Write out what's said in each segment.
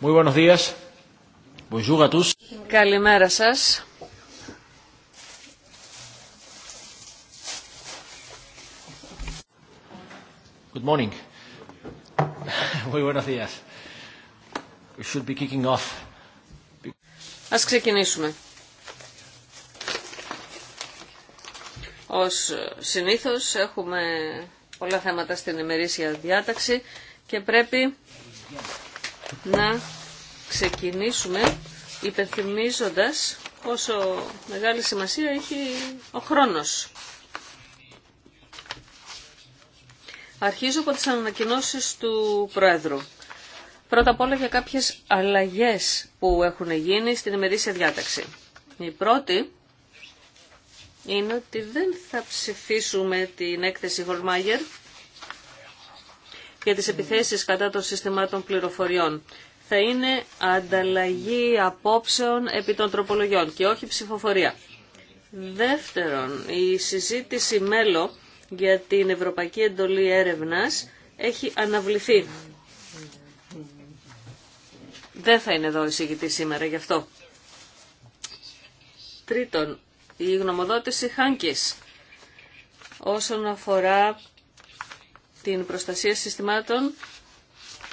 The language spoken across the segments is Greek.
Muy buenos días. Bonjour à tous. Καλημέρα σας. Good morning. Muy buenos días. We should be kicking off. Ας ξεκινήσουμε. Ως συνήθως έχουμε πολλά θέματα στην ημερήσια διάταξη και πρέπει να ξεκινήσουμε υπενθυμίζοντας πόσο μεγάλη σημασία έχει ο χρόνος. Αρχίζω από τις ανακοινώσεις του Πρόεδρου. Πρώτα απ' όλα για κάποιες αλλαγές που έχουν γίνει στην ημερήσια διάταξη. Η πρώτη είναι ότι δεν θα ψηφίσουμε την έκθεση Χολμάγερ για τις επιθέσεις κατά των συστημάτων πληροφοριών. Θα είναι ανταλλαγή απόψεων επί των τροπολογιών και όχι ψηφοφορία. Δεύτερον, η συζήτηση μέλο για την Ευρωπαϊκή Εντολή Έρευνας έχει αναβληθεί. Δεν θα είναι εδώ εισηγητή σήμερα γι' αυτό. Τρίτον, η γνωμοδότηση Χάνκης όσον αφορά την προστασία συστημάτων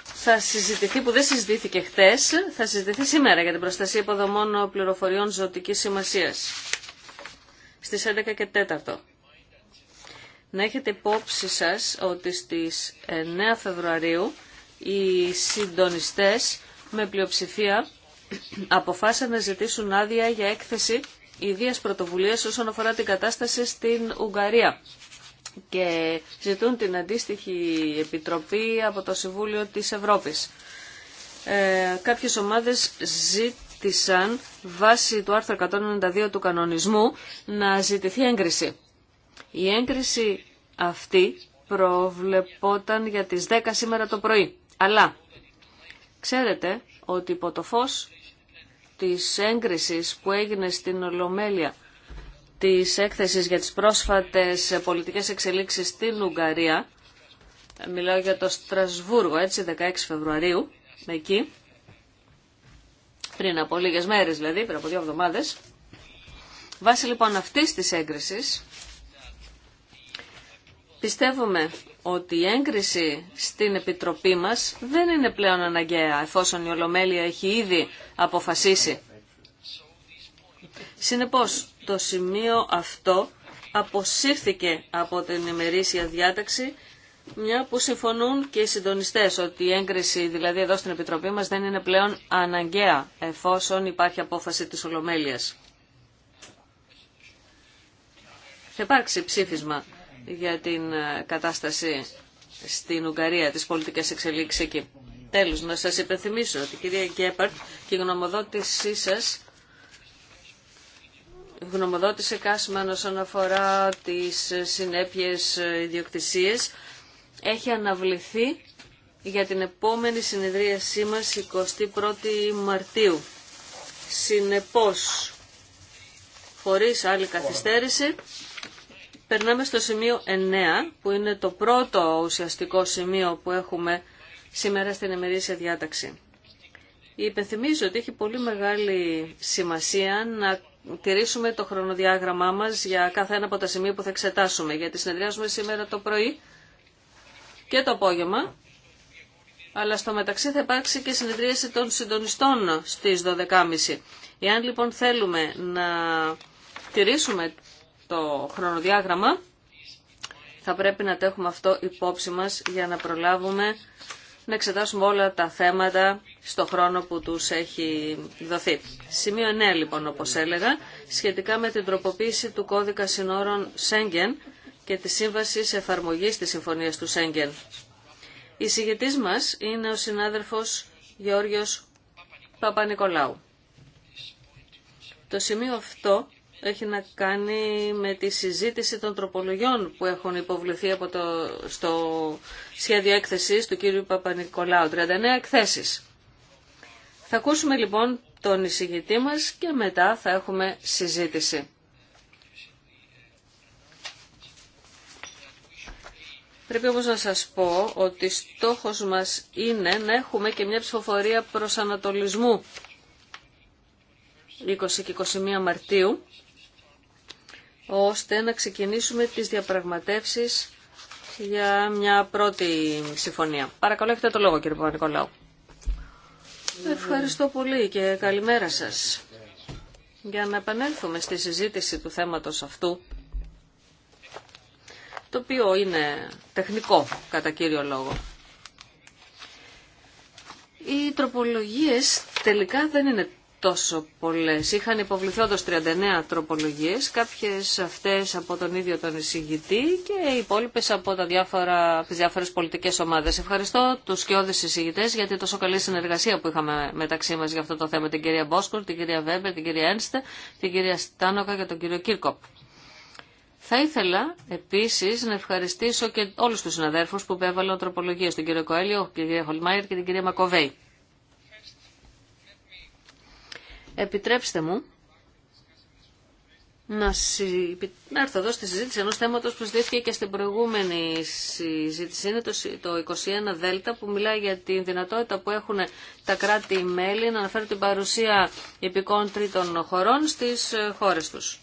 θα συζητηθεί, που δεν συζητήθηκε χτες, θα συζητηθεί σήμερα για την προστασία υποδομών πληροφοριών ζωτικής σημασίας στις 11 και 4. Να έχετε υπόψη σας ότι στις 9 Φεβρουαρίου οι συντονιστές με πλειοψηφία αποφάσισαν να ζητήσουν άδεια για έκθεση ιδίας πρωτοβουλίας όσον αφορά την κατάσταση στην Ουγγαρία και ζητούν την αντίστοιχη επιτροπή από το Συμβούλιο της Ευρώπης. Ε, κάποιες ομάδες ζήτησαν βάσει του άρθρου 192 του κανονισμού να ζητηθεί έγκριση. Η έγκριση αυτή προβλεπόταν για τις 10 σήμερα το πρωί. Αλλά ξέρετε ότι υπό το φως της έγκρισης που έγινε στην Ολομέλεια της έκθεσης για τις πρόσφατες πολιτικές εξελίξεις στην Ουγγαρία. Μιλάω για το Στρασβούργο, έτσι, 16 Φεβρουαρίου, εκεί. Πριν από λίγες μέρες δηλαδή, πριν από δύο εβδομάδες. Βάσει λοιπόν αυτής της έγκρισης, πιστεύουμε ότι η έγκριση στην Επιτροπή μας δεν είναι πλέον αναγκαία, εφόσον η Ολομέλεια έχει ήδη αποφασίσει. Συνεπώς, το σημείο αυτό αποσύρθηκε από την ημερήσια διάταξη μια που συμφωνούν και οι συντονιστές ότι η έγκριση δηλαδή εδώ στην Επιτροπή μας δεν είναι πλέον αναγκαία εφόσον υπάρχει απόφαση της Ολομέλειας. Θα υπάρξει ψήφισμα για την ε, κατάσταση στην Ουγγαρία, της πολιτικής εξελίξεις εκεί. Τέλος, να σας υπενθυμίσω ότι κυρία Γκέπαρτ και η γνωμοδότησή σας γνωμοδότησε Κάσμαν όσον αφορά τις συνέπειες ε, ιδιοκτησίες έχει αναβληθεί για την επόμενη συνεδρίασή μας 21η Μαρτίου. Συνεπώς, χωρίς άλλη καθυστέρηση, περνάμε στο σημείο 9, που είναι το πρώτο ουσιαστικό σημείο που έχουμε σήμερα στην ημερήσια διάταξη. Υπενθυμίζω ότι έχει πολύ μεγάλη σημασία να τηρήσουμε το χρονοδιάγραμμά μας για κάθε ένα από τα σημεία που θα εξετάσουμε, γιατί συνεδριάζουμε σήμερα το πρωί και το απόγευμα, αλλά στο μεταξύ θα υπάρξει και συνεδρίαση των συντονιστών στις 12.30. Εάν λοιπόν θέλουμε να τηρήσουμε το χρονοδιάγραμμα, θα πρέπει να το έχουμε αυτό υπόψη μας για να προλάβουμε να εξετάσουμε όλα τα θέματα στο χρόνο που τους έχει δοθεί. Σημείο 9 λοιπόν όπως έλεγα, σχετικά με την τροποποίηση του κώδικα συνόρων Σέγγεν και τη σύμβαση εφαρμογής της συμφωνίας του Σέγγεν. Η συγγετής μας είναι ο συνάδελφος Γεώργιος Το σημείο αυτό έχει να κάνει με τη συζήτηση των τροπολογιών που έχουν υποβληθεί από το, στο σχέδιο έκθεσης του κύριου Παπα-Νικολάου. 39 εκθέσεις. Θα ακούσουμε λοιπόν τον εισηγητή μας και μετά θα έχουμε συζήτηση. Πρέπει όμως να σας πω ότι στόχος μας είναι να έχουμε και μια ψηφοφορία προς ανατολισμού 20 και 21 Μαρτίου, ώστε να ξεκινήσουμε τις διαπραγματεύσεις για μια πρώτη συμφωνία. Παρακαλώ έχετε το λόγο κύριε Ευχαριστώ πολύ και καλημέρα σας. Για να επανέλθουμε στη συζήτηση του θέματος αυτού, το οποίο είναι τεχνικό κατά κύριο λόγο. Οι τροπολογίες τελικά δεν είναι τόσο πολλές. Είχαν υποβληθεί όντως 39 τροπολογίες, κάποιες αυτές από τον ίδιο τον εισηγητή και οι υπόλοιπε από τα διάφορα, τις διάφορες πολιτικές ομάδες. Ευχαριστώ τους σκιώδες εισηγητές για τόσο καλή συνεργασία που είχαμε μεταξύ μας για αυτό το θέμα. Την κυρία Μπόσκορ, την κυρία Βέμπερ, την κυρία Ένστε, την κυρία Στάνοκα και τον κύριο Κίρκοπ. Θα ήθελα επίσης να ευχαριστήσω και όλους τους συναδέρφους που επέβαλαν τροπολογίες, τον κύριο Κοέλιο, την κυρία Χολμάιερ και την κυρία Μακοβέη. Επιτρέψτε μου να, συ... να έρθω εδώ στη συζήτηση ενός θέματος που συζητήθηκε και στην προηγούμενη συζήτηση. Είναι το, 21 Δέλτα που μιλάει για τη δυνατότητα που έχουν τα κράτη-μέλη να αναφέρουν την παρουσία υπηκών τρίτων χωρών στις ε, χώρες τους.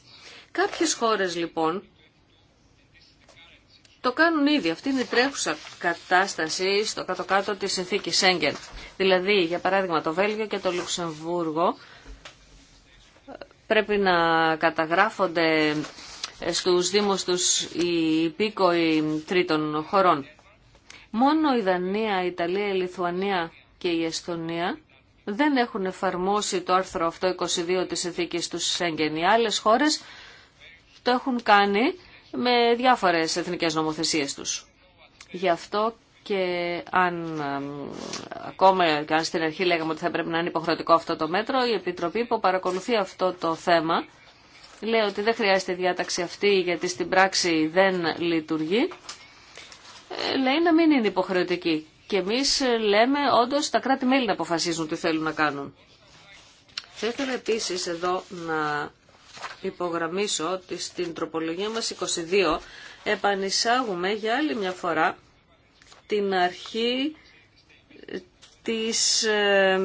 Κάποιες χώρες λοιπόν το κάνουν ήδη. Αυτή είναι η τρέχουσα κατάσταση στο κάτω-κάτω της συνθήκης Σέγγεν. Δηλαδή, για παράδειγμα, το Βέλγιο και το Λουξεμβούργο πρέπει να καταγράφονται στους δήμους τους οι υπήκοοι τρίτων χωρών. Μόνο η Δανία, η Ιταλία, η Λιθουανία και η Εστονία δεν έχουν εφαρμόσει το άρθρο αυτό 22 της ηθίκης του Σέγγεν. Οι άλλες χώρες το έχουν κάνει με διάφορες εθνικές νομοθεσίες τους. Γι' αυτό και αν ακόμα και αν στην αρχή λέγαμε ότι θα πρέπει να είναι υποχρεωτικό αυτό το μέτρο, η Επιτροπή που παρακολουθεί αυτό το θέμα λέει ότι δεν χρειάζεται διάταξη αυτή γιατί στην πράξη δεν λειτουργεί. Ε, λέει να μην είναι υποχρεωτική. Και εμείς λέμε όντως τα κράτη-μέλη να αποφασίζουν τι θέλουν να κάνουν. Θα ήθελα επίσης εδώ να υπογραμμίσω ότι στην τροπολογία μας 22 επανισάγουμε για άλλη μια φορά την αρχή της ε,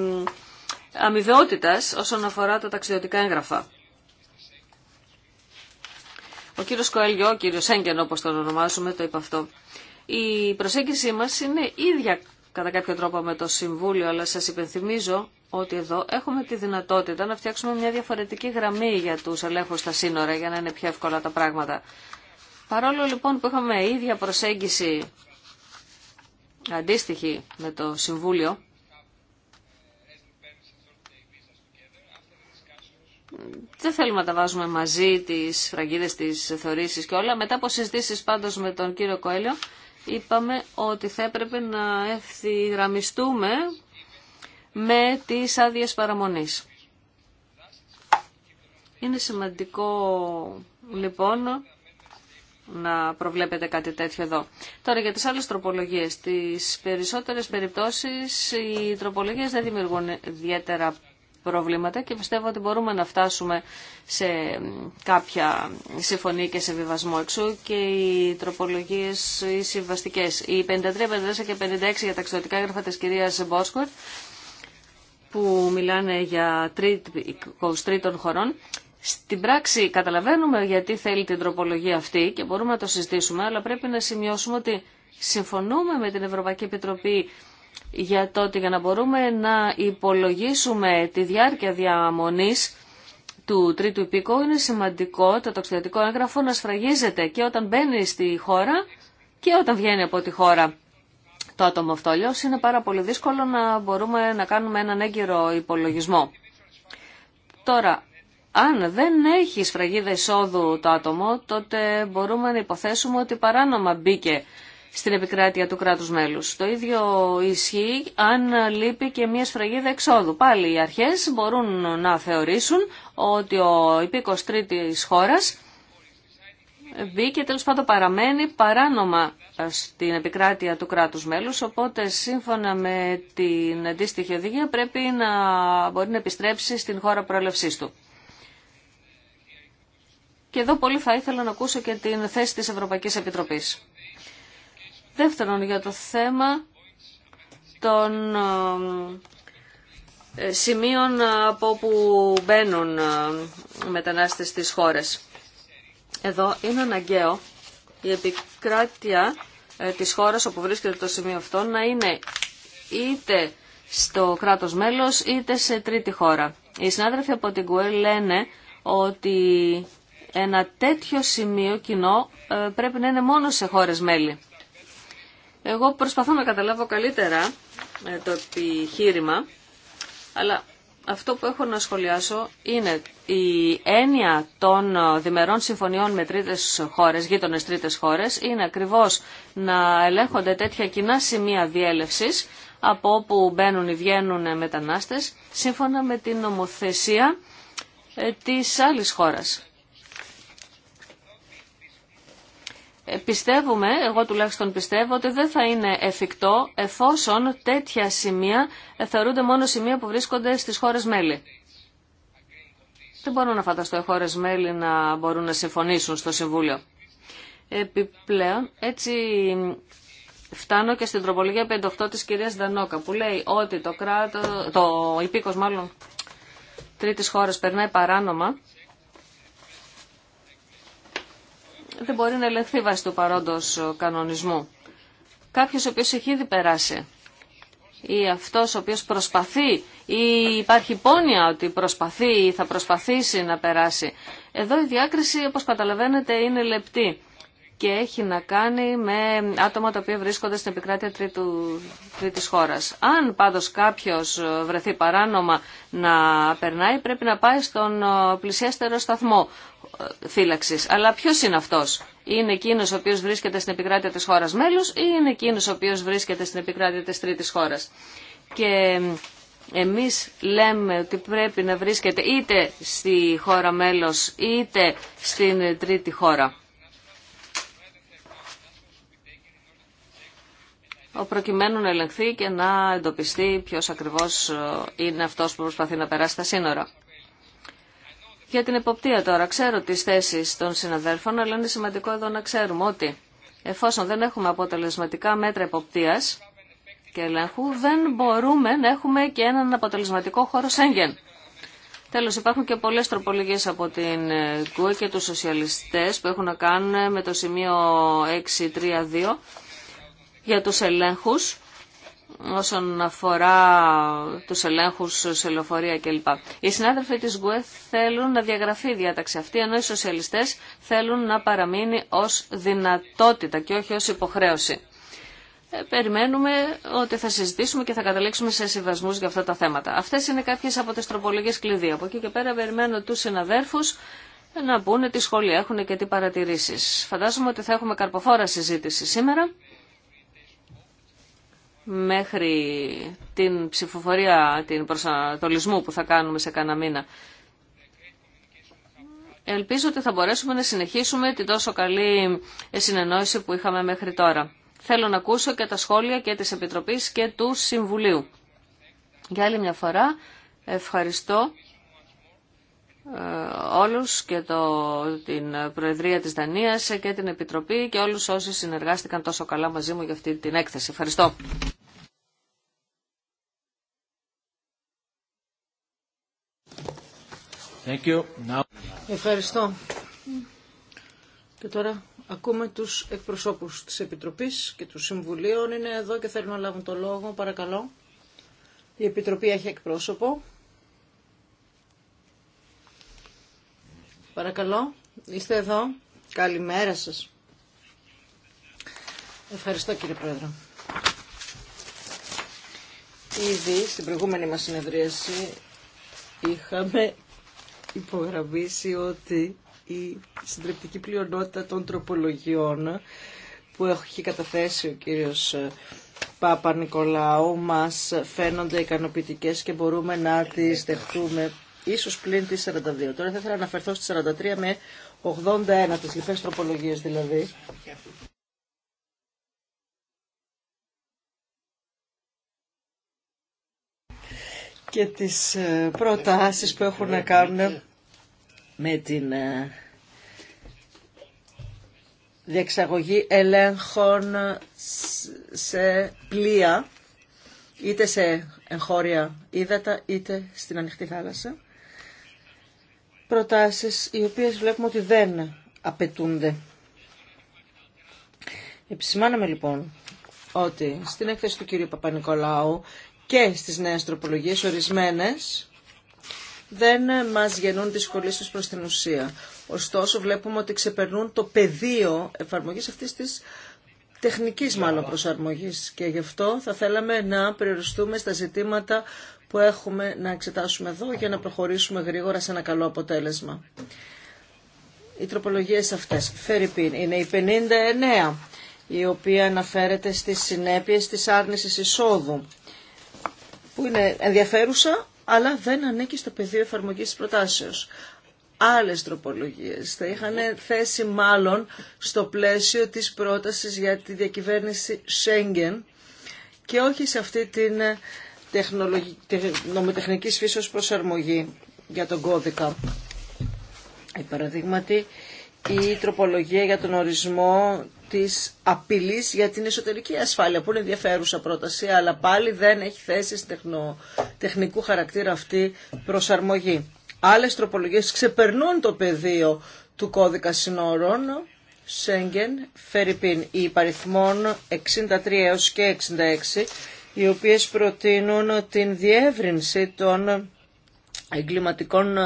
αμοιβαιότητας όσον αφορά τα ταξιδιωτικά έγγραφα. Ο κύριος Κοέλιο, ο κύριος Έγκεν όπως τον ονομάζουμε, το είπε αυτό. Η προσέγγιση μας είναι ίδια κατά κάποιο τρόπο με το Συμβούλιο, αλλά σας υπενθυμίζω ότι εδώ έχουμε τη δυνατότητα να φτιάξουμε μια διαφορετική γραμμή για τους ελέγχους στα σύνορα, για να είναι πιο εύκολα τα πράγματα. Παρόλο λοιπόν που είχαμε ίδια προσέγγιση αντίστοιχη με το Συμβούλιο, δεν θέλουμε να τα βάζουμε μαζί τις φραγίδες της θεωρήσεις και όλα. Μετά από συζητήσεις πάντως με τον κύριο Κοέλιο, είπαμε ότι θα έπρεπε να ευθυγραμμιστούμε με τις άδειε παραμονής. Είναι σημαντικό λοιπόν να προβλέπετε κάτι τέτοιο εδώ. Τώρα για τις άλλες τροπολογίες. Στις περισσότερες περιπτώσεις οι τροπολογίες δεν δημιουργούν ιδιαίτερα προβλήματα και πιστεύω ότι μπορούμε να φτάσουμε σε κάποια συμφωνία και σε βιβασμό εξού και οι τροπολογίες οι συμβαστικές. Οι 53, 54 και 56 για τα εξωτικά έγγραφα της κυρίας Μπόσκορτ που μιλάνε για τρίτων χωρών στην πράξη καταλαβαίνουμε γιατί θέλει την τροπολογία αυτή και μπορούμε να το συζητήσουμε, αλλά πρέπει να σημειώσουμε ότι συμφωνούμε με την Ευρωπαϊκή Επιτροπή για το ότι για να μπορούμε να υπολογίσουμε τη διάρκεια διαμονής του τρίτου υπήκου είναι σημαντικό το τοξιδιωτικό έγγραφο να σφραγίζεται και όταν μπαίνει στη χώρα και όταν βγαίνει από τη χώρα το άτομο αυτό. είναι πάρα πολύ δύσκολο να μπορούμε να κάνουμε έναν έγκυρο υπολογισμό. Τώρα, αν δεν έχει σφραγίδα εισόδου το άτομο, τότε μπορούμε να υποθέσουμε ότι παράνομα μπήκε στην επικράτεια του κράτους μέλους. Το ίδιο ισχύει αν λείπει και μια σφραγίδα εξόδου. Πάλι οι αρχές μπορούν να θεωρήσουν ότι ο υπήκος τρίτης χώρας μπήκε τέλος πάντων παραμένει παράνομα στην επικράτεια του κράτους μέλους, οπότε σύμφωνα με την αντίστοιχη οδηγία πρέπει να μπορεί να επιστρέψει στην χώρα προέλευσής του. Και εδώ πολύ θα ήθελα να ακούσω και την θέση της Ευρωπαϊκής Επιτροπής. Δεύτερον, για το θέμα των ε, ε, σημείων από όπου μπαίνουν ε, μετανάστες στις χώρες. Εδώ είναι αναγκαίο η επικράτεια της χώρας όπου βρίσκεται το σημείο αυτό να είναι είτε στο κράτος μέλος είτε σε τρίτη χώρα. Οι συνάδελφοι από την ΚΟΕ λένε ότι ένα τέτοιο σημείο κοινό ε, πρέπει να είναι μόνο σε χώρες μέλη. Εγώ προσπαθώ να καταλάβω καλύτερα ε, το επιχείρημα, αλλά αυτό που έχω να σχολιάσω είναι η έννοια των ε, διμερών συμφωνιών με τρίτες χώρες, γείτονες τρίτες χώρες, είναι ακριβώς να ελέγχονται τέτοια κοινά σημεία διέλευσης από όπου μπαίνουν ή βγαίνουν μετανάστες, σύμφωνα με την νομοθεσία της άλλης χώρας. Ε, πιστεύουμε, εγώ τουλάχιστον πιστεύω, ότι δεν θα είναι εφικτό εφόσον τέτοια σημεία ε, θεωρούνται μόνο σημεία που βρίσκονται στις χώρες μέλη. Δεν μπορώ να φανταστώ οι χώρες μέλη να μπορούν να συμφωνήσουν στο Συμβούλιο. Επιπλέον, έτσι φτάνω και στην τροπολογία 58 της κυρίας Δανόκα που λέει ότι το, κράτο, το υπήκος μάλλον τρίτης χώρας περνάει παράνομα δεν μπορεί να ελεγχθεί βάσει του παρόντος κανονισμού. Κάποιος ο οποίος έχει ήδη περάσει ή αυτός ο οποίος προσπαθεί ή υπάρχει πόνοια ότι προσπαθεί ή θα προσπαθήσει να περάσει. Εδώ η διάκριση όπως καταλαβαίνετε όπως λεπτή και έχει να κάνει με άτομα τα οποία βρίσκονται στην επικράτεια τρίτου, τρίτης χώρας. Αν πάντως κάποιος βρεθεί παράνομα να περνάει, πρέπει να πάει στον πλησιέστερο σταθμό φύλαξης. Αλλά ποιο είναι αυτός. Είναι εκείνο ο οποίο βρίσκεται στην επικράτεια της χώρα μέλους ή είναι εκείνο ο οποίο βρίσκεται στην επικράτεια της τρίτης χώρα. Και εμείς λέμε ότι πρέπει να βρίσκεται είτε στη χώρα μέλο, είτε στην τρίτη χώρα. προκειμένου να ελεγχθεί και να εντοπιστεί ποιος ακριβώς ε, είναι αυτός που προσπαθεί να περάσει τα σύνορα. Για την εποπτεία τώρα, ξέρω τις θέσεις των συναδέλφων, αλλά είναι σημαντικό εδώ να ξέρουμε ότι εφόσον δεν έχουμε αποτελεσματικά μέτρα εποπτείας και ελέγχου, δεν μπορούμε να έχουμε και έναν αποτελεσματικό χώρο Σέγγεν. Τέλος, υπάρχουν και πολλές τροπολογίες από την ε, ΚΟΕ και τους σοσιαλιστές που έχουν να κάνουν με το σημείο 632 για τους ελέγχους όσον αφορά τους ελέγχους σε λεωφορεία κλπ. Οι συνάδελφοι της ΓΟΕ θέλουν να διαγραφεί η διάταξη αυτή, ενώ οι σοσιαλιστές θέλουν να παραμείνει ως δυνατότητα και όχι ως υποχρέωση. Ε, περιμένουμε ότι θα συζητήσουμε και θα καταλήξουμε σε συμβασμούς για αυτά τα θέματα. Αυτές είναι κάποιες από τις τροπολογίες κλειδί. Από εκεί και πέρα περιμένω τους συναδέρφους να πούνε τι σχόλια έχουν και τι παρατηρήσεις. Φαντάζομαι ότι θα έχουμε καρποφόρα συζήτηση σήμερα μέχρι την ψηφοφορία, την προσανατολισμού που θα κάνουμε σε κάνα μήνα. Ελπίζω ότι θα μπορέσουμε να συνεχίσουμε την τόσο καλή συνεννόηση που είχαμε μέχρι τώρα. Θέλω να ακούσω και τα σχόλια και της Επιτροπής και του Συμβουλίου. Για άλλη μια φορά, ευχαριστώ ε, όλους και το, την Προεδρία της Δανίας και την Επιτροπή και όλους όσοι συνεργάστηκαν τόσο καλά μαζί μου για αυτή την έκθεση. Ευχαριστώ. Ευχαριστώ. Και τώρα ακούμε τους εκπροσώπους της Επιτροπής και του συμβουλίου Είναι εδώ και θέλουν να λάβουν το λόγο. Παρακαλώ. Η Επιτροπή έχει εκπρόσωπο. Παρακαλώ, είστε εδώ. Καλημέρα σας. Ευχαριστώ κύριε Πρόεδρε. Ήδη στην προηγούμενη μας συνεδρίαση είχαμε υπογραμμίσει ότι η συντριπτική πλειονότητα των τροπολογιών που έχει καταθέσει ο κύριος ε, Παπα-Νικολάου μας φαίνονται ικανοποιητικές και μπορούμε να τις δεχτούμε ίσως πλην τη 42. Τώρα θα ήθελα να αναφερθώ στη 43 με 81, τις λοιπές τροπολογίες δηλαδή. Και τις ε, προτάσεις που έχουν να κάνουν με την ε, διεξαγωγή ελέγχων σε πλοία, είτε σε εγχώρια ύδατα, είτε στην ανοιχτή θάλασσα προτάσεις οι οποίες βλέπουμε ότι δεν απαιτούνται. Επισημάναμε λοιπόν ότι στην έκθεση του κυρίου Παπα-Νικολάου και στις νέες τροπολογίες ορισμένες δεν μας γεννούν δυσκολίες τους προς την ουσία. Ωστόσο βλέπουμε ότι ξεπερνούν το πεδίο εφαρμογής αυτής της τεχνικής μάλλον προσαρμογής και γι' αυτό θα θέλαμε να περιοριστούμε στα ζητήματα που έχουμε να εξετάσουμε εδώ για να προχωρήσουμε γρήγορα σε ένα καλό αποτέλεσμα. Οι τροπολογίες αυτές, Φερρυπίν, είναι η 59, η οποία αναφέρεται στις συνέπειες της άρνησης εισόδου, που είναι ενδιαφέρουσα, αλλά δεν ανήκει στο πεδίο εφαρμογής της προτάσεως άλλες τροπολογίες. Θα είχαν θέση μάλλον στο πλαίσιο της πρότασης για τη διακυβέρνηση Schengen και όχι σε αυτή την νομοτεχνικής φύσεως προσαρμογή για τον κώδικα. Η παραδείγματι η τροπολογία για τον ορισμό της απειλής για την εσωτερική ασφάλεια που είναι ενδιαφέρουσα πρόταση αλλά πάλι δεν έχει θέση τεχνο... τεχνικού χαρακτήρα αυτή προσαρμογή. Άλλες τροπολογίες ξεπερνούν το πεδίο του κώδικα συνόρων Σέγγεν, Φερρυπίν, η υπαριθμών 63 έως και 66 οι οποίες προτείνουν την διεύρυνση των εγκληματικών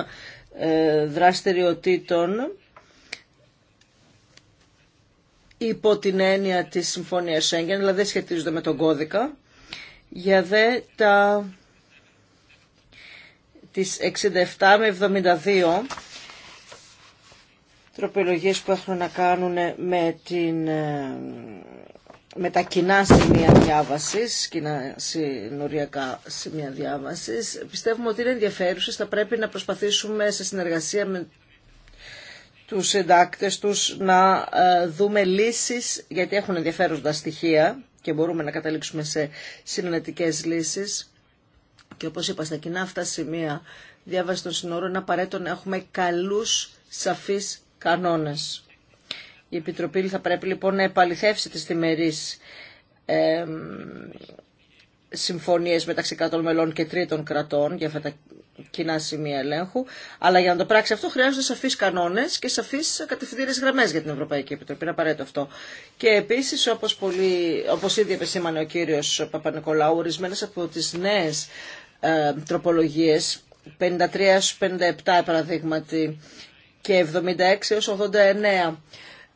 ε, δραστηριοτήτων υπό την έννοια της Συμφωνίας Σέγγεν, δηλαδή δεν σχετίζονται με τον κώδικα, για δε τα τις 67 με 72 τροπολογίες που έχουν να κάνουν με την ε, με τα κοινά σημεία διάβασης, κοινά συνοριακά σημεία διάβασης. Πιστεύουμε ότι είναι ενδιαφέρουσε. θα πρέπει να προσπαθήσουμε σε συνεργασία με τους συντάκτε τους να ε, δούμε λύσεις, γιατί έχουν ενδιαφέροντα στοιχεία και μπορούμε να καταλήξουμε σε συνενετικές λύσεις. Και όπως είπα, στα κοινά αυτά σημεία διάβαση των συνόρων είναι απαραίτητο να έχουμε καλούς, σαφείς κανόνες. Η Επιτροπή θα πρέπει λοιπόν να επαληθεύσει τις θημερείς ε, συμφωνίες μεταξύ κρατών μελών και τρίτων κρατών για αυτά τα κοινά σημεία ελέγχου. Αλλά για να το πράξει αυτό χρειάζονται σαφεί κανόνε και σαφεί κατευθυντήρε γραμμέ για την Ευρωπαϊκή Επιτροπή. Είναι απαραίτητο αυτό. Και επίση, όπω όπως ήδη επεσήμανε ο κύριο Παπα-Νικολάου, ορισμένε από τι νέε ε, τροπολογίε, 53 57 παραδείγματι και 76 έως 89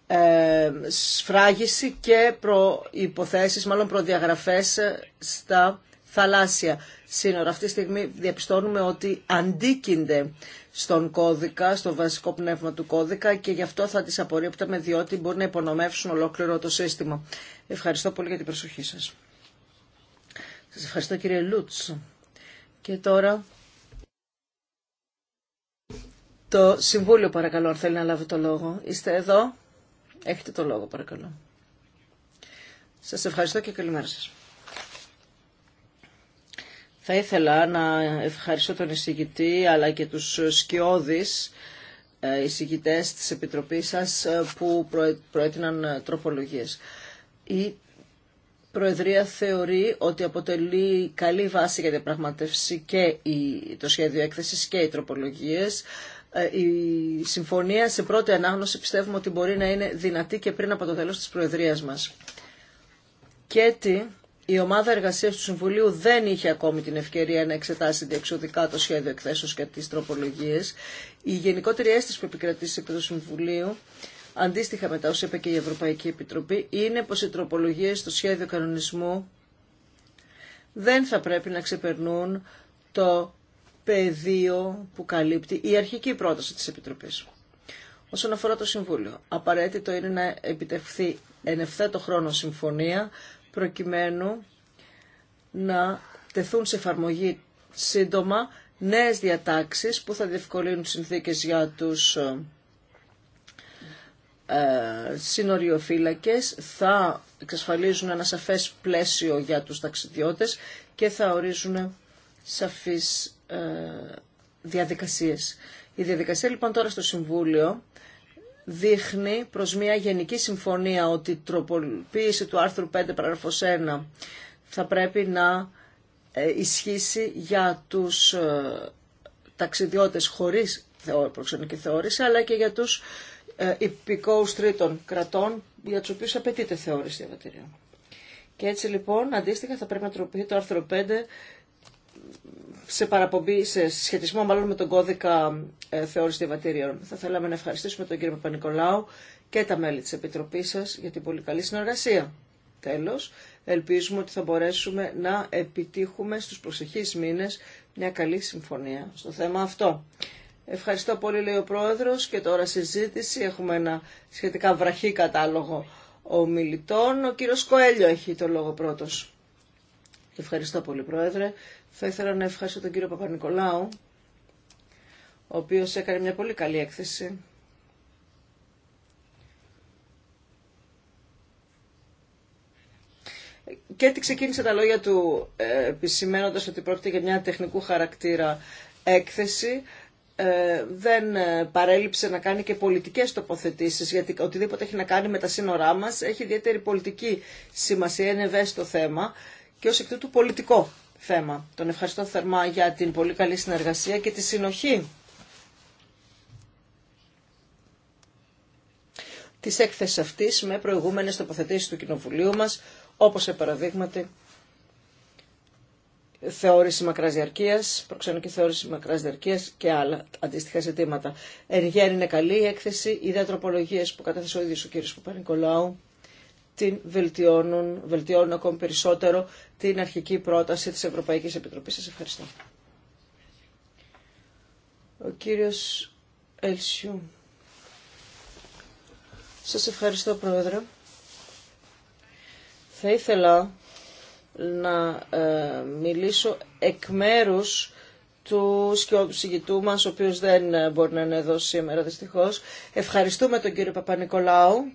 ε, σφράγιση και προϋποθέσεις, μάλλον προδιαγραφές ε, στα θαλάσσια σύνορα. Αυτή τη στιγμή διαπιστώνουμε ότι αντίκυνται στον κώδικα, στο βασικό πνεύμα του κώδικα και γι' αυτό θα τις απορρίπτουμε διότι μπορεί να υπονομεύσουν ολόκληρο το σύστημα. Ευχαριστώ πολύ για την προσοχή σας. Σας ευχαριστώ κύριε Λούτς. Και τώρα το Συμβούλιο παρακαλώ αν θέλει να λάβει το λόγο. Είστε εδώ. Έχετε το λόγο, παρακαλώ. Σας ευχαριστώ και καλημέρα σας. Θα ήθελα να ευχαριστώ τον εισηγητή αλλά και τους σκιώδεις ε, εισηγητέ της Επιτροπής σας ε, που προέτειναν ε, τροπολογίες. Η Προεδρία θεωρεί ότι αποτελεί καλή βάση για διαπραγματεύση και το σχέδιο έκθεσης και οι τροπολογίες. Ε, η συμφωνία σε πρώτη ανάγνωση πιστεύουμε ότι μπορεί να είναι δυνατή και πριν από το τέλος της Προεδρίας μας. Και τι, η ομάδα εργασίας του Συμβουλίου δεν είχε ακόμη την ευκαιρία να εξετάσει διεξοδικά το σχέδιο εκθέσεως και τις τροπολογίες. Η γενικότερη αίσθηση που επικρατήσει επί του Συμβουλίου Αντίστοιχα μετά όσα είπε και η Ευρωπαϊκή Επιτροπή, είναι πως οι τροπολογίες στο σχέδιο κανονισμού δεν θα πρέπει να ξεπερνούν το πεδίο που καλύπτει η αρχική πρόταση της Επιτροπής. Όσον αφορά το Συμβούλιο, απαραίτητο είναι να επιτευχθεί εν ευθέτω χρόνο συμφωνία προκειμένου να τεθούν σε εφαρμογή σύντομα νέες διατάξεις που θα διευκολύνουν συνθήκες για τους ε, συνοριοφύλακες, θα εξασφαλίζουν ένα σαφές πλαίσιο για τους ταξιδιώτες και θα ορίζουν σαφείς ε, διαδικασίες. Η διαδικασία λοιπόν τώρα στο Συμβούλιο δείχνει προς μια γενική συμφωνία ότι η τροποποίηση του άρθρου 5 παράγραφος 1 θα πρέπει να ε, ισχύσει για τους ε, ταξιδιώτες χωρίς προξενική θεώρηση αλλά και για τους υπηκόους τρίτων κρατών για τους οποίους απαιτείται θεώρηση διαβατηρίων. Και έτσι λοιπόν αντίστοιχα θα πρέπει να τροποποιεί το άρθρο 5 σε παραπομπή, σε σχετισμό μάλλον με τον κώδικα ε, θεώρηση διαβατήριων. Θα θέλαμε να ευχαριστήσουμε τον κύριο Παπα-Νικολάου και τα μέλη της Επιτροπής σας για την πολύ καλή συνεργασία. Τέλος, ελπίζουμε ότι θα μπορέσουμε να επιτύχουμε στους προσεχείς μήνες μια καλή συμφωνία στο θέμα αυτό. Ευχαριστώ πολύ, λέει ο Πρόεδρος, και τώρα συζήτηση. Έχουμε ένα σχετικά βραχή κατάλογο ομιλητών. Ο κύριος Κοέλιο έχει το λόγο πρώτος. Ευχαριστώ πολύ, Πρόεδρε. Θα ήθελα να ευχαριστώ τον κύριο Παπα-Νικολάου, ο οποίος έκανε μια πολύ καλή έκθεση. Και έτσι ξεκίνησε τα λόγια του ε, επισημένοντας ότι πρόκειται για μια τεχνικού χαρακτήρα έκθεση. Ε, δεν ε, παρέλειψε να κάνει και πολιτικές τοποθετήσεις γιατί οτιδήποτε έχει να κάνει με τα σύνορά μας έχει ιδιαίτερη πολιτική σημασία, είναι ευαίσθητο θέμα και ως εκ τούτου πολιτικό θέμα. Τον ευχαριστώ θερμά για την πολύ καλή συνεργασία και τη συνοχή τη έκθεση αυτή με προηγούμενε τοποθετήσει του Κοινοβουλίου μας, όπως σε παραδείγματι θεώρηση μακρά διαρκεία, προξενική θεώρηση μακρά διαρκεία και άλλα αντίστοιχα ζητήματα. Εν είναι καλή η έκθεση, είδα τροπολογίες που κατέθεσε ο ίδιος ο κ. παπα την βελτιώνουν, βελτιώνουν ακόμη περισσότερο την αρχική πρόταση της Ευρωπαϊκής Επιτροπής. Σας ευχαριστώ. Ο κύριος Ελσιού. Σας ευχαριστώ, Πρόεδρε. Θα ήθελα να ε, μιλήσω εκ μέρους του σκιώδου μας, ο οποίος δεν ε, μπορεί να είναι εδώ σήμερα δυστυχώς. Ευχαριστούμε τον κύριο Παπα-Νικολάου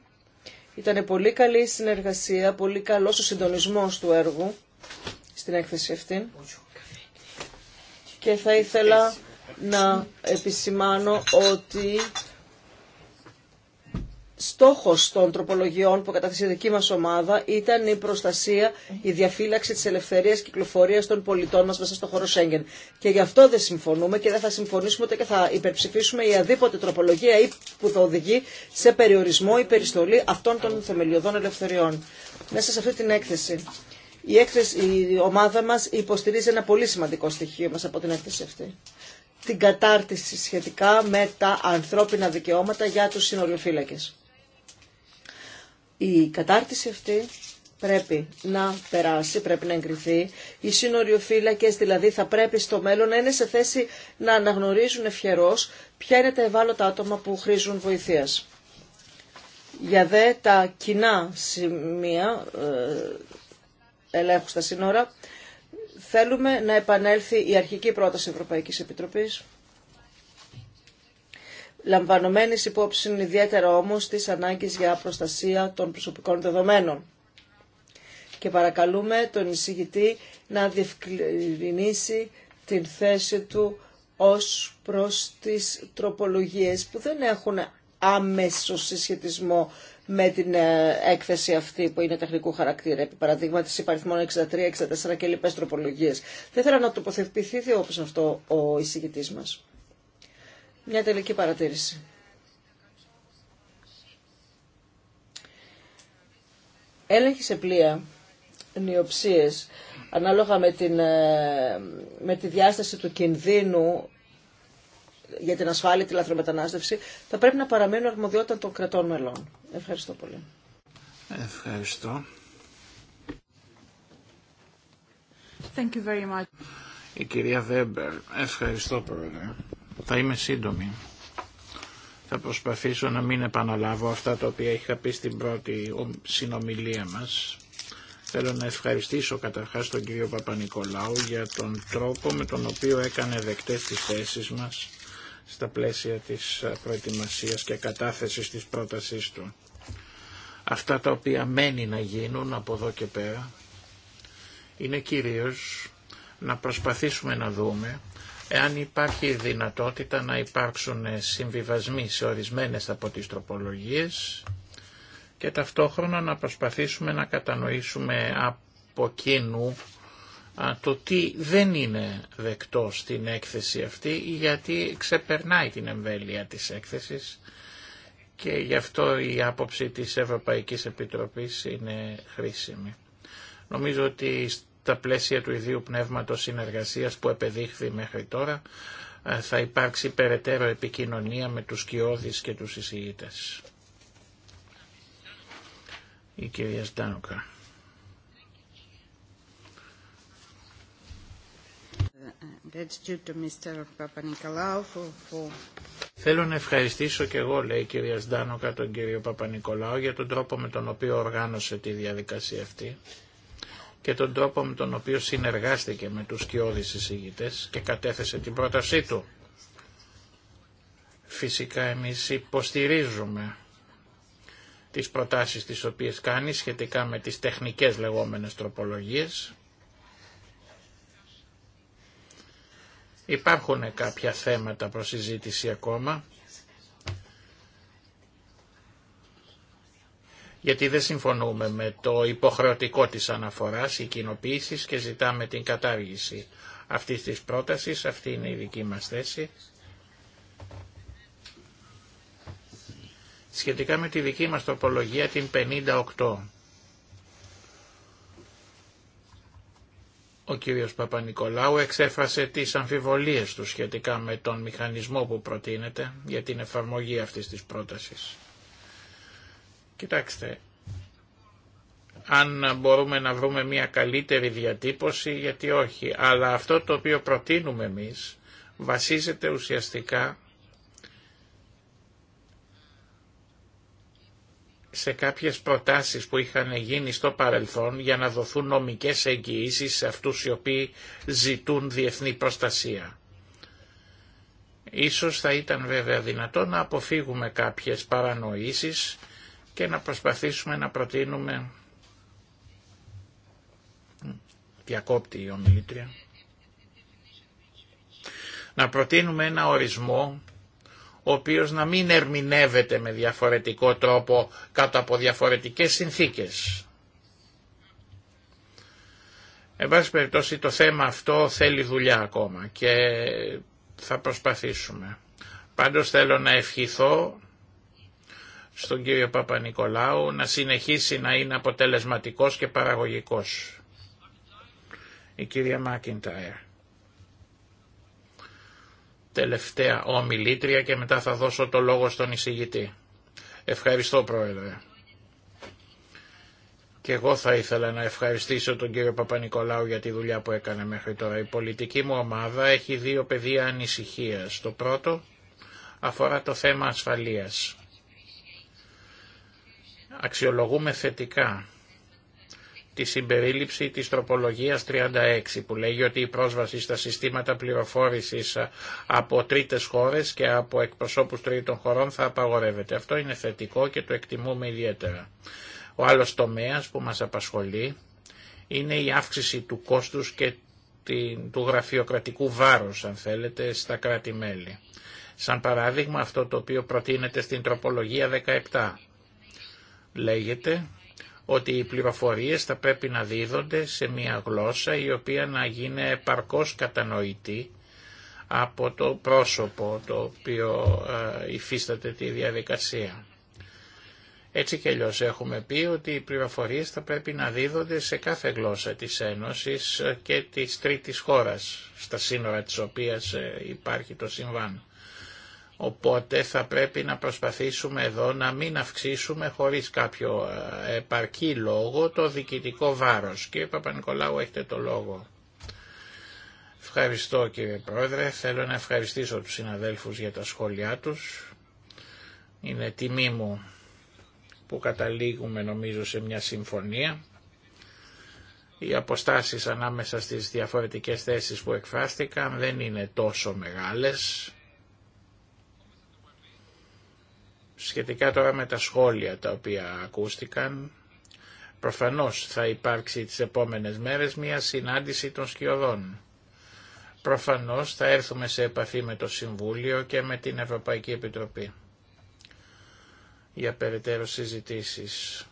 ήταν πολύ καλή η συνεργασία, πολύ καλός ο συντονισμός του έργου στην έκθεση αυτή. Και θα ήθελα να επισημάνω ότι στόχος των τροπολογιών που καταθέσει η δική μας ομάδα ήταν η προστασία, η διαφύλαξη της ελευθερίας κυκλοφορίας των πολιτών μας μέσα στο χώρο Σέγγεν. Και γι' αυτό δεν συμφωνούμε και δεν θα συμφωνήσουμε ούτε και θα υπερψηφίσουμε η αδίποτε τροπολογία ή που θα οδηγεί σε περιορισμό ή περιστολή αυτών των θεμελιωδών ελευθεριών. Μέσα σε αυτή την έκθεση. Η, έκθεση, η ομάδα μας υποστηρίζει ένα πολύ σημαντικό στοιχείο μας από την έκθεση αυτή την κατάρτιση σχετικά με τα ανθρώπινα δικαιώματα για τους συνοριοφύλακες. Η κατάρτιση αυτή πρέπει να περάσει, πρέπει να εγκριθεί. Οι σύνοριοφύλακες δηλαδή θα πρέπει στο μέλλον να είναι σε θέση να αναγνωρίζουν ευχερός ποια είναι τα ευάλωτα άτομα που χρήζουν βοηθείας. Για δε τα κοινά σημεία ε, ελέγχου στα σύνορα θέλουμε να επανέλθει η αρχική πρόταση Ευρωπαϊκής Επιτροπής λαμβανομένης υπόψη ιδιαίτερα όμως της ανάγκη για προστασία των προσωπικών δεδομένων. Και παρακαλούμε τον εισηγητή να διευκρινίσει την θέση του ως προς τις τροπολογίες που δεν έχουν άμεσο συσχετισμό με την ε, έκθεση αυτή που είναι τεχνικού χαρακτήρα, επί παραδείγματος της υπαριθμών 63, 64 και λοιπές τροπολογίες. Θα ήθελα να τοποθετηθεί όπως αυτό ο εισηγητής μας. Μια τελική παρατήρηση. Έλεγχη σε πλοία, νιοψίες, ανάλογα με, την, ε, με τη διάσταση του κινδύνου για την ασφάλεια, τη λαθρομετανάστευση, θα πρέπει να παραμείνουν αρμοδιότητα των κρατών μελών. Ευχαριστώ πολύ. Ευχαριστώ. Thank you very much. Η κυρία Βέμπερ, ευχαριστώ πολύ. Θα είμαι σύντομη. Θα προσπαθήσω να μην επαναλάβω αυτά τα οποία είχα πει στην πρώτη συνομιλία μας. Θέλω να ευχαριστήσω καταρχάς τον κύριο Παπα-Νικολάου για τον τρόπο με τον οποίο έκανε δεκτές τις θέσεις μας στα πλαίσια της προετοιμασίας και κατάθεσης της πρότασής του. Αυτά τα οποία μένει να γίνουν από εδώ και πέρα είναι κυρίως να προσπαθήσουμε να δούμε εάν υπάρχει δυνατότητα να υπάρξουν συμβιβασμοί σε ορισμένες από τις τροπολογίες και ταυτόχρονα να προσπαθήσουμε να κατανοήσουμε από κοινού το τι δεν είναι δεκτό στην έκθεση αυτή γιατί ξεπερνάει την εμβέλεια της έκθεσης και γι' αυτό η άποψη της Ευρωπαϊκής Επιτροπής είναι χρήσιμη. Νομίζω ότι τα πλαίσια του ιδίου πνεύματος συνεργασίας που επεδείχθη μέχρι τώρα ε, θα υπάρξει περαιτέρω επικοινωνία με τους κοιόδης και τους εισηγητές. Η κυρία Στάνοκα. Θέλω να ευχαριστήσω και εγώ, λέει η κυρία Στάνοκα, τον κύριο Παπα-Νικολάου για τον τρόπο με τον οποίο οργάνωσε τη διαδικασία αυτή και τον τρόπο με τον οποίο συνεργάστηκε με τους σκιώδεις εισηγητές και κατέθεσε την πρότασή του. Φυσικά εμείς υποστηρίζουμε τις προτάσεις τις οποίες κάνει σχετικά με τις τεχνικές λεγόμενες τροπολογίες. Υπάρχουν κάποια θέματα προς συζήτηση ακόμα γιατί δεν συμφωνούμε με το υποχρεωτικό της αναφοράς, η κοινοποίηση και ζητάμε την κατάργηση αυτής της πρότασης, αυτή είναι η δική μας θέση. Σχετικά με τη δική μας τοπολογία την 58. Ο κύριος Παπα-Νικολάου εξέφρασε τις αμφιβολίες του σχετικά με τον μηχανισμό που προτείνεται για την εφαρμογή αυτής της πρότασης. Κοιτάξτε, αν μπορούμε να βρούμε μια καλύτερη διατύπωση, γιατί όχι. Αλλά αυτό το οποίο προτείνουμε εμείς βασίζεται ουσιαστικά σε κάποιες προτάσεις που είχαν γίνει στο παρελθόν για να δοθούν νομικές εγγυήσει σε αυτούς οι οποίοι ζητούν διεθνή προστασία. Ίσως θα ήταν βέβαια δυνατό να αποφύγουμε κάποιες παρανοήσεις και να προσπαθήσουμε να προτείνουμε διακόπτη η ομιλήτρια να προτείνουμε ένα ορισμό ο οποίος να μην ερμηνεύεται με διαφορετικό τρόπο κάτω από διαφορετικές συνθήκες. Εν πάση περιπτώσει το θέμα αυτό θέλει δουλειά ακόμα και θα προσπαθήσουμε. Πάντως θέλω να ευχηθώ στον κύριο Παπα-Νικολάου να συνεχίσει να είναι αποτελεσματικός και παραγωγικός. Η κυρία Μάκινταερ. Τελευταία ομιλήτρια και μετά θα δώσω το λόγο στον εισηγητή. Ευχαριστώ Πρόεδρε. Και εγώ θα ήθελα να ευχαριστήσω τον κύριο Παπα-Νικολάου για τη δουλειά που έκανε μέχρι τώρα. Η πολιτική μου ομάδα έχει δύο πεδία ανησυχίας. Το πρώτο αφορά το θέμα ασφαλείας αξιολογούμε θετικά τη συμπερίληψη της τροπολογίας 36 που λέγει ότι η πρόσβαση στα συστήματα πληροφόρησης ε, από τρίτες χώρες και από εκπροσώπους τρίτων χωρών θα απαγορεύεται. Αυτό είναι θετικό και το εκτιμούμε ιδιαίτερα. Ο άλλος τομέας που μας απασχολεί είναι η αύξηση του κόστους και του γραφειοκρατικού βάρους, αν θέλετε, στα κράτη-μέλη. Σαν παράδειγμα αυτό το οποίο προτείνεται στην τροπολογία 17 λέγεται ότι οι πληροφορίες θα πρέπει να δίδονται σε μια γλώσσα η οποία να γίνει επαρκώς κατανοητή από το πρόσωπο το οποίο ε, υφίσταται τη διαδικασία. Έτσι και αλλιώς έχουμε πει ότι οι πληροφορίες θα πρέπει να δίδονται σε κάθε γλώσσα της Ένωσης και της τρίτης χώρας, στα σύνορα της οποίας ε, υπάρχει το συμβάν. Οπότε θα πρέπει να προσπαθήσουμε εδώ να μην αυξήσουμε χωρίς κάποιο ε, επαρκή λόγο το διοικητικό βάρος. Κύριε Παπα-Νικολάου έχετε το λόγο. Ευχαριστώ κύριε Πρόεδρε. Θέλω να ευχαριστήσω τους συναδέλφους για τα σχόλιά τους. Είναι τιμή μου που καταλήγουμε νομίζω σε μια συμφωνία. Οι αποστάσεις ανάμεσα στις διαφορετικές θέσεις που εκφράστηκαν δεν είναι τόσο μεγάλες Σχετικά τώρα με τα σχόλια τα οποία ακούστηκαν, προφανώς θα υπάρξει τις επόμενες μέρες μια συνάντηση των σκιωδών. Προφανώς θα έρθουμε σε επαφή με το Συμβούλιο και με την Ευρωπαϊκή Επιτροπή για περαιτέρω συζητήσεις.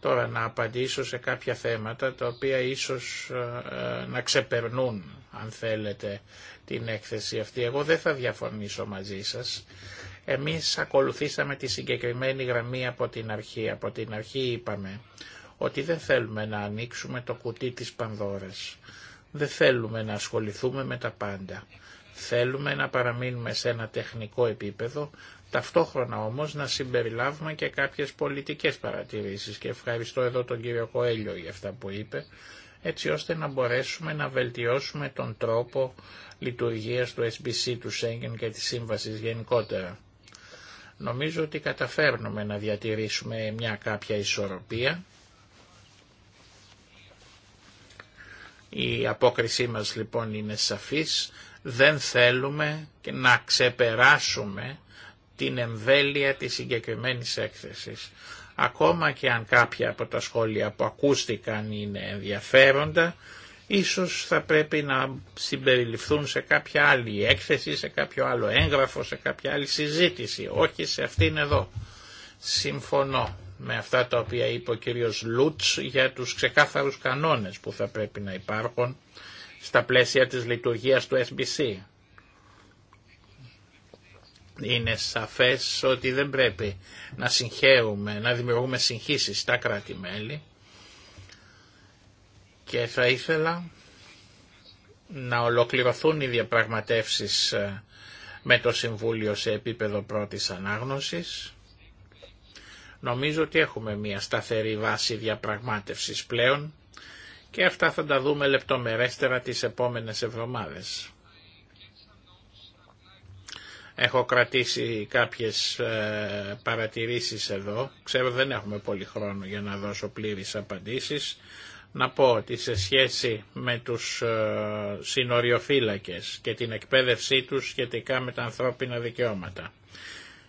Τώρα να απαντήσω σε κάποια θέματα τα οποία ίσως ε, ε, να ξεπερνούν αν θέλετε την έκθεση αυτή. Εγώ δεν θα διαφωνήσω μαζί σας εμείς ακολουθήσαμε τη συγκεκριμένη γραμμή από την αρχή. Από την αρχή είπαμε ότι δεν θέλουμε να ανοίξουμε το κουτί της Πανδώρας. Δεν θέλουμε να ασχοληθούμε με τα πάντα. Θέλουμε να παραμείνουμε σε ένα τεχνικό επίπεδο, ταυτόχρονα όμως να συμπεριλάβουμε και κάποιες πολιτικές παρατηρήσεις και ευχαριστώ εδώ τον κύριο Κοέλιο για αυτά που είπε, έτσι ώστε να μπορέσουμε να βελτιώσουμε τον τρόπο λειτουργίας του SBC, του Schengen και της Σύμβασης γενικότερα. Νομίζω ότι καταφέρνουμε να διατηρήσουμε μια κάποια ισορροπία. Η απόκρισή μας λοιπόν είναι σαφής. Δεν θέλουμε να ξεπεράσουμε την εμβέλεια της συγκεκριμένης έκθεσης. Ακόμα και αν κάποια από τα σχόλια που ακούστηκαν είναι ενδιαφέροντα, Ίσως θα πρέπει να συμπεριληφθούν σε κάποια άλλη έκθεση, σε κάποιο άλλο έγγραφο, σε κάποια άλλη συζήτηση, όχι σε αυτήν εδώ. Συμφωνώ με αυτά τα οποία είπε ο κύριος Λούτς για τους ξεκάθαρους κανόνες που θα πρέπει να υπάρχουν στα πλαίσια της λειτουργίας του SBC. Είναι σαφές ότι δεν πρέπει να συγχαίουμε, να δημιουργούμε συγχύσεις στα κράτη-μέλη και θα ήθελα να ολοκληρωθούν οι διαπραγματεύσεις ε, με το Συμβούλιο σε επίπεδο πρώτης ανάγνωσης. Νομίζω ότι έχουμε μια σταθερή βάση διαπραγμάτευσης πλέον και αυτά θα τα δούμε λεπτομερέστερα τις επόμενες εβδομάδες. Έχω κρατήσει κάποιες ε, παρατηρήσεις εδώ. Ξέρω δεν έχουμε πολύ χρόνο για να δώσω πλήρεις απαντήσεις να πω ότι σε σχέση με τους ε, συνοριοφύλακες και την εκπαίδευσή τους σχετικά με τα ανθρώπινα δικαιώματα.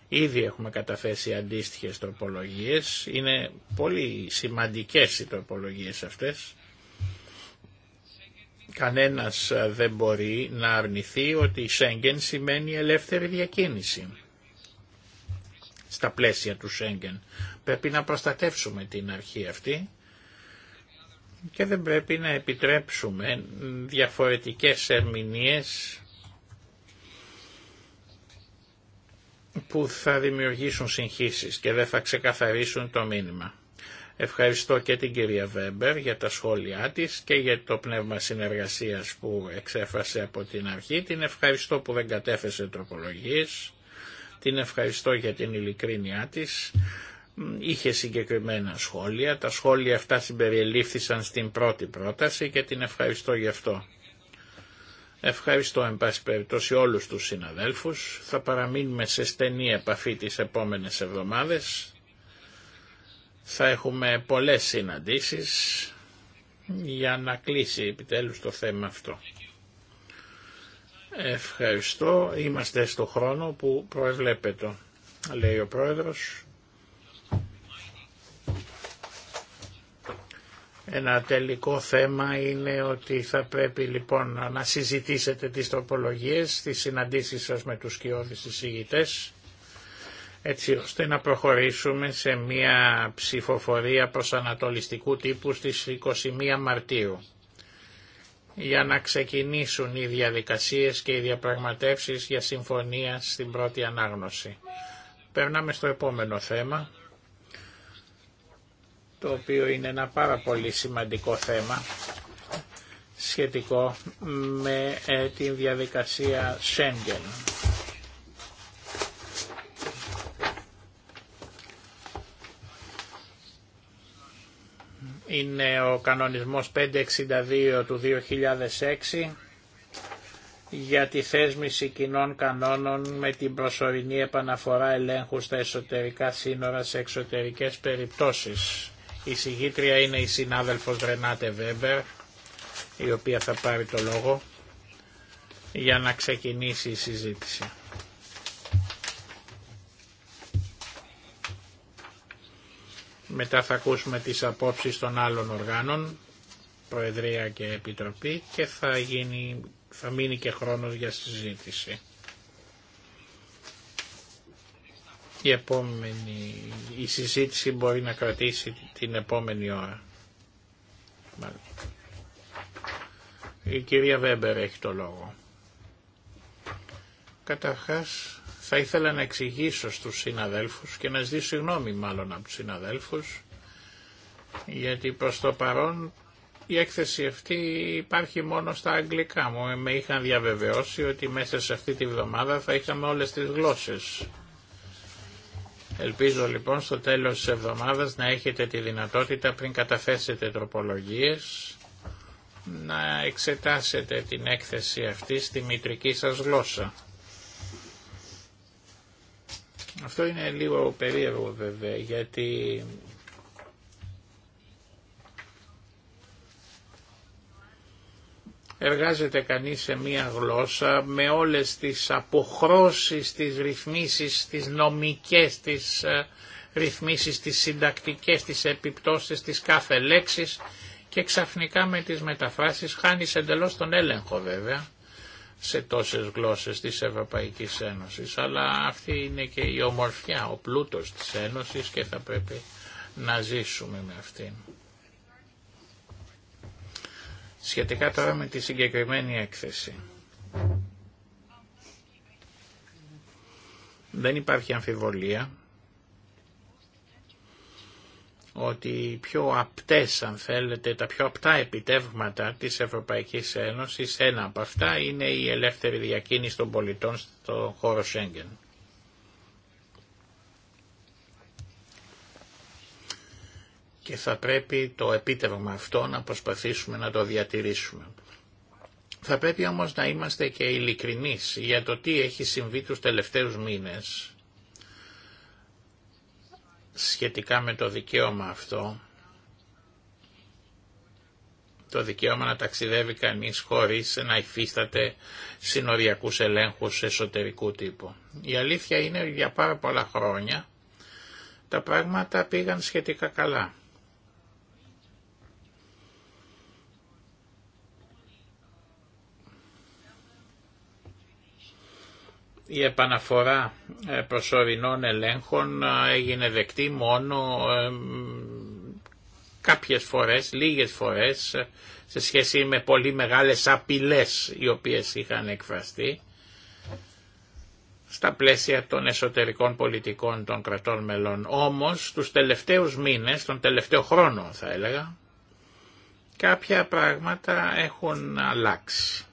Ήδη έχουμε καταθέσει αντίστοιχες τροπολογίες, είναι πολύ σημαντικές οι τροπολογίες αυτές. Κανένας ε, δεν μπορεί να αρνηθεί ότι η Σέγγεν σημαίνει ελεύθερη διακίνηση στα πλαίσια του Σέγγεν. Πρέπει να προστατεύσουμε την αρχή αυτή και δεν πρέπει να επιτρέψουμε διαφορετικές ερμηνείες που θα δημιουργήσουν συγχύσεις και δεν θα ξεκαθαρίσουν το μήνυμα. Ευχαριστώ και την κυρία Βέμπερ για τα σχόλιά της και για το πνεύμα συνεργασίας που εξέφρασε από την αρχή. Την ευχαριστώ που δεν κατέθεσε τροπολογίες. Την ευχαριστώ για την ειλικρίνειά της είχε συγκεκριμένα σχόλια. Τα σχόλια αυτά συμπεριελήφθησαν στην πρώτη πρόταση και την ευχαριστώ γι' αυτό. Ευχαριστώ εν πάση περιπτώσει όλους τους συναδέλφους. Θα παραμείνουμε σε στενή επαφή τις επόμενες εβδομάδες. Θα έχουμε πολλές συναντήσεις για να κλείσει επιτέλους το θέμα αυτό. Ευχαριστώ. Είμαστε στο χρόνο που προεβλέπετο, λέει ο Πρόεδρος. Ένα τελικό θέμα είναι ότι θα πρέπει λοιπόν να συζητήσετε τις τροπολογίες, τις συναντήσεις σας με τους κοιόδης εισηγητές, έτσι ώστε να προχωρήσουμε σε μια ψηφοφορία προς ανατολιστικού τύπου στις 21 Μαρτίου για να ξεκινήσουν οι διαδικασίες και οι διαπραγματεύσεις για συμφωνία στην πρώτη ανάγνωση. Περνάμε στο επόμενο θέμα το οποίο είναι ένα πάρα πολύ σημαντικό θέμα σχετικό με ε, την διαδικασία Schengen. Είναι ο κανονισμός 562 του 2006 για τη θέσμηση κοινών κανόνων με την προσωρινή επαναφορά ελέγχου στα εσωτερικά σύνορα σε εξωτερικές περιπτώσεις. Η συγγήτρια είναι η συνάδελφος Ρενάτε Βέμπερ, η οποία θα πάρει το λόγο για να ξεκινήσει η συζήτηση. Μετά θα ακούσουμε τις απόψεις των άλλων οργάνων, Προεδρία και Επιτροπή και θα, γίνει, θα μείνει και χρόνος για συζήτηση. η επόμενη, η συζήτηση μπορεί να κρατήσει την επόμενη ώρα. Η κυρία Βέμπερ έχει το λόγο. Καταρχάς θα ήθελα να εξηγήσω στους συναδέλφους και να ζητήσω συγγνώμη μάλλον από τους συναδέλφους γιατί προς το παρόν η έκθεση αυτή υπάρχει μόνο στα αγγλικά μου. Ε, με είχαν διαβεβαιώσει ότι μέσα σε αυτή τη βδομάδα θα είχαμε όλες τις γλώσσες. Ελπίζω λοιπόν στο τέλος της εβδομάδας να έχετε τη δυνατότητα πριν καταφέσετε τροπολογίες να εξετάσετε την έκθεση αυτή στη μητρική σας γλώσσα. Αυτό είναι λίγο περίεργο βέβαια γιατί εργάζεται κανείς σε μία γλώσσα με όλες τις αποχρώσεις, τις ρυθμίσεις, τις νομικές, τις ε, ρυθμίσεις, τις συντακτικές, τις επιπτώσεις τις κάθε λέξεις και ξαφνικά με τις μεταφράσεις χάνεις εντελώς τον έλεγχο βέβαια σε τόσες γλώσσες της Ευρωπαϊκής Ένωσης, αλλά αυτή είναι και η ομορφιά, ο πλούτος της Ένωσης και θα πρέπει να ζήσουμε με αυτήν. Σχετικά τώρα με τη συγκεκριμένη έκθεση. Δεν υπάρχει αμφιβολία ότι οι πιο απτές, αν θέλετε, τα πιο απτά επιτεύγματα της Ευρωπαϊκής Ένωσης, ένα από αυτά είναι η ελεύθερη διακίνηση των πολιτών στον χώρο Σέγγεν. και θα πρέπει το επίτευγμα αυτό να προσπαθήσουμε να το διατηρήσουμε. Θα πρέπει όμως να είμαστε και ειλικρινεί για το τι έχει συμβεί τους τελευταίους μήνες σχετικά με το δικαίωμα αυτό, το δικαίωμα να ταξιδεύει κανείς χωρίς να υφίσταται συνοριακούς ελέγχους εσωτερικού τύπου. Η αλήθεια είναι ότι για πάρα πολλά χρόνια τα πράγματα πήγαν σχετικά καλά. Η επαναφορά ε, προσωρινών ελέγχων ε, έγινε δεκτή μόνο ε, κάποιες φορές, λίγες φορές, σε σχέση με πολύ μεγάλες απειλές οι οποίες είχαν εκφραστεί στα πλαίσια των εσωτερικών πολιτικών των κρατών μελών. Όμως, τους τελευταίους μήνες, τον τελευταίο χρόνο θα έλεγα, κάποια πράγματα έχουν αλλάξει.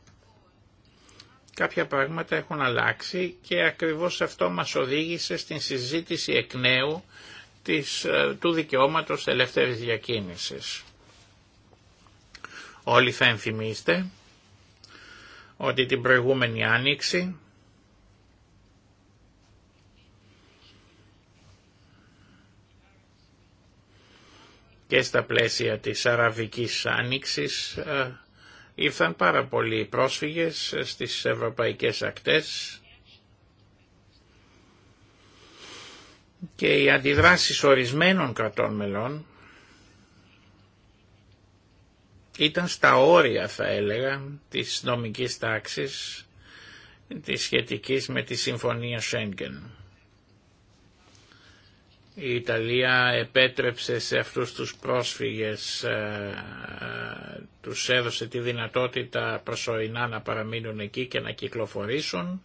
Κάποια πράγματα έχουν αλλάξει και ακριβώς αυτό μας οδήγησε στην συζήτηση εκ νέου της, ε, του δικαιώματος ελεύθερης διακίνησης. Όλοι θα ενθυμίστε ότι την προηγούμενη άνοιξη και στα πλαίσια της Αραβικής Άνοιξης ε, Ήρθαν πάρα πολλοί πρόσφυγες ε, στις ευρωπαϊκές ακτές και οι αντιδράσεις ορισμένων κρατών μελών ήταν στα όρια θα έλεγα της νομικής τάξης της σχετικής με τη Συμφωνία Σέγγεν. Η Ιταλία επέτρεψε σε αυτούς τους πρόσφυγες, ε, τους έδωσε τη δυνατότητα προσωρινά να παραμείνουν εκεί και να κυκλοφορήσουν.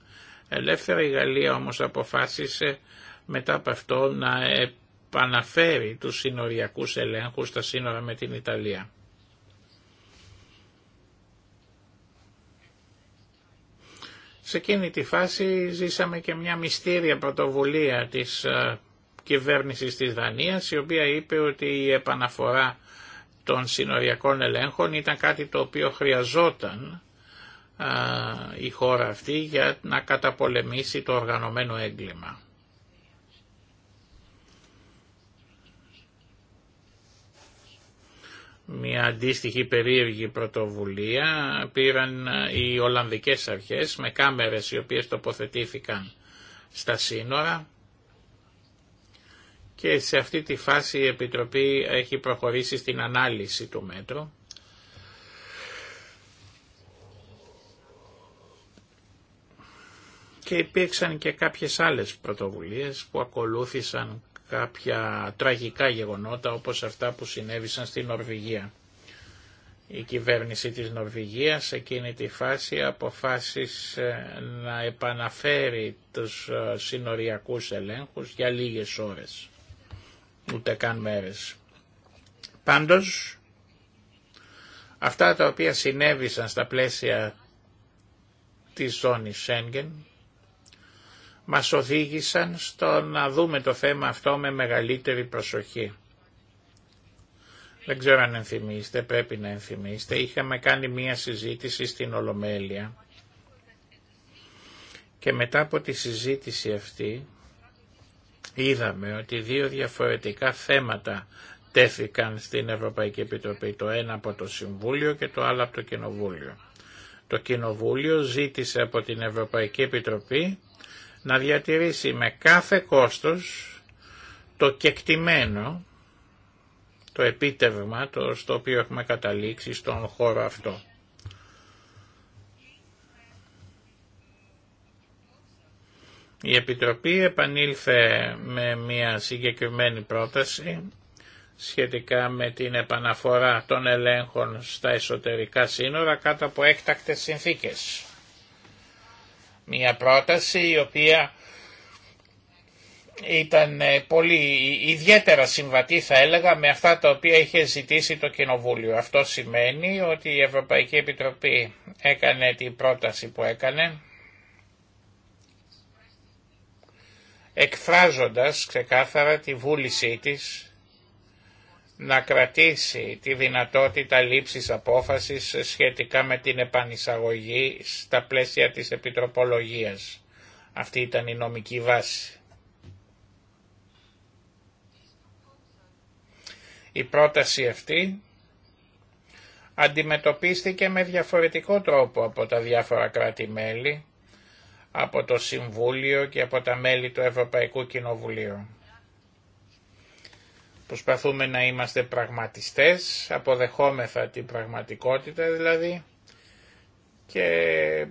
Ελεύθερα η Γαλλία όμως αποφάσισε μετά από αυτό να επαναφέρει τους συνοριακούς ελέγχους στα σύνορα με την Ιταλία. Σε εκείνη τη φάση ζήσαμε και μια μυστήρια πρωτοβουλία της ε, κυβέρνησης της Δανίας η οποία είπε ότι η επαναφορά των συνοριακών ελέγχων ήταν κάτι το οποίο χρειαζόταν η χώρα αυτή για να καταπολεμήσει το οργανωμένο έγκλημα. Μια αντίστοιχη περίεργη πρωτοβουλία πήραν οι Ολλανδικές αρχές με κάμερες οι οποίες τοποθετήθηκαν στα σύνορα και σε αυτή τη φάση η Επιτροπή έχει προχωρήσει στην ανάλυση του μέτρου. Και υπήρξαν και κάποιες άλλες πρωτοβουλίες που ακολούθησαν κάποια τραγικά γεγονότα όπως αυτά που συνέβησαν στην Νορβηγία. Η κυβέρνηση της Νορβηγίας σε εκείνη τη φάση αποφάσισε να επαναφέρει τους ε, συνοριακούς ελέγχους για λίγες ώρες ούτε καν μέρες. Πάντως, αυτά τα οποία συνέβησαν στα πλαίσια της ζώνης Σέγγεν, μας οδήγησαν στο να δούμε το θέμα αυτό με μεγαλύτερη προσοχή. Δεν ξέρω αν ενθυμίστε, πρέπει να ενθυμίστε. Είχαμε κάνει μία συζήτηση στην Ολομέλεια και μετά από τη συζήτηση αυτή είδαμε ότι δύο διαφορετικά θέματα τέθηκαν στην Ευρωπαϊκή Επιτροπή, το ένα από το Συμβούλιο και το άλλο από το Κοινοβούλιο. Το Κοινοβούλιο ζήτησε από την Ευρωπαϊκή Επιτροπή να διατηρήσει με κάθε κόστος το κεκτημένο, το επίτευγμα το, στο οποίο έχουμε καταλήξει στον χώρο αυτό. Η Επιτροπή επανήλθε με μια συγκεκριμένη πρόταση σχετικά με την επαναφορά των ελέγχων στα εσωτερικά σύνορα κάτω από έκτακτες συνθήκες. Μια πρόταση η οποία ήταν πολύ ιδιαίτερα συμβατή θα έλεγα με αυτά τα οποία είχε ζητήσει το Κοινοβούλιο. Αυτό σημαίνει ότι η Ευρωπαϊκή Επιτροπή έκανε την πρόταση που έκανε εκφράζοντας ξεκάθαρα τη βούλησή της να κρατήσει τη δυνατότητα λήψης απόφασης σχετικά με την επανεισαγωγή στα πλαίσια της επιτροπολογίας. Αυτή ήταν η νομική βάση. Η πρόταση αυτή αντιμετωπίστηκε με διαφορετικό τρόπο από τα διάφορα κράτη-μέλη από το Συμβούλιο και από τα μέλη του Ευρωπαϊκού Κοινοβουλίου. Προσπαθούμε να είμαστε πραγματιστές, αποδεχόμεθα την πραγματικότητα δηλαδή και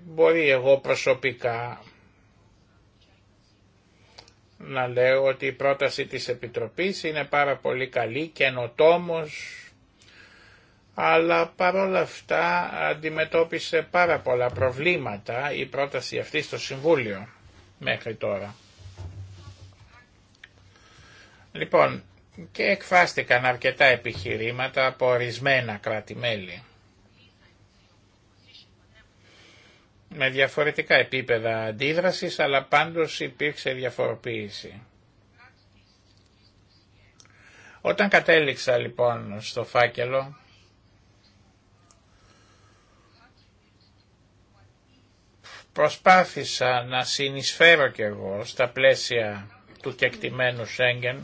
μπορεί εγώ προσωπικά να λέω ότι η πρόταση της Επιτροπής είναι πάρα πολύ καλή, και καινοτόμος, αλλά παρόλα αυτά αντιμετώπισε πάρα πολλά προβλήματα η πρόταση αυτή στο Συμβούλιο μέχρι τώρα. Λοιπόν, και εκφράστηκαν αρκετά επιχειρήματα από ορισμένα κράτη-μέλη. Με διαφορετικά επίπεδα αντίδρασης, αλλά πάντως υπήρξε διαφοροποίηση. Όταν κατέληξα λοιπόν στο φάκελο, Προσπάθησα να συνεισφέρω κι εγώ στα πλαίσια του κεκτημένου Σέγγεν,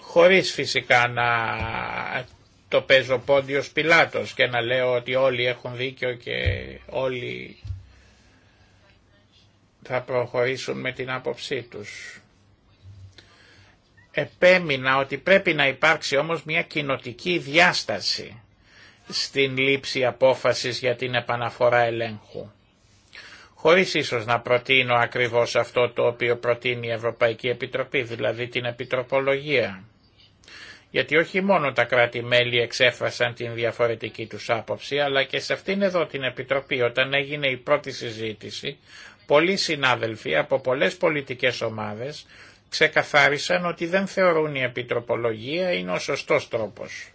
χωρίς φυσικά να το παίζω πόντιος πιλάτος και να λέω ότι όλοι έχουν δίκιο και όλοι θα προχωρήσουν με την άποψή τους. Επέμεινα ότι πρέπει να υπάρξει όμως μια κοινοτική διάσταση στην λήψη απόφασης για την επαναφορά ελέγχου. Χωρίς ίσως να προτείνω ακριβώς αυτό το οποίο προτείνει η Ευρωπαϊκή Επιτροπή, δηλαδή την επιτροπολογία. Γιατί όχι μόνο τα κράτη-μέλη εξέφρασαν την διαφορετική τους άποψη, αλλά και σε αυτήν εδώ την Επιτροπή όταν έγινε η πρώτη συζήτηση, πολλοί συνάδελφοι από πολλές πολιτικές ομάδες ξεκαθάρισαν ότι δεν θεωρούν η επιτροπολογία είναι ο σωστός τρόπος.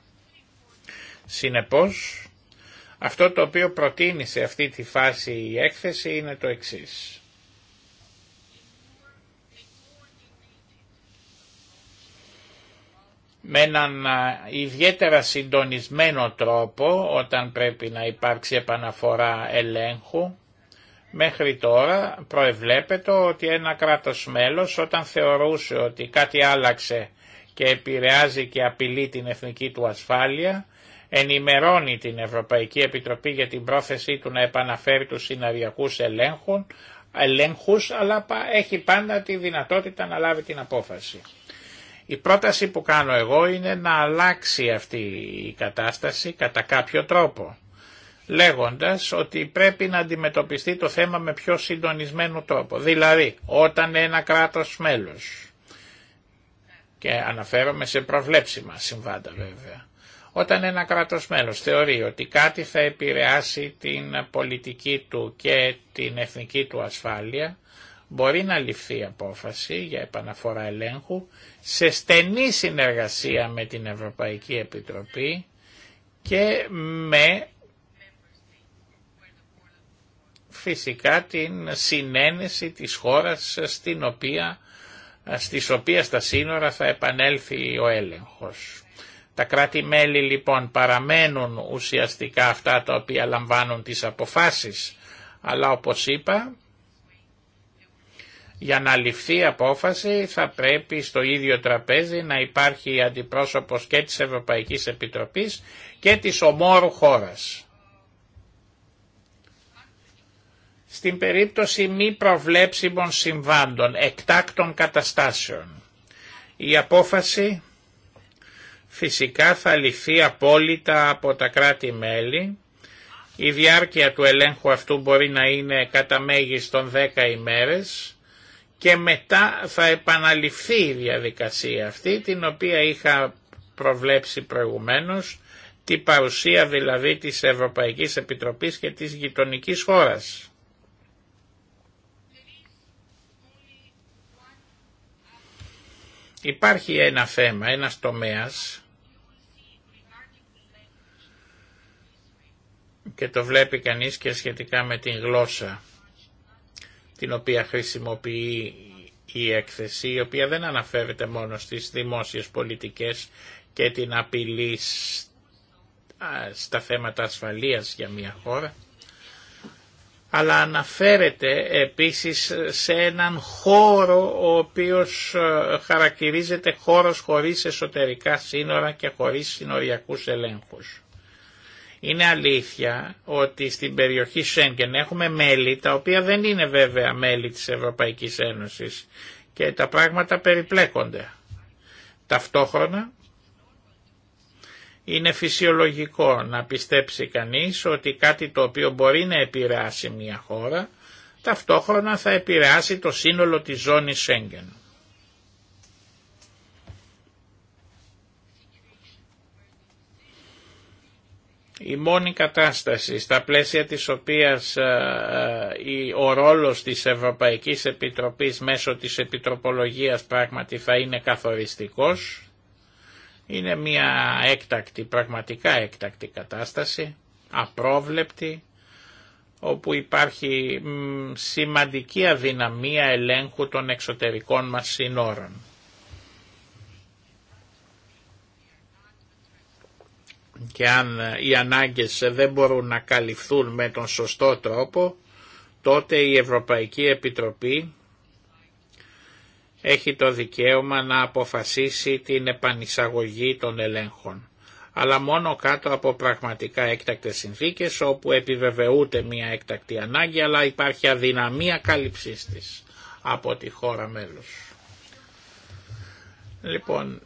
Συνεπώς, αυτό το οποίο προτείνει σε αυτή τη φάση η έκθεση είναι το εξής. με έναν ιδιαίτερα συντονισμένο τρόπο όταν πρέπει να υπάρξει επαναφορά ελέγχου. Μέχρι τώρα προεβλέπεται ότι ένα κράτος μέλος όταν θεωρούσε ότι κάτι άλλαξε και επηρεάζει και απειλεί την εθνική του ασφάλεια ενημερώνει την Ευρωπαϊκή Επιτροπή για την πρόθεσή του να επαναφέρει τους συναδιακούς ελέγχους, ελέγχους, αλλά έχει πάντα τη δυνατότητα να λάβει την απόφαση. Η πρόταση που κάνω εγώ είναι να αλλάξει αυτή η κατάσταση κατά κάποιο τρόπο, λέγοντας ότι πρέπει να αντιμετωπιστεί το θέμα με πιο συντονισμένο τρόπο. Δηλαδή, όταν ένα κράτος μέλος, και αναφέρομαι σε προβλέψιμα συμβάντα βέβαια, όταν ένα κράτος μέλος θεωρεί ότι κάτι θα επηρεάσει την πολιτική του και την εθνική του ασφάλεια, μπορεί να ληφθεί απόφαση για επαναφορά ελέγχου σε στενή συνεργασία με την Ευρωπαϊκή Επιτροπή και με φυσικά την συνένεση της χώρας στην οποία, στις οποίες τα σύνορα θα επανέλθει ο έλεγχος. Τα κράτη-μέλη λοιπόν παραμένουν ουσιαστικά αυτά τα οποία λαμβάνουν τις αποφάσεις, αλλά όπως είπα, για να ληφθεί απόφαση θα πρέπει στο ίδιο τραπέζι να υπάρχει αντιπρόσωπος και της Ευρωπαϊκής Επιτροπής και της ομόρου χώρας. Στην περίπτωση μη προβλέψιμων συμβάντων, εκτάκτων καταστάσεων, η απόφαση φυσικά θα ληφθεί απόλυτα από τα κράτη-μέλη. Η διάρκεια του ελέγχου αυτού μπορεί να είναι κατά μέγιστον 10 ημέρες και μετά θα επαναληφθεί η διαδικασία αυτή την οποία είχα προβλέψει προηγουμένως τη παρουσία δηλαδή της Ευρωπαϊκής Επιτροπής και της γειτονικής χώρας. Υπάρχει ένα θέμα, ένας τομέας και το βλέπει κανείς και σχετικά με την γλώσσα την οποία χρησιμοποιεί η έκθεση, η οποία δεν αναφέρεται μόνο στις δημόσιες πολιτικές και την απειλή στα θέματα ασφαλείας για μια χώρα, αλλά αναφέρεται επίσης σε έναν χώρο ο οποίος ε, χαρακτηρίζεται χώρος χωρίς εσωτερικά σύνορα και χωρίς συνοριακούς ελέγχους. Είναι αλήθεια ότι στην περιοχή Σέγγεν έχουμε μέλη τα οποία δεν είναι βέβαια μέλη της Ευρωπαϊκής Ένωσης και τα πράγματα περιπλέκονται. Ταυτόχρονα είναι φυσιολογικό να πιστέψει κανείς ότι κάτι το οποίο μπορεί να επηρεάσει μια χώρα ταυτόχρονα θα επηρεάσει το σύνολο της ζώνης Σέγγεν. Η μόνη κατάσταση στα πλαίσια της οποίας ε, ε, ο ρόλος της Ευρωπαϊκής Επιτροπής μέσω της Επιτροπολογίας πράγματι θα είναι καθοριστικός είναι μια έκτακτη, πραγματικά έκτακτη κατάσταση, απρόβλεπτη, όπου υπάρχει σημαντική αδυναμία ελέγχου των εξωτερικών μας συνόρων. και αν ε, οι ανάγκες ε, δεν μπορούν να καλυφθούν με τον σωστό τρόπο, τότε η Ευρωπαϊκή Επιτροπή έχει το δικαίωμα να αποφασίσει την επανεισαγωγή των ελέγχων αλλά μόνο κάτω από πραγματικά έκτακτες συνθήκες όπου επιβεβαιούται μια έκτακτη ανάγκη αλλά υπάρχει αδυναμία κάλυψής της από τη χώρα μέλους. Λοιπόν,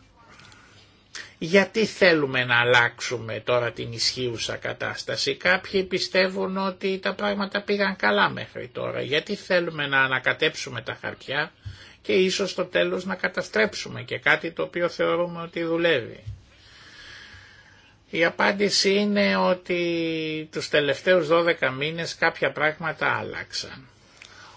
γιατί θέλουμε να αλλάξουμε τώρα την ισχύουσα κατάσταση. Κάποιοι πιστεύουν ότι τα πράγματα πήγαν καλά μέχρι τώρα. Γιατί θέλουμε να ανακατέψουμε τα χαρτιά και ίσως στο τέλος να καταστρέψουμε και κάτι το οποίο θεωρούμε ότι δουλεύει. Η απάντηση είναι ότι τους τελευταίους 12 μήνες κάποια πράγματα άλλαξαν.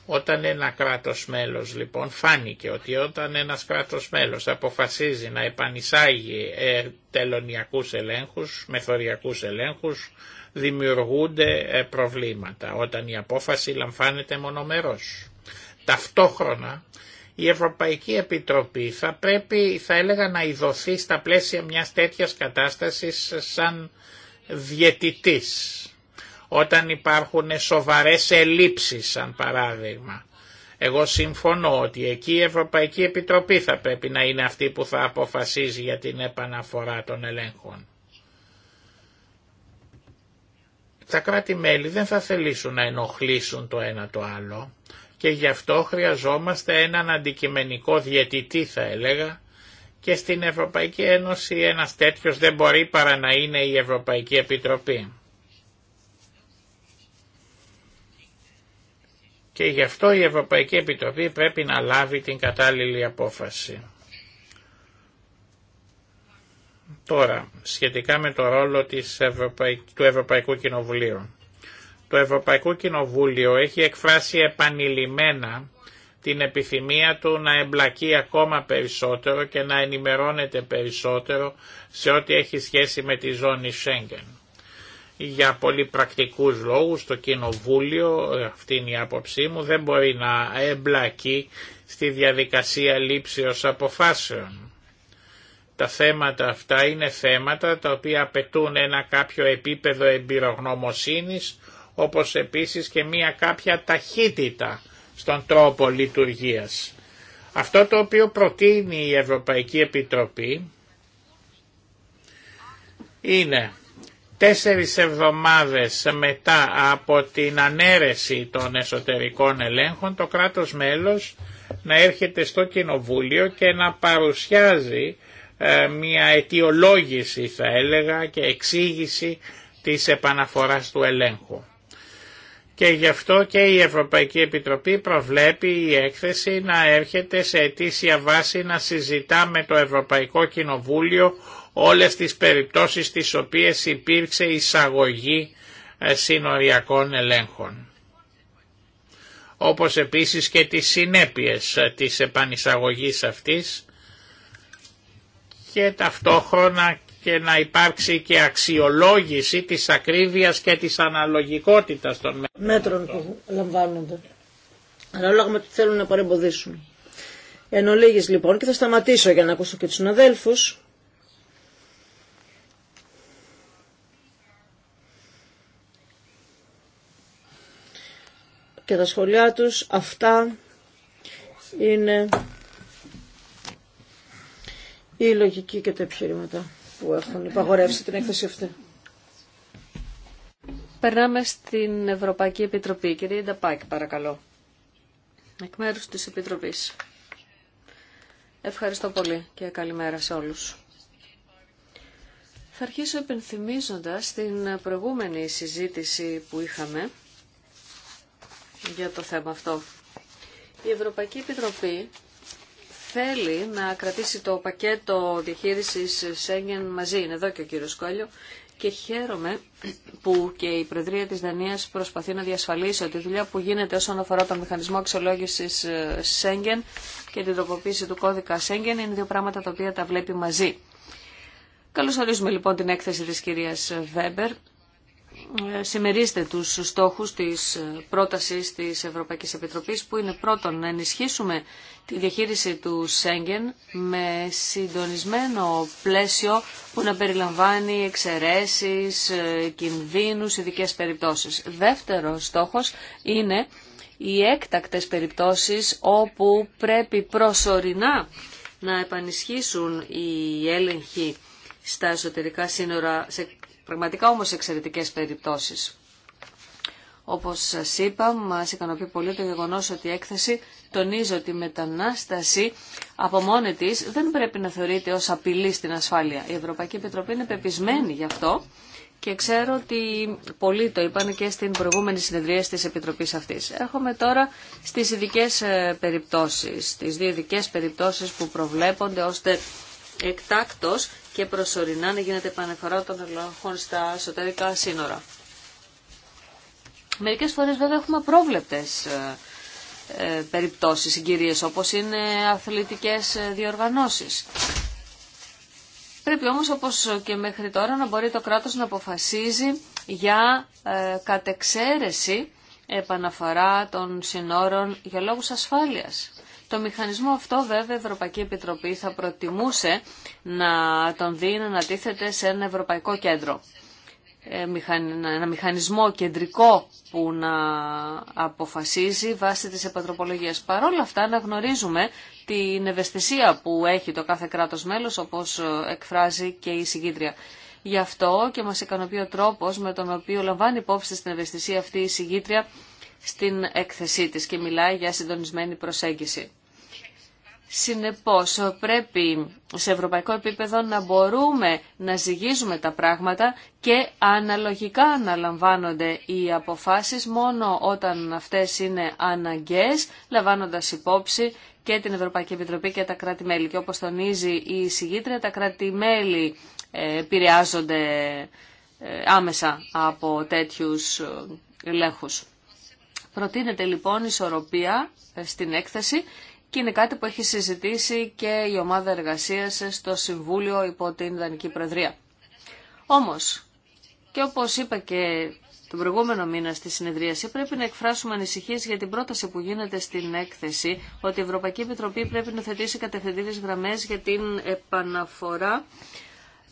Όταν ένα κράτος μέλος λοιπόν φάνηκε ότι όταν ένας κράτος μέλος αποφασίζει να επανισάγει ε, τελωνιακούς ελέγχους, μεθοριακούς ελέγχους, δημιουργούνται ε, προβλήματα όταν η απόφαση λαμβάνεται μονομερός. Ταυτόχρονα η Ευρωπαϊκή Επιτροπή θα πρέπει θα έλεγα να ειδωθεί στα πλαίσια μιας τέτοιας κατάστασης σαν διαιτητής όταν υπάρχουν σοβαρές ελλείψεις σαν παράδειγμα. Εγώ συμφωνώ ότι εκεί η Ευρωπαϊκή Επιτροπή θα πρέπει να είναι αυτή που θα αποφασίζει για την επαναφορά των ελέγχων. Τα κράτη-μέλη δεν θα θελήσουν να ενοχλήσουν το ένα το άλλο και γι' αυτό χρειαζόμαστε έναν αντικειμενικό διαιτητή θα έλεγα και στην Ευρωπαϊκή Ένωση ένας τέτοιος δεν μπορεί παρά να είναι η Ευρωπαϊκή Επιτροπή. Και γι' αυτό η Ευρωπαϊκή Επιτροπή πρέπει να λάβει την κατάλληλη απόφαση. Τώρα, σχετικά με το ρόλο της του Ευρωπαϊκού Κοινοβουλίου. Το Ευρωπαϊκό Κοινοβούλιο έχει εκφράσει επανειλημμένα την επιθυμία του να εμπλακεί ακόμα περισσότερο και να ενημερώνεται περισσότερο σε ό,τι έχει σχέση με τη ζώνη Σέγγεν για πολύ πρακτικούς λόγους το Κοινοβούλιο, ε, αυτή είναι η άποψή μου, δεν μπορεί να εμπλακεί στη διαδικασία λήψεως αποφάσεων. Τα θέματα αυτά είναι θέματα τα οποία απαιτούν ένα κάποιο επίπεδο εμπειρογνωμοσύνης, όπως επίσης και μία κάποια ταχύτητα στον τρόπο λειτουργίας. Αυτό το οποίο προτείνει η Ευρωπαϊκή Επιτροπή είναι Τέσσερις εβδομάδες μετά από την ανέρεση των εσωτερικών ελέγχων το κράτος μέλος να έρχεται στο Κοινοβούλιο και να παρουσιάζει ε, μια αιτιολόγηση θα έλεγα και εξήγηση της επαναφοράς του ελέγχου. Και γι' αυτό και η Ευρωπαϊκή Επιτροπή προβλέπει η έκθεση να έρχεται σε αιτήσια βάση να συζητά με το Ευρωπαϊκό Κοινοβούλιο όλες τις περιπτώσεις τις οποίες υπήρξε εισαγωγή ε, συνοριακών ελέγχων. Όπως επίσης και τις συνέπειες ε, της επανεισαγωγής αυτής και ταυτόχρονα και να υπάρξει και αξιολόγηση της ακρίβειας και της αναλογικότητας των μέτρων που λαμβάνονται. όλα με το θέλουν να παρεμποδίσουν. Εν ολίγης λοιπόν και θα σταματήσω για να ακούσω και τους συναδέλφους. και τα σχολιά τους. Αυτά είναι η λογική και τα επιχειρήματα που έχουν υπαγορεύσει την έκθεση αυτή. Περνάμε στην Ευρωπαϊκή Επιτροπή. Κύριε Νταπάκ, παρακαλώ. Εκ μέρους της Επιτροπής. Ευχαριστώ πολύ και καλημέρα σε όλους. Θα αρχίσω επενθυμίζοντας την προηγούμενη συζήτηση που είχαμε για το θέμα αυτό. Η Ευρωπαϊκή Επιτροπή θέλει να κρατήσει το πακέτο διαχείρισης Σέγγεν μαζί. Είναι εδώ και ο κύριος Κόλλιο. Και χαίρομαι που και η Προεδρία της Δανίας προσπαθεί να διασφαλίσει ότι η δουλειά που γίνεται όσον αφορά τον μηχανισμό αξιολόγησης ε, Σέγγεν και την τροποποίηση του κώδικα Σέγγεν είναι δύο πράγματα τα οποία τα βλέπει μαζί. Καλώς ορίζουμε λοιπόν την έκθεση της κυρίας Βέμπερ συμμερίστε τους στόχους της πρότασης της Ευρωπαϊκής Επιτροπής που είναι πρώτον να ενισχύσουμε τη διαχείριση του Σέγγεν με συντονισμένο πλαίσιο που να περιλαμβάνει εξαιρέσεις, κινδύνους, ειδικές περιπτώσεις. Δεύτερος στόχος είναι οι έκτακτες περιπτώσεις όπου πρέπει προσωρινά να επανισχύσουν οι έλεγχοι στα εσωτερικά σύνορα σε Πραγματικά όμως εξαιρετικές περιπτώσεις. Όπως σας είπα, μας ικανοποιεί πολύ το γεγονός ότι η έκθεση τονίζει ότι η μετανάσταση από μόνη της δεν πρέπει να θεωρείται ως απειλή στην ασφάλεια. Η Ευρωπαϊκή Επιτροπή είναι πεπισμένη γι' αυτό και ξέρω ότι πολλοί το είπαν και στην προηγούμενη συνεδρία της Επιτροπής αυτής. Έρχομαι τώρα στις ειδικέ ε, περιπτώσεις, τις δύο ειδικέ περιπτώσεις που προβλέπονται ώστε εκτάκτος και προσωρινά να γίνεται επαναφορά των ελεγχών στα εσωτερικά σύνορα. Μερικές φορές βέβαια έχουμε πρόβλεπτες ε, ε, περιπτώσεις, συγκυρίες, όπως είναι αθλητικές ε, διοργανώσεις. Πρέπει όμως, όπως και μέχρι τώρα, να μπορεί το κράτος να αποφασίζει για ε, κατεξαίρεση επαναφορά των συνόρων για λόγους ασφάλειας. Το μηχανισμό αυτό βέβαια η Ευρωπαϊκή Επιτροπή θα προτιμούσε να τον δίνει να ανατίθεται σε ένα ευρωπαϊκό κέντρο. Ε, ένα μηχανισμό κεντρικό που να αποφασίζει βάσει της επατροπολογίας. Παρ' όλα αυτά να γνωρίζουμε την ευαισθησία που έχει το κάθε κράτος μέλος όπως εκφράζει και η συγκίτρια. Γι' αυτό και μας ικανοποιεί ο τρόπος με τον οποίο λαμβάνει υπόψη στην ευαισθησία αυτή η συγκίτρια στην έκθεσή της και μιλάει για συντονισμένη προσέγγιση. Συνεπώς πρέπει σε ευρωπαϊκό επίπεδο να μπορούμε να ζυγίζουμε τα πράγματα και αναλογικά να λαμβάνονται οι αποφάσεις μόνο όταν αυτές είναι αναγκαίες, λαμβάνοντας υπόψη και την Ευρωπαϊκή Επιτροπή και τα κράτη-μέλη. Και όπως τονίζει η συγγήτρια, τα κράτη-μέλη ε, επηρεάζονται ε, άμεσα από τέτοιους ε, ελέγχους. Προτείνεται λοιπόν ισορροπία στην έκθεση και είναι κάτι που έχει συζητήσει και η ομάδα εργασίας στο Συμβούλιο υπό την Ιδανική Προεδρία. Όμω, και όπως είπα και τον προηγούμενο μήνα στη συνεδρίαση, πρέπει να εκφράσουμε ανησυχίε για την πρόταση που γίνεται στην έκθεση ότι η Ευρωπαϊκή Επιτροπή πρέπει να θετήσει κατευθυντήριε γραμμέ για την επαναφορά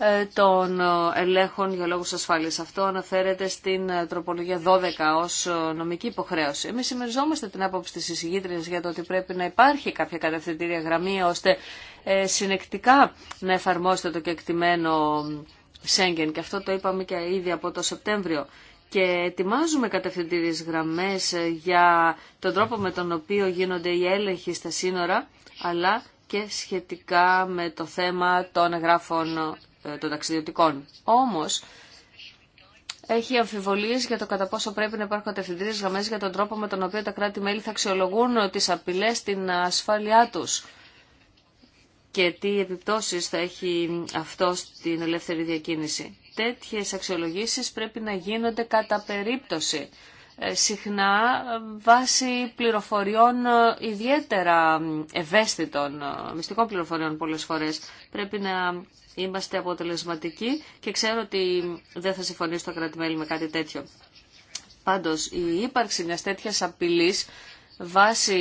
ε, των ε, ελέγχων για λόγους ασφάλειας. Αυτό αναφέρεται στην ε, τροπολογία 12 ως νομική υποχρέωση. Εμείς συμμεριζόμαστε την άποψη της εισηγήτριας για το ότι πρέπει να υπάρχει κάποια κατευθυντήρια γραμμή ώστε συνεκτικά να εφαρμόσετε το κεκτημένο Σέγγεν και αυτό το είπαμε και ήδη από το Σεπτέμβριο και ετοιμάζουμε κατευθυντήριες γραμμές για τον τρόπο με τον οποίο γίνονται οι έλεγχοι στα σύνορα αλλά και σχετικά με το θέμα των εγγράφων ε, των ταξιδιωτικών. Όμω, έχει αμφιβολίες για το κατά πόσο πρέπει να υπάρχουν κατευθυντήριες γραμμέ για τον τρόπο με τον οποίο τα κράτη-μέλη θα αξιολογούν ε, τις απειλέ στην ασφάλειά τους και τι επιπτώσεις θα έχει αυτό στην ελεύθερη διακίνηση. Τέτοιε αξιολογήσεις πρέπει να γίνονται κατά περίπτωση, ε, συχνά βάσει πληροφοριών ιδιαίτερα ευαίσθητων, μυστικών πληροφοριών πολλές φορές. Πρέπει να Είμαστε αποτελεσματικοί και ξέρω ότι δεν θα συμφωνήσω το κρατημέλη με κάτι τέτοιο. Πάντως, η ύπαρξη μιας τέτοιας απειλής, βάση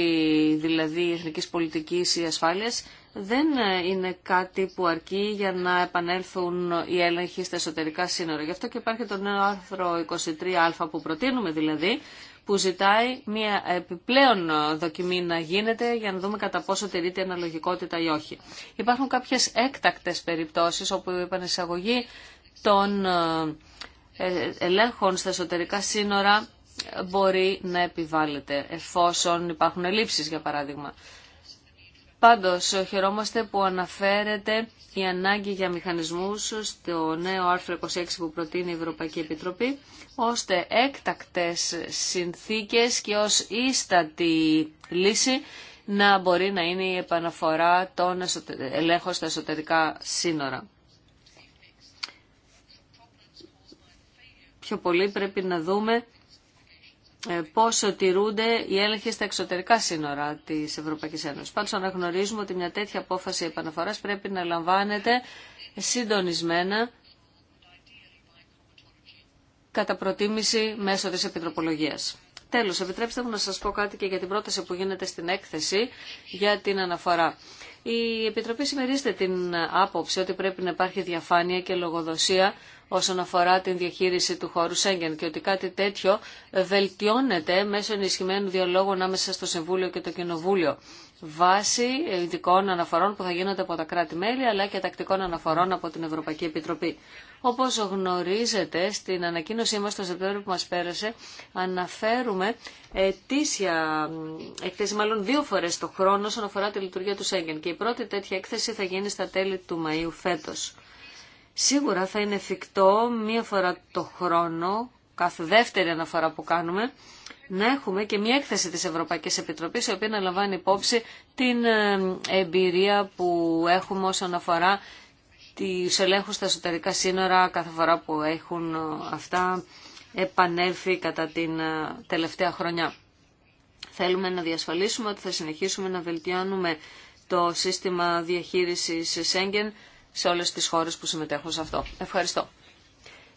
δηλαδή εθνικής πολιτικής ή ασφάλειας, δεν είναι κάτι που αρκεί για να επανέλθουν οι έλεγχοι στα εσωτερικά σύνορα. Γι' αυτό και υπάρχει το νέο άρθρο 23α που προτείνουμε δηλαδή, που ζητάει μια επιπλέον δοκιμή να γίνεται για να δούμε κατά πόσο τηρείται η αναλογικότητα ή όχι. Υπάρχουν κάποιες έκτακτες περιπτώσεις όπου η επανεισαγωγή των ε, ε, ελέγχων στα εσωτερικά σύνορα μπορεί να επιβάλλεται εφόσον υπάρχουν ελλείψεις για παράδειγμα. Πάντως, χαιρόμαστε που αναφέρεται η ανάγκη για μηχανισμούς στο νέο άρθρο 26 που προτείνει η Ευρωπαϊκή Επιτροπή, ώστε έκτακτες συνθήκες και ως ίστατη λύση να μπορεί να είναι η επαναφορά των ελέγχων στα εσωτερικά σύνορα. Πιο πολύ πρέπει να δούμε ε, πόσο τηρούνται οι έλεγχοι στα εξωτερικά σύνορα της Ευρωπαϊκής Ένωσης. Πάντως αναγνωρίζουμε ότι μια τέτοια απόφαση επαναφοράς πρέπει να λαμβάνεται συντονισμένα κατά προτίμηση μέσω της επιτροπολογίας. Τέλος, επιτρέψτε μου να σας πω κάτι και για την πρόταση που γίνεται στην έκθεση για την αναφορά. Η Επιτροπή συμμερίζεται την άποψη ότι πρέπει να υπάρχει διαφάνεια και λογοδοσία όσον αφορά την διαχείριση του χώρου Σέγγεν και ότι κάτι τέτοιο βελτιώνεται μέσω ενισχυμένου διαλόγου ανάμεσα στο Συμβούλιο και το Κοινοβούλιο βάσει ειδικών αναφορών που θα γίνονται από τα κράτη-μέλη αλλά και τακτικών αναφορών από την Ευρωπαϊκή Επιτροπή. Όπως γνωρίζετε, στην ανακοίνωσή μας το Σεπτέμβριο που μας πέρασε αναφέρουμε ετήσια εκθέση, μάλλον δύο φορές το χρόνο όσον αφορά τη λειτουργία του Σέγγεν και η πρώτη τέτοια έκθεση θα γίνει στα τέλη του Μαΐου φέτος. Σίγουρα θα είναι εφικτό μία φορά το χρόνο, κάθε δεύτερη αναφορά που κάνουμε, να έχουμε και μία έκθεση της Ευρωπαϊκής Επιτροπής, η οποία να λαμβάνει υπόψη την ε, εμπειρία που έχουμε όσον αφορά τις ελέγχους στα εσωτερικά σύνορα κάθε φορά που έχουν ε, αυτά επανέλθει κατά την ε, τελευταία χρονιά. Θέλουμε να διασφαλίσουμε ότι θα συνεχίσουμε να βελτιώνουμε το σύστημα διαχείρισης Σέγγεν σε όλες τις χώρες που συμμετέχουν σε αυτό. Ευχαριστώ.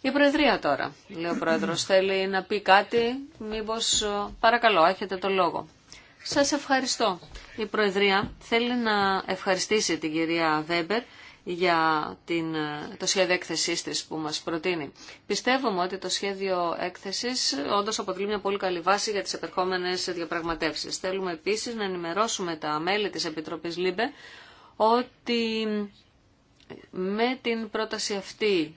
Η Προεδρία τώρα, λέει ο Πρόεδρος, θέλει να πει κάτι, μήπως ε, παρακαλώ, έχετε το λόγο. Σας ευχαριστώ. Η Προεδρία θέλει να ευχαριστήσει την κυρία Βέμπερ για την, ε, το σχέδιο έκθεσής της που μας προτείνει. Πιστεύουμε ότι το σχέδιο έκθεσης όντως αποτελεί μια πολύ καλή βάση για τις επερχόμενες διαπραγματεύσεις. Θέλουμε επίσης να ενημερώσουμε τα μέλη της Επιτροπής ΛΥΜΠΕ ότι με την πρόταση αυτή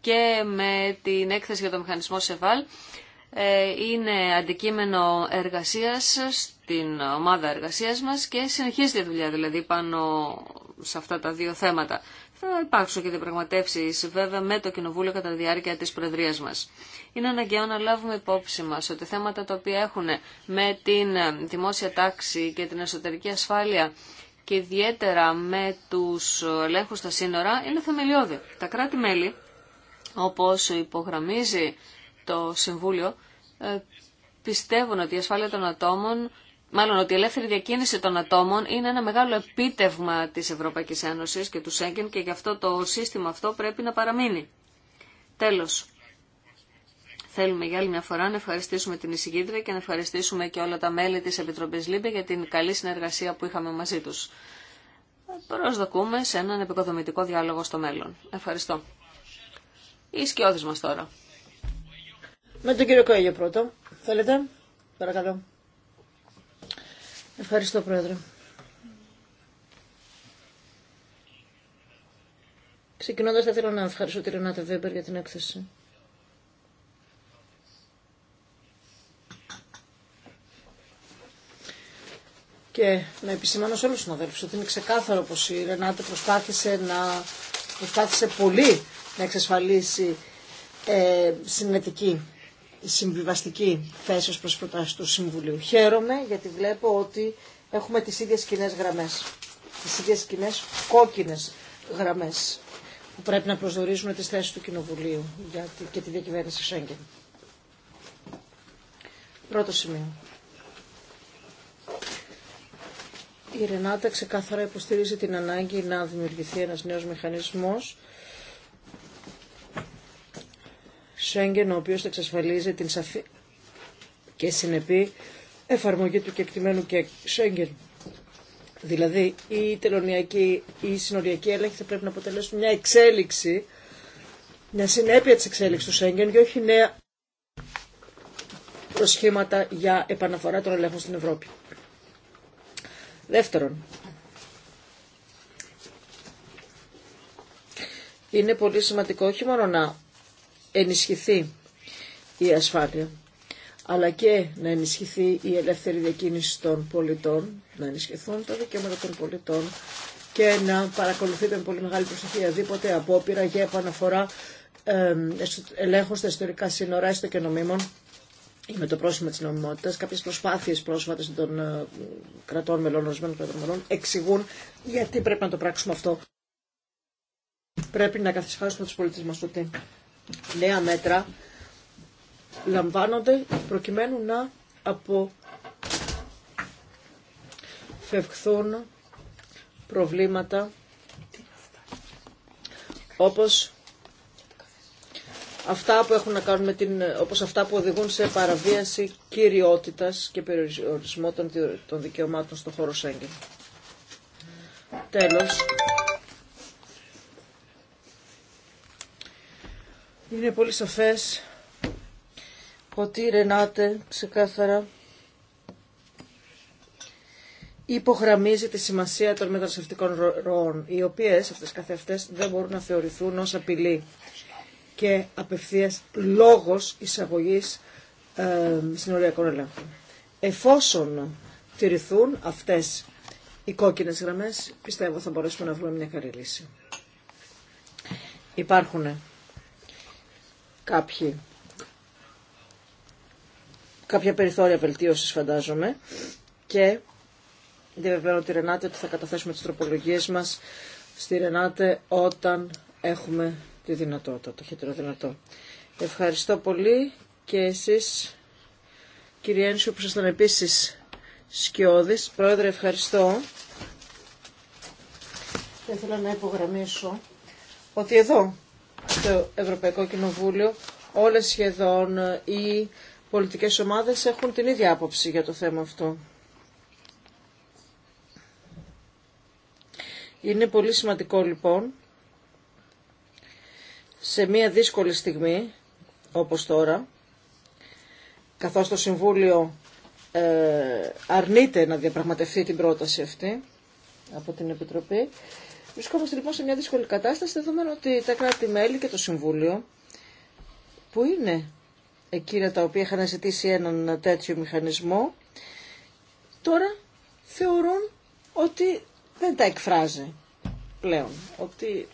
και με την έκθεση για το μηχανισμό ΣΕΒΑΛ ε, είναι αντικείμενο εργασίας στην ομάδα εργασίας μας και συνεχίζει η δουλειά δηλαδή πάνω σε αυτά τα δύο θέματα. Θα υπάρξουν και διαπραγματεύσει βέβαια με το Κοινοβούλιο κατά τη διάρκεια της Προεδρίας μας. Είναι αναγκαίο να λάβουμε υπόψη μας ότι θέματα τα οποία έχουν με την δημόσια τάξη και την εσωτερική ασφάλεια και ιδιαίτερα με τους ελέγχους στα σύνορα είναι θεμελιώδη. Τα κράτη-μέλη, όπως υπογραμμίζει το Συμβούλιο, ε, πιστεύουν ότι η ασφάλεια των ατόμων, μάλλον ότι η ελεύθερη διακίνηση των ατόμων είναι ένα μεγάλο επίτευγμα της Ευρωπαϊκής Ένωσης και του Σέγγεν και γι' αυτό το σύστημα αυτό πρέπει να παραμείνει. Τέλος, Θέλουμε για άλλη μια φορά να ευχαριστήσουμε την εισηγήτρια και να ευχαριστήσουμε και όλα τα μέλη της Επιτροπής ΛΥΜΠΕ για την καλή συνεργασία που είχαμε μαζί τους. Προσδοκούμε σε έναν επικοδομητικό διάλογο στο μέλλον. Ευχαριστώ. Οι σκιώδεις μας τώρα. Με τον κύριο Κόγιο πρώτο. Θέλετε. Παρακαλώ. Ευχαριστώ Πρόεδρε. Ξεκινώντας θα ήθελα να ευχαριστώ τη Ρενάτα Βέμπερ για την έκθεση. Και να επισημάνω σε όλους του συναδέλφου ότι είναι ξεκάθαρο πω η Ρενάτε προσπάθησε, να, προσπάθησε πολύ να εξασφαλίσει ε, συνετική συμβιβαστική θέση ως προς προτάσεις του Συμβουλίου. Χαίρομαι γιατί βλέπω ότι έχουμε τις ίδιες κοινέ γραμμές, τις ίδιες κοινέ κόκκινες γραμμές που πρέπει να προσδορίζουν τις θέσεις του Κοινοβουλίου και τη διακυβέρνηση Σέγγεν. Πρώτο σημείο. Η Ρενάτα ξεκάθαρα υποστηρίζει την ανάγκη να δημιουργηθεί ένας νέος μηχανισμός Σέγγεν, ο οποίος θα εξασφαλίζει την σαφή και συνεπή εφαρμογή του κεκτημένου και Σέγγεν. Δηλαδή, η τελωνιακή ή η συνοριακή έλεγχη θα πρέπει να αποτελέσουν μια εξέλιξη, μια συνέπεια της εξέλιξης του Σέγγεν και όχι νέα προσχήματα για επαναφορά των ελέγχων στην Ευρώπη. Δεύτερον, είναι πολύ σημαντικό όχι μόνο να ενισχυθεί η ασφάλεια, αλλά και να ενισχυθεί η ελεύθερη διακίνηση των πολιτών, να ενισχυθούν τα δικαιώματα των πολιτών και να παρακολουθείται με πολύ μεγάλη προσοχή οδήποτε απόπειρα για επαναφορά ελέγχου στα ιστορικά σύνορα, έστω και νομίμων, με το πρόσημα τη νομιμότητα. κάποιε προσπάθειε πρόσφατε των ε, κρατών μελών, ορισμένων κρατών μελών, εξηγούν γιατί πρέπει να το πράξουμε αυτό. Πρέπει να καθισχάσουμε του πολίτε μα ότι νέα μέτρα λαμβάνονται προκειμένου να αποφευχθούν προβλήματα όπως αυτά που έχουν να κάνουν με την, όπως αυτά που οδηγούν σε παραβίαση κυριότητας και περιορισμό των, δικαιωμάτων στον χώρο Σέγγεν. Τέλος. Είναι πολύ σαφές ότι Ρενάτε ξεκάθαρα υπογραμμίζει τη σημασία των μεταναστευτικών ροών, οι οποίες αυτές καθεαυτές δεν μπορούν να θεωρηθούν ως απειλή και απευθείας λόγος εισαγωγής ε, συνοριακών ελέγχων. Εφόσον τηρηθούν αυτές οι κόκκινες γραμμές, πιστεύω θα μπορέσουμε να βρούμε μια καλή λύση. Υπάρχουν κάποιοι, κάποια περιθώρια βελτίωσης φαντάζομαι και διαβεβαίνω τη Ρενάτε ότι θα καταθέσουμε τις τροπολογίες μας στη Ρενάτε όταν έχουμε τη δυνατότητα, το χειρότερο δυνατό. Ευχαριστώ πολύ και εσείς, κύριε Ένσου, που ήσασταν επίσης σκιώδης. Πρόεδρε, ευχαριστώ. Θα ήθελα να υπογραμμίσω ότι εδώ, στο Ευρωπαϊκό Κοινοβούλιο, όλες σχεδόν οι πολιτικές ομάδες έχουν την ίδια άποψη για το θέμα αυτό. Είναι πολύ σημαντικό λοιπόν σε μια δύσκολη στιγμή, όπως τώρα, καθώς το Συμβούλιο ε, αρνείται να διαπραγματευτεί την πρόταση αυτή από την Επιτροπή, βρισκόμαστε λοιπόν σε μια δύσκολη κατάσταση, δεδομένου ότι τα κράτη-μέλη και το Συμβούλιο, που είναι εκείνα τα οποία είχαν ζητήσει έναν τέτοιο μηχανισμό, τώρα θεωρούν ότι δεν τα εκφράζει πλέον, ότι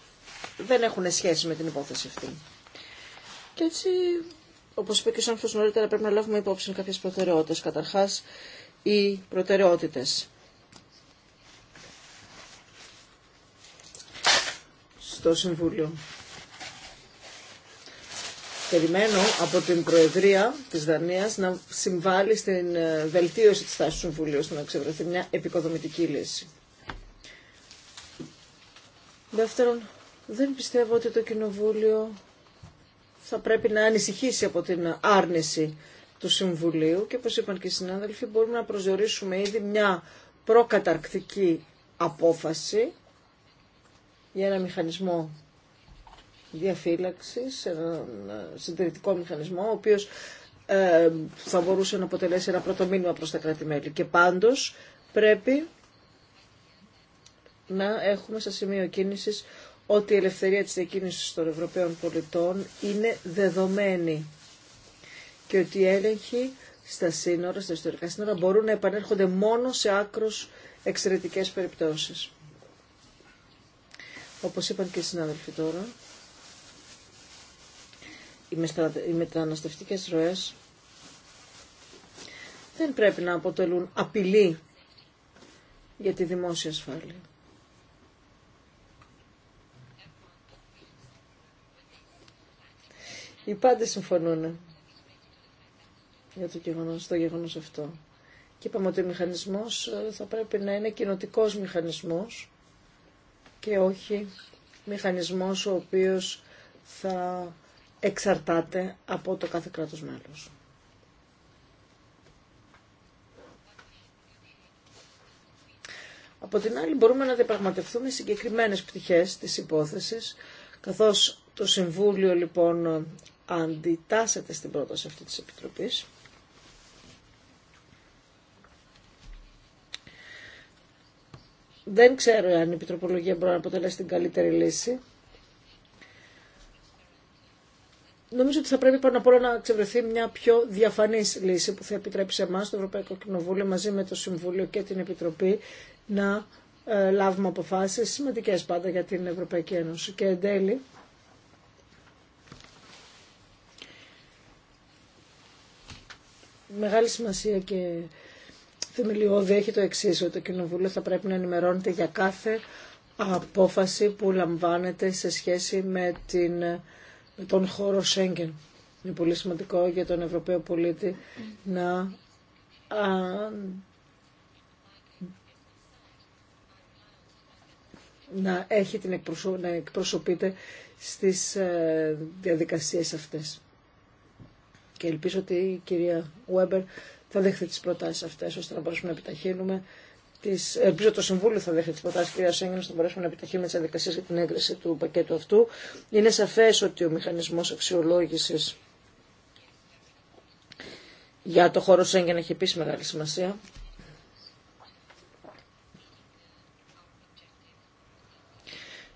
δεν έχουν σχέση με την υπόθεση αυτή. Και έτσι, όπως είπε και ο Σάνφο νωρίτερα, πρέπει να λάβουμε υπόψη κάποιε προτεραιότητες. Καταρχάς, οι προτεραιότητες. Στο Συμβούλιο. Περιμένω από την Προεδρία της Δανίας να συμβάλλει στην ε, βελτίωση της τάσης του Συμβουλίου, ώστε να ξεβρεθεί μια επικοδομητική λύση. Δεύτερον, δεν πιστεύω ότι το Κοινοβούλιο θα πρέπει να ανησυχήσει από την άρνηση του Συμβουλίου και όπως είπαν και οι συνάδελφοι μπορούμε να προσδιορίσουμε ήδη μια προκαταρκτική απόφαση για ένα μηχανισμό διαφύλαξης, ένα συντηρητικό μηχανισμό, ο οποίος ε, θα μπορούσε να αποτελέσει ένα πρώτο μήνυμα προς τα κρατη Και πάντως πρέπει να έχουμε σε σημείο κίνησης ότι η ελευθερία της διακίνησης των Ευρωπαίων πολιτών είναι δεδομένη και ότι οι έλεγχοι στα σύνορα, στα ιστορικά σύνορα μπορούν να επανέρχονται μόνο σε άκρος εξαιρετικές περιπτώσεις. Όπως είπαν και οι συνάδελφοι τώρα, οι μεταναστευτικές ροές δεν πρέπει να αποτελούν απειλή για τη δημόσια ασφάλεια. Οι πάντε συμφωνούν για το γεγονός, το γεγονός αυτό. Και είπαμε ότι ο μηχανισμός ε, θα πρέπει να είναι κοινοτικό μηχανισμός και όχι μηχανισμός ο οποίος θα εξαρτάται από το κάθε κράτος μέλος. Από την άλλη μπορούμε να διαπραγματευτούμε συγκεκριμένες πτυχές της υπόθεσης, καθώς το Συμβούλιο λοιπόν αντιτάσσεται στην πρόταση αυτή της Επιτροπής. Δεν ξέρω αν η επιτροπολογία μπορεί να αποτελέσει την καλύτερη λύση. Νομίζω ότι θα πρέπει πάνω απ' όλα να ξεβρεθεί μια πιο διαφανή λύση που θα επιτρέψει εμά, το Ευρωπαϊκό Κοινοβούλιο, μαζί με το Συμβούλιο και την Επιτροπή, να ε, λάβουμε αποφάσει σημαντικέ πάντα για την Ευρωπαϊκή Ένωση. Και εν τέλει, μεγάλη σημασία και θεμελιώδη έχει το εξή ότι το Κοινοβούλιο θα πρέπει να ενημερώνεται για κάθε απόφαση που λαμβάνεται σε σχέση με, την, τον χώρο Σέγγεν. Είναι πολύ σημαντικό για τον Ευρωπαίο πολίτη να να έχει την να εκπροσωπείται στις ε, διαδικασίες αυτές και ελπίζω ότι η κυρία Βέμπερ θα δέχεται τις προτάσεις αυτές ώστε να μπορέσουμε να επιταχύνουμε τις... Ελπίζω το Συμβούλιο θα δέχεται τις προτάσεις κυρία Σέγγεν ώστε να μπορέσουμε να επιταχύνουμε τις διαδικασίες για την έγκριση του πακέτου αυτού. Είναι σαφές ότι ο μηχανισμός αξιολόγησης για το χώρο Σέγγεν έχει επίσης μεγάλη σημασία.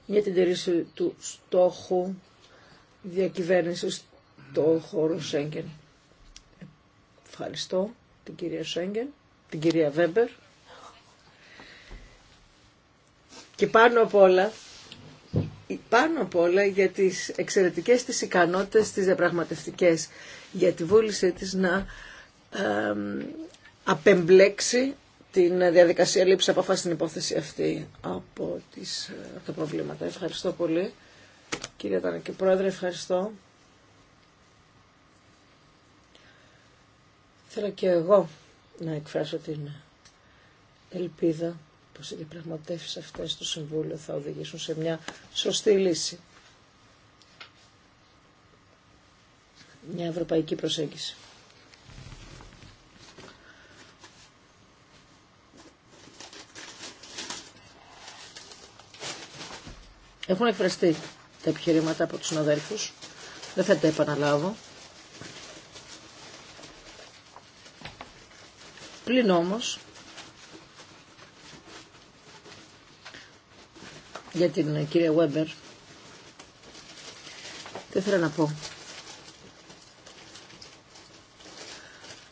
για την τηρήση του στόχου διακυβέρνησης το χώρο Σέγγεν. Ευχαριστώ την κυρία Σέγγεν, την κυρία Βέμπερ. Και πάνω απ' όλα, πάνω για τις εξαιρετικές της ικανότητες, τις διαπραγματευτικές, για τη βούλησή της να ε, απεμπλέξει την διαδικασία λήψη αποφάσης στην υπόθεση αυτή από, τις, τα προβλήματα. Ευχαριστώ πολύ. Κύριε Τανακή Πρόεδρε, ευχαριστώ. Θέλω και εγώ να εκφράσω την ελπίδα πως οι διαπραγματεύσεις αυτές στο Συμβούλιο θα οδηγήσουν σε μια σωστή λύση. Μια ευρωπαϊκή προσέγγιση. Έχουν εκφραστεί τα επιχειρήματα από τους συναδέλφους. Δεν θα τα επαναλάβω. Πλην όμως, για την κυρία Βέμπερ, τι θέλω να πω.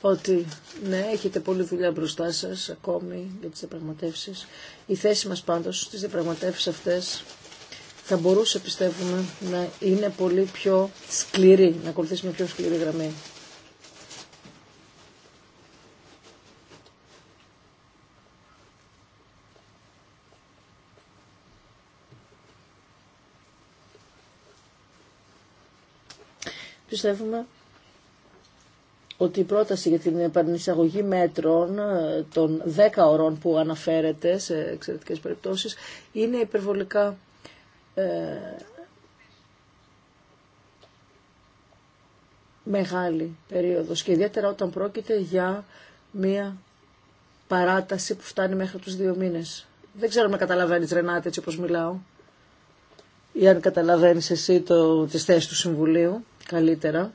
ότι ναι, έχετε πολλή δουλειά μπροστά σας ακόμη για τις διαπραγματεύσει. Η θέση μας πάντως στις διαπραγματεύσει αυτές θα μπορούσε πιστεύουμε να είναι πολύ πιο σκληρή, να ακολουθήσουμε πιο σκληρή γραμμή. πιστεύουμε ότι η πρόταση για την επανεισαγωγή μέτρων ε, των 10 ωρών που αναφέρεται σε εξαιρετικέ περιπτώσεις είναι υπερβολικά ε, μεγάλη περίοδος και ιδιαίτερα όταν πρόκειται για μία παράταση που φτάνει μέχρι τους δύο μήνες. Δεν ξέρω με καταλαβαίνεις Ρενάτη έτσι όπως μιλάω ή αν καταλαβαίνεις εσύ το, τις θέσεις του Συμβουλίου καλύτερα.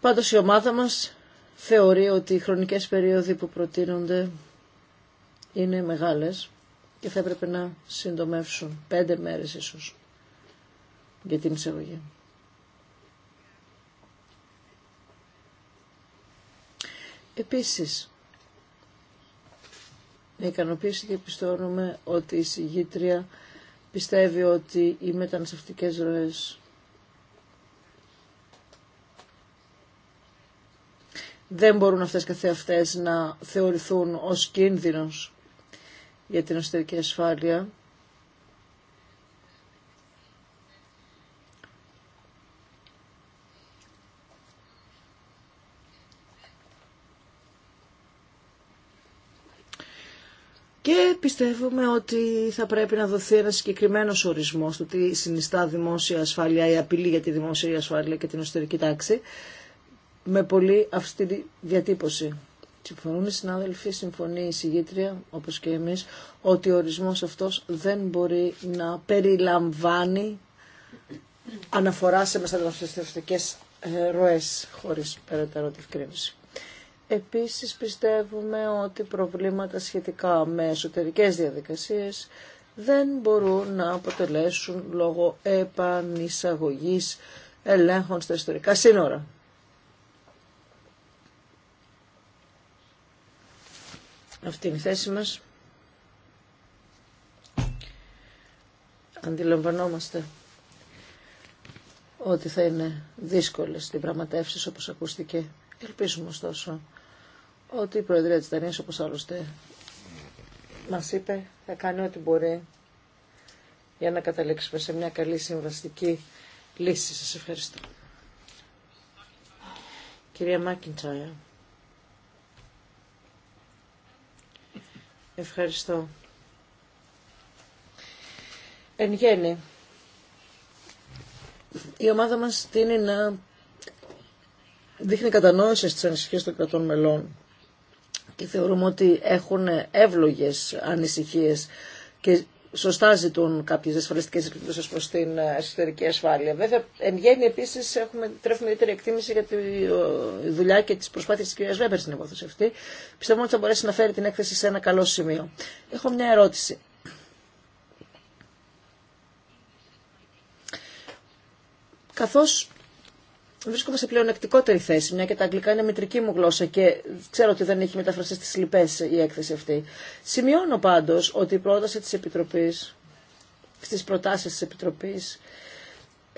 Πάντως η ομάδα μας θεωρεί ότι οι χρονικές περίοδοι που προτείνονται είναι μεγάλες και θα έπρεπε να συντομεύσουν πέντε μέρες ίσως για την εισαγωγή. Επίσης, με ικανοποίηση διαπιστώνουμε ότι η συγγήτρια πιστεύει ότι οι μεταναστευτικές ροές δεν μπορούν αυτές αυτές να θεωρηθούν ως κίνδυνος για την εσωτερική ασφάλεια Και πιστεύουμε ότι θα πρέπει να δοθεί ένα συγκεκριμένο ορισμό του τι συνιστά δημόσια ασφάλεια ή απειλή για τη δημόσια ασφάλεια και την εσωτερική τάξη με πολύ αυστηρή διατύπωση. Συμφωνούν οι συνάδελφοι, συμφωνεί η συγγήτρια, όπως και εμείς, ότι ο ορισμό αυτός δεν μπορεί να περιλαμβάνει αναφορά σε μεταναστευτικές ροέ χωρί περαιτέρω διευκρίνηση. Επίσης πιστεύουμε ότι προβλήματα σχετικά με εσωτερικές διαδικασίες δεν μπορούν να αποτελέσουν λόγω επανεισαγωγής ελέγχων στα ιστορικά σύνορα. Αυτή είναι η θέση μας. Αντιλαμβανόμαστε ότι θα είναι δύσκολες πραγματεύσεις, όπως ακούστηκε Ελπίζουμε ωστόσο ότι η Προεδρία της Δανίας, όπως άλλωστε μας είπε, θα κάνει ό,τι μπορεί για να καταλήξουμε σε μια καλή συμβαστική λύση. Σας ευχαριστώ. Κυρία Μάκιντσάια. Ευχαριστώ. Εν γέννη, η ομάδα μας τίνει να δείχνει κατανόηση στις ανησυχίες των κρατών μελών και θεωρούμε ότι έχουν εύλογες ανησυχίες και σωστά ζητούν κάποιες ασφαλιστικές επιπτώσεις προς την ε, εσωτερική ασφάλεια. Βέβαια, εν γέννη επίσης έχουμε, τρέφουμε ιδιαίτερη εκτίμηση για τη δουλειά και τις προσπάθειες της κυρίας Βέμπερ στην υπόθεση αυτή. Πιστεύω ότι θα μπορέσει να φέρει την έκθεση σε ένα καλό σημείο. Έχω μια ερώτηση. Καθώς βρίσκομαι σε πλεονεκτικότερη θέση, μια και τα αγγλικά είναι μετρική μου γλώσσα και ξέρω ότι δεν έχει μεταφραστεί στις λοιπές η έκθεση αυτή. Σημειώνω πάντως ότι η πρόταση της Επιτροπής, στις προτάσεις της Επιτροπής,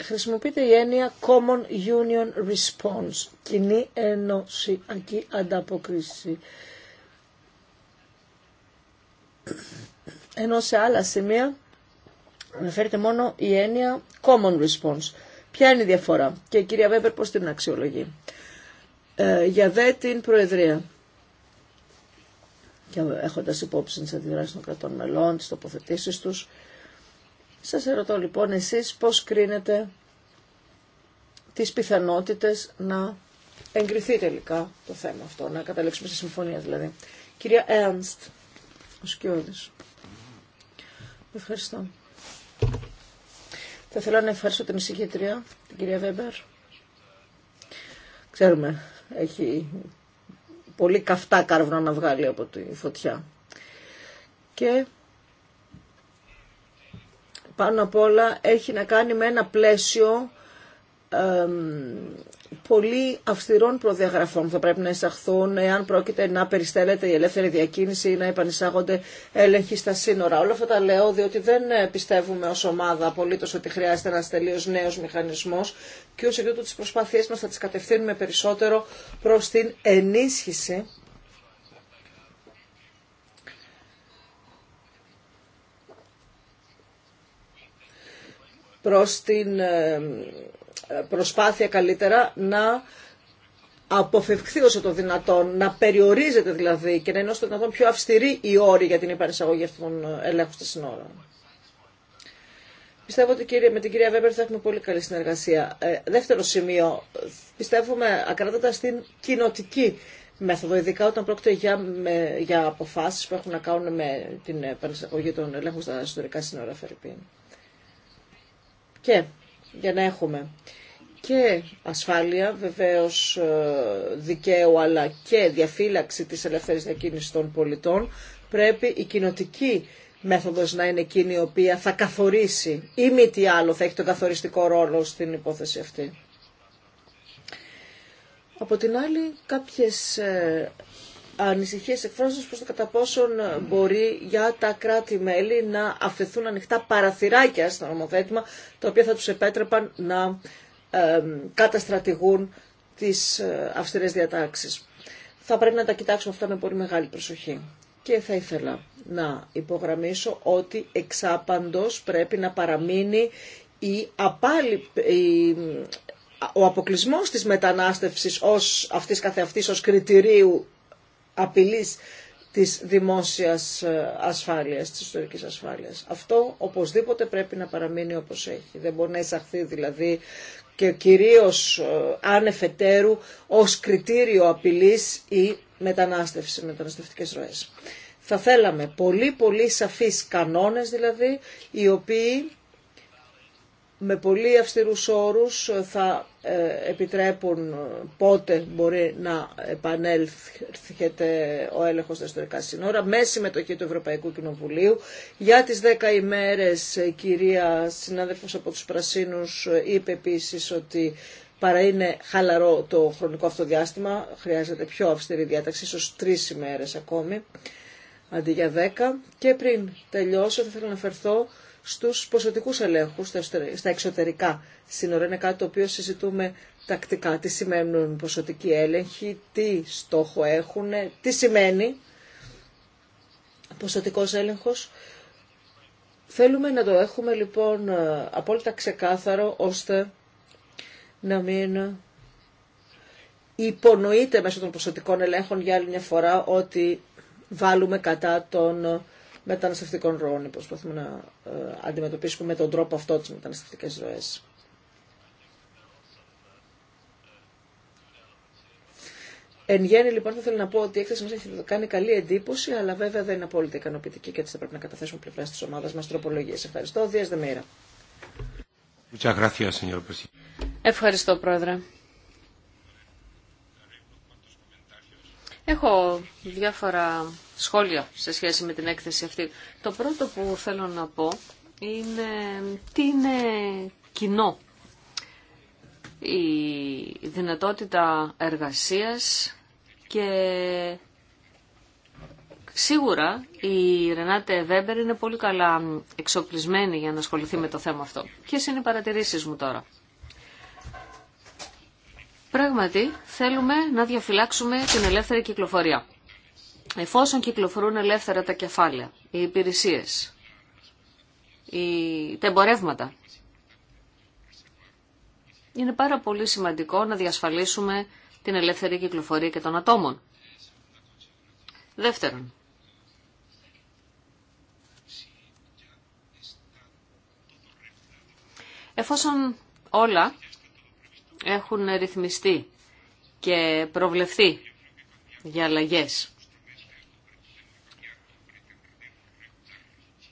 χρησιμοποιείται η έννοια Common Union Response, κοινή ενωσιακή ανταποκρίση. Ενώ σε άλλα σημεία αναφέρεται μόνο η έννοια Common Response. Ποια είναι η διαφορά και η κυρία Βέμπερ πώς την αξιολογεί. Ε, για δε την Προεδρία και έχοντας υπόψη τις αντιδράσεις των κρατών μελών, τις τοποθετήσεις τους. Σας ερωτώ λοιπόν εσείς πώς κρίνετε τις πιθανότητες να εγκριθεί τελικά το θέμα αυτό, να καταλήξουμε σε συμφωνία δηλαδή. Κυρία Ernst, ο Σκιώδης. Ευχαριστώ. Θα ήθελα να ευχαριστώ την εισηγήτρια, την κυρία Βέμπερ. Ξέρουμε, έχει πολύ καυτά κάρβουνα να βγάλει από τη φωτιά. Και πάνω απ' όλα έχει να κάνει με ένα πλαίσιο πολύ αυστηρών προδιαγραφών θα πρέπει να εισαχθούν εάν πρόκειται να περιστέλλεται η ελεύθερη διακίνηση ή να επανισάγονται έλεγχοι στα σύνορα. Όλα αυτά τα λέω διότι δεν πιστεύουμε ως ομάδα απολύτως ότι χρειάζεται ένας τελείως νέος μηχανισμός και ως εκ τις προσπάθειές μας θα τις κατευθύνουμε περισσότερο προς την ενίσχυση προς την ε, προσπάθεια καλύτερα να αποφευκθεί όσο το δυνατόν, να περιορίζεται δηλαδή και να είναι όσο το δυνατόν πιο αυστηρή η όρη για την υπανεισαγωγή αυτών των ελέγχων στα σύνορα. Πιστεύω ότι κύριε, με την κυρία Βέμπερ θα έχουμε πολύ καλή συνεργασία. Ε, δεύτερο σημείο, πιστεύουμε ακράτατα στην κοινοτική μέθοδο, ειδικά όταν πρόκειται για, με, για αποφάσεις που έχουν να κάνουν με την επανεσταγωγή των ελέγχων στα ιστορικά σύνορα Φερρυπίν. Και για να έχουμε και ασφάλεια βεβαίως ε, δικαίου αλλά και διαφύλαξη της ελεύθερης διακίνησης των πολιτών πρέπει η κοινοτική μέθοδος να είναι εκείνη η οποία θα καθορίσει ή μη τι άλλο θα έχει το καθοριστικό ρόλο στην υπόθεση αυτή. Από την άλλη, κάποιες ε, ανησυχίες εκφράζοντας προς το κατά πόσον ε, μπορεί για τα κράτη-μέλη να αφαιθούν ανοιχτά παραθυράκια στο νομοθέτημα, τα οποία θα τους επέτρεπαν να ε, καταστρατηγούν τις ε, αυστηρές διατάξεις. Θα πρέπει να τα κοιτάξουμε αυτά με πολύ μεγάλη προσοχή. Και θα ήθελα να υπογραμμίσω ότι εξάπαντος πρέπει να παραμείνει η ο αποκλεισμό της μετανάστευσης ως αυτής καθεαυτής ως κριτηρίου απειλής της δημόσιας ε, ασφάλειας, της ιστορικής ασφάλειας. Αυτό οπωσδήποτε πρέπει να παραμείνει όπως έχει. Δεν μπορεί να εισαχθεί δηλαδή και κυρίως ανεφετέρου ε, ως κριτήριο απειλής η μετανάστευση, μεταναστευτικές ροές. Θα θέλαμε πολύ πολύ σαφείς κανόνες δηλαδή, οι οποίοι με πολύ αυστηρούς όρους θα ε, επιτρέπουν πότε μπορεί να επανέλθει ο έλεγχος στα ιστορικά σύνορα με συμμετοχή του Ευρωπαϊκού Κοινοβουλίου. Για τις 10 ημέρες η κυρία συνάδελφος από τους Πρασίνους είπε επίση ότι παρά είναι χαλαρό το χρονικό αυτό διάστημα, χρειάζεται πιο αυστηρή διάταξη, ίσως τρεις ημέρες ακόμη αντί για 10. Και πριν τελειώσω θα ήθελα να αναφερθώ στους ποσοτικούς ελέγχους στα εξωτερικά σύνορα. Είναι κάτι το οποίο συζητούμε τακτικά. Τι σημαίνουν ποσοτικοί έλεγχοι, τι στόχο έχουν, τι σημαίνει ποσοτικός έλεγχος. Θέλουμε να το έχουμε λοιπόν απόλυτα ξεκάθαρο ώστε να μην υπονοείται μέσω των ποσοτικών ελέγχων για άλλη μια φορά ότι βάλουμε κατά τον μεταναστευτικών ροών. Προσπαθούμε να ε, αντιμετωπίσουμε με τον τρόπο αυτό τις μεταναστευτικές ροέ. Εν γέννη, λοιπόν, θα θέλω να πω ότι η έκθεση μα έχει κάνει καλή εντύπωση, αλλά βέβαια δεν είναι απόλυτα ικανοποιητική και έτσι θα πρέπει να καταθέσουμε πλευρά τη ομάδα μα τροπολογίε. Ευχαριστώ. Δία Δεμήρα. Ευχαριστώ, Πρόεδρε. Έχω διάφορα σχόλια σε σχέση με την έκθεση αυτή. Το πρώτο που θέλω να πω είναι τι είναι κοινό. Η δυνατότητα εργασίας και σίγουρα η Ρενάτε Βέμπερ είναι πολύ καλά εξοπλισμένη για να ασχοληθεί με το θέμα αυτό. Ποιες είναι οι παρατηρήσεις μου τώρα. Πράγματι, θέλουμε να διαφυλάξουμε την ελεύθερη κυκλοφορία. Εφόσον κυκλοφορούν ελεύθερα τα κεφάλαια, οι υπηρεσίες, οι... τα εμπορεύματα, είναι πάρα πολύ σημαντικό να διασφαλίσουμε την ελεύθερη κυκλοφορία και των ατόμων. Δεύτερον, εφόσον όλα έχουν ρυθμιστεί και προβλεφθεί για αλλαγέ.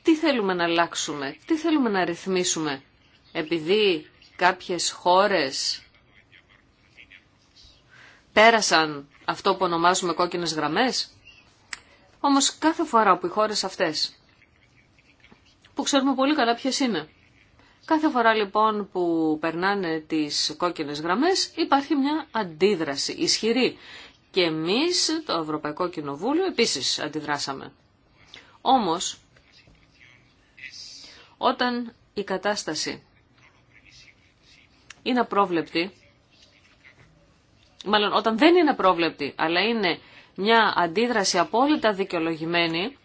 Τι θέλουμε να αλλάξουμε, τι θέλουμε να ρυθμίσουμε, επειδή κάποιες χώρες πέρασαν αυτό που ονομάζουμε κόκκινες γραμμές. Όμως κάθε φορά που οι χώρες αυτές, που ξέρουμε πολύ καλά ποιες είναι, Κάθε φορά λοιπόν που περνάνε τις κόκκινες γραμμές υπάρχει μια αντίδραση ισχυρή. Και εμείς το Ευρωπαϊκό Κοινοβούλιο επίσης αντιδράσαμε. Όμως, όταν η κατάσταση είναι απρόβλεπτη, μάλλον όταν δεν είναι απρόβλεπτη, αλλά είναι μια αντίδραση απόλυτα δικαιολογημένη,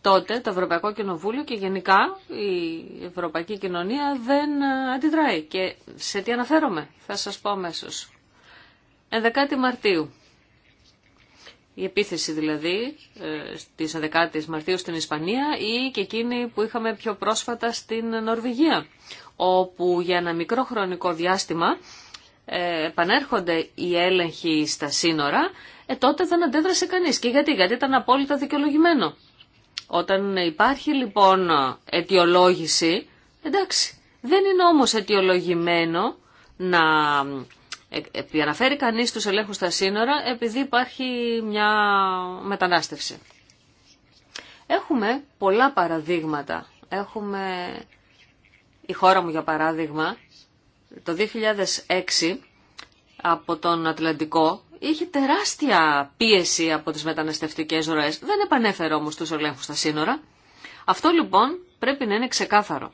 τότε το Ευρωπαϊκό Κοινοβούλιο και γενικά η Ευρωπαϊκή Κοινωνία δεν ε, αντιδράει. Και σε τι αναφέρομαι, θα σας πω αμέσω. 11η Μαρτίου, η επίθεση δηλαδή στις ε, 11η Μαρτίου στην Ισπανία ή και εκείνη που είχαμε πιο πρόσφατα στην Νορβηγία, όπου για ένα μικρό χρονικό διάστημα ε, επανέρχονται οι έλεγχοι στα σύνορα, τότε δεν αντέδρασε κανείς. Και γιατί, γιατί ήταν απόλυτα δικαιολογημένο. Όταν υπάρχει λοιπόν αιτιολόγηση, εντάξει, δεν είναι όμως αιτιολογημένο να ε, αναφέρει κανείς τους ελέγχους στα σύνορα επειδή υπάρχει μια μετανάστευση. Έχουμε πολλά παραδείγματα. Έχουμε η χώρα μου για παράδειγμα το 2006 από τον Ατλαντικό είχε τεράστια πίεση από τις μεταναστευτικές ροές. Δεν επανέφερε όμως τους ελέγχους στα σύνορα. Αυτό λοιπόν πρέπει να είναι ξεκάθαρο.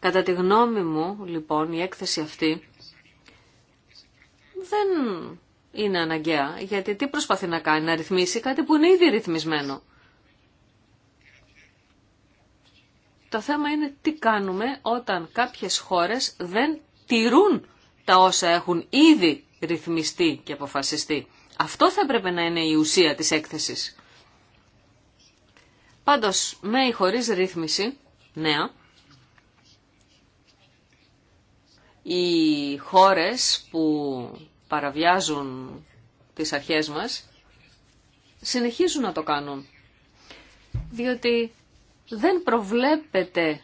Κατά τη γνώμη μου, λοιπόν, η έκθεση αυτή δεν είναι αναγκαία, γιατί τι προσπαθεί να κάνει, να ρυθμίσει κάτι που είναι ήδη ρυθμισμένο. Το θέμα είναι τι κάνουμε όταν κάποιες χώρες δεν τηρούν τα όσα έχουν ήδη ρυθμιστεί και αποφασιστεί. Αυτό θα έπρεπε να είναι η ουσία της έκθεσης. Πάντως, με ή χωρίς ρύθμιση, νέα, οι χώρες που παραβιάζουν τις αρχές μας συνεχίζουν να το κάνουν. Διότι δεν προβλέπεται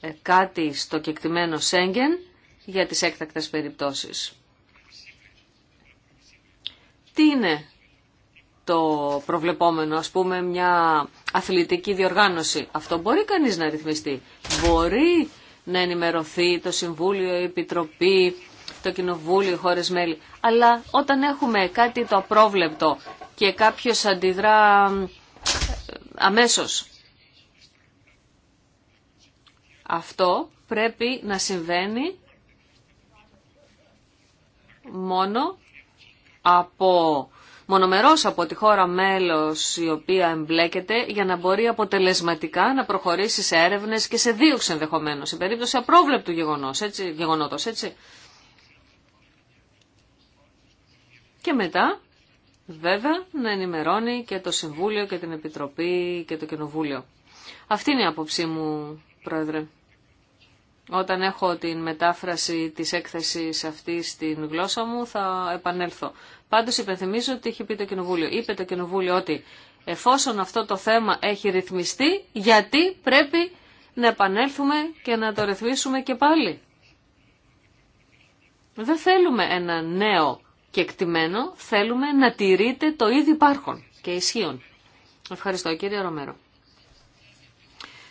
ε, κάτι στο κεκτημένο Σέγγεν για τις έκτακτες περιπτώσεις τι είναι το προβλεπόμενο, ας πούμε, μια αθλητική διοργάνωση. Αυτό μπορεί κανείς να ρυθμιστεί. Μπορεί να ενημερωθεί το Συμβούλιο, η Επιτροπή, το Κοινοβούλιο, οι χώρες μέλη. Αλλά όταν έχουμε κάτι το απρόβλεπτο και κάποιος αντιδρά ε, αμέσως, αυτό πρέπει να συμβαίνει μόνο από μονομερός από τη χώρα μέλος η οποία εμπλέκεται για να μπορεί αποτελεσματικά να προχωρήσει σε έρευνες και σε δίωξη ενδεχομένω, σε περίπτωση απρόβλεπτου γεγονός, έτσι, γεγονότος, έτσι. Και μετά, βέβαια, να ενημερώνει και το Συμβούλιο και την Επιτροπή και το Κοινοβούλιο. Αυτή είναι η άποψή μου, Πρόεδρε. Όταν έχω την μετάφραση της έκθεσης αυτή στην γλώσσα μου θα επανέλθω. Πάντως υπενθυμίζω ότι είχε πει το Κοινοβούλιο. Είπε το Κοινοβούλιο ότι εφόσον αυτό το θέμα έχει ρυθμιστεί, γιατί πρέπει να επανέλθουμε και να το ρυθμίσουμε και πάλι. Δεν θέλουμε ένα νέο και εκτιμένο, θέλουμε να τηρείται το ήδη υπάρχον και ισχύον. Ευχαριστώ κύριε Ρωμέρο.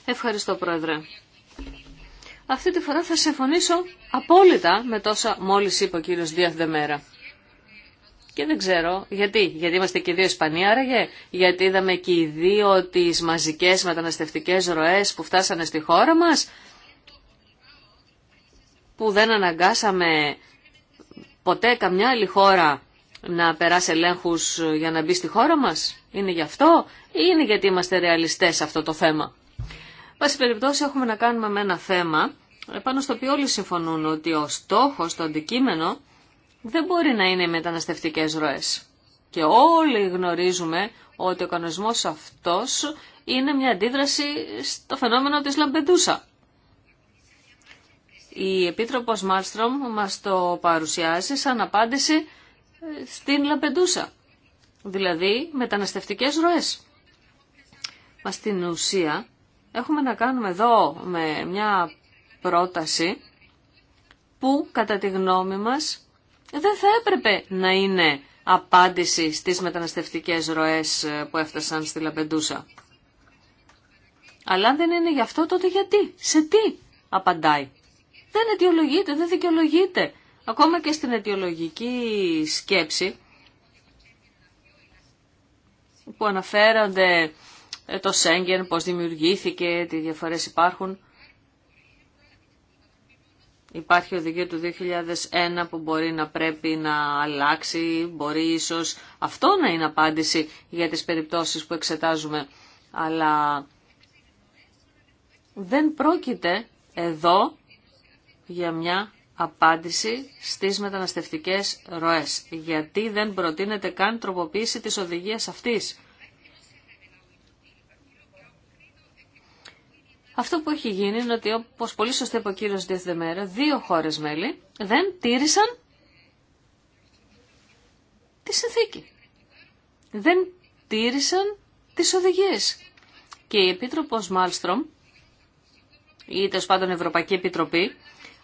Ευχαριστώ πρόεδρε. Αυτή τη φορά θα συμφωνήσω απόλυτα με τόσα μόλις είπε ο κύριος Δεμέρα. Και δεν ξέρω γιατί. Γιατί είμαστε και οι δύο Ισπανοί, Γιατί είδαμε και οι δύο τις μαζικές μεταναστευτικέ ροές που φτάσανε στη χώρα μας. Που δεν αναγκάσαμε ποτέ καμιά άλλη χώρα να περάσει ελέγχου για να μπει στη χώρα μας. Είναι γι' αυτό ή είναι γιατί είμαστε ρεαλιστέ σε αυτό το θέμα. Πάση περιπτώσει έχουμε να κάνουμε με ένα θέμα πάνω στο οποίο όλοι συμφωνούν ότι ο στόχος, το αντικείμενο δεν μπορεί να είναι μεταναστευτικές ροές. Και όλοι γνωρίζουμε ότι ο κανονισμό αυτός είναι μια αντίδραση στο φαινόμενο της Λαμπεντούσα. Η Επίτροπος Μάλστρομ μας το παρουσιάζει σαν απάντηση ε, στην Λαμπεντούσα, δηλαδή μεταναστευτικές ροές. Μα στην ουσία έχουμε να κάνουμε εδώ με μια πρόταση που κατά τη γνώμη μας δεν θα έπρεπε να είναι απάντηση στις μεταναστευτικές ροές ε, που έφτασαν στη Λαμπεντούσα. Αλλά αν δεν είναι γι' αυτό, τότε γιατί, σε τι απαντάει. Δεν αιτιολογείται, δεν δικαιολογείται. Ακόμα και στην αιτιολογική σκέψη που αναφέρονται ε, το Σέγγεν, πώς δημιουργήθηκε, τι διαφορές υπάρχουν. Υπάρχει οδηγία του 2001 που μπορεί να πρέπει να αλλάξει, μπορεί ίσως αυτό να είναι απάντηση για τις περιπτώσεις που εξετάζουμε. Αλλά δεν πρόκειται εδώ για μια απάντηση στις μεταναστευτικές ροές. Γιατί δεν προτείνεται καν τροποποίηση της οδηγίας αυτής. Αυτό που έχει γίνει είναι ότι, όπω πολύ σωστά είπε ο κύριο δύο χώρε μέλη δεν τήρησαν τη συνθήκη. Δεν τήρησαν τις οδηγίες. Και η επίτροπο Μάλστρομ, ή τέλο πάντων Ευρωπαϊκή Επιτροπή,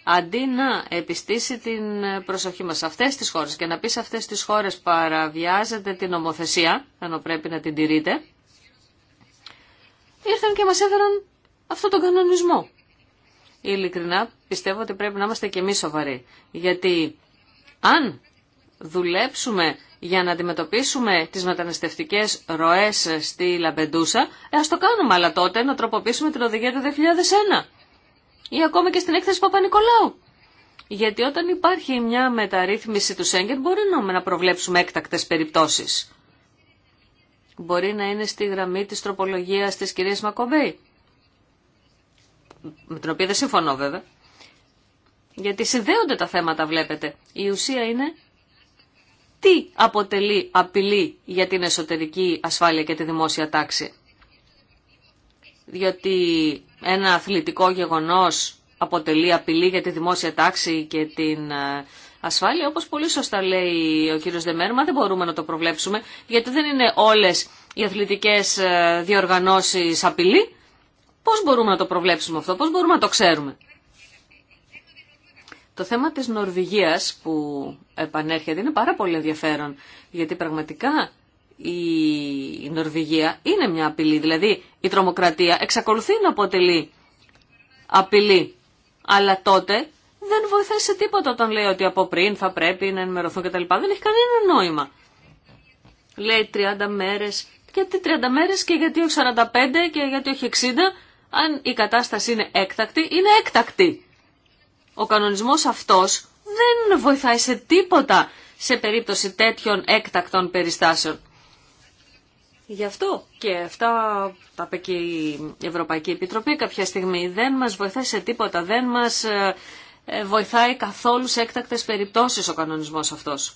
αντί να επιστήσει την προσοχή μας σε αυτές τις χώρες και να πει σε αυτές τις χώρες παραβιάζετε την νομοθεσία, ενώ πρέπει να την τηρείτε, ήρθαν και μας έφεραν αυτόν τον κανονισμό. Ειλικρινά πιστεύω ότι πρέπει να είμαστε και εμείς σοβαροί. Γιατί αν δουλέψουμε για να αντιμετωπίσουμε τις μεταναστευτικές ροές στη Λαμπεντούσα, ε, ας το κάνουμε, αλλά τότε να τροποποιήσουμε την οδηγία του 2001 ή ακόμα και στην έκθεση Παπα-Νικολάου. Γιατί όταν υπάρχει μια μεταρρύθμιση του Σέγγεν μπορεί να προβλέψουμε έκτακτες περιπτώσεις. Μπορεί να είναι στη γραμμή της τροπολογίας της κυρίας Μακοβέη με την οποία δεν συμφωνώ βέβαια, γιατί συνδέονται τα θέματα βλέπετε. Η ουσία είναι τι αποτελεί απειλή για την εσωτερική ασφάλεια και τη δημόσια τάξη. Διότι ένα αθλητικό γεγονός αποτελεί απειλή για τη δημόσια τάξη και την ε, ασφάλεια, όπως πολύ σωστά λέει ο κύριος Δεμέρμα, δεν μπορούμε να το προβλέψουμε, γιατί δεν είναι όλες οι αθλητικές ε, διοργανώσεις απειλή. Πώς μπορούμε να το προβλέψουμε αυτό, πώς μπορούμε να το ξέρουμε. Το θέμα της Νορβηγίας που επανέρχεται είναι πάρα πολύ ενδιαφέρον, γιατί πραγματικά η Νορβηγία είναι μια απειλή. Δηλαδή η τρομοκρατία εξακολουθεί να αποτελεί απειλή. Αλλά τότε δεν βοηθάει σε τίποτα όταν λέει ότι από πριν θα πρέπει να ενημερωθούν κτλ. Δεν έχει κανένα νόημα. Λέει 30 μέρες. Γιατί 30 μέρες και γιατί όχι 45 και γιατί όχι 60 αν η κατάσταση είναι έκτακτη, είναι έκτακτη. Ο κανονισμός αυτός δεν βοηθάει σε τίποτα σε περίπτωση τέτοιων έκτακτων περιστάσεων. Γι' αυτό και αυτά τα είπε και η Ευρωπαϊκή Επιτροπή κάποια στιγμή. Δεν μας βοηθάει σε τίποτα, δεν μας ε, ε, βοηθάει καθόλου σε έκτακτες περιπτώσεις ο κανονισμός αυτός.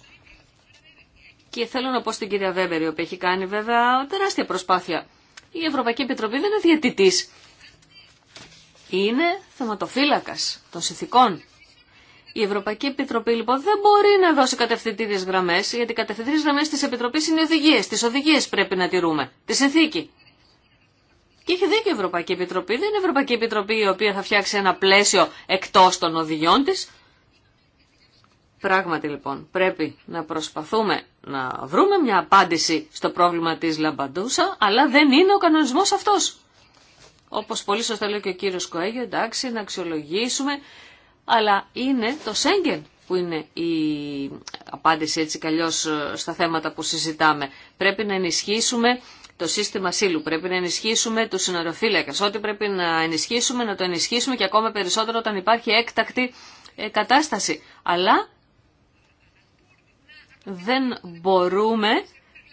Και θέλω να πω στην κυρία Βέμπερη, η οποία έχει κάνει βέβαια τεράστια προσπάθεια. Η Ευρωπαϊκή Επιτροπή δεν είναι είναι θεματοφύλακας των συνθηκών. Η Ευρωπαϊκή Επιτροπή λοιπόν δεν μπορεί να δώσει κατευθυντήριες γραμμές, γιατί οι κατευθυντήριες γραμμές της Επιτροπής είναι οδηγίε, οδηγίες. Τις οδηγίες πρέπει να τηρούμε, τη συνθήκη. Και έχει δίκιο η Ευρωπαϊκή Επιτροπή. Δεν είναι η Ευρωπαϊκή Επιτροπή η οποία θα φτιάξει ένα πλαίσιο εκτός των οδηγιών της. Πράγματι λοιπόν πρέπει να προσπαθούμε να βρούμε μια απάντηση στο πρόβλημα της Λαμπαντούσα, αλλά δεν είναι ο κανονισμός αυτός όπως πολύ σωστά λέει και ο κύριο Κοέγιο, εντάξει, να αξιολογήσουμε, αλλά είναι το Σέγγεν που είναι η απάντηση έτσι καλλιώς ε, στα θέματα που συζητάμε. Πρέπει να ενισχύσουμε το σύστημα σύλλου, πρέπει να ενισχύσουμε του συνοροφύλακε. ό,τι πρέπει να ενισχύσουμε, να το ενισχύσουμε και ακόμα περισσότερο όταν υπάρχει έκτακτη ε, κατάσταση. Αλλά δεν μπορούμε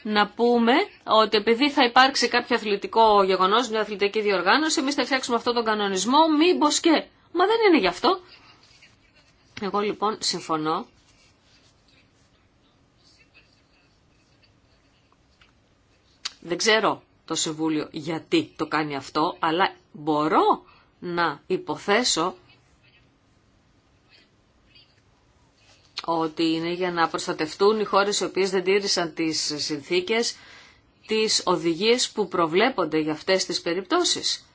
να πούμε ότι επειδή θα υπάρξει κάποιο αθλητικό γεγονός, μια αθλητική διοργάνωση, εμείς θα φτιάξουμε αυτόν τον κανονισμό, μήπως και. Μα δεν είναι γι' αυτό. Εγώ λοιπόν συμφωνώ Δεν ξέρω το Συμβούλιο γιατί το κάνει αυτό, αλλά μπορώ να υποθέσω ότι είναι για να προστατευτούν οι χώρες οι οποίες δεν τήρησαν τις συνθήκες, τις οδηγίες που προβλέπονται για αυτές τις περιπτώσεις.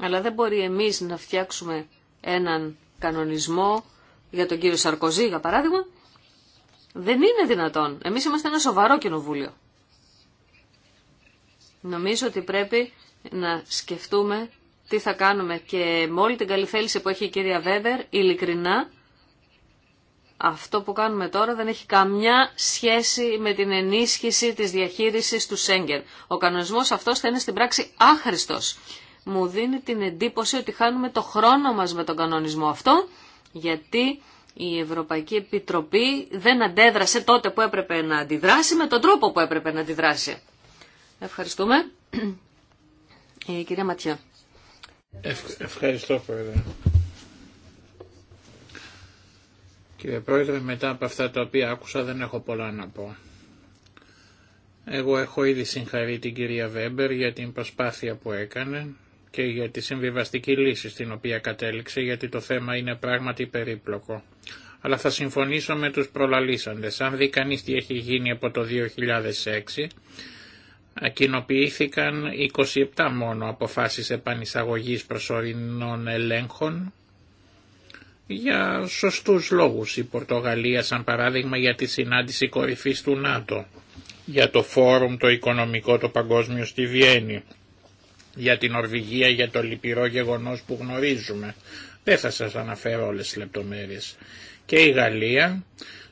Αλλά δεν μπορεί εμείς να φτιάξουμε έναν κανονισμό για τον κύριο Σαρκοζή, για παράδειγμα. Δεν είναι δυνατόν. Εμείς είμαστε ένα σοβαρό κοινοβούλιο. Νομίζω ότι πρέπει να σκεφτούμε τι θα κάνουμε και με όλη την καλή θέληση που έχει η κυρία Βέβερ, ειλικρινά, αυτό που κάνουμε τώρα δεν έχει καμιά σχέση με την ενίσχυση της διαχείρισης του Σέγγεν. Ο κανονισμός αυτός θα είναι στην πράξη άχρηστος. Μου δίνει την εντύπωση ότι χάνουμε το χρόνο μας με τον κανονισμό αυτό, γιατί η Ευρωπαϊκή Επιτροπή δεν αντέδρασε τότε που έπρεπε να αντιδράσει με τον τρόπο που έπρεπε να αντιδράσει. Ευχαριστούμε. Ε, κυρία Ματιά. Ευχαριστώ, Πρόεδρε. Κύριε Πρόεδρε, μετά από αυτά τα οποία άκουσα δεν έχω πολλά να πω. Εγώ έχω ήδη συγχαρεί την κυρία Βέμπερ για την προσπάθεια που έκανε και για τη συμβιβαστική λύση στην οποία κατέληξε, γιατί το θέμα είναι πράγματι περίπλοκο. Αλλά θα συμφωνήσω με τους προλαλήσαντες. Αν δει κανεί τι έχει γίνει από το 2006, κοινοποιήθηκαν 27 μόνο αποφάσεις επανεισαγωγής προσωρινών ελέγχων για σωστούς λόγους η Πορτογαλία σαν παράδειγμα για τη συνάντηση κορυφής του ΝΑΤΟ, για το φόρουμ το οικονομικό το παγκόσμιο στη Βιέννη, για την Ορβηγία για το λυπηρό γεγονός που γνωρίζουμε. Δεν θα σας αναφέρω όλες τις λεπτομέρειες. Και η Γαλλία,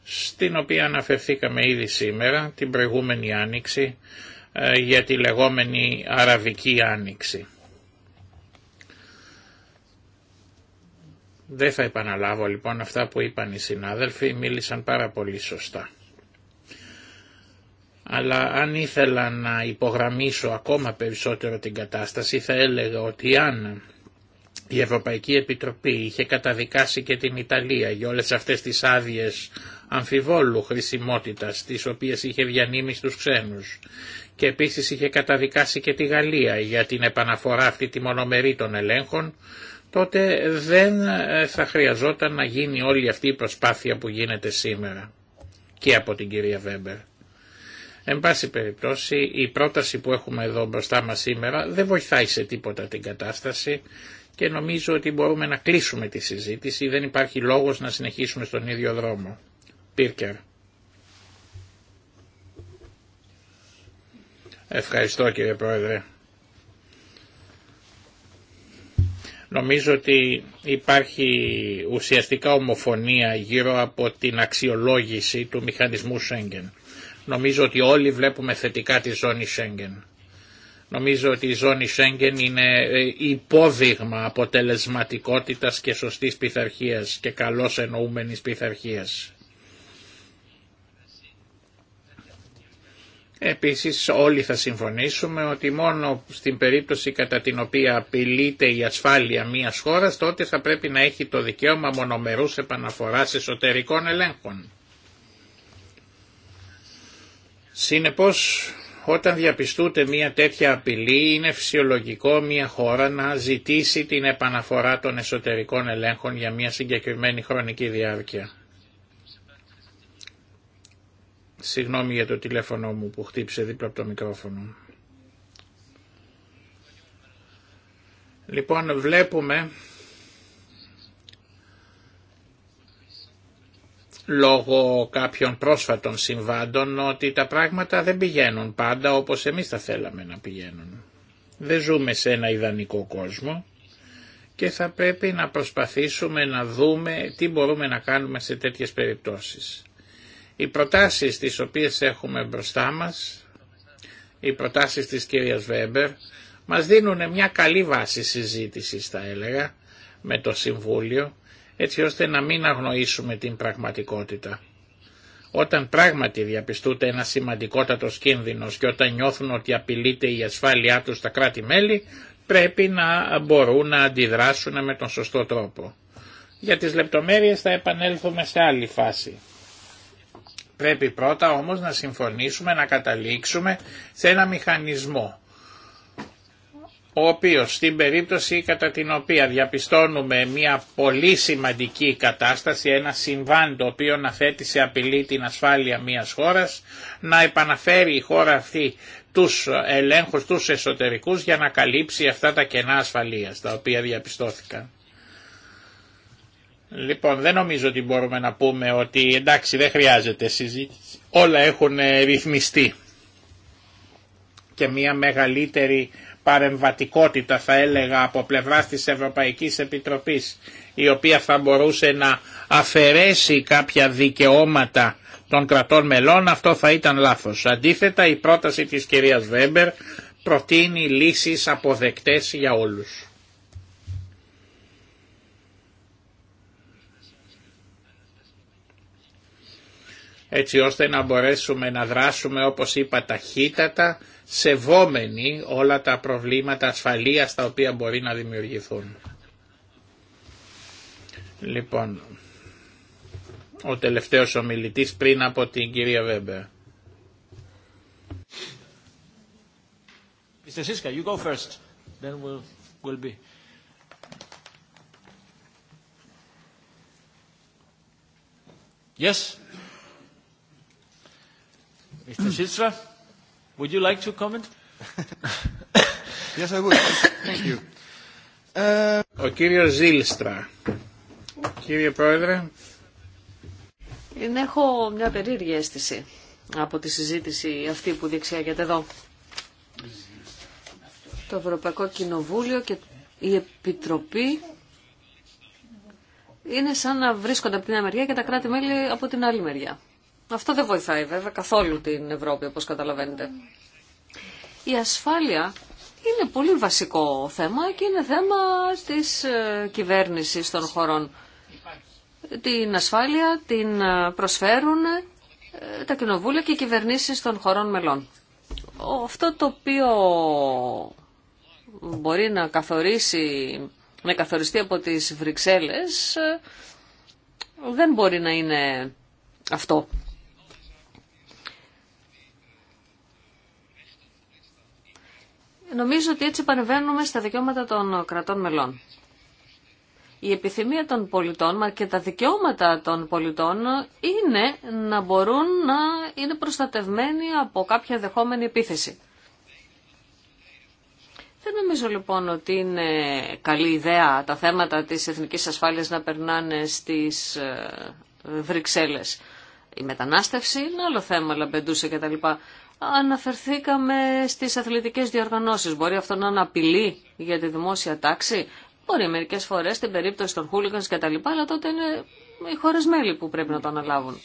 στην οποία αναφερθήκαμε ήδη σήμερα, την προηγούμενη άνοιξη, ε, για τη λεγόμενη Αραβική Άνοιξη. Δεν θα επαναλάβω λοιπόν αυτά που είπαν οι συνάδελφοι, μίλησαν πάρα πολύ σωστά. Αλλά αν ήθελα να υπογραμμίσω ακόμα περισσότερο την κατάσταση θα έλεγα ότι αν η Ευρωπαϊκή Επιτροπή είχε καταδικάσει και την Ιταλία για όλες αυτές τις άδειε αμφιβόλου χρησιμότητας τις οποίες είχε διανύμει στους ξένους και επίσης είχε καταδικάσει και τη Γαλλία για την επαναφορά αυτή τη μονομερή των ελέγχων τότε δεν ε, θα χρειαζόταν να γίνει όλη αυτή η προσπάθεια που γίνεται σήμερα και από την κυρία Βέμπερ. Εν πάση περιπτώσει η πρόταση που έχουμε εδώ μπροστά μας σήμερα δεν βοηθάει σε τίποτα την κατάσταση και νομίζω ότι μπορούμε να κλείσουμε τη συζήτηση, δεν υπάρχει λόγος να συνεχίσουμε στον ίδιο δρόμο. Πίρκερ. Ευχαριστώ κύριε Πρόεδρε. Νομίζω ότι υπάρχει ουσιαστικά ομοφωνία γύρω από την αξιολόγηση του μηχανισμού Σέγγεν. Νομίζω ότι όλοι βλέπουμε θετικά τη ζώνη Σέγγεν. Νομίζω ότι η ζώνη Σέγγεν είναι ε, υπόδειγμα αποτελεσματικότητας και σωστής πειθαρχίας και καλώς εννοούμενης πειθαρχίας. Επίσης όλοι θα συμφωνήσουμε ότι μόνο στην περίπτωση κατά την οποία απειλείται η ασφάλεια μιας χώρας τότε θα πρέπει να έχει το δικαίωμα μονομερούς επαναφοράς εσωτερικών ελέγχων. Συνεπώς όταν διαπιστούνται μια τέτοια απειλή είναι φυσιολογικό μια χώρα να ζητήσει την επαναφορά των εσωτερικών ελέγχων για μια συγκεκριμένη χρονική διάρκεια. Συγγνώμη για το τηλέφωνο μου που χτύπησε δίπλα από το μικρόφωνο. Λοιπόν βλέπουμε λόγω κάποιων πρόσφατων συμβάντων ότι τα πράγματα δεν πηγαίνουν πάντα όπως εμείς τα θέλαμε να πηγαίνουν. Δεν ζούμε σε ένα ιδανικό κόσμο και θα πρέπει να προσπαθήσουμε να δούμε τι μπορούμε να κάνουμε σε τέτοιες περιπτώσεις. Οι προτάσεις τις οποίες έχουμε μπροστά μας, οι προτάσεις της κυρίας Βέμπερ, μας δίνουν μια καλή βάση συζήτησης θα έλεγα με το Συμβούλιο έτσι ώστε να μην αγνοήσουμε την πραγματικότητα. Όταν πράγματι διαπιστούνται ένα σημαντικότατος κίνδυνος και όταν νιώθουν ότι απειλείται η ασφάλειά τους στα κράτη-μέλη, πρέπει να μπορούν να αντιδράσουν με τον σωστό τρόπο. Για τις λεπτομέρειες θα επανέλθουμε σε άλλη φάση. Πρέπει πρώτα όμως να συμφωνήσουμε, να καταλήξουμε σε ένα μηχανισμό ο οποίος στην περίπτωση κατά την οποία διαπιστώνουμε μια πολύ σημαντική κατάσταση, ένα συμβάν το οποίο να θέτει σε απειλή την ασφάλεια μιας χώρας, να επαναφέρει η χώρα αυτή τους ελέγχους τους εσωτερικούς για να καλύψει αυτά τα κενά ασφαλείας τα οποία διαπιστώθηκαν. Λοιπόν, δεν νομίζω ότι μπορούμε να πούμε ότι εντάξει δεν χρειάζεται συζήτηση. Όλα έχουν ε, ρυθμιστεί και μια μεγαλύτερη παρεμβατικότητα θα έλεγα από πλευράς της Ευρωπαϊκής Επιτροπής η οποία θα μπορούσε να αφαιρέσει κάποια δικαιώματα των κρατών μελών αυτό θα ήταν λάθος. Αντίθετα η πρόταση της κυρίας Βέμπερ προτείνει λύσεις αποδεκτές για όλους. έτσι ώστε να μπορέσουμε να δράσουμε όπως είπα ταχύτατα σεβόμενοι όλα τα προβλήματα ασφαλείας τα οποία μπορεί να δημιουργηθούν. Λοιπόν, ο τελευταίος ομιλητής πριν από την κυρία Βέμπερ. you go first, Mr. Mm. Silstra, would you like to comment? Yes, I would. Thank you. Uh, Ο κύριο Ζήλστρα. Κύριε Πρόεδρε. Ναι, έχω μια περίεργη αίσθηση από τη συζήτηση αυτή που διεξιάγεται εδώ. Το Ευρωπαϊκό Κοινοβούλιο και η Επιτροπή είναι σαν να βρίσκονται από την μια μεριά και τα κράτη-μέλη από την άλλη μεριά. Αυτό δεν βοηθάει βέβαια καθόλου την Ευρώπη όπως καταλαβαίνετε. Η ασφάλεια είναι πολύ βασικό θέμα και είναι θέμα της ε, κυβέρνησης των χωρών. Την ασφάλεια την ε, προσφέρουν ε, τα κοινοβούλια και οι κυβερνήσεις των χωρών μελών. Αυτό το οποίο μπορεί να καθορίσει, να καθοριστεί από τις Βρυξέλλες δεν μπορεί να είναι αυτό. Νομίζω ότι έτσι παρεμβαίνουμε στα δικαιώματα των κρατών μελών. Η επιθυμία των πολιτών, μα και τα δικαιώματα των πολιτών, είναι να μπορούν να είναι προστατευμένοι από κάποια δεχόμενη επίθεση. Δεν νομίζω λοιπόν ότι είναι καλή ιδέα τα θέματα της εθνικής ασφάλειας να περνάνε στις ε, Βρυξέλλες. Η μετανάστευση είναι άλλο θέμα, λαμπεντούσε κτλ αναφερθήκαμε στις αθλητικές διοργανώσεις. Μπορεί αυτό να είναι απειλή για τη δημόσια τάξη. Μπορεί μερικές φορές στην περίπτωση των χούλιγκανς και τα λοιπά, αλλά τότε είναι οι χώρες μέλη που πρέπει να το αναλάβουν.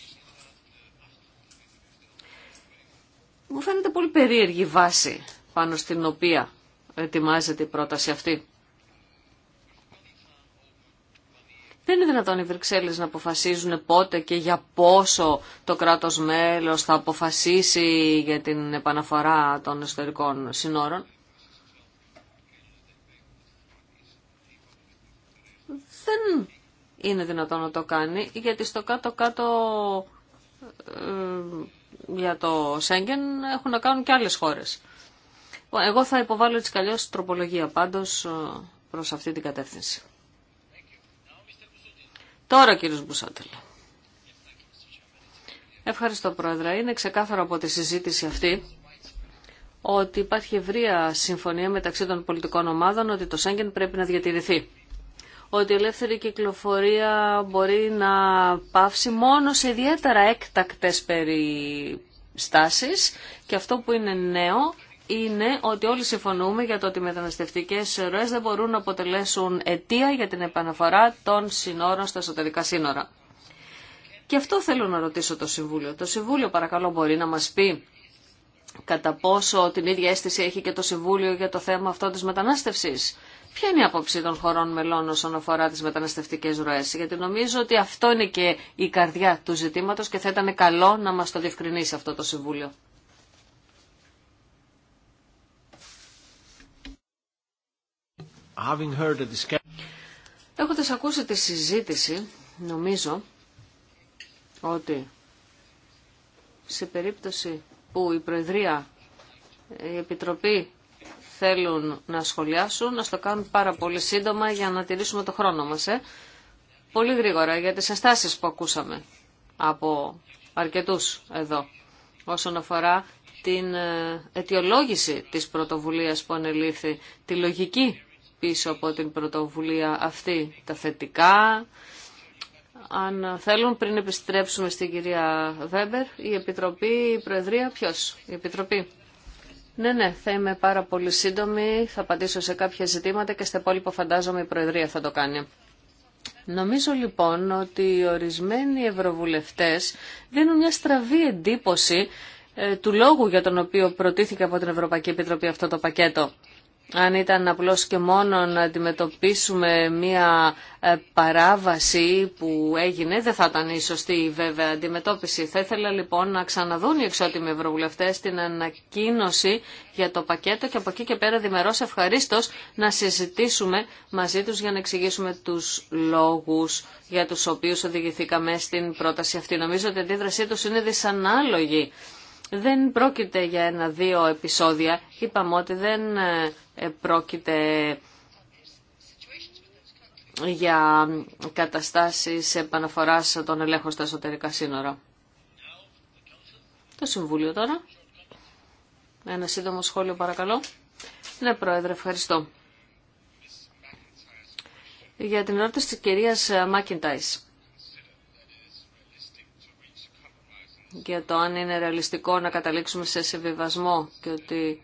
Μου φαίνεται πολύ περίεργη βάση πάνω στην οποία ετοιμάζεται η πρόταση αυτή. Δεν είναι δυνατόν οι Βρυξέλλες να αποφασίζουν πότε και για πόσο το κράτος μέλος θα αποφασίσει για την επαναφορά των εσωτερικών συνόρων. Δεν είναι δυνατόν να το κάνει, γιατί στο κάτω-κάτω ε, για το Σέγγεν έχουν να κάνουν και άλλες χώρες. Εγώ θα υποβάλω έτσι καλλιώς τροπολογία πάντως ε, προς αυτή την κατεύθυνση. Τώρα κύριος Ευχαριστώ πρόεδρε. Είναι ξεκάθαρο από τη συζήτηση αυτή ότι υπάρχει ευρεία συμφωνία μεταξύ των πολιτικών ομάδων ότι το Σέγγεν πρέπει να διατηρηθεί. Ότι η ελεύθερη κυκλοφορία μπορεί να πάυσει μόνο σε ιδιαίτερα έκτακτες περιστάσεις και αυτό που είναι νέο είναι ότι όλοι συμφωνούμε για το ότι οι μεταναστευτικές ροές δεν μπορούν να αποτελέσουν αιτία για την επαναφορά των συνόρων στα εσωτερικά σύνορα. Και αυτό θέλω να ρωτήσω το Συμβούλιο. Το Συμβούλιο παρακαλώ μπορεί να μας πει κατά πόσο την ίδια αίσθηση έχει και το Συμβούλιο για το θέμα αυτό της μετανάστευσης. Ποια είναι η άποψη των χωρών μελών όσον αφορά τις μεταναστευτικές ροές, γιατί νομίζω ότι αυτό είναι και η καρδιά του ζητήματος και θα ήταν καλό να μας το διευκρινίσει αυτό το Συμβούλιο. Έχοντας ακούσει τη συζήτηση, νομίζω ότι σε περίπτωση που η Προεδρία, η Επιτροπή θέλουν να σχολιάσουν, να το κάνουν πάρα πολύ σύντομα για να τηρήσουμε το χρόνο μας. Ε. Πολύ γρήγορα για τις ενστάσεις που ακούσαμε από αρκετούς εδώ όσον αφορά την ε, αιτιολόγηση της πρωτοβουλίας που ανελήφθη, τη λογική πίσω από την πρωτοβουλία αυτή, τα θετικά. Αν θέλουν, πριν επιστρέψουμε στην κυρία Βέμπερ, η Επιτροπή, η Προεδρία, ποιος, η Επιτροπή. Ναι, ναι, θα είμαι πάρα πολύ σύντομη, θα απαντήσω σε κάποια ζητήματα και στα υπόλοιπα φαντάζομαι η Προεδρία θα το κάνει. Νομίζω λοιπόν ότι ορισμένοι ευρωβουλευτές δίνουν μια στραβή εντύπωση ε, του λόγου για τον οποίο προτίθηκε από την Ευρωπαϊκή Επιτροπή αυτό το πακέτο αν ήταν απλώς και μόνο να αντιμετωπίσουμε μία ε, παράβαση που έγινε, δεν θα ήταν η σωστή βέβαια αντιμετώπιση. Θα ήθελα λοιπόν να ξαναδούν οι εξώτιμοι ευρωβουλευτές την ανακοίνωση για το πακέτο και από εκεί και πέρα διμερώς ευχαριστώ να συζητήσουμε μαζί τους για να εξηγήσουμε τους λόγους για τους οποίους οδηγηθήκαμε στην πρόταση αυτή. Νομίζω ότι η αντίδρασή τους είναι δυσανάλογη. Δεν πρόκειται για ένα-δύο επεισόδια. Είπαμε ότι δεν ε, ε, πρόκειται για καταστάσεις επαναφοράς των ελέγχων στα εσωτερικά σύνορα. Το Συμβούλιο τώρα. Ένα σύντομο σχόλιο παρακαλώ. Ναι, Πρόεδρε, ευχαριστώ. Για την ερώτηση της κυρίας Μάκιντάις. Για το αν είναι ρεαλιστικό να καταλήξουμε σε συμβιβασμό και ότι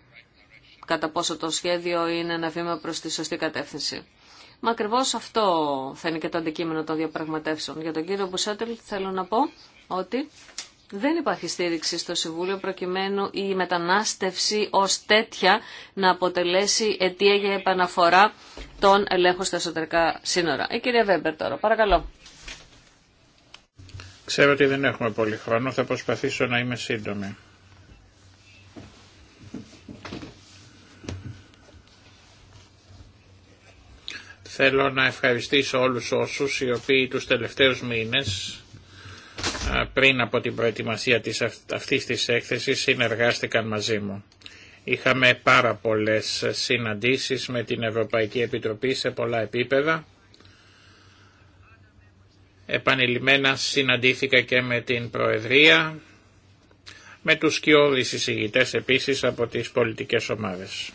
κατά πόσο το σχέδιο είναι ένα βήμα προς τη σωστή κατεύθυνση. Μα ακριβώ αυτό θα είναι και το αντικείμενο των διαπραγματεύσεων. Για τον κύριο Μπουσέτελ θέλω να πω ότι δεν υπάρχει στήριξη στο Συμβούλιο προκειμένου η μετανάστευση ως τέτοια να αποτελέσει αιτία για επαναφορά των ελέγχων στα εσωτερικά σύνορα. Η κυρία Βέμπερ τώρα, παρακαλώ. Ξέρω ότι δεν έχουμε πολύ χρόνο, θα προσπαθήσω να είμαι σύντομη. Θέλω να ευχαριστήσω όλους όσους οι οποίοι τους τελευταίους μήνες πριν από την προετοιμασία της, αυτής της έκθεσης συνεργάστηκαν μαζί μου. Είχαμε πάρα πολλές συναντήσεις με την Ευρωπαϊκή Επιτροπή σε πολλά επίπεδα. Επανειλημμένα συναντήθηκα και με την Προεδρία, με τους σκιώδεις εισηγητές επίσης από τις πολιτικές ομάδες.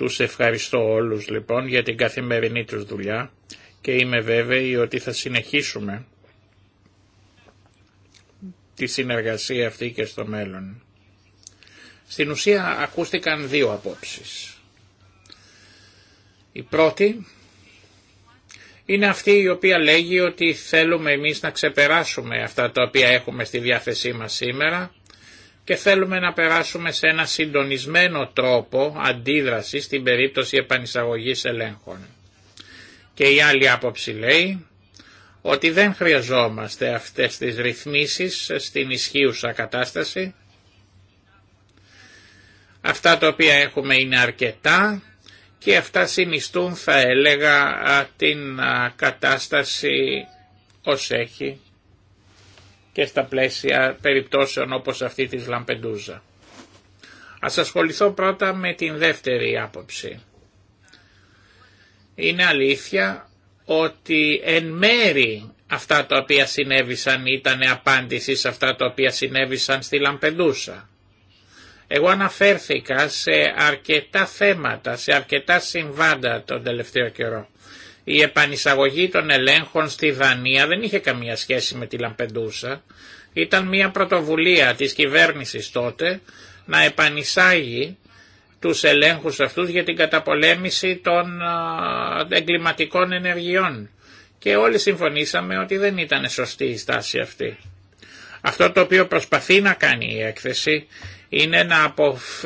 Τους ευχαριστώ όλους λοιπόν για την καθημερινή τους δουλειά και είμαι βέβαιη ότι θα συνεχίσουμε τη συνεργασία αυτή και στο μέλλον. Στην ουσία ακούστηκαν δύο απόψεις. Η πρώτη είναι αυτή η οποία λέγει ότι θέλουμε εμείς να ξεπεράσουμε αυτά τα οποία έχουμε στη διάθεσή μας σήμερα και θέλουμε να περάσουμε σε ένα συντονισμένο τρόπο αντίδραση στην περίπτωση επανεισαγωγής ελέγχων. Και η άλλη άποψη λέει ότι δεν χρειαζόμαστε αυτές τις ρυθμίσεις στην ισχύουσα κατάσταση. Αυτά τα οποία έχουμε είναι αρκετά και αυτά συνιστούν θα έλεγα την κατάσταση ως έχει και στα πλαίσια περιπτώσεων όπως αυτή της Λαμπεντούζα. Ας ασχοληθώ πρώτα με την δεύτερη άποψη. Είναι αλήθεια ότι εν μέρη αυτά τα οποία συνέβησαν ήταν απάντηση σε αυτά τα οποία συνέβησαν στη Λαμπεντούσα. Εγώ αναφέρθηκα σε αρκετά θέματα, σε αρκετά συμβάντα τον τελευταίο καιρό. Η επανεισαγωγή των ελέγχων στη Δανία δεν είχε καμία σχέση με τη Λαμπεντούσα. Ήταν μια πρωτοβουλία της κυβέρνησης τότε να επανεισάγει τους ελέγχους αυτούς για την καταπολέμηση των εγκληματικών ενεργειών. Και όλοι συμφωνήσαμε ότι δεν ήταν σωστή η στάση αυτή. Αυτό το οποίο προσπαθεί να κάνει η έκθεση είναι να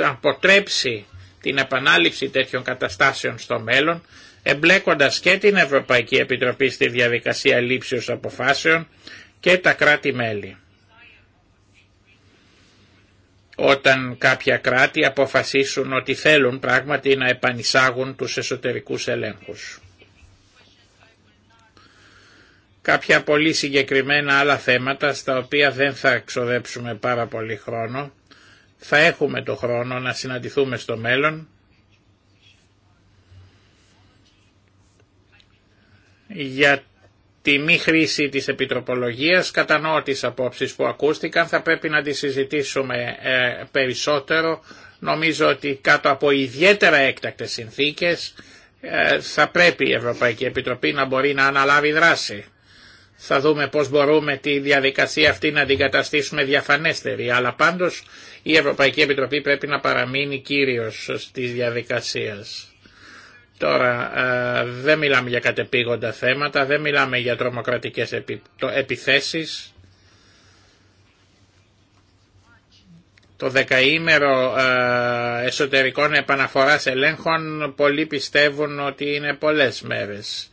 αποτρέψει την επανάληψη τέτοιων καταστάσεων στο μέλλον εμπλέκοντας και την Ευρωπαϊκή Επιτροπή στη διαδικασία λήψεως αποφάσεων και τα κράτη-μέλη. Όταν κάποια κράτη αποφασίσουν ότι θέλουν πράγματι να επανισάγουν τους εσωτερικούς ελέγχους. Κάποια πολύ συγκεκριμένα άλλα θέματα στα οποία δεν θα εξοδέψουμε πάρα πολύ χρόνο. Θα έχουμε το χρόνο να συναντηθούμε στο μέλλον για τη μη χρήση της επιτροπολογίας, κατανοώ τις απόψεις που ακούστηκαν, θα πρέπει να τις συζητήσουμε ε, περισσότερο. Νομίζω ότι κάτω από ιδιαίτερα έκτακτες συνθήκες ε, θα πρέπει η Ευρωπαϊκή Επιτροπή να μπορεί να αναλάβει δράση. Θα δούμε πώς μπορούμε τη διαδικασία αυτή να την καταστήσουμε διαφανέστερη, αλλά πάντως η Ευρωπαϊκή Επιτροπή πρέπει να παραμείνει κύριος της διαδικασίας. Τώρα ε, δεν μιλάμε για κατεπήγοντα θέματα, δεν μιλάμε για τρομοκρατικές επι, επιθέσεις. Το δεκαήμερο ε, εσωτερικών επαναφοράς ελέγχων πολλοί πιστεύουν ότι είναι πολλές μέρες.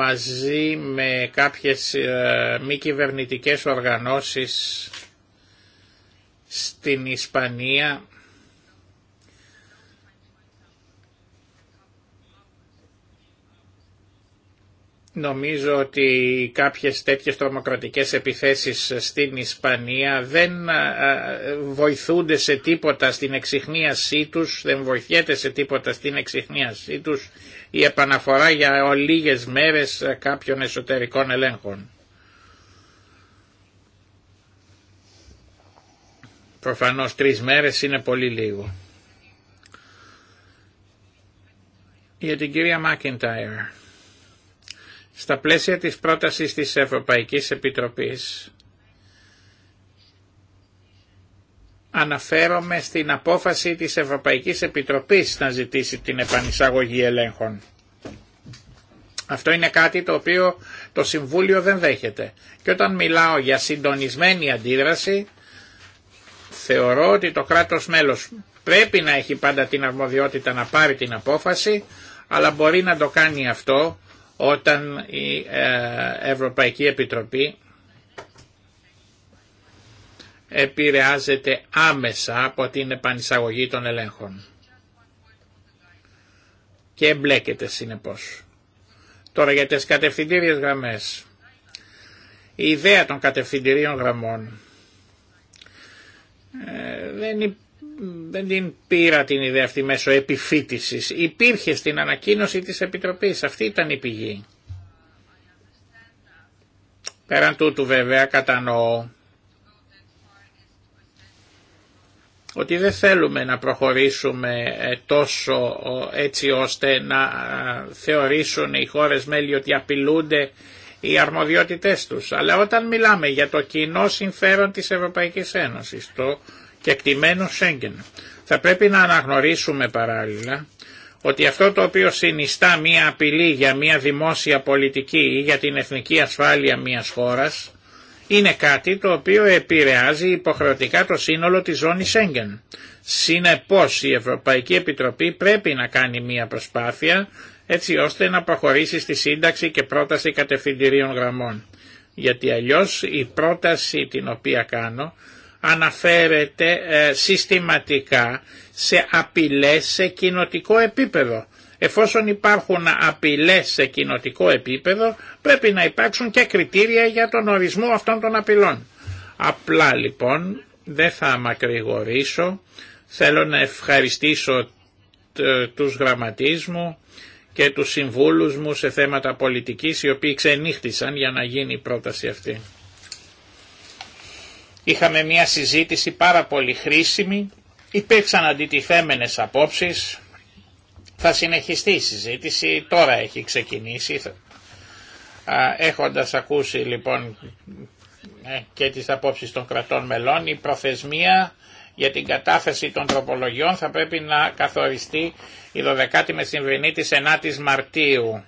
Μαζί με κάποιες ε, μη κυβερνητικέ οργανώσεις στην Ισπανία Νομίζω ότι κάποιες τέτοιες τρομοκρατικές επιθέσεις στην Ισπανία δεν ε, βοηθούνται σε τίποτα στην εξυχνίασή τους, δεν βοηθιέται σε τίποτα στην εξυχνίασή τους η επαναφορά για λίγες μέρες κάποιων εσωτερικών ελέγχων. Προφανώς τρεις μέρες είναι πολύ λίγο. Για την κυρία Μάκενταιρ στα πλαίσια της πρότασης της Ευρωπαϊκής Επιτροπής αναφέρομαι στην απόφαση της Ευρωπαϊκής Επιτροπής να ζητήσει την επανεισαγωγή ελέγχων. Αυτό είναι κάτι το οποίο το Συμβούλιο δεν δέχεται. Και όταν μιλάω για συντονισμένη αντίδραση, θεωρώ ότι το κράτος μέλος πρέπει να έχει πάντα την αρμοδιότητα να πάρει την απόφαση, αλλά μπορεί να το κάνει αυτό όταν η ε, Ευρωπαϊκή Επιτροπή επηρεάζεται άμεσα από την επανεισαγωγή των ελέγχων και εμπλέκεται συνεπώς. Τώρα για τις κατευθυντήριες γραμμές. Η ιδέα των κατευθυντηρίων γραμμών ε, δεν υπάρχει δεν την πήρα την ιδέα αυτή μέσω επιφύτησης. Υπήρχε στην ανακοίνωση της Επιτροπής. Αυτή ήταν η πηγή. Πέραν τούτου βέβαια κατανοώ ότι δεν θέλουμε να προχωρήσουμε ε, τόσο έτσι ώστε να ε, θεωρήσουν οι χώρες μέλη ότι απειλούνται οι αρμοδιότητές τους. Αλλά όταν μιλάμε για το κοινό συμφέρον της Ευρωπαϊκής Ένωσης, το και εκτιμένο Σέγγεν. Θα πρέπει να αναγνωρίσουμε παράλληλα ότι αυτό το οποίο συνιστά μία απειλή για μία δημόσια πολιτική ή για την εθνική ασφάλεια μίας χώρας είναι κάτι το οποίο επηρεάζει υποχρεωτικά το σύνολο της ζώνης Σέγγεν. Συνεπώς η Ευρωπαϊκή Επιτροπή πρέπει να κάνει μία προσπάθεια έτσι ώστε να προχωρήσει στη σύνταξη και πρόταση κατευθυντηρίων γραμμών. Γιατί αλλιώς η πρόταση την οποία κάνω αναφέρεται ε, συστηματικά σε απειλές σε κοινοτικό επίπεδο. Εφόσον υπάρχουν απειλές σε κοινοτικό επίπεδο πρέπει να υπάρξουν και κριτήρια για τον ορισμό αυτών των απειλών. Απλά λοιπόν δεν θα μακρηγορήσω. Θέλω να ευχαριστήσω τους γραμματείς μου και τους συμβούλους μου σε θέματα πολιτικής οι οποίοι ξενύχτησαν για να γίνει η πρόταση αυτή. Είχαμε μια συζήτηση πάρα πολύ χρήσιμη, υπήρξαν αντιτιθέμενες απόψεις, θα συνεχιστεί η συζήτηση, τώρα έχει ξεκινήσει. Έχοντας ακούσει λοιπόν ε, και τις απόψεις των κρατών μελών, η προθεσμία για την κατάθεση των τροπολογιών θα πρέπει να καθοριστεί η 12η μεσημβρινή της 9ης Μαρτίου.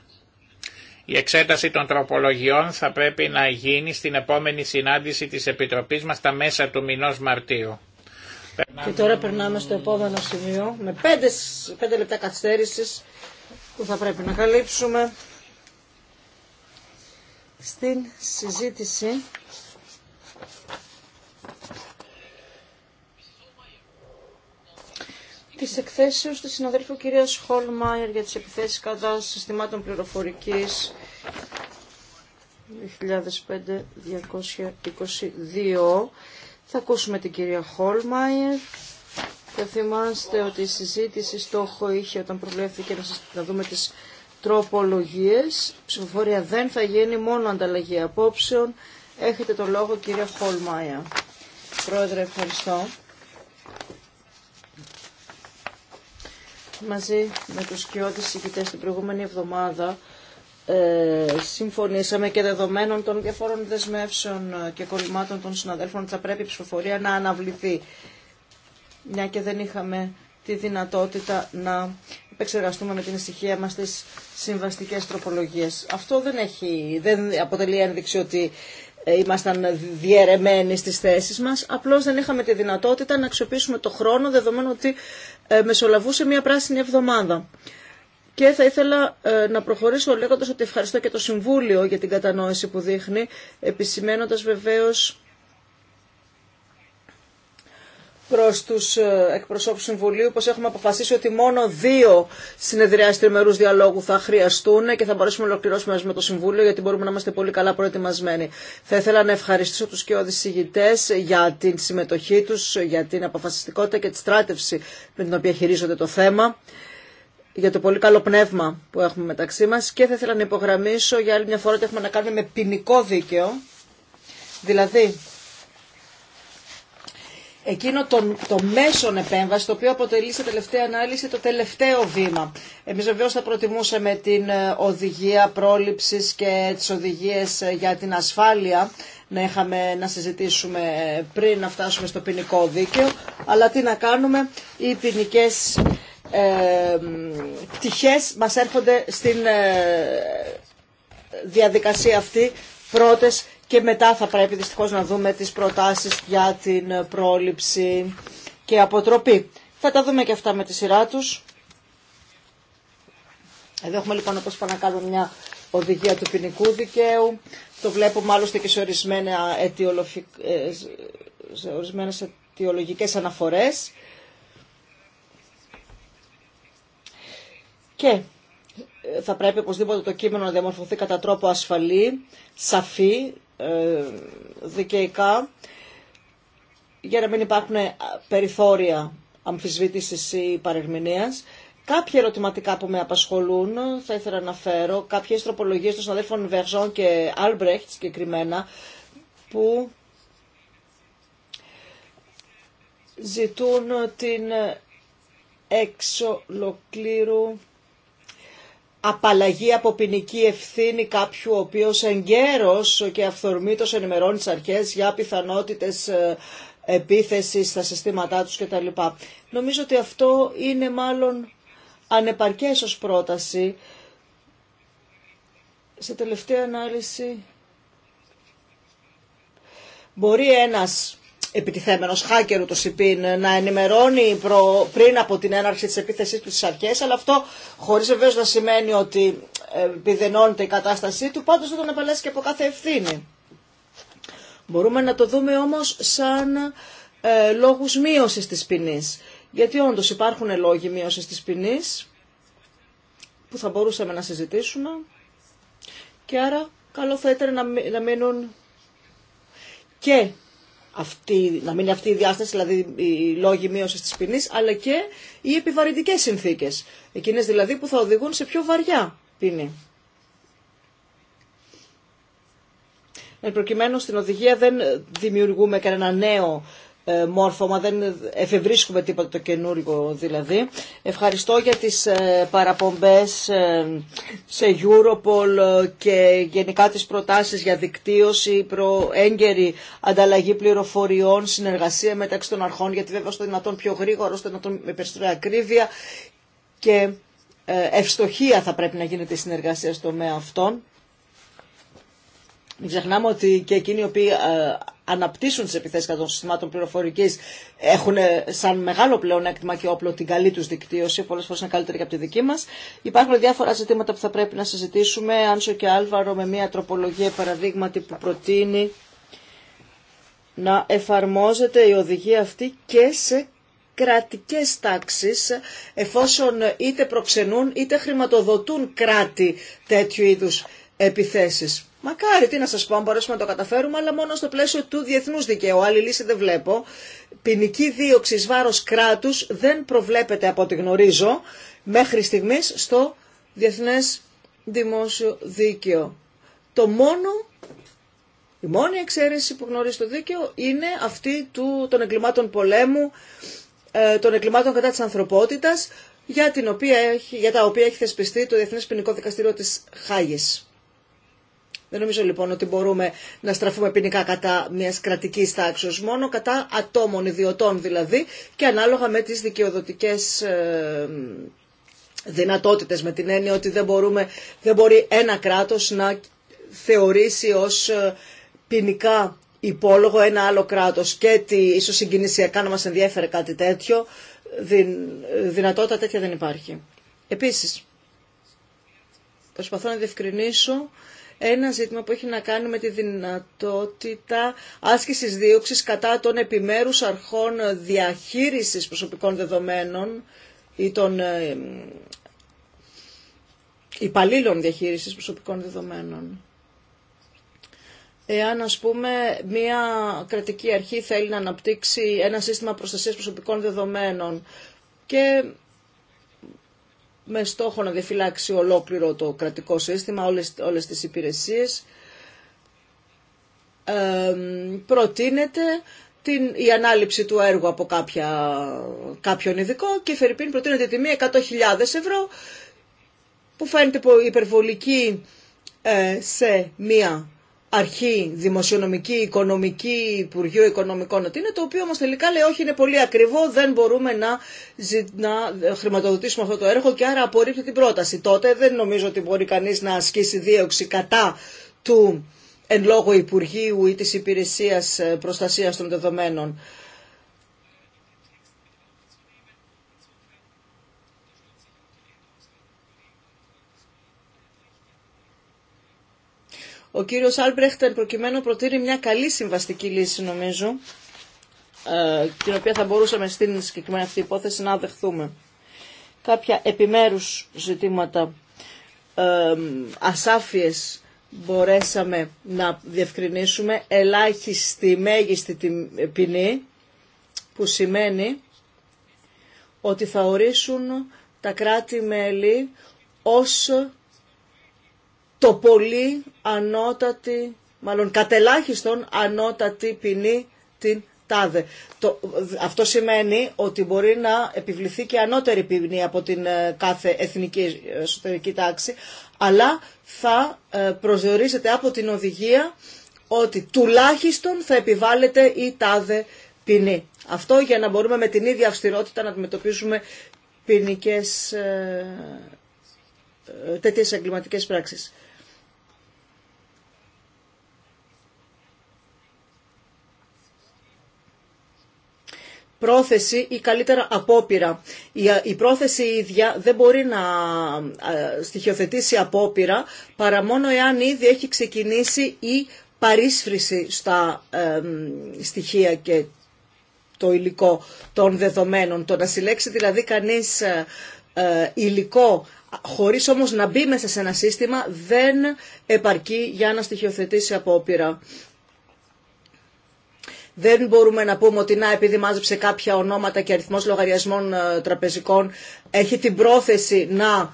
Η εξέταση των τροπολογιών θα πρέπει να γίνει στην επόμενη συνάντηση της Επιτροπής μας τα μέσα του μηνός Μαρτίου. Και τώρα περνάμε στο επόμενο σημείο με πέντε 5 λεπτά καθυστέρησης που θα πρέπει να καλύψουμε στην συζήτηση τι εκθέσεω του συναδέλφου κυρία Χολμάιερ για τι επιθεσει κατα κατά Σημάτων πληροφορικής 2005-222. Θα ακούσουμε την κυρία Χολμάιερ. Θα θυμάστε ότι η συζήτηση στόχο είχε όταν προβλέφθηκε να δούμε τις τροπολογίες. Ψηφοφορία δεν θα γίνει, μόνο ανταλλαγή απόψεων. Έχετε το λόγο κυρία Χόλμαϊερ. Πρόεδρε, ευχαριστώ μαζί με τους κοιότητες συγκητές την προηγούμενη εβδομάδα ε, συμφωνήσαμε και δεδομένων των διαφόρων δεσμεύσεων ε, και κολλημάτων των συναδέλφων ότι θα πρέπει η ψηφοφορία να αναβληθεί. Μια και δεν είχαμε τη δυνατότητα να επεξεργαστούμε με την ησυχία μας τις συμβαστικές τροπολογίες. Αυτό δεν, έχει, δεν αποτελεί ένδειξη ότι ε, ήμασταν διαιρεμένοι στις θέσεις μας, απλώς δεν είχαμε τη δυνατότητα να αξιοποιήσουμε το χρόνο δεδομένου ότι ε, μεσολαβούσε μια πράσινη εβδομάδα. Και θα ήθελα ε, να προχωρήσω λέγοντας ότι ευχαριστώ και το Συμβούλιο για την κατανόηση που δείχνει, επισημένοντας βεβαίως Προ ε, του εκπροσώπους Συμβουλίου πως έχουμε αποφασίσει ότι μόνο δύο συνεδριάσεις τριμερούς διαλόγου θα χρειαστούν και θα μπορέσουμε να ολοκληρώσουμε με το Συμβούλιο γιατί μπορούμε να είμαστε πολύ καλά προετοιμασμένοι. Θα ήθελα να ευχαριστήσω τους και οδησηγητές για την συμμετοχή τους, για την αποφασιστικότητα και τη στράτευση με την οποία χειρίζονται το θέμα για το πολύ καλό πνεύμα που έχουμε μεταξύ μας και θα ήθελα να υπογραμμίσω για άλλη μια φορά ότι έχουμε να κάνουμε με ποινικό δίκαιο, δηλαδή εκείνο το, το μέσον επέμβαση, το οποίο αποτελεί σε τελευταία ανάλυση το τελευταίο βήμα. Εμείς βεβαίω θα προτιμούσαμε την ε, οδηγία πρόληψης και τις οδηγίες ε, για την ασφάλεια να, είχαμε, να συζητήσουμε ε, πριν να φτάσουμε στο ποινικό δίκαιο, αλλά τι να κάνουμε, οι ποινικέ ε, πτυχές μας έρχονται στην διαδικασία αυτή πρώτες και μετά θα πρέπει δυστυχώς να δούμε τις προτάσεις για την πρόληψη και αποτροπή. Θα τα δούμε και αυτά με τη σειρά τους. Εδώ έχουμε λοιπόν όπως είπα να μια οδηγία του ποινικού δικαίου. Το βλέπουμε άλλωστε και σε, ορισμένα αιτιολογικέ ε, σε ορισμένες αιτιολογικές αναφορές. Και ε, θα πρέπει οπωσδήποτε το κείμενο να διαμορφωθεί κατά τρόπο ασφαλή, σαφή, ε, δικαιικά για να μην υπάρχουν περιθώρια αμφισβήτησης ή παρερμηνίας. Κάποια ερωτηματικά που με απασχολούν θα ήθελα να φέρω, κάποιες τροπολογίες των συναδέλφων Βερζόν και Άλμπρεχτ συγκεκριμένα, που ζητούν την εξολοκλήρου απαλλαγή από ποινική ευθύνη κάποιου ο οποίος εγκαίρος και αυθορμήτως ενημερώνει τις αρχές για πιθανότητες ε, επίθεση στα συστήματά τους κτλ. Νομίζω ότι αυτό είναι μάλλον ανεπαρκές ως πρόταση. Σε τελευταία ανάλυση μπορεί ένας επιτιθέμενος hacker το ΣΥΠΗΝ να ενημερώνει προ, πριν από την έναρξη της επίθεση του στι αρχέ, αλλά αυτό χωρίς βεβαίω να σημαίνει ότι επιδενώνεται η κατάστασή του, πάντω δεν τον απαλλάσσει και από κάθε ευθύνη. Μπορούμε να το δούμε όμως σαν ε, λόγους μείωσης της ποινής. Γιατί όντως υπάρχουν λόγοι μείωση τη ποινή που θα μπορούσαμε να συζητήσουμε και άρα καλό θα ήταν να μείνουν και αυτή, να μείνει αυτή η διάσταση, δηλαδή οι λόγοι μείωση τη ποινή, αλλά και οι επιβαρυντικέ συνθήκε. Εκείνε δηλαδή που θα οδηγούν σε πιο βαριά ποινή. Εν προκειμένου στην οδηγία δεν δημιουργούμε κανένα νέο ε, μόρφωμα, δεν εφευρίσκουμε τίποτα το καινούργιο δηλαδή. Ευχαριστώ για τις ε, παραπομπές ε, σε Europol και γενικά τις προτάσεις για δικτύωση, προ έγκαιρη ανταλλαγή πληροφοριών, συνεργασία μεταξύ των αρχών, γιατί βέβαια στο δυνατόν πιο γρήγορο, στο δυνατόν με περισσότερη ακρίβεια και ευστοχία θα πρέπει να γίνεται η συνεργασία στο με αυτών. Μην ξεχνάμε ότι και εκείνοι οι οποίοι ε, αναπτύσσουν τι επιθέσει κατά των συστημάτων πληροφορική έχουν ε, σαν μεγάλο πλεονέκτημα και όπλο την καλή του δικτύωση, πολλέ φορέ είναι καλύτερη και από τη δική μα. Υπάρχουν διάφορα ζητήματα που θα πρέπει να συζητήσουμε. Άνσο και Άλβαρο με μια τροπολογία παραδείγματι που προτείνει να εφαρμόζεται η οδηγία αυτή και σε κρατικές τάξεις εφόσον είτε προξενούν είτε χρηματοδοτούν κράτη τέτοιου είδους επιθέσεις. Μακάρι, τι να σα πω, αν μπορέσουμε να το καταφέρουμε, αλλά μόνο στο πλαίσιο του Διεθνού δικαίου. Άλλη λύση δεν βλέπω. Ποινική δίωξη βάρο κράτου δεν προβλέπεται από ό,τι γνωρίζω μέχρι στιγμή στο διεθνέ δημόσιο δίκαιο. Το μόνο, η μόνη εξαίρεση που γνωρίζει το δίκαιο είναι αυτή του, των εγκλημάτων πολέμου, ε, των εγκλημάτων κατά της ανθρωπότητας, για, για τα οποία έχει θεσπιστεί το Διεθνές Ποινικό Δικαστήριο της Χάγης. Δεν νομίζω λοιπόν ότι μπορούμε να στραφούμε ποινικά κατά μιας κρατικής τάξη μόνο, κατά ατόμων ιδιωτών δηλαδή και ανάλογα με τις δικαιοδοτικές ε, δυνατότητες με την έννοια ότι δεν, μπορούμε, δεν μπορεί ένα κράτος να θεωρήσει ως ε, ποινικά υπόλογο ένα άλλο κράτος και ότι ίσως συγκινησιακά να μα ενδιέφερε κάτι τέτοιο δυνατότητα τέτοια δεν υπάρχει. Επίσης, προσπαθώ να διευκρινίσω ένα ζήτημα που έχει να κάνει με τη δυνατότητα άσκησης δίωξης κατά των επιμέρους αρχών διαχείρισης προσωπικών δεδομένων ή των ε, υπαλλήλων διαχείρισης προσωπικών δεδομένων. Εάν, ας πούμε, μια κρατική αρχή θέλει να αναπτύξει ένα σύστημα προστασίας προσωπικών δεδομένων και με στόχο να διαφυλάξει ολόκληρο το κρατικό σύστημα, όλες, όλες τις υπηρεσίες, ε, προτείνεται την, η ανάληψη του έργου από κάποιον ειδικό και Φερρυπίν προτείνεται τιμή 100.000 ευρώ που φαίνεται υπερβολική ε, σε μία αρχή δημοσιονομική, οικονομική, Υπουργείο Οικονομικών ότι είναι, το οποίο όμως τελικά λέει όχι είναι πολύ ακριβό, δεν μπορούμε να, χρηματοδοτήσουμε αυτό το έργο και άρα απορρίπτει την πρόταση. Τότε δεν νομίζω ότι μπορεί κανείς να ασκήσει δίωξη κατά του εν λόγω Υπουργείου ή της Υπηρεσίας ε, Προστασίας των Δεδομένων. Ο κύριος Άλμπρεχτ προκειμένου προτείνει μια καλή συμβαστική λύση νομίζω, ε, την οποία θα μπορούσαμε στην συγκεκριμένη αυτή υπόθεση να δεχθούμε. Κάποια επιμέρους ζητήματα ε, ασάφιες μπορέσαμε να διευκρινίσουμε ελάχιστη μέγιστη ποινή που σημαίνει ότι θα ορίσουν τα κράτη-μέλη ως το πολύ ανώτατη, μάλλον κατελάχιστον ανώτατη ποινή την τάδε. Το, αυτό σημαίνει ότι μπορεί να επιβληθεί και ανώτερη ποινή από την ε, κάθε εθνική εσωτερική τάξη, αλλά θα ε, προσδιορίζεται από την οδηγία ότι τουλάχιστον θα επιβάλλεται η τάδε ποινή. Αυτό για να μπορούμε με την ίδια αυστηρότητα να αντιμετωπίσουμε ποινικές ε, τέτοιες εγκληματικές πράξεις. πρόθεση ή καλύτερα απόπειρα. Η πρόθεση ίδια δεν μπορεί να ε, στοιχειοθετήσει απόπειρα παρά μόνο εάν ήδη έχει ξεκινήσει η παρίσφρηση στα ε, στοιχεία και το υλικό των δεδομένων. Το να συλλέξει δηλαδή κανείς ε, υλικό χωρίς όμως να μπει μέσα σε ένα σύστημα δεν επαρκεί για να στοιχειοθετήσει απόπειρα. Δεν μπορούμε να πούμε ότι να επειδή μάζεψε κάποια ονόματα και αριθμός λογαριασμών ε, τραπεζικών έχει την πρόθεση να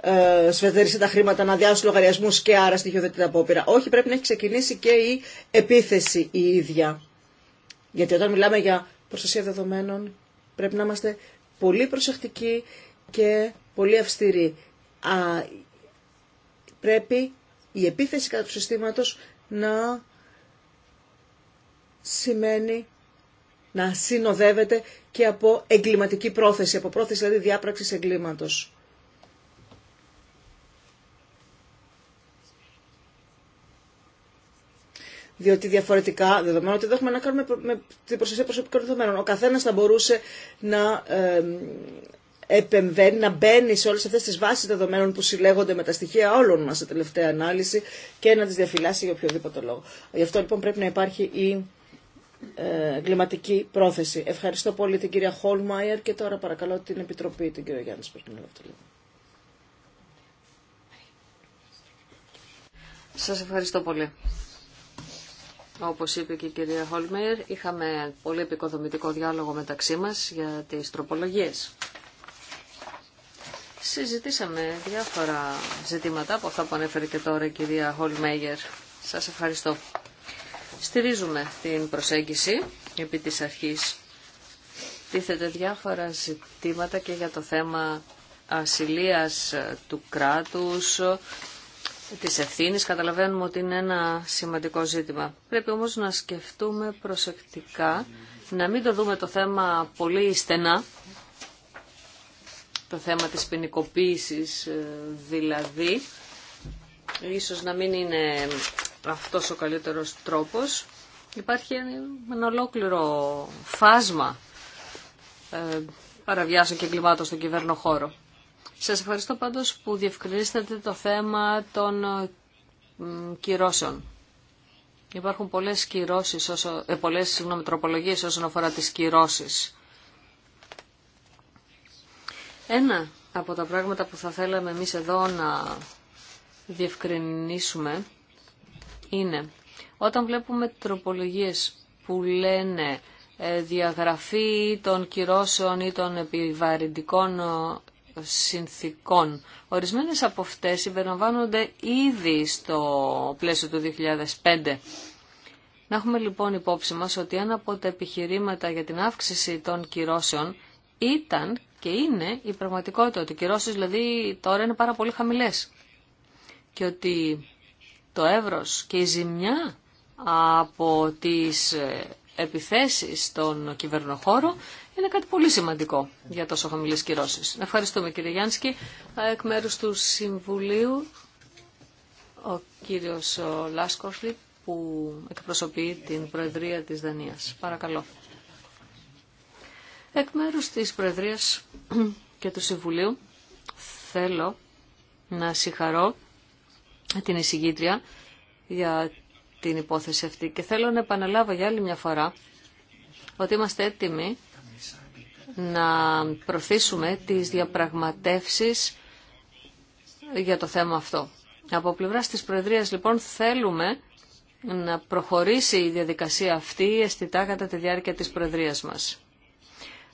ε, σφεδερίσει τα χρήματα, να διάσει λογαριασμούς και άρα στη τα απόπειρα. Όχι, πρέπει να έχει ξεκινήσει και η επίθεση η ίδια. Γιατί όταν μιλάμε για προστασία δεδομένων πρέπει να είμαστε πολύ προσεκτικοί και πολύ αυστηροί. Α, πρέπει η επίθεση κατά του συστήματος να σημαίνει να συνοδεύεται και από εγκληματική πρόθεση, από πρόθεση δηλαδή διάπραξης εγκλήματος. Διότι διαφορετικά, δεδομένου ότι δεν έχουμε να κάνουμε με την προστασία προσωπικών δεδομένων, ο καθένα θα μπορούσε να ε, επεμβαίνει, να μπαίνει σε όλε αυτέ τι βάσει δεδομένων που συλλέγονται με τα στοιχεία όλων μα σε τελευταία ανάλυση και να τι διαφυλάσσει για οποιοδήποτε λόγο. Γι' αυτό λοιπόν πρέπει να υπάρχει η εγκληματική πρόθεση. Ευχαριστώ πολύ την κυρία Χόλμαϊερ και τώρα παρακαλώ την Επιτροπή, την κυρία Γιάννη Σπερκινέλα. Σας ευχαριστώ πολύ. Όπως είπε και η κυρία Χόλμαϊερ, είχαμε πολύ επικοδομητικό διάλογο μεταξύ μας για τις τροπολογίες. Συζητήσαμε διάφορα ζητήματα από αυτά που ανέφερε και τώρα η κυρία Χόλμαϊερ. Σας ευχαριστώ. Στηρίζουμε την προσέγγιση επί της αρχής. Τίθεται διάφορα ζητήματα και για το θέμα ασυλίας ε, του κράτους, ε, της ευθύνης. Καταλαβαίνουμε ότι είναι ένα σημαντικό ζήτημα. Πρέπει όμως να σκεφτούμε προσεκτικά, να μην το δούμε το θέμα πολύ στενά, το θέμα της ποινικοποίηση ε, δηλαδή, ίσως να μην είναι αυτός ο καλύτερος τρόπος. Υπάρχει ένα ολόκληρο φάσμα ε, παραβιάσεων και εγκλημάτων στον κυβέρνο χώρο. Σας ευχαριστώ πάντως που διευκρινίσατε το θέμα των ε, κυρώσεων. Υπάρχουν πολλές, κυρώσεις όσο, ε, πολλές συγγνώμη, τροπολογίες όσον αφορά τις κυρώσεις. Ένα από τα πράγματα που θα θέλαμε εμείς εδώ να διευκρινίσουμε είναι όταν βλέπουμε τροπολογίες που λένε ε, διαγραφή των κυρώσεων ή των επιβαρυντικών ε, συνθήκων. Ορισμένες από αυτές συμπεριλαμβάνονται ήδη στο πλαίσιο του 2005. Να έχουμε λοιπόν υπόψη μας ότι ένα από τα επιχειρήματα για την αύξηση των κυρώσεων ήταν και είναι η πραγματικότητα ότι οι κυρώσεις δηλαδή τώρα είναι πάρα πολύ χαμηλές και ότι το εύρος και η ζημιά από τις ε, επιθέσεις στον κυβερνοχώρο είναι κάτι πολύ σημαντικό για τόσο χαμηλές κυρώσει. Ευχαριστούμε κύριε Γιάνσκι. Ε, εκ μέρους του Συμβουλίου, ο κύριος Λάσκοφλη που εκπροσωπεί την Προεδρία της Δανίας. Παρακαλώ. Εκ μέρους της Προεδρίας και του Συμβουλίου θέλω να συγχαρώ την εισηγήτρια για την υπόθεση αυτή και θέλω να επαναλάβω για άλλη μια φορά ότι είμαστε έτοιμοι να προωθήσουμε τις διαπραγματεύσεις για το θέμα αυτό. Από πλευράς της Προεδρίας λοιπόν θέλουμε να προχωρήσει η διαδικασία αυτή αισθητά κατά τη διάρκεια της Προεδρίας μας.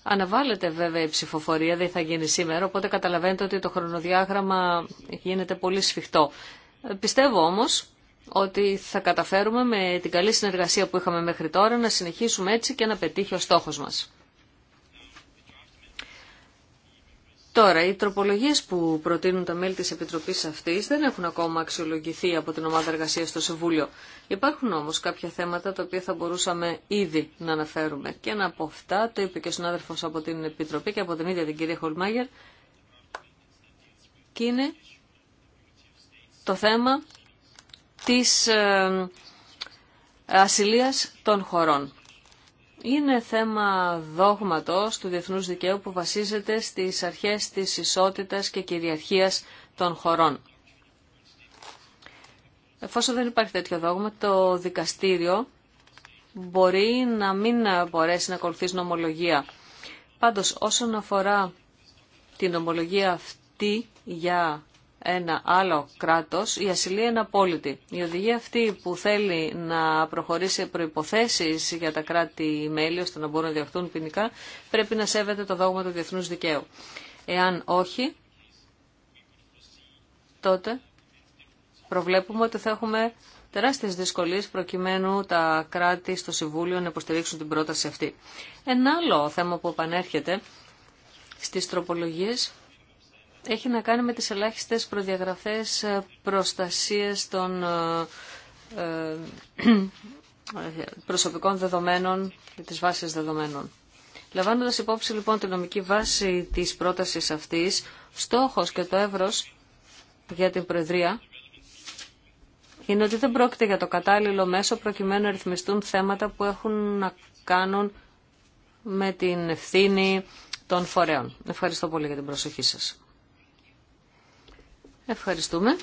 Αναβάλλεται βέβαια η ψηφοφορία, δεν θα γίνει σήμερα, οπότε καταλαβαίνετε ότι το χρονοδιάγραμμα γίνεται πολύ σφιχτό. Πιστεύω όμως ότι θα καταφέρουμε με την καλή συνεργασία που είχαμε μέχρι τώρα να συνεχίσουμε έτσι και να πετύχει ο στόχος μας. Τώρα, οι τροπολογίε που προτείνουν τα μέλη της Επιτροπής αυτής δεν έχουν ακόμα αξιολογηθεί από την ομάδα εργασίας στο Συμβούλιο. Υπάρχουν όμως κάποια θέματα τα οποία θα μπορούσαμε ήδη να αναφέρουμε. Και ένα από αυτά, το είπε και ο συνάδελφο από την Επιτροπή και από την ίδια την κυρία Χολμάγερ, και είναι το θέμα της ε, ασυλίας των χωρών. Είναι θέμα δόγματος του διεθνούς δικαίου που βασίζεται στις αρχές της ισότητας και κυριαρχίας των χωρών. Εφόσον δεν υπάρχει τέτοιο δόγμα, το δικαστήριο μπορεί να μην μπορέσει να ακολουθήσει νομολογία. Πάντως, όσον αφορά την νομολογία αυτή για ένα άλλο κράτος, η ασυλία είναι απόλυτη. Η οδηγία αυτή που θέλει να προχωρήσει προϋποθέσεις για τα κράτη-μέλη ώστε να μπορούν να διευθούν ποινικά, πρέπει να σέβεται το δόγμα του διεθνούς δικαίου. Εάν όχι, τότε προβλέπουμε ότι θα έχουμε τεράστιες δυσκολίες προκειμένου τα κράτη στο Συμβούλιο να υποστηρίξουν την πρόταση αυτή. Ένα άλλο θέμα που επανέρχεται στις τροπολογίες έχει να κάνει με τις ελάχιστες προδιαγραφές ε, προστασίας των ε, ε, προσωπικών δεδομένων και τις βάσεις δεδομένων. Λαμβάνοντας υπόψη λοιπόν τη νομική βάση της πρότασης αυτής, στόχος και το εύρος για την Προεδρία είναι ότι δεν πρόκειται για το κατάλληλο μέσο προκειμένου να ρυθμιστούν θέματα που έχουν να κάνουν με την ευθύνη των φορέων. Ευχαριστώ πολύ για την προσοχή σας. Ευχαριστούμε.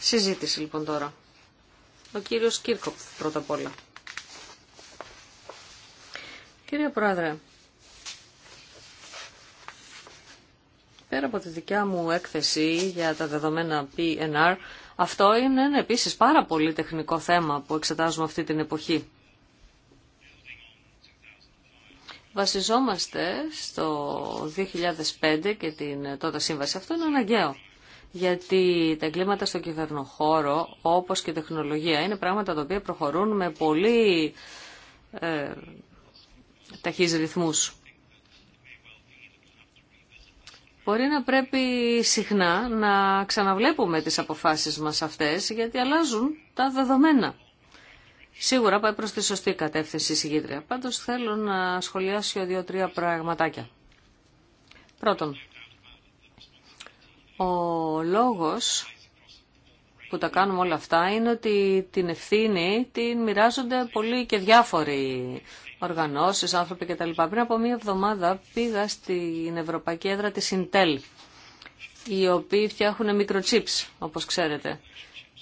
Συζήτηση λοιπόν τώρα. Ο κύριος Κίρκοπ πρώτα απ' όλα. Κύριε Πρόεδρε, πέρα από τη δικιά μου έκθεση για τα δεδομένα PNR, αυτό είναι ένα επίσης πάρα πολύ τεχνικό θέμα που εξετάζουμε αυτή την εποχή. Βασιζόμαστε στο 2005 και την τότε σύμβαση. Αυτό είναι αναγκαίο γιατί τα εγκλήματα στον κυβερνοχώρο, όπως και η τεχνολογία, είναι πράγματα τα οποία προχωρούν με πολύ ε, ταχύς ρυθμούς. Μπορεί να πρέπει συχνά να ξαναβλέπουμε τις αποφάσεις μας αυτές, γιατί αλλάζουν τα δεδομένα. Σίγουρα πάει προς τη σωστή κατεύθυνση η συγκήτρια. Πάντως θέλω να σχολιάσω δύο-τρία πραγματάκια. Πρώτον, ο λόγος που τα κάνουμε όλα αυτά είναι ότι την ευθύνη την μοιράζονται πολύ και διάφοροι οργανώσεις, άνθρωποι κτλ. Πριν από μία εβδομάδα πήγα στην Ευρωπαϊκή Έδρα της Intel, οι οποίοι φτιάχνουν μικροτσίπς, όπως ξέρετε.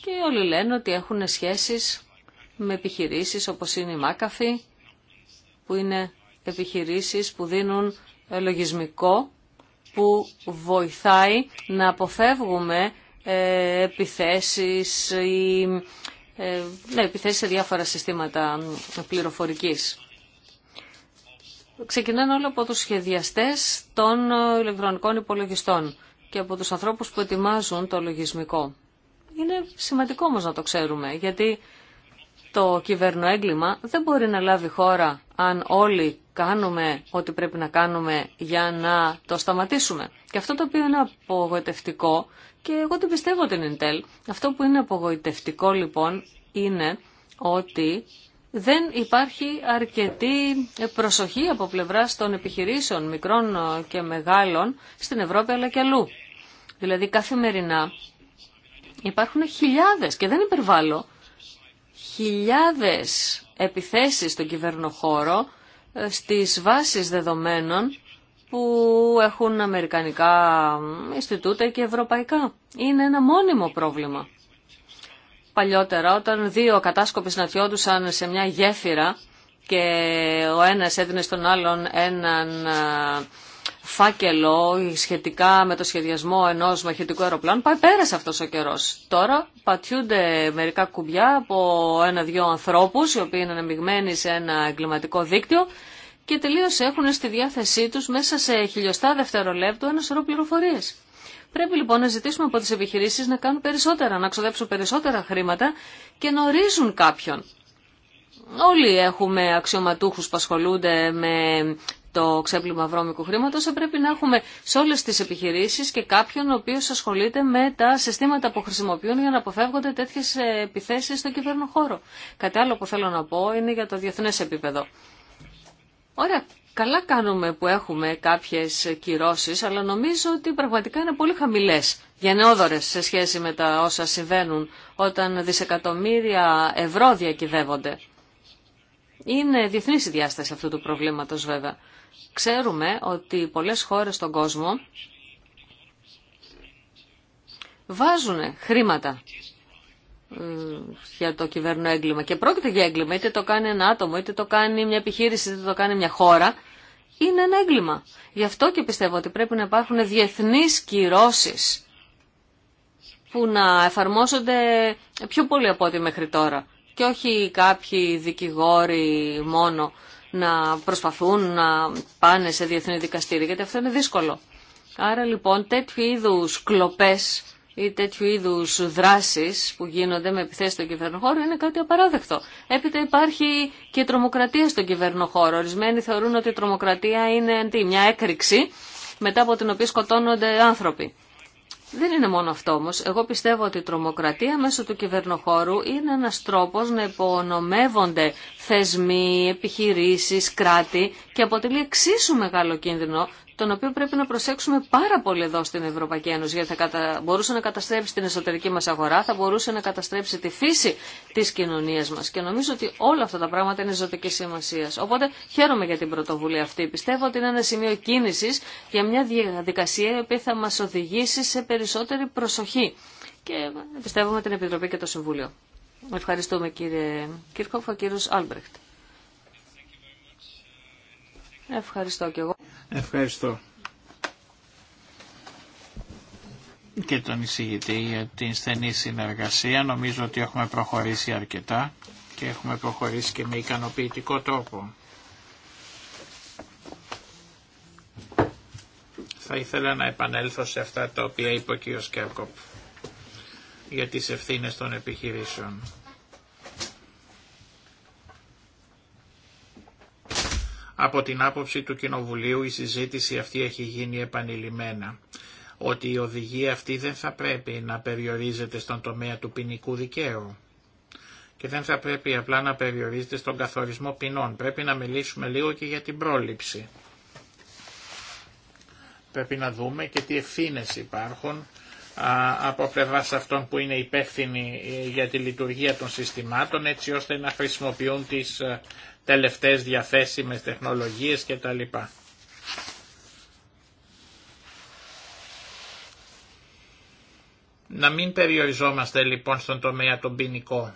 Και όλοι λένε ότι έχουν σχέσεις με επιχειρήσεις όπως είναι η Μάκαφη, που είναι επιχειρήσεις που δίνουν λογισμικό που βοηθάει να αποφεύγουμε ε, επιθέσεις ή ε, ναι, επιθέσεις σε διάφορα συστήματα πληροφορικής. Ξεκινάνε όλα από τους σχεδιαστές των ε, ηλεκτρονικών υπολογιστών και από τους ανθρώπους που ετοιμάζουν το λογισμικό. Είναι σημαντικό όμως να το ξέρουμε, γιατί το κυβερνοέγκλημα δεν μπορεί να λάβει χώρα αν όλοι κάνουμε ό,τι πρέπει να κάνουμε για να το σταματήσουμε. Και αυτό το οποίο είναι απογοητευτικό, και εγώ την πιστεύω την Intel, αυτό που είναι απογοητευτικό λοιπόν είναι ότι δεν υπάρχει αρκετή προσοχή από πλευράς των επιχειρήσεων μικρών και μεγάλων στην Ευρώπη αλλά και αλλού. Δηλαδή καθημερινά υπάρχουν χιλιάδες και δεν υπερβάλλω χιλιάδες επιθέσεις στον κυβέρνοχώρο στις βάσεις δεδομένων που έχουν αμερικανικά Ινστιτούτα και ευρωπαϊκά. Είναι ένα μόνιμο πρόβλημα. Παλιότερα όταν δύο κατάσκοποι συναντιόντουσαν σε μια γέφυρα και ο ένας έδινε στον άλλον έναν φάκελο σχετικά με το σχεδιασμό ενός μαχητικού αεροπλάνου. Πάει σε αυτός ο καιρός. Τώρα πατιούνται μερικά κουμπιά από ένα-δυο ανθρώπους οι οποίοι είναι αναμειγμένοι σε ένα εγκληματικό δίκτυο και τελείως έχουν στη διάθεσή τους μέσα σε χιλιοστά δευτερολέπτου ένα σωρό πληροφορίε. Πρέπει λοιπόν να ζητήσουμε από τις επιχειρήσεις να κάνουν περισσότερα, να ξοδέψουν περισσότερα χρήματα και να ορίζουν κάποιον. Όλοι έχουμε αξιωματούχους που ασχολούνται με το ξέπλυμα βρώμικου χρήματο, θα πρέπει να έχουμε σε όλε τι επιχειρήσει και κάποιον ο οποίο ασχολείται με τα συστήματα που χρησιμοποιούν για να αποφεύγονται τέτοιε επιθέσει στον κυβερνοχώρο. Κάτι άλλο που θέλω να πω είναι για το διεθνέ επίπεδο. Ωραία, καλά κάνουμε που έχουμε κάποιε κυρώσει, αλλά νομίζω ότι πραγματικά είναι πολύ χαμηλέ για νεόδορες σε σχέση με τα όσα συμβαίνουν όταν δισεκατομμύρια ευρώ διακυβεύονται. Είναι διεθνή η διάσταση αυτού του προβλήματο, βέβαια. Ξέρουμε ότι πολλές χώρες στον κόσμο βάζουν χρήματα ε, για το κυβέρνο έγκλημα και πρόκειται για έγκλημα, είτε το κάνει ένα άτομο, είτε το κάνει μια επιχείρηση, είτε το κάνει μια χώρα, είναι ένα έγκλημα. Γι' αυτό και πιστεύω ότι πρέπει να υπάρχουν διεθνείς κυρώσεις που να εφαρμόζονται πιο πολύ από ό,τι μέχρι τώρα και όχι κάποιοι δικηγόροι μόνο να προσπαθούν να πάνε σε διεθνή δικαστήρια, γιατί αυτό είναι δύσκολο. Άρα λοιπόν τέτοιου είδους κλοπές ή τέτοιου είδους δράσεις που γίνονται με επιθέσεις στον κυβερνοχώρο είναι κάτι απαράδεκτο. Έπειτα υπάρχει και τρομοκρατία στον κυβερνοχώρο. Ορισμένοι θεωρούν ότι η τρομοκρατία είναι μια έκρηξη μετά από την οποία σκοτώνονται άνθρωποι. Δεν είναι μόνο αυτό όμω. Εγώ πιστεύω ότι η τρομοκρατία μέσω του κυβερνοχώρου είναι ένας τρόπος να υπονομεύονται θεσμοί, επιχειρήσεις, κράτη και αποτελεί εξίσου μεγάλο κίνδυνο, τον οποίο πρέπει να προσέξουμε πάρα πολύ εδώ στην Ευρωπαϊκή Ένωση, γιατί θα κατα... μπορούσε να καταστρέψει την εσωτερική μας αγορά, θα μπορούσε να καταστρέψει τη φύση της κοινωνίας μας. Και νομίζω ότι όλα αυτά τα πράγματα είναι ζωτική σημασία. Οπότε χαίρομαι για την πρωτοβουλία αυτή. Πιστεύω ότι είναι ένα σημείο κίνησης για μια διαδικασία η οποία θα μας οδηγήσει σε περισσότερη προσοχή. Και πιστεύουμε την Επιτροπή και το Συμβούλιο. Ευχαριστούμε κύριε Κύρκοφ, κύριος Άλμπρεχτ. Ευχαριστώ και εγώ. Ευχαριστώ. Και τον εισηγητή για την στενή συνεργασία. Νομίζω ότι έχουμε προχωρήσει αρκετά και έχουμε προχωρήσει και με ικανοποιητικό τρόπο. Θα ήθελα να επανέλθω σε αυτά τα οποία είπε ο κ. Σκέρκοπ για τις ευθύνες των επιχειρήσεων. Από την άποψη του Κοινοβουλίου η συζήτηση αυτή έχει γίνει επανειλημμένα ότι η οδηγία αυτή δεν θα πρέπει να περιορίζεται στον τομέα του ποινικού δικαίου και δεν θα πρέπει απλά να περιορίζεται στον καθορισμό ποινών. Πρέπει να μιλήσουμε λίγο και για την πρόληψη. Πρέπει να δούμε και τι ευθύνε υπάρχουν από πλευρά αυτών που είναι υπεύθυνοι ε, για τη λειτουργία των συστημάτων έτσι ώστε να χρησιμοποιούν τις ε, τελευταίες διαθέσιμες τεχνολογίες λοιπά. Να μην περιοριζόμαστε λοιπόν στον τομέα τον ποινικό.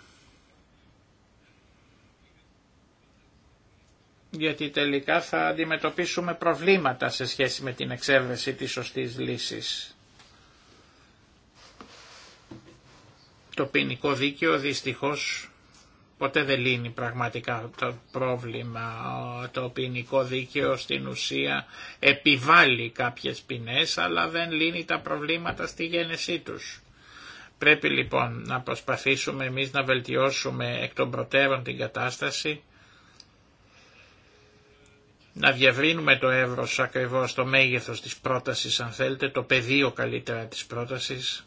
Γιατί τελικά θα αντιμετωπίσουμε προβλήματα σε σχέση με την εξέβρεση της σωστής λύσης. Το ποινικό δίκαιο δυστυχώς Ποτέ δεν λύνει πραγματικά το πρόβλημα. Το ποινικό δίκαιο στην ουσία επιβάλλει κάποιες ποινές αλλά δεν λύνει τα προβλήματα στη γένεσή τους. Πρέπει λοιπόν να προσπαθήσουμε εμείς να βελτιώσουμε εκ των προτέρων την κατάσταση, να διαβρύνουμε το εύρος ακριβώς το μέγεθος της πρότασης αν θέλετε, το πεδίο καλύτερα της πρότασης,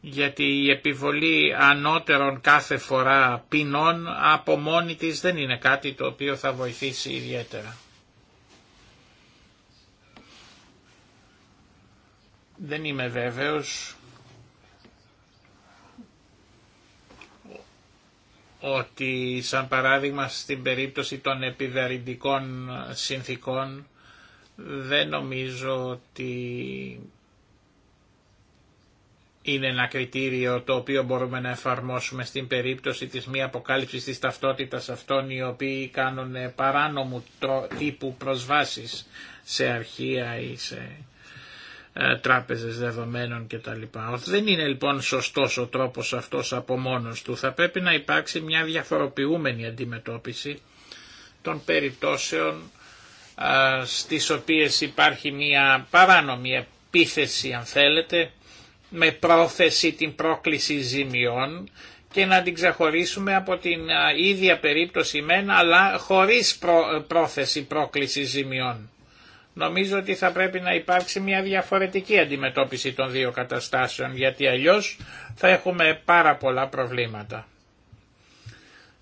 γιατί η επιβολή ανώτερων κάθε φορά ποινών από μόνη της δεν είναι κάτι το οποίο θα βοηθήσει ιδιαίτερα. Δεν είμαι βέβαιος ότι σαν παράδειγμα στην περίπτωση των επιβαρυντικών συνθήκων δεν νομίζω ότι είναι ένα κριτήριο το οποίο μπορούμε να εφαρμόσουμε στην περίπτωση της μη αποκάλυψης της ταυτότητας αυτών οι οποίοι κάνουν παράνομου τύπου προσβάσεις σε αρχεία ή σε ε, τράπεζες δεδομένων κτλ. Δεν είναι λοιπόν σωστός ο τρόπος αυτός από μόνος του. Θα πρέπει να υπάρξει μια διαφοροποιούμενη αντιμετώπιση των περιπτώσεων ε, στις οποίες υπάρχει μια παράνομη επίθεση αν θέλετε με πρόθεση την πρόκληση ζημιών και να την ξεχωρίσουμε από την ίδια περίπτωση μεν αλλά χωρίς ε, πρόθεση πρόκληση ζημιών. Νομίζω ότι θα πρέπει να υπάρξει μια διαφορετική αντιμετώπιση των δύο καταστάσεων γιατί αλλιώς θα έχουμε πάρα πολλά προβλήματα.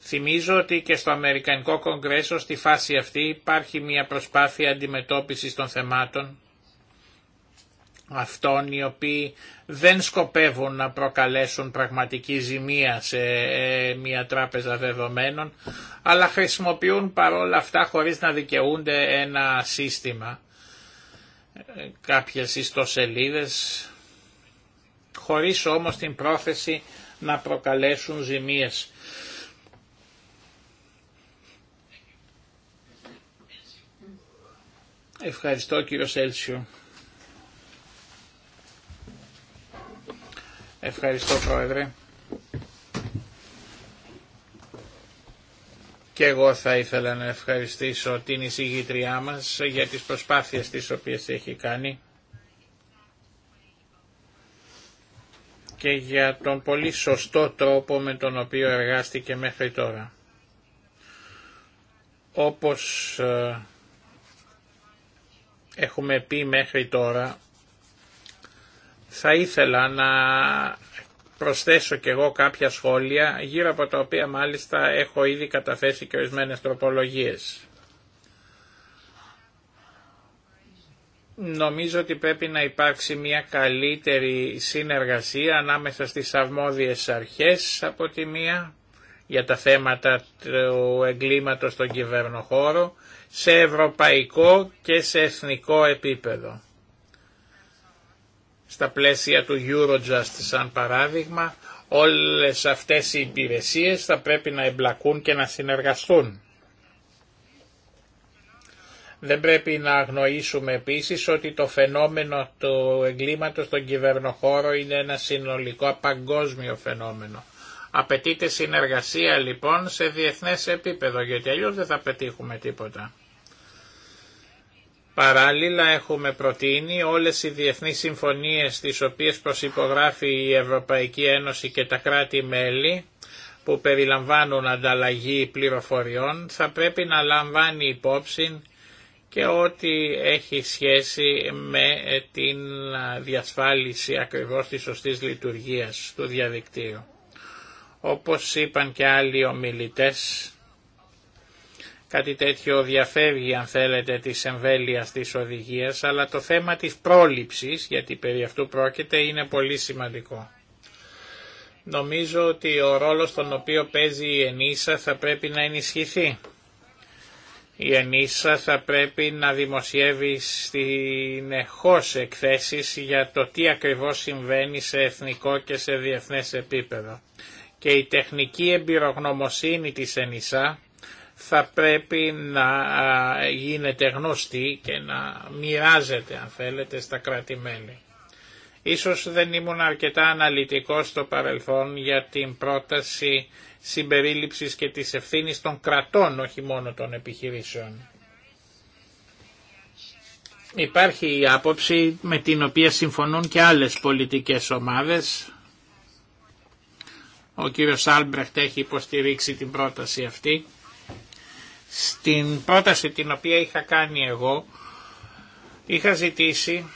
Θυμίζω ότι και στο Αμερικανικό Κογκρέσο στη φάση αυτή υπάρχει μια προσπάθεια αντιμετώπισης των θεμάτων αυτών οι οποίοι δεν σκοπεύουν να προκαλέσουν πραγματική ζημία σε ε, μια τράπεζα δεδομένων, αλλά χρησιμοποιούν παρόλα αυτά χωρίς να δικαιούνται ένα σύστημα, ε, κάποιες ιστοσελίδες, χωρίς όμως την πρόθεση να προκαλέσουν ζημίες. Ευχαριστώ κύριο Σέλσιο. Ευχαριστώ Πρόεδρε. Και εγώ θα ήθελα να ευχαριστήσω την εισηγήτριά μας για τις προσπάθειες τις οποίες έχει κάνει και για τον πολύ σωστό τρόπο με τον οποίο εργάστηκε μέχρι τώρα. Όπως ε, έχουμε πει μέχρι τώρα, θα ήθελα να προσθέσω και εγώ κάποια σχόλια, γύρω από τα οποία μάλιστα έχω ήδη καταθέσει και ορισμένε τροπολογίες. Νομίζω ότι πρέπει να υπάρξει μια καλύτερη συνεργασία ανάμεσα στις αρμόδιες αρχές από τη μία για τα θέματα του εγκλήματος στον κυβερνοχώρο σε ευρωπαϊκό και σε εθνικό επίπεδο στα πλαίσια του Eurojust σαν παράδειγμα, όλες αυτές οι υπηρεσίες θα πρέπει να εμπλακούν και να συνεργαστούν. Δεν πρέπει να αγνοήσουμε επίσης ότι το φαινόμενο του εγκλήματος στον κυβερνοχώρο είναι ένα συνολικό παγκόσμιο φαινόμενο. Απαιτείται συνεργασία λοιπόν σε διεθνές επίπεδο γιατί αλλιώς δεν θα πετύχουμε τίποτα. Παράλληλα έχουμε προτείνει όλες οι διεθνείς συμφωνίες τις οποίες προσυπογράφει η Ευρωπαϊκή Ένωση και τα κράτη-μέλη που περιλαμβάνουν ανταλλαγή πληροφοριών θα πρέπει να λαμβάνει υπόψη και ό,τι έχει σχέση με την διασφάλιση ακριβώς της σωστής λειτουργίας του διαδικτύου. Όπως είπαν και άλλοι ομιλητές, Κάτι τέτοιο διαφεύγει αν θέλετε της εμβέλειας της οδηγίας, αλλά το θέμα της πρόληψης, γιατί περί αυτού πρόκειται, είναι πολύ σημαντικό. Νομίζω ότι ο ρόλος τον οποίο παίζει η ΕΝΙΣΑ θα πρέπει να ενισχυθεί. Η ΕΝΙΣΑ θα πρέπει να δημοσιεύει συνεχώς εκθέσεις για το τι ακριβώς συμβαίνει σε εθνικό και σε διεθνές επίπεδο. Και η τεχνική εμπειρογνωμοσύνη της ΕΝΙΣΑ θα πρέπει να γίνεται γνωστή και να μοιράζεται αν θέλετε στα κρατημένη. Ίσως δεν ήμουν αρκετά αναλυτικός στο παρελθόν για την πρόταση συμπερίληψης και της ευθύνης των κρατών, όχι μόνο των επιχειρήσεων. Υπάρχει η άποψη με την οποία συμφωνούν και άλλες πολιτικές ομάδες. Ο κύριος Άλμπρεχτ έχει υποστηρίξει την πρόταση αυτή στην πρόταση την οποία είχα κάνει εγώ, είχα ζητήσει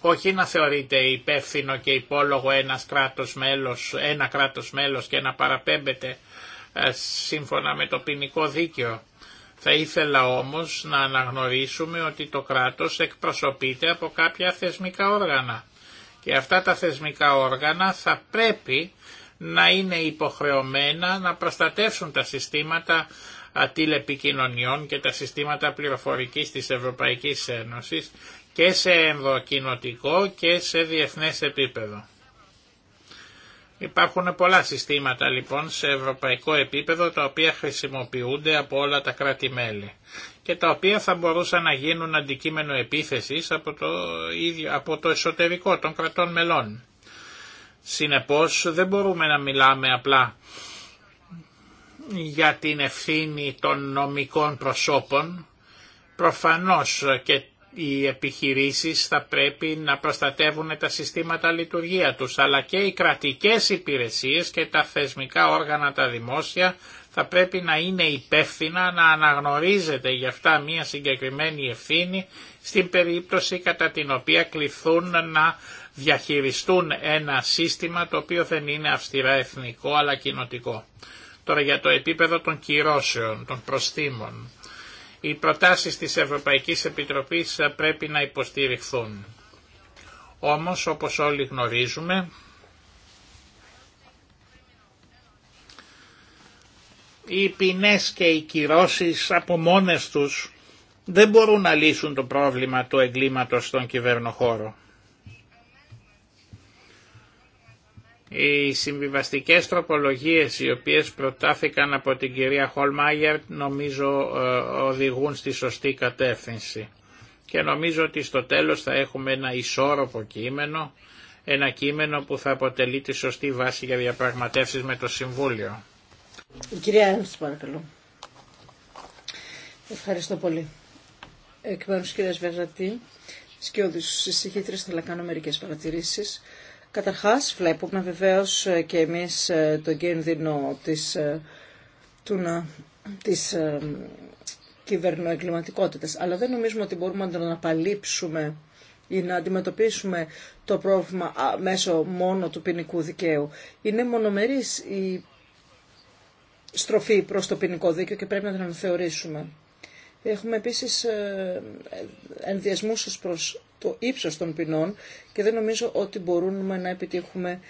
όχι να θεωρείται υπεύθυνο και υπόλογο ένας κράτος μέλος, ένα κράτος μέλος και να παραπέμπεται ε, σύμφωνα με το ποινικό δίκαιο. Θα ήθελα όμως να αναγνωρίσουμε ότι το κράτος εκπροσωπείται από κάποια θεσμικά όργανα και αυτά τα θεσμικά όργανα θα πρέπει να είναι υποχρεωμένα να προστατεύσουν τα συστήματα τηλεπικοινωνιών και τα συστήματα πληροφορικής της Ευρωπαϊκής Ένωσης και σε ενδοκινοτικό και σε διεθνές επίπεδο. Υπάρχουν πολλά συστήματα λοιπόν σε ευρωπαϊκό επίπεδο τα οποία χρησιμοποιούνται από όλα τα κράτη-μέλη και τα οποία θα μπορούσαν να γίνουν αντικείμενο επίθεσης από το, από το εσωτερικό των κρατών μελών. Συνεπώς δεν μπορούμε να μιλάμε απλά για την ευθύνη των νομικών προσώπων. Προφανώς και οι επιχειρήσεις θα πρέπει να προστατεύουν τα συστήματα λειτουργία τους, αλλά και οι κρατικές υπηρεσίες και τα θεσμικά όργανα τα δημόσια θα πρέπει να είναι υπεύθυνα να αναγνωρίζεται γι' αυτά μια συγκεκριμένη ευθύνη στην περίπτωση κατά την οποία κληθούν να διαχειριστούν ένα σύστημα το οποίο δεν είναι αυστηρά εθνικό αλλά κοινοτικό. Τώρα για το επίπεδο των κυρώσεων, των προστήμων. Οι προτάσεις της Ευρωπαϊκής Επιτροπής πρέπει να υποστηριχθούν. Όμως όπως όλοι γνωρίζουμε οι ποινές και οι κυρώσεις από μόνες τους δεν μπορούν να λύσουν το πρόβλημα του εγκλήματος στον κυβερνοχώρο. Οι συμβιβαστικές τροπολογίες οι οποίες προτάθηκαν από την κυρία Χολμάγερ νομίζω ε, οδηγούν στη σωστή κατεύθυνση. Και νομίζω ότι στο τέλος θα έχουμε ένα ισόρροπο κείμενο, ένα κείμενο που θα αποτελεί τη σωστή βάση για διαπραγματεύσεις με το Συμβούλιο. Κυρία Ένωση, παρακαλώ. Ευχαριστώ πολύ. Εκ μέρους κυρίας Βεζατή, σκιώδης συζητήτρες, θέλω να κάνω μερικές παρατηρήσεις. Καταρχάς βλέπουμε βεβαίως ε, και εμείς ε, τον κίνδυνο της, ε, του να, της κυβερνοεγκληματικότητας. Αλλά δεν νομίζουμε ότι μπορούμε να τον απαλείψουμε ή να αντιμετωπίσουμε το πρόβλημα μέσω μόνο του ποινικού δικαίου. Είναι μονομερής η στροφή προς το ποινικό δίκαιο και πρέπει να την αναθεωρήσουμε. Έχουμε επίσης ενδιασμούς προς το ύψος των ποινών και δεν νομίζω ότι μπορούμε να επιτύχουμε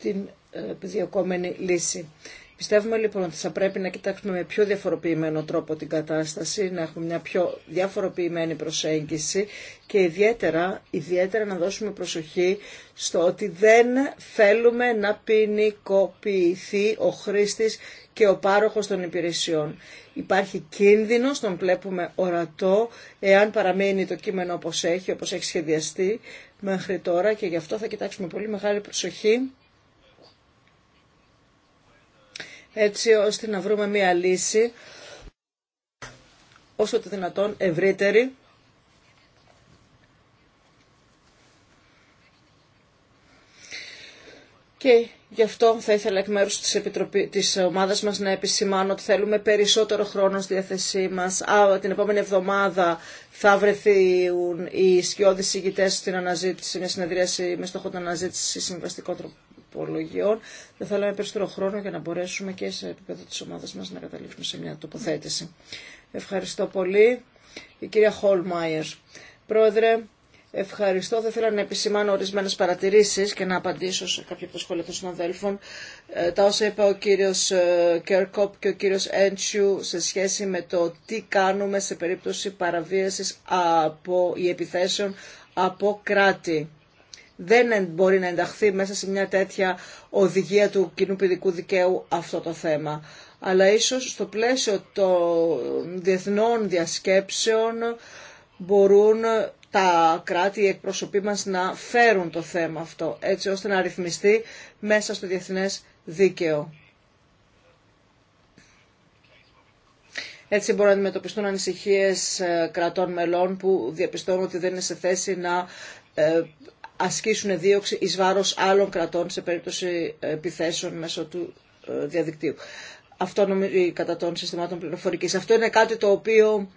την επιδιωκόμενη λύση. Πιστεύουμε λοιπόν ότι θα πρέπει να κοιτάξουμε με πιο διαφοροποιημένο τρόπο την κατάσταση, να έχουμε μια πιο διαφοροποιημένη προσέγγιση και ιδιαίτερα, ιδιαίτερα να δώσουμε προσοχή στο ότι δεν θέλουμε να ποινικοποιηθεί ο χρήστης και ο πάροχος των υπηρεσιών. Υπάρχει κίνδυνος, τον βλέπουμε ορατό, εάν παραμένει το κείμενο όπως έχει, όπως έχει σχεδιαστεί μέχρι τώρα και γι' αυτό θα κοιτάξουμε πολύ μεγάλη προσοχή έτσι ώστε να βρούμε μία λύση όσο το δυνατόν ευρύτερη Και γι' αυτό θα ήθελα εκ μέρους της, Επιτροπή, της ομάδας μας να επισημάνω ότι θέλουμε περισσότερο χρόνο στη διάθεσή μας. Α, την επόμενη εβδομάδα θα βρεθούν οι σκιώδεις συγκητές στην αναζήτηση, μια συνεδρίαση με στόχο την αναζήτηση συμβαστικών τροπολογιών. Θα θέλαμε περισσότερο χρόνο για να μπορέσουμε και σε επίπεδο της ομάδας μας να καταλήξουμε σε μια τοποθέτηση. Ευχαριστώ πολύ. Η κυρία Χολμάιερ. Πρόεδρε, Ευχαριστώ. Θα ήθελα να επισημάνω ορισμένε παρατηρήσει και να απαντήσω σε κάποια από τα σχόλια των συναδέλφων. Ε, τα όσα είπα ο κύριο ε, Κέρκοπ και ο κύριο Έντσιου σε σχέση με το τι κάνουμε σε περίπτωση παραβίαση από ή επιθέσεων από κράτη. Δεν μπορεί να ενταχθεί μέσα σε μια τέτοια οδηγία του κοινού δικαίου αυτό το θέμα. Αλλά ίσως στο πλαίσιο των διεθνών διασκέψεων μπορούν τα κράτη, οι εκπροσωποί μας να φέρουν το θέμα αυτό, έτσι ώστε να ρυθμιστεί μέσα στο διεθνές δίκαιο. Έτσι μπορούν να αντιμετωπιστούν ανησυχίες ε, κρατών μελών που διαπιστώνουν ότι δεν είναι σε θέση να ε, ασκήσουν δίωξη εις βάρος άλλων κρατών σε περίπτωση επιθέσεων μέσω του ε, διαδικτύου. Αυτό νομίζω κατά των συστημάτων πληροφορικής. Αυτό είναι κάτι το οποίο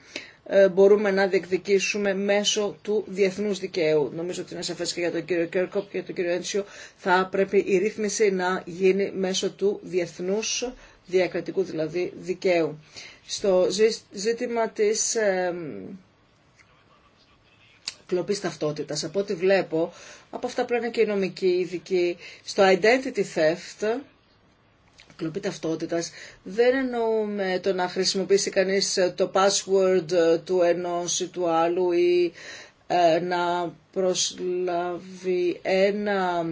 ε, μπορούμε να διεκδικήσουμε μέσω του διεθνού δικαίου. Νομίζω ότι είναι σαφέ και για τον κύριο Κέρκοπ και για τον κύριο Έντσιο. Θα πρέπει η ρύθμιση να γίνει μέσω του διεθνού διακρατικού δηλαδή δικαίου. Στο ζήτημα της ε, κλοπής ταυτότητας, από ό,τι βλέπω, από αυτά πρέπει να και οι νομικοί ειδικοί, στο identity theft, κλοπή ταυτότητα. δεν εννοούμε το να χρησιμοποιήσει κανείς το password του ενό ή του άλλου ή ε, να προσλάβει ένα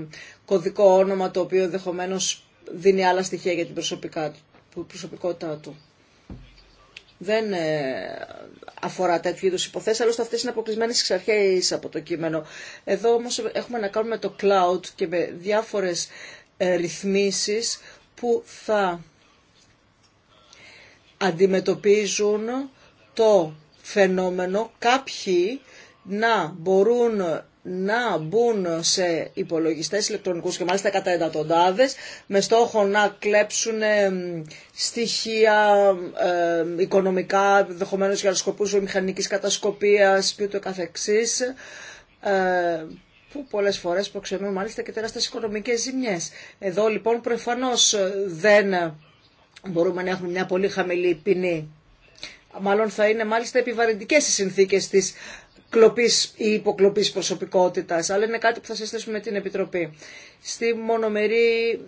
κωδικό όνομα το οποίο ενδεχομένω δίνει άλλα στοιχεία για την προσωπικότητά του. Δεν ε, αφορά τέτοιου είδου υποθέσει, άλλωστε αυτέ είναι αποκλεισμένε εξ αρχή από το κείμενο. Εδώ όμω έχουμε να κάνουμε το cloud και με διάφορε ε, ρυθμίσεις που θα αντιμετωπίζουν το φαινόμενο κάποιοι να μπορούν να μπουν σε υπολογιστές ηλεκτρονικούς και μάλιστα κατά εντατοντάδες με στόχο να κλέψουν ε, στοιχεία ε, οικονομικά, δεχομένως για σκοπούς μηχανικής κατασκοπίας και ούτω καθεξής. Ε, που πολλέ φορέ προξενούν μάλιστα και τεράστιε οικονομικέ ζημιές. Εδώ λοιπόν προφανώ ε, δεν ε, μπορούμε να έχουμε μια πολύ χαμηλή ποινή. Μάλλον θα είναι μάλιστα επιβαρυντικές οι συνθήκε τη κλοπή ή υποκλοπή προσωπικότητα. αλλά είναι κάτι που θα συστήσουμε με την Επιτροπή. Στη μονομερή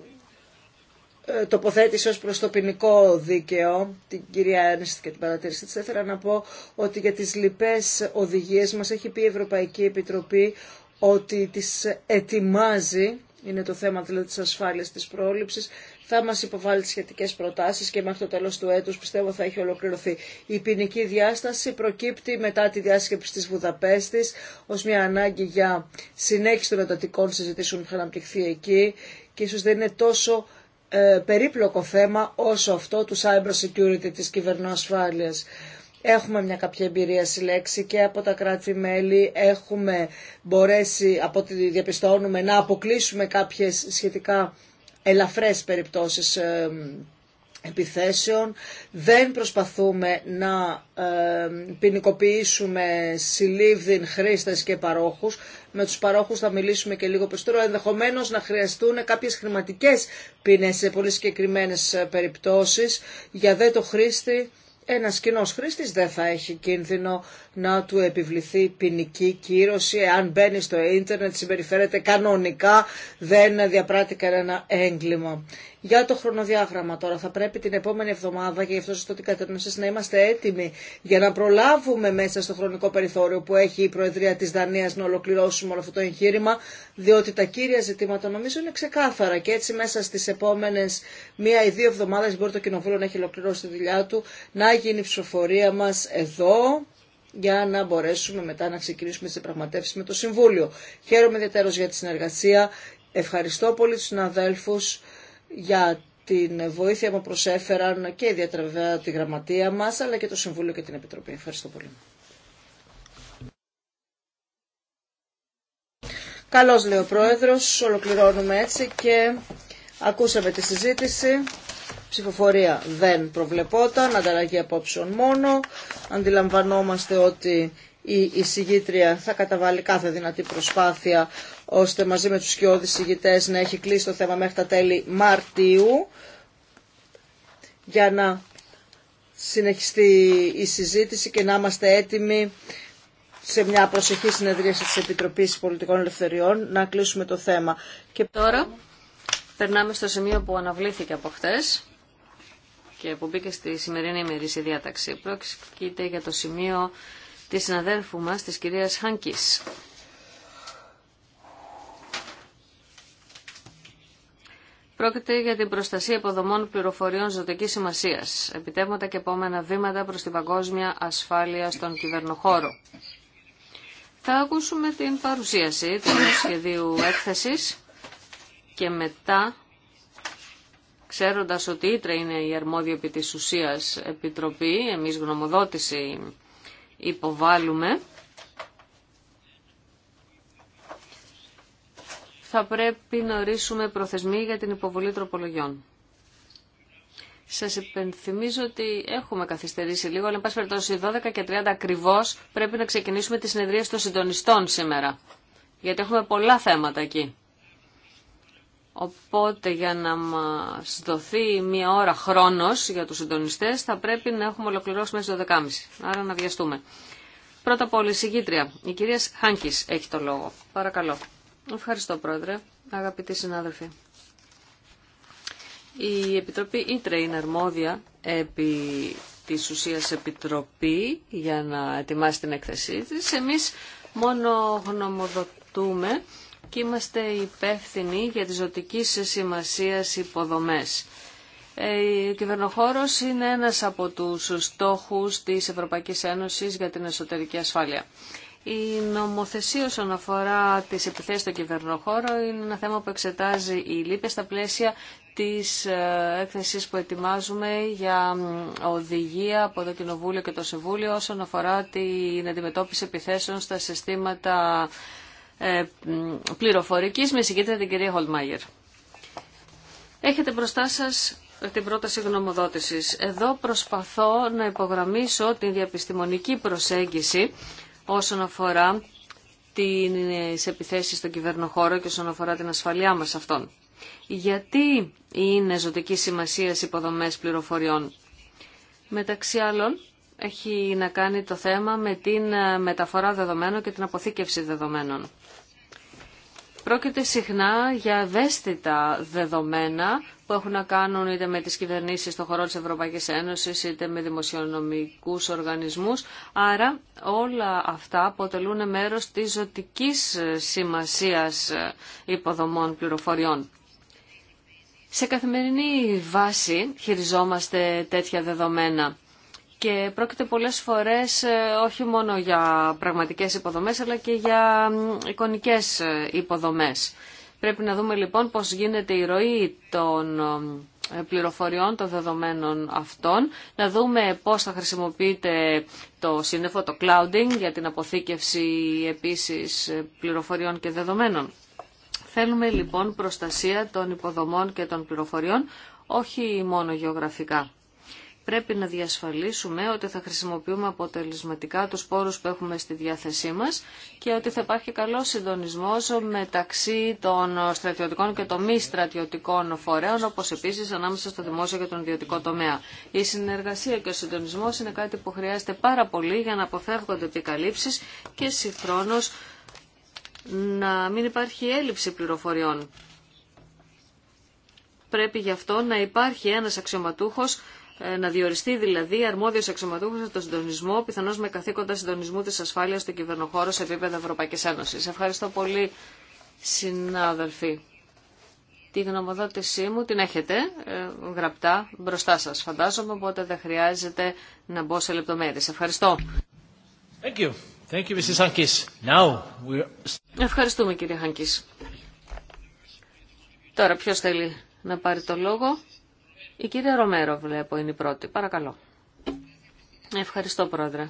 ε, τοποθέτηση ως προς το ποινικό δίκαιο, την κυρία Ένστη και την παρατήρηση της, θα ήθελα να πω ότι για τις λοιπές οδηγίες μας έχει πει η Ευρωπαϊκή Επιτροπή ότι τις ετοιμάζει, είναι το θέμα δηλαδή της ασφάλειας της πρόληψης, θα μας υποβάλει τις σχετικές προτάσεις και μέχρι το τέλος του έτους πιστεύω θα έχει ολοκληρωθεί. Η ποινική διάσταση προκύπτει μετά τη διάσκεψη της Βουδαπέστης ως μια ανάγκη για συνέχιση των εντατικών συζητήσεων που θα αναπτυχθεί εκεί και ίσως δεν είναι τόσο ε, περίπλοκο θέμα όσο αυτό του cyber security της κυβερνοασφάλειας. Έχουμε μια κάποια εμπειρία συλλέξη και από τα κράτη-μέλη έχουμε μπορέσει, από ό,τι διαπιστώνουμε, να αποκλείσουμε κάποιες σχετικά ελαφρές περιπτώσεις ε, επιθέσεων. Δεν προσπαθούμε να ε, ποινικοποιήσουμε συλλήβδιν χρήστες και παρόχους. Με τους παρόχους θα μιλήσουμε και λίγο περισσότερο. Ενδεχομένως να χρειαστούν κάποιες χρηματικές ποινές σε πολύ συγκεκριμένε ε, περιπτώσεις. Για δε το χρήστη ένας κοινό χρήστης δεν θα έχει κίνδυνο να του επιβληθεί ποινική κύρωση. Αν μπαίνει στο ίντερνετ, συμπεριφέρεται κανονικά, δεν διαπράττει κανένα έγκλημα. Για το χρονοδιάγραμμα τώρα, θα πρέπει την επόμενη εβδομάδα, και γι' αυτό ζητώ την κατανοή να είμαστε έτοιμοι για να προλάβουμε μέσα στο χρονικό περιθώριο που έχει η Προεδρία τη Δανία να ολοκληρώσουμε όλο αυτό το εγχείρημα, διότι τα κύρια ζητήματα νομίζω είναι ξεκάθαρα και έτσι μέσα στι επόμενε μία ή δύο εβδομάδε μπορεί το Κοινοβούλιο να έχει ολοκληρώσει τη δουλειά του, να γίνει ψηφοφορία μα εδώ για να μπορέσουμε μετά να ξεκινήσουμε τι πραγματεύσει με το Συμβούλιο. Χαίρομαι ιδιαίτερως για τη συνεργασία. Ευχαριστώ πολύ τους συναδέλφου για την βοήθεια που προσέφεραν και ιδιαίτερα βέβαια τη γραμματεία μας, αλλά και το Συμβούλιο και την Επιτροπή. Ευχαριστώ πολύ. Καλώς λέει ο Πρόεδρος, ολοκληρώνουμε έτσι και ακούσαμε τη συζήτηση. Ψηφοφορία δεν προβλεπόταν, ανταλλαγή απόψεων μόνο. Αντιλαμβανόμαστε ότι η εισηγήτρια θα καταβάλει κάθε δυνατή προσπάθεια ώστε μαζί με τους σκιώδεις εισηγητές να έχει κλείσει το θέμα μέχρι τα τέλη Μαρτίου για να συνεχιστεί η συζήτηση και να είμαστε έτοιμοι σε μια προσεχή συνεδρίαση της Επιτροπής Πολιτικών Ελευθεριών να κλείσουμε το θέμα. Και τώρα περνάμε στο σημείο που αναβλήθηκε από χτες και που μπήκε στη σημερινή ημερήσια διάταξη. Πρόκειται για το σημείο της συναδέλφου μας, της κυρίας Χάνκης. Πρόκειται για την προστασία υποδομών πληροφοριών ζωτικής σημασίας, επιτεύγματα και επόμενα βήματα προς την παγκόσμια ασφάλεια στον κυβερνοχώρο. Θα ακούσουμε την παρουσίαση του σχεδίου έκθεσης και μετά Ξέροντας ότι η Ήτρα είναι η αρμόδια επί της ουσίας επιτροπή, εμείς γνωμοδότηση υποβάλλουμε, θα πρέπει να ορίσουμε προθεσμοί για την υποβολή τροπολογιών. Σας υπενθυμίζω ότι έχουμε καθυστερήσει λίγο, αλλά εν πάση περιπτώσει 12 και 30 ακριβώς πρέπει να ξεκινήσουμε τη συνεδρία των συντονιστών σήμερα, γιατί έχουμε πολλά θέματα εκεί. Οπότε για να μας δοθεί μία ώρα χρόνος για τους συντονιστές θα πρέπει να έχουμε ολοκληρώσει μέσα στο 12.30. Άρα να βιαστούμε. Πρώτα απ' όλη η η κυρία Χάνκης έχει το λόγο. Παρακαλώ. Ευχαριστώ πρόεδρε, αγαπητοί συνάδελφοι. Η Επιτροπή Ήτρε είναι αρμόδια επί της ουσίας Επιτροπή για να ετοιμάσει την έκθεσή της. Εμείς μόνο γνωμοδοτούμε και είμαστε υπεύθυνοι για τις ζωτική σημασίας υποδομές. Ε, ο κυβερνοχώρος είναι ένας από τους στόχους της Ευρωπαϊκής Ένωσης για την εσωτερική ασφάλεια. Η νομοθεσία όσον αφορά τις επιθέσεις στο κυβερνοχώρο είναι ένα θέμα που εξετάζει η ΛΥΠΕ στα πλαίσια της ε, έκθεσης που ετοιμάζουμε για οδηγία από το Κοινοβούλιο και το Συμβούλιο όσον αφορά την αντιμετώπιση επιθέσεων στα συστήματα ε, πληροφορικής με συγκίτρια την κυρία Χολμάγερ. Έχετε μπροστά σας την πρόταση γνωμοδότησης. Εδώ προσπαθώ να υπογραμμίσω την διαπιστημονική προσέγγιση όσον αφορά τις επιθέσεις στον κυβερνοχώρο και όσον αφορά την ασφαλειά μας αυτών. Γιατί είναι ζωτική σημασία υποδομές πληροφοριών. Μεταξύ άλλων, έχει να κάνει το θέμα με την μεταφορά δεδομένων και την αποθήκευση δεδομένων. Πρόκειται συχνά για ευαίσθητα δεδομένα που έχουν να κάνουν είτε με τις κυβερνήσεις στον χώρο της Ευρωπαϊκής Ένωσης, είτε με δημοσιονομικούς οργανισμούς. Άρα όλα αυτά αποτελούν μέρος της ζωτικής σημασίας υποδομών πληροφοριών. Σε καθημερινή βάση χειριζόμαστε τέτοια δεδομένα και πρόκειται πολλές φορές ε, όχι μόνο για πραγματικές υποδομές αλλά και για εικονικές ε, υποδομές. Πρέπει να δούμε λοιπόν πώς γίνεται η ροή των ε, πληροφοριών των δεδομένων αυτών, να δούμε πώς θα χρησιμοποιείται το σύννεφο, το clouding, για την αποθήκευση επίσης πληροφοριών και δεδομένων. Θέλουμε λοιπόν προστασία των υποδομών και των πληροφοριών, όχι μόνο γεωγραφικά πρέπει να διασφαλίσουμε ότι θα χρησιμοποιούμε αποτελεσματικά τους πόρους που έχουμε στη διάθεσή μας και ότι θα υπάρχει καλός συντονισμός μεταξύ των στρατιωτικών και των μη στρατιωτικών φορέων, όπως επίσης ανάμεσα στο δημόσιο και τον ιδιωτικό τομέα. Η συνεργασία και ο συντονισμός είναι κάτι που χρειάζεται πάρα πολύ για να αποφεύγονται επικαλύψεις και συγχρόνως να μην υπάρχει έλλειψη πληροφοριών. Πρέπει γι' αυτό να υπάρχει ένας αξιωματούχος ε, να διοριστεί δηλαδή αρμόδιο αξιωματούχο για τον συντονισμό, πιθανώ με καθήκοντα συντονισμού τη ασφάλεια του κυβερνοχώρου σε επίπεδο Ευρωπαϊκή Ένωση. Ευχαριστώ πολύ, συνάδελφοι. Τη γνωμοδότησή μου την έχετε ε, γραπτά μπροστά σα, φαντάζομαι, οπότε δεν χρειάζεται να μπω σε λεπτομέρειε. Ευχαριστώ. Thank you. Thank you, Mrs. Now Ευχαριστούμε, κύριε Χανκή. Τώρα, ποιο θέλει να πάρει το λόγο. Η κυρία Ρομέρο βλέπω είναι η πρώτη. Παρακαλώ. Ευχαριστώ πρόεδρε.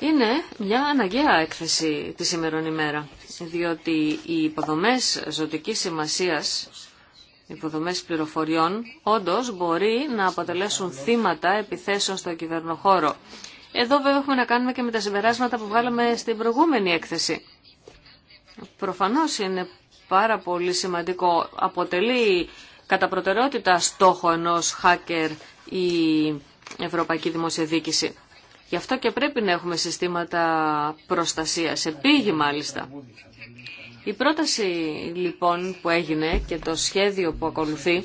Είναι μια αναγκαία έκθεση τη σήμερον ημέρα, διότι οι υποδομές ζωτικής σημασίας, οι υποδομές πληροφοριών, όντως μπορεί να αποτελέσουν θύματα επιθέσεων στο κυβερνοχώρο. Εδώ βέβαια έχουμε να κάνουμε και με τα συμπεράσματα που βγάλαμε στην προηγούμενη έκθεση. Προφανώς είναι πάρα πολύ σημαντικό. Αποτελεί κατά προτεραιότητα στόχο ενός hacker η Ευρωπαϊκή Δημόσια Γι' αυτό και πρέπει να έχουμε συστήματα προστασίας, επίγει μάλιστα. Η πρόταση λοιπόν που έγινε και το σχέδιο που ακολουθεί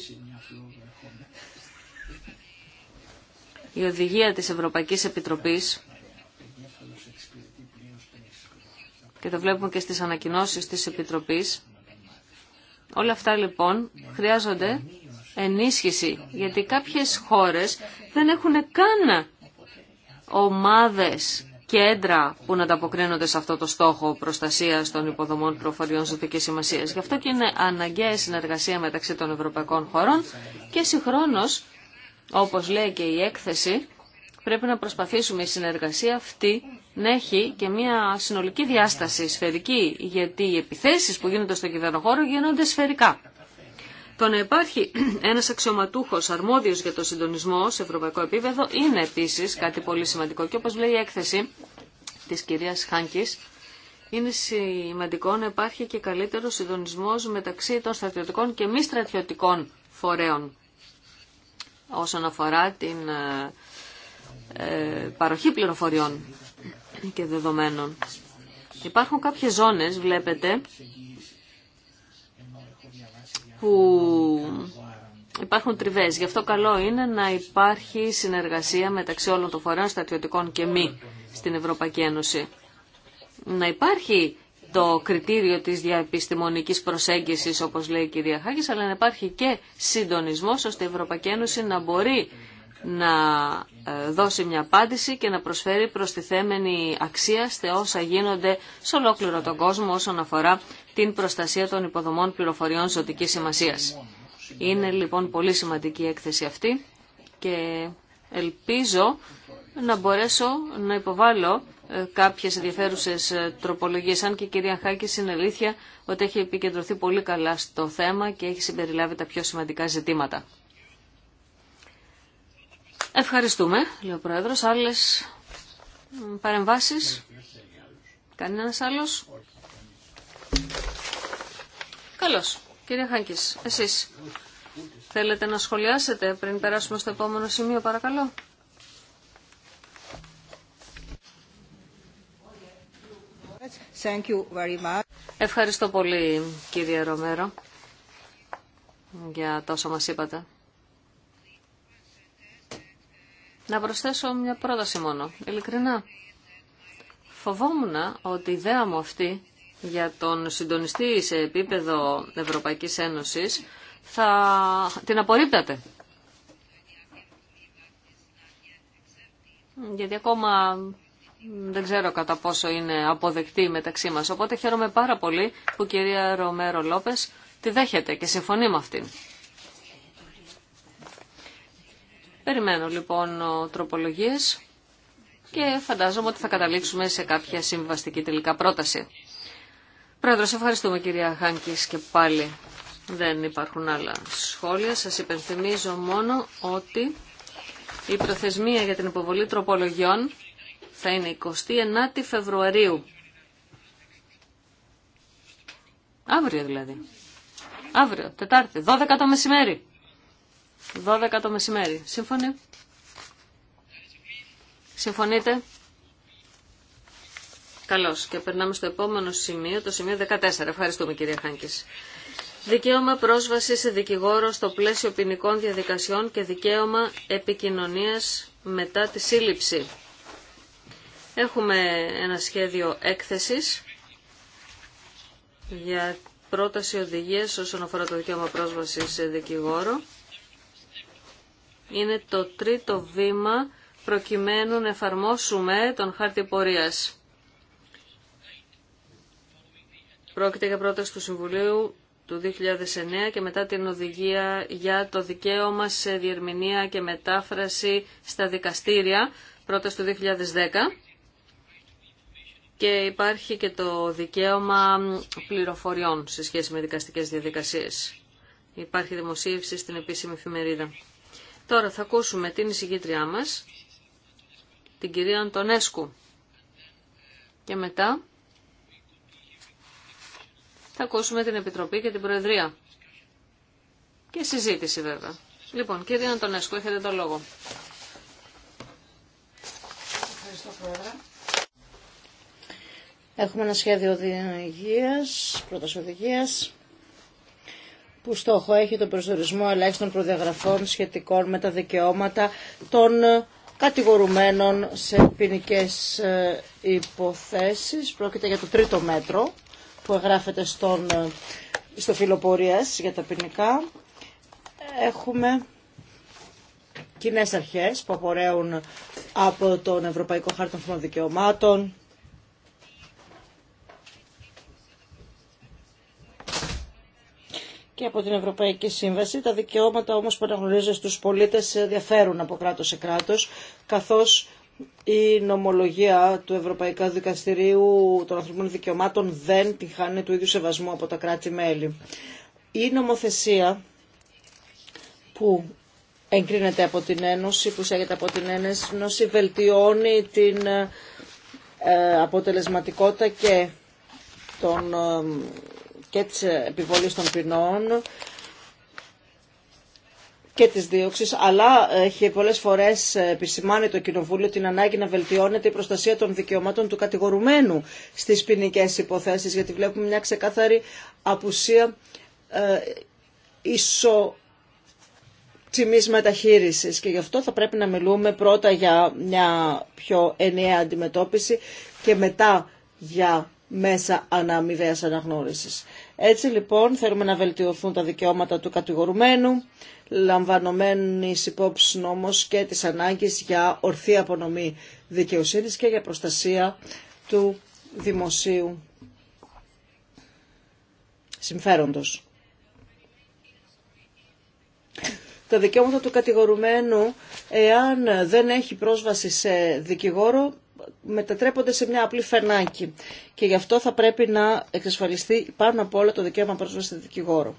η οδηγία της Ευρωπαϊκής Επιτροπής και το βλέπουμε και στις ανακοινώσεις της Επιτροπής Όλα αυτά λοιπόν χρειάζονται ενίσχυση, γιατί κάποιες χώρες δεν έχουν καν ομάδες κέντρα που να ανταποκρίνονται σε αυτό το στόχο προστασία των υποδομών προφοριών ζωτική σημασία. Γι' αυτό και είναι αναγκαία η συνεργασία μεταξύ των ευρωπαϊκών χωρών και συγχρόνω, όπω λέει και η έκθεση, πρέπει να προσπαθήσουμε η συνεργασία αυτή να έχει και μια συνολική διάσταση σφαιρική, γιατί οι επιθέσεις που γίνονται στο κυβερνοχώρο γίνονται σφαιρικά. Το να υπάρχει ένας αξιωματούχος αρμόδιος για το συντονισμό σε ευρωπαϊκό επίπεδο είναι επίσης κάτι πολύ σημαντικό και όπως λέει η έκθεση της κυρίας Χάνκης, είναι σημαντικό να υπάρχει και καλύτερο συντονισμός μεταξύ των στρατιωτικών και μη στρατιωτικών φορέων όσον αφορά την ε, ε, παροχή πληροφοριών και δεδομένων. Υπάρχουν κάποιες ζώνες, βλέπετε, που υπάρχουν τριβές. Γι' αυτό καλό είναι να υπάρχει συνεργασία μεταξύ όλων των φορέων στατιωτικών και μη στην Ευρωπαϊκή Ένωση. Να υπάρχει το κριτήριο της διαεπιστημονικής προσέγγισης, όπως λέει η κυρία Χάκης, αλλά να υπάρχει και συντονισμός ώστε η Ευρωπαϊκή Ένωση να μπορεί να ε, δώσει μια απάντηση και να προσφέρει προστιθέμενη αξία σε όσα γίνονται σε ολόκληρο τον κόσμο όσον αφορά την προστασία των υποδομών πληροφοριών ζωτικής σημασίας. Είναι λοιπόν πολύ σημαντική η έκθεση αυτή και ελπίζω να μπορέσω να υποβάλω ε, κάποιες ενδιαφέρουσε ε, τροπολογίες, αν και η κυρία Χάκη είναι αλήθεια ότι έχει επικεντρωθεί πολύ καλά στο θέμα και έχει συμπεριλάβει τα πιο σημαντικά ζητήματα. Ευχαριστούμε, λέει ο Πρόεδρος. Άλλες παρεμβάσεις. Κανένας άλλος. Καλώς. Κύριε Χάνκης, εσείς θέλετε να σχολιάσετε πριν περάσουμε στο επόμενο σημείο, παρακαλώ. Ευχαριστώ πολύ, κύριε Ρομέρο, για τόσο μας είπατε. Να προσθέσω μια πρόταση μόνο, ειλικρινά. Φοβόμουν ότι η ιδέα μου αυτή για τον συντονιστή σε επίπεδο Ευρωπαϊκής Ένωσης θα την απορρίπτατε. Γιατί ακόμα δεν ξέρω κατά πόσο είναι αποδεκτή μεταξύ μας. Οπότε χαίρομαι πάρα πολύ που η κυρία Ρομέρο Λόπες τη δέχεται και συμφωνεί με αυτήν. Περιμένω λοιπόν τροπολογίες και φαντάζομαι ότι θα καταλήξουμε σε κάποια συμβαστική τελικά πρόταση. Πρόεδρος, ευχαριστούμε κυρία Χάνκης και πάλι δεν υπάρχουν άλλα σχόλια. Σας υπενθυμίζω μόνο ότι η προθεσμία για την υποβολή τροπολογιών θα είναι 29 Φεβρουαρίου. Αύριο δηλαδή. Αύριο, Τετάρτη, 12 το μεσημέρι. 12 το μεσημέρι. Σύμφωνοι. Συμφωνείτε. Καλώς. Και περνάμε στο επόμενο σημείο, το σημείο 14. Ευχαριστούμε κυρία Χάνκης. Δικαίωμα πρόσβαση σε δικηγόρο στο πλαίσιο ποινικών διαδικασιών και δικαίωμα επικοινωνίας μετά τη σύλληψη. Έχουμε ένα σχέδιο έκθεσης για πρόταση οδηγίας όσον αφορά το δικαίωμα πρόσβαση σε δικηγόρο είναι το τρίτο βήμα προκειμένου να εφαρμόσουμε τον χάρτη πορείας. Πρόκειται για πρόταση του Συμβουλίου του 2009 και μετά την οδηγία για το δικαίωμα σε διερμηνία και μετάφραση στα δικαστήρια, πρόταση του 2010. Και υπάρχει και το δικαίωμα πληροφοριών σε σχέση με δικαστικές διαδικασίες. Υπάρχει δημοσίευση στην επίσημη εφημερίδα. Τώρα θα ακούσουμε την εισηγήτριά μας, την κυρία Αντωνέσκου. Και μετά θα ακούσουμε την Επιτροπή και την Προεδρία. Και συζήτηση βέβαια. Λοιπόν, κύριε Αντωνέσκου, έχετε το λόγο. Ευχαριστώ, Πρόεδρε. Έχουμε ένα σχέδιο οδηγίας, πρώτας οδηγίας, που στόχο έχει τον προσδορισμό ελάχιστων προδιαγραφών σχετικών με τα δικαιώματα των ε, κατηγορουμένων σε ποινικέ ε, υποθέσεις. Πρόκειται για το τρίτο μέτρο που εγγράφεται στον, ε, στο φιλοπορίας για τα ποινικά. Έχουμε κοινέ αρχές που απορρέουν από τον Ευρωπαϊκό Χάρτη των Δικαιωμάτων, και από την Ευρωπαϊκή Σύμβαση. Τα δικαιώματα όμως που αναγνωρίζονται στους πολίτες διαφέρουν από κράτος σε κράτος, καθώς η νομολογία του Ευρωπαϊκού Δικαστηρίου των Ανθρωπίνων Δικαιωμάτων δεν τη χάνει του ίδιου σεβασμού από τα κράτη-μέλη. Η νομοθεσία που εγκρίνεται από την Ένωση, που εισάγεται από την Ένωση, βελτιώνει την ε, αποτελεσματικότητα και τον ε, και της ε, επιβολής των ποινών και της δίωξης, αλλά έχει πολλές φορές ε, επισημάνει το Κοινοβούλιο την ανάγκη να βελτιώνεται η προστασία των δικαιωμάτων του κατηγορουμένου στις ποινικέ υποθέσεις, γιατί βλέπουμε μια ξεκάθαρη απουσία ε, ισο και γι' αυτό θα πρέπει να μιλούμε πρώτα για μια πιο ενιαία αντιμετώπιση και μετά για μέσα αναμοιβαίας αναγνώρισης. Έτσι λοιπόν θέλουμε να βελτιωθούν τα δικαιώματα του κατηγορουμένου, λαμβανομένης υπόψη όμως και της ανάγκης για ορθή απονομή δικαιοσύνης και για προστασία του δημοσίου συμφέροντος. Τα δικαιώματα του κατηγορουμένου, εάν δεν έχει πρόσβαση σε δικηγόρο, μετατρέπονται σε μια απλή φερνάκι. Και γι' αυτό θα πρέπει να εξασφαλιστεί πάνω απ' όλα το δικαίωμα πρόσβαση στη δικηγόρο.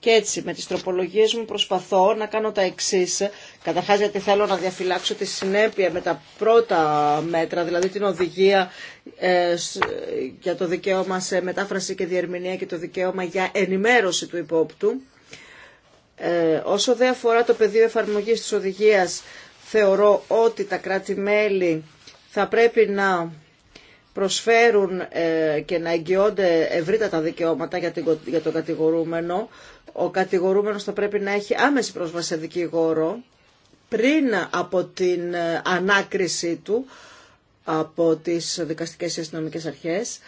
Και έτσι με τι τροπολογίε μου προσπαθώ να κάνω τα εξή. Καταρχά γιατί θέλω να διαφυλάξω τη συνέπεια με τα πρώτα μέτρα, δηλαδή την οδηγία ε, για το δικαίωμα σε μετάφραση και διερμηνία και το δικαίωμα για ενημέρωση του υπόπτου. Ε, όσο δε αφορά το πεδίο εφαρμογής της οδηγίας, θεωρώ ότι τα κράτη-μέλη θα πρέπει να προσφέρουν ε, και να εγγυώνται ευρύτατα δικαιώματα για τον κατηγορούμενο. Ο κατηγορούμενος θα πρέπει να έχει άμεση πρόσβαση σε δικηγόρο πριν από την ε, ανάκρισή του από τις δικαστικές και αστυνομικές αρχές.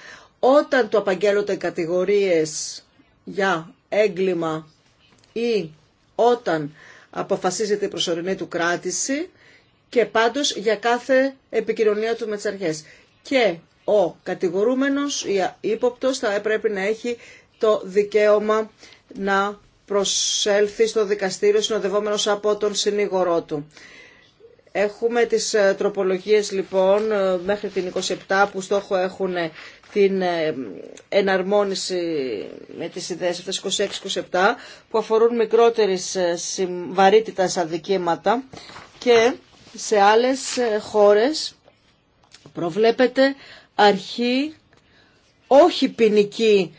Όταν του απαγγέλλονται κατηγορίες για έγκλημα ή όταν αποφασίζεται η προσωρινή του κράτηση, και πάντως για κάθε επικοινωνία του με τις αρχές. Και ο κατηγορούμενος ή ύποπτος θα πρέπει να έχει το δικαίωμα να προσέλθει στο δικαστήριο συνοδευόμενος από τον συνήγορό του. Έχουμε τις ε, τροπολογίες λοιπόν ε, μέχρι την 27 που στόχο έχουν ε, την εναρμόνιση με τις ιδέες αυτές 26-27 που αφορούν μικρότερης βαρύτητας αδικήματα και σε άλλες ε, χώρες προβλέπεται αρχή όχι ποινική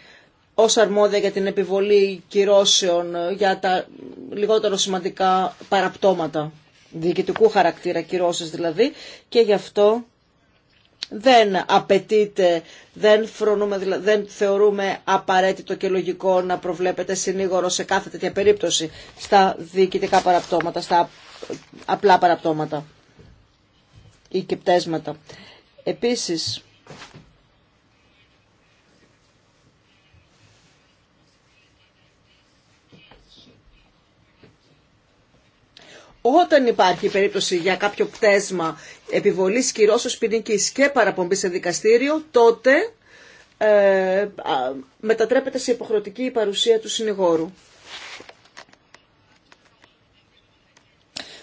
ως αρμόδια για την επιβολή κυρώσεων για τα λιγότερο σημαντικά παραπτώματα διοικητικού χαρακτήρα κυρώσεις δηλαδή και γι' αυτό δεν απαιτείται, δεν, φρονούμε, δεν θεωρούμε απαραίτητο και λογικό να προβλέπεται συνήγορο σε κάθε τέτοια περίπτωση στα διοικητικά παραπτώματα, στα απλά παραπτώματα ή και πτέσματα. Επίσης, Όταν υπάρχει περίπτωση για κάποιο πτέσμα επιβολής κυρώσεως ποινικής και παραπομπή σε δικαστήριο, τότε ε, μετατρέπεται σε υποχρεωτική η και πτεσματα επισης οταν υπαρχει περιπτωση για καποιο πτεσμα επιβολης κυρωσεως ποινική και παραπομπη σε δικαστηριο τοτε ε μετατρεπεται σε υποχρεωτικη παρουσια του συνηγόρου.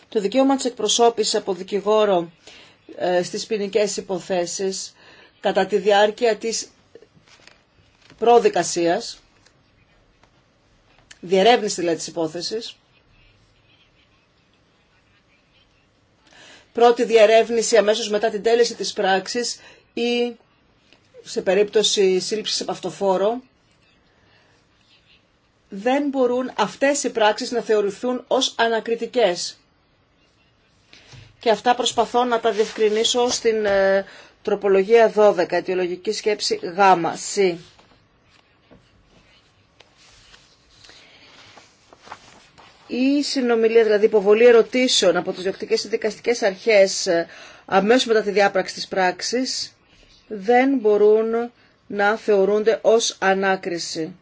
το δικαίωμα της εκπροσώπησης από δικηγόρο ε, στις ποινικέ υποθέσεις κατά τη διάρκεια της προδικασίας, διερεύνηση δηλαδή της υπόθεσης, πρώτη διερεύνηση αμέσως μετά την τέλεση της πράξης ή σε περίπτωση σύλληψης από αυτοφόρο, δεν μπορούν αυτές οι πράξεις να θεωρηθούν ως ανακριτικές και αυτά προσπαθώ να τα διευκρινίσω στην ε, τροπολογία 12, αιτιολογική σκέψη Γ, Σ. Η συνομιλία, δηλαδή υποβολή ερωτήσεων από τις διοκτικές και δικαστικές αρχές ε, αμέσως μετά τη διάπραξη της πράξης, δεν μπορούν να θεωρούνται ως ανάκριση.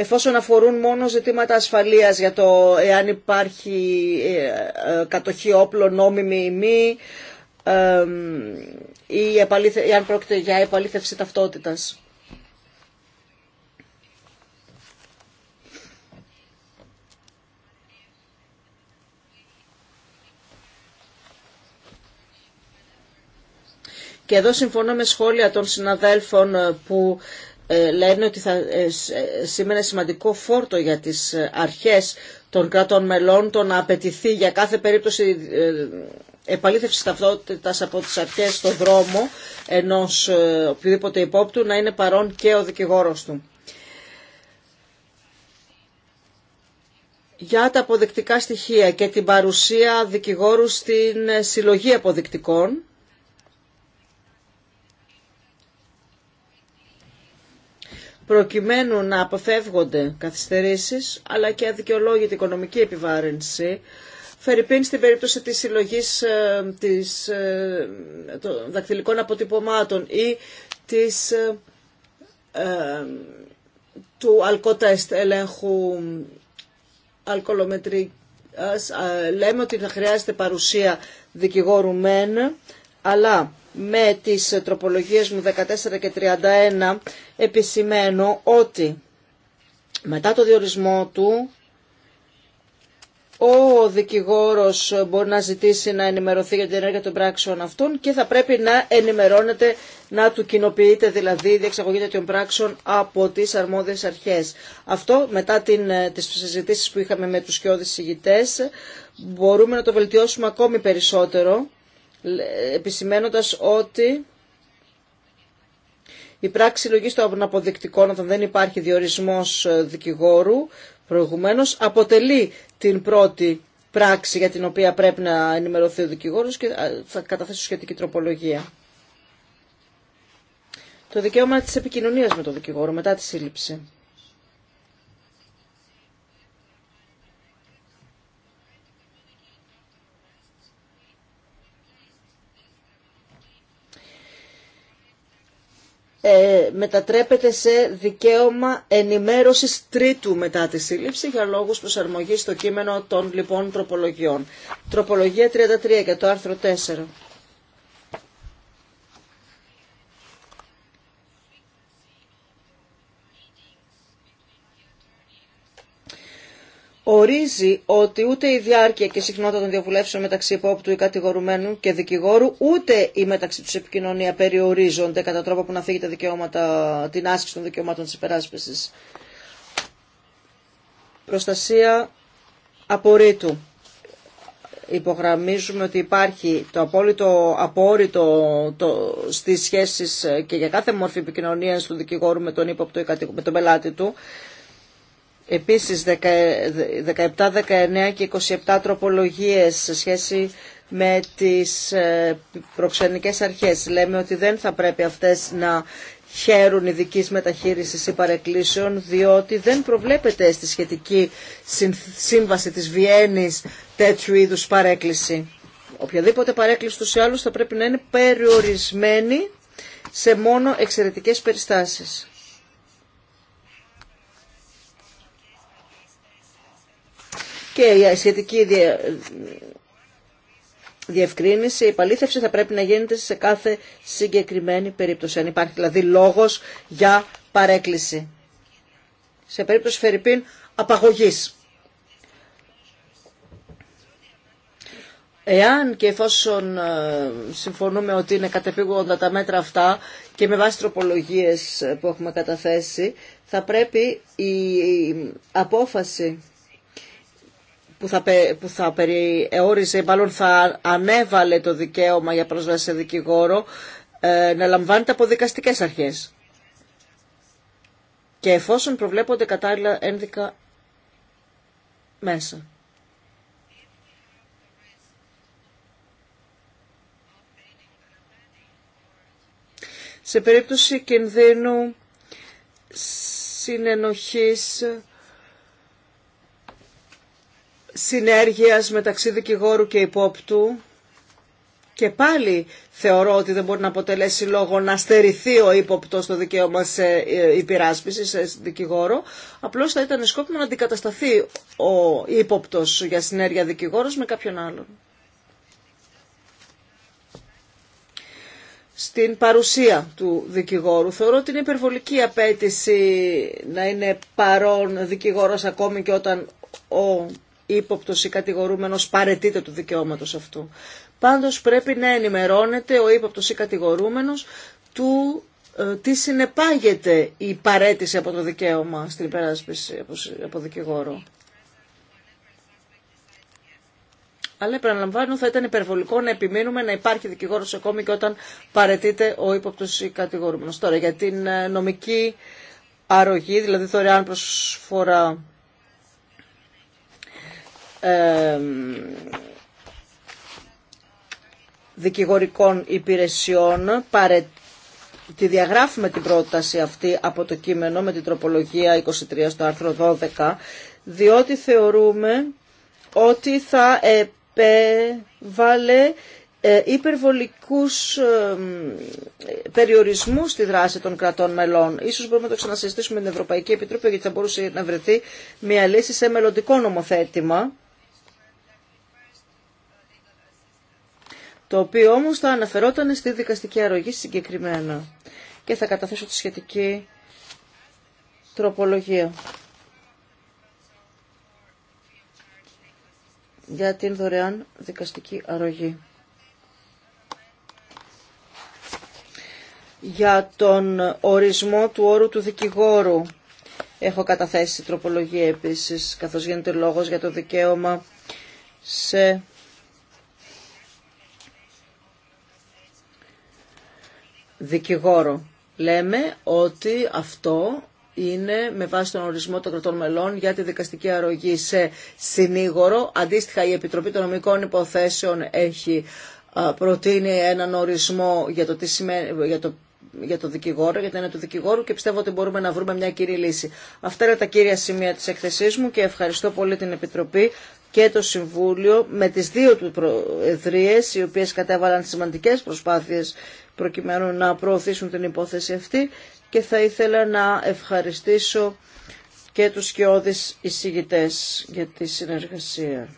εφόσον αφορούν μόνο ζητήματα ασφαλείας για το εάν υπάρχει ε, ε, κατοχή όπλων νόμιμη ή μη ή αν πρόκειται για επαλήθευση ταυτότητας. Και εδώ συμφωνώ με σχόλια των συναδέλφων ε, που ε, λένε ότι θα ε, ε, σήμαινε σημαντικό φόρτο για τις αρχές των κρατών μελών το να απαιτηθεί για κάθε περίπτωση επαλήθευση ταυτότητας από τις αρχές στο δρόμο ενός οποιοδήποτε υπόπτου να είναι παρόν και ο δικηγόρος του. για τα αποδεικτικά στοιχεία και την παρουσία δικηγόρου στην συλλογή αποδεικτικών προκειμένου να αποφεύγονται καθυστερήσεις αλλά και αδικαιολόγητη οικονομική επιβάρυνση Φερρυπίν στην περίπτωση της συλλογής ε, της, ε, των δακτυλικών αποτυπωμάτων ή της, ε, του αλκοτέστ ελέγχου αλκοολομετρίας. Λέμε ότι θα χρειάζεται παρουσία δικηγόρου μεν, αλλά με τις τροπολογίες μου 14 και 31 επισημαίνω ότι μετά το διορισμό του ο δικηγόρος μπορεί να ζητήσει να ενημερωθεί για την ενέργεια των πράξεων αυτών και θα πρέπει να ενημερώνεται, να του κοινοποιείται δηλαδή η διεξαγωγή τέτοιων πράξεων από τις αρμόδιες αρχές. Αυτό μετά την, ε, τις συζητήσεις που είχαμε με τους σκιώδεις συγητές μπορούμε να το βελτιώσουμε ακόμη περισσότερο επισημένοντας ότι η πράξη συλλογή των αποδεικτικών όταν δεν υπάρχει διορισμός ε, δικηγόρου προηγουμένως αποτελεί την πρώτη πράξη για την οποία πρέπει να ενημερωθεί ο δικηγόρος και ε, θα καταθέσει σχετική τροπολογία. Το δικαίωμα της επικοινωνίας με τον δικηγόρο μετά τη σύλληψη. Ε, μετατρέπεται σε δικαίωμα ενημέρωσης τρίτου μετά τη σύλληψη για λόγους προσαρμογής στο κείμενο των λοιπόν τροπολογιών. Τροπολογία 33 και το άρθρο 4. ορίζει ότι ούτε η διάρκεια και η συχνότητα των διαβουλεύσεων μεταξύ υπόπτου ή κατηγορουμένου και δικηγόρου, ούτε η μεταξύ του επικοινωνία περιορίζονται κατά τρόπο που να φύγει τα δικαιώματα, την άσκηση των δικαιωμάτων τη υπεράσπιση. Προστασία απορρίτου. Υπογραμμίζουμε ότι υπάρχει το απόλυτο απόρριτο το, στις σχέσεις και για κάθε μορφή επικοινωνίας του δικηγόρου με τον ύποπτο ή με τον πελάτη του Επίσης 17, 19 και 27 τροπολογίες σε σχέση με τις ε, προξενικές αρχές. Λέμε ότι δεν θα πρέπει αυτές να χαίρουν ειδική μεταχείρισης ή παρεκκλήσεων, διότι δεν προβλέπεται στη σχετική σύμβαση της Βιέννης τέτοιου είδους παρέκκληση. Οποιαδήποτε παρέκκληση τους ή άλλους θα πρέπει να είναι περιορισμένη σε μόνο εξαιρετικές περιστάσεις. και η σχετική διευκρίνηση, η επαλήθευση θα πρέπει να γίνεται σε κάθε συγκεκριμένη περίπτωση. Αν υπάρχει δηλαδή λόγος για παρέκκληση. Σε περίπτωση Φερρυπίν απαγωγής. Εάν και εφόσον ε, συμφωνούμε ότι είναι κατεπίγοντα τα μέτρα αυτά και με βάση τροπολογίες που έχουμε καταθέσει, θα πρέπει η απόφαση που θα, που θα μάλλον θα ανέβαλε το δικαίωμα για πρόσβαση σε δικηγόρο ε, να λαμβάνεται από δικαστικές αρχές. Και εφόσον προβλέπονται κατάλληλα ένδικα μέσα. Σε περίπτωση κινδύνου συνενοχής συνέργειας μεταξύ δικηγόρου και υπόπτου και πάλι θεωρώ ότι δεν μπορεί να αποτελέσει λόγο να στερηθεί ο ύποπτο το δικαίωμα σε ε, υπηράσπιση σε δικηγόρο. Απλώ θα ήταν σκόπιμο να αντικατασταθεί ο ύποπτο για συνέργεια δικηγόρο με κάποιον άλλον. Στην παρουσία του δικηγόρου θεωρώ ότι είναι υπερβολική απέτηση να είναι παρόν δικηγόρος ακόμη και όταν ο ύποπτο ή κατηγορούμενο παρετείται του δικαιώματο αυτού. Πάντως πρέπει να ενημερώνεται ο ύποπτο ή κατηγορούμενο, του ε, τι συνεπάγεται η παρέτηση από το δικαίωμα στην υπεράσπιση από δικηγόρο. Αλλά επαναλαμβάνω, θα ήταν υπερβολικό να επιμείνουμε να υπάρχει δικηγόρο ακόμη και όταν παρετείται ο ύποπτο ή κατηγορούμενο. Τώρα για την ε, νομική αρρωγή, δηλαδή δωρεάν προσφορά δικηγορικών υπηρεσιών παρε... τη διαγράφουμε την πρόταση αυτή από το κείμενο με την τροπολογία 23 στο άρθρο 12 διότι θεωρούμε ότι θα επέβαλε ε, υπερβολικούς περιορισμούς στη δράση των κρατών μελών. Ίσως μπορούμε να το ξανασυζητήσουμε με την Ευρωπαϊκή Επιτροπή γιατί θα μπορούσε να βρεθεί μια λύση σε μελλοντικό νομοθέτημα το οποίο όμως θα αναφερόταν στη δικαστική αρρωγή συγκεκριμένα. Και θα καταθέσω τη σχετική τροπολογία. για την δωρεάν δικαστική αρρωγή. Για τον ορισμό του όρου του δικηγόρου έχω καταθέσει τροπολογία επίσης, καθώς γίνεται λόγος για το δικαίωμα σε δικηγόρο. Λέμε ότι αυτό είναι με βάση τον ορισμό των κρατών μελών για τη δικαστική αρρωγή σε συνήγορο. Αντίστοιχα η Επιτροπή των Νομικών Υποθέσεων έχει προτείνει έναν ορισμό για το, τι για το για το δικηγόρο, για την έννοια του δικηγόρου και πιστεύω ότι μπορούμε να βρούμε μια κύριη λύση. Αυτά είναι τα κύρια σημεία της εκθεσής μου και ευχαριστώ πολύ την Επιτροπή και το Συμβούλιο με τις δύο του προεδρίες οι οποίες κατέβαλαν σημαντικές προσπάθειες προκειμένου να προωθήσουν την υπόθεση αυτή και θα ήθελα να ευχαριστήσω και τους σκιώδεις εισηγητές για τη συνεργασία.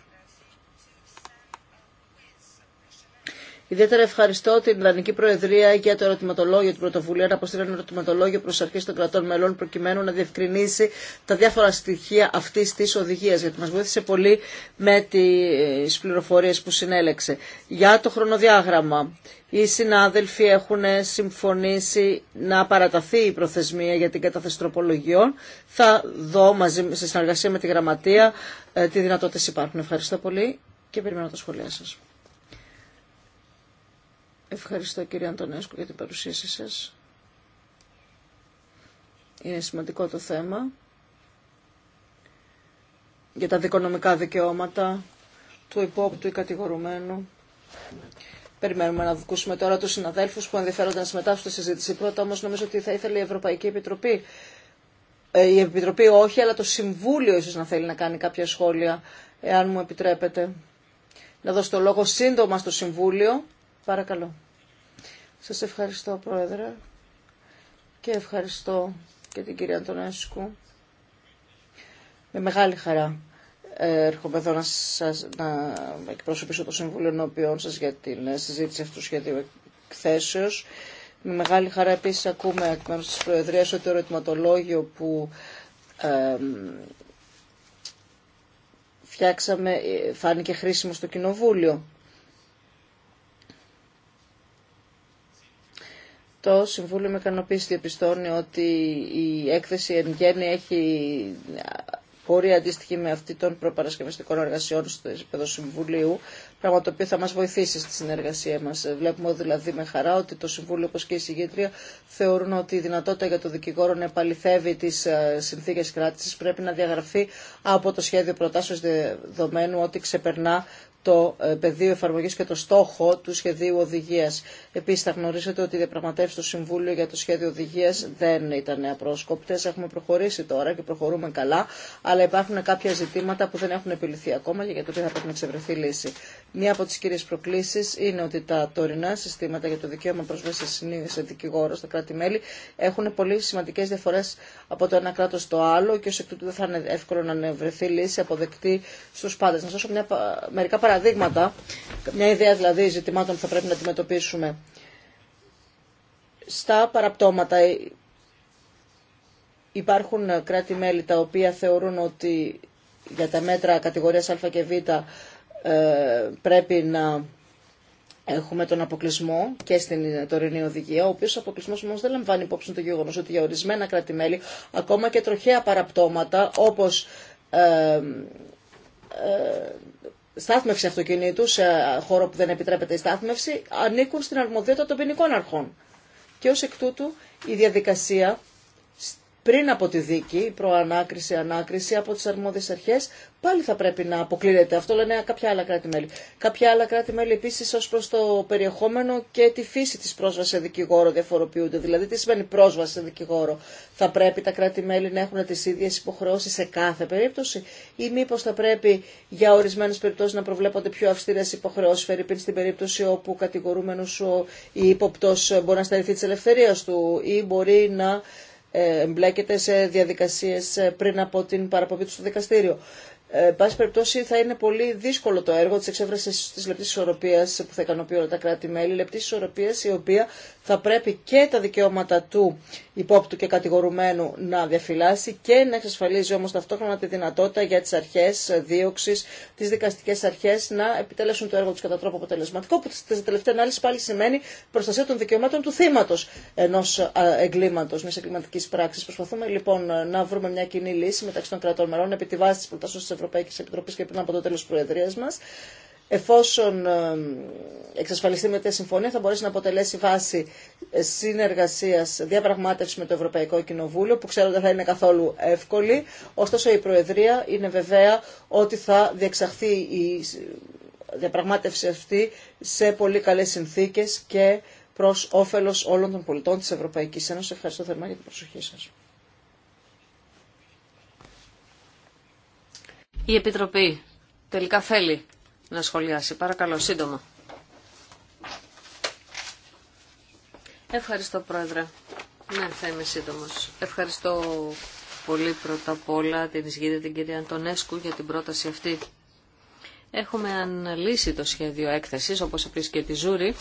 Ιδιαίτερα ευχαριστώ την Ιδανική Προεδρία για το ερωτηματολόγιο, την πρωτοβουλία να αποστείλει ένα ερωτηματολόγιο προ αρχή των κρατών μελών προκειμένου να διευκρινίσει τα διάφορα στοιχεία αυτή τη οδηγία, γιατί μα βοήθησε πολύ με τι πληροφορίε που συνέλεξε. Για το χρονοδιάγραμμα. Οι συνάδελφοι έχουν συμφωνήσει να παραταθεί η προθεσμία για την κατάθεση τροπολογιών. Θα δω μαζί, σε συνεργασία με τη Γραμματεία ε, τι δυνατότητε υπάρχουν. Ευχαριστώ πολύ και περιμένω τα σχόλιά σας. Ευχαριστώ κύριε Αντωνέσκου για την παρουσίαση σας. Είναι σημαντικό το θέμα για τα δικονομικά δικαιώματα του υπόπτου ή κατηγορουμένου. Περιμένουμε να ακούσουμε τώρα τους συναδέλφους που ενδιαφέρονται να συμμετάσχουν στη συζήτηση. Πρώτα όμως νομίζω ότι θα ήθελε η Ευρωπαϊκή Επιτροπή, ε, η Επιτροπή όχι, αλλά το Συμβούλιο ίσως να δουκουσουμε τωρα τους συναδελφους που ενδιαφερονται να κάνει κάποια σχόλια, εάν μου επιτρέπετε. Να δώσω το λόγο σύντομα στο Συμβούλιο Παρακαλώ. Σας ευχαριστώ Πρόεδρε και ευχαριστώ και την κυρία Αντωνέσκου. Με μεγάλη χαρά ε, έρχομαι εδώ να, σας, να εκπροσωπήσω το Συμβούλιο Ενώπιών σας για την ε, συζήτηση αυτού του σχεδίου εκθέσεως. Με μεγάλη χαρά επίσης ακούμε εκ μέρους της Προεδρίας ότι το ερωτηματολόγιο που ε, φτιάξαμε φάνηκε χρήσιμο στο Κοινοβούλιο. το Συμβούλιο με ικανοποίηση διαπιστώνει ότι η έκθεση εν γέννη έχει πορεία αντίστοιχη με αυτή των προπαρασκευαστικών εργασιών στο επίπεδο Συμβουλίου, πράγμα το οποίο θα μα βοηθήσει στη συνεργασία μα. Βλέπουμε δηλαδή με χαρά ότι το Συμβούλιο, όπω και η συγγήτρια, θεωρούν ότι η δυνατότητα για το δικηγόρο να επαληθεύει τι ε, συνθήκε κράτηση πρέπει να διαγραφεί από το σχέδιο προτάσεω δεδομένου ότι ξεπερνά το ε, πεδίο εφαρμογής και το στόχο του σχεδίου οδηγίας. Επίσης θα γνωρίζετε ότι οι διαπραγματεύσει στο Συμβούλιο για το σχέδιο οδηγίας δεν ήταν απρόσκοπτες. Έχουμε προχωρήσει τώρα και προχωρούμε καλά, αλλά υπάρχουν κάποια ζητήματα που δεν έχουν επιληθεί ακόμα και για το οποίο θα πρέπει να εξευρεθεί λύση. Μία από τις κύριες προκλήσεις είναι ότι τα τωρινά συστήματα για το δικαίωμα προσβάσης σε δικηγόρο στα κράτη-μέλη έχουν πολύ σημαντικές διαφορές από το ένα κράτος στο άλλο και ως εκ τούτου δεν θα είναι εύκολο να βρεθεί λύση αποδεκτή στους πάντες. Να σας δώσω μερικά παραδείγματα, μια ιδέα δηλαδή ζητημάτων που θα πρέπει να αντιμετωπίσουμε. Στα παραπτώματα υπάρχουν κράτη-μέλη τα οποία θεωρούν ότι για τα μέτρα κατηγορίας Α και Β ε, πρέπει να έχουμε τον αποκλεισμό και στην τωρινή οδηγία, ο οποίος αποκλεισμός όμως δεν λαμβάνει υπόψη το γεγονός ότι για ορισμένα ακόμα και τροχαία παραπτώματα, όπως ε, ε, στάθμευση αυτοκινήτου σε χώρο που δεν επιτρέπεται η στάθμευση, ανήκουν στην αρμοδιότητα των ποινικών αρχών. Και ως εκ τούτου η διαδικασία πριν από τη δίκη, προανάκριση, ανάκριση από τις αρμόδιες αρχές, πάλι θα πρέπει να αποκλείεται. Αυτό λένε κάποια άλλα κράτη-μέλη. Κάποια άλλα κράτη-μέλη επίσης ως προς το περιεχόμενο και τη φύση της πρόσβασης σε δικηγόρο διαφοροποιούνται. Δηλαδή τι σημαίνει πρόσβαση σε δικηγόρο. Θα πρέπει τα κράτη-μέλη να έχουν τις ίδιες υποχρεώσεις σε κάθε περίπτωση ή μήπω θα πρέπει για ορισμένες περιπτώσεις να προβλέπονται πιο αυστηρές υποχρεώσεις. Φερρυπίν στην περίπτωση όπου κατηγορούμενος ή υποπτός μπορεί να του ή μπορεί να εμπλέκεται σε διαδικασίες ε, πριν από την παραπομπή του στο δικαστήριο. Ε, εν πάση περιπτώσει, θα είναι πολύ δύσκολο το έργο τη εξέφραση τη λεπτή ισορροπία που θα ικανοποιεί όλα τα κράτη-μέλη. Λεπτή ισορροπία η οποία θα πρέπει και τα δικαιώματα του υπόπτου και κατηγορουμένου να διαφυλάσει και να εξασφαλίζει όμως ταυτόχρονα τη δυνατότητα για τις αρχές δίωξης, τις δικαστικές αρχές να επιτελέσουν το έργο τους κατά τρόπο αποτελεσματικό που στη τελευταία ανάλυση πάλι σημαίνει προστασία των δικαιωμάτων του θύματος ενός εγκλήματος, μιας εγκληματικής πράξης. Προσπαθούμε λοιπόν να βρούμε μια κοινή λύση μεταξύ των κρατών μερών επί τη βάση της προτάσεως της Ευρωπαϊκής Επιτροπής και πριν από το τέλος Προεδρίας μας εφόσον ε, εξασφαλιστεί με τη συμφωνία, θα μπορέσει να αποτελέσει βάση ε, συνεργασία διαπραγμάτευση με το Ευρωπαϊκό Κοινοβούλιο, που ξέρω δεν θα είναι καθόλου εύκολη. Ωστόσο, η Προεδρία είναι βεβαία ότι θα διεξαχθεί η ε, διαπραγμάτευση αυτή σε πολύ καλές συνθήκες και προς όφελος όλων των πολιτών τη Ευρωπαϊκή Ένωση. Ευχαριστώ θερμά για την προσοχή σα. Η Επιτροπή τελικά θέλει να σχολιάσει. Παρακαλώ, σύντομα. Ευχαριστώ, Πρόεδρε. Ναι, θα είμαι σύντομος. Ευχαριστώ πολύ πρώτα απ' όλα την εισηγήτρια την κυρία Αντωνέσκου για την πρόταση αυτή. Έχουμε αναλύσει το σχέδιο έκθεσης, όπως επίση και τη Ζούρη,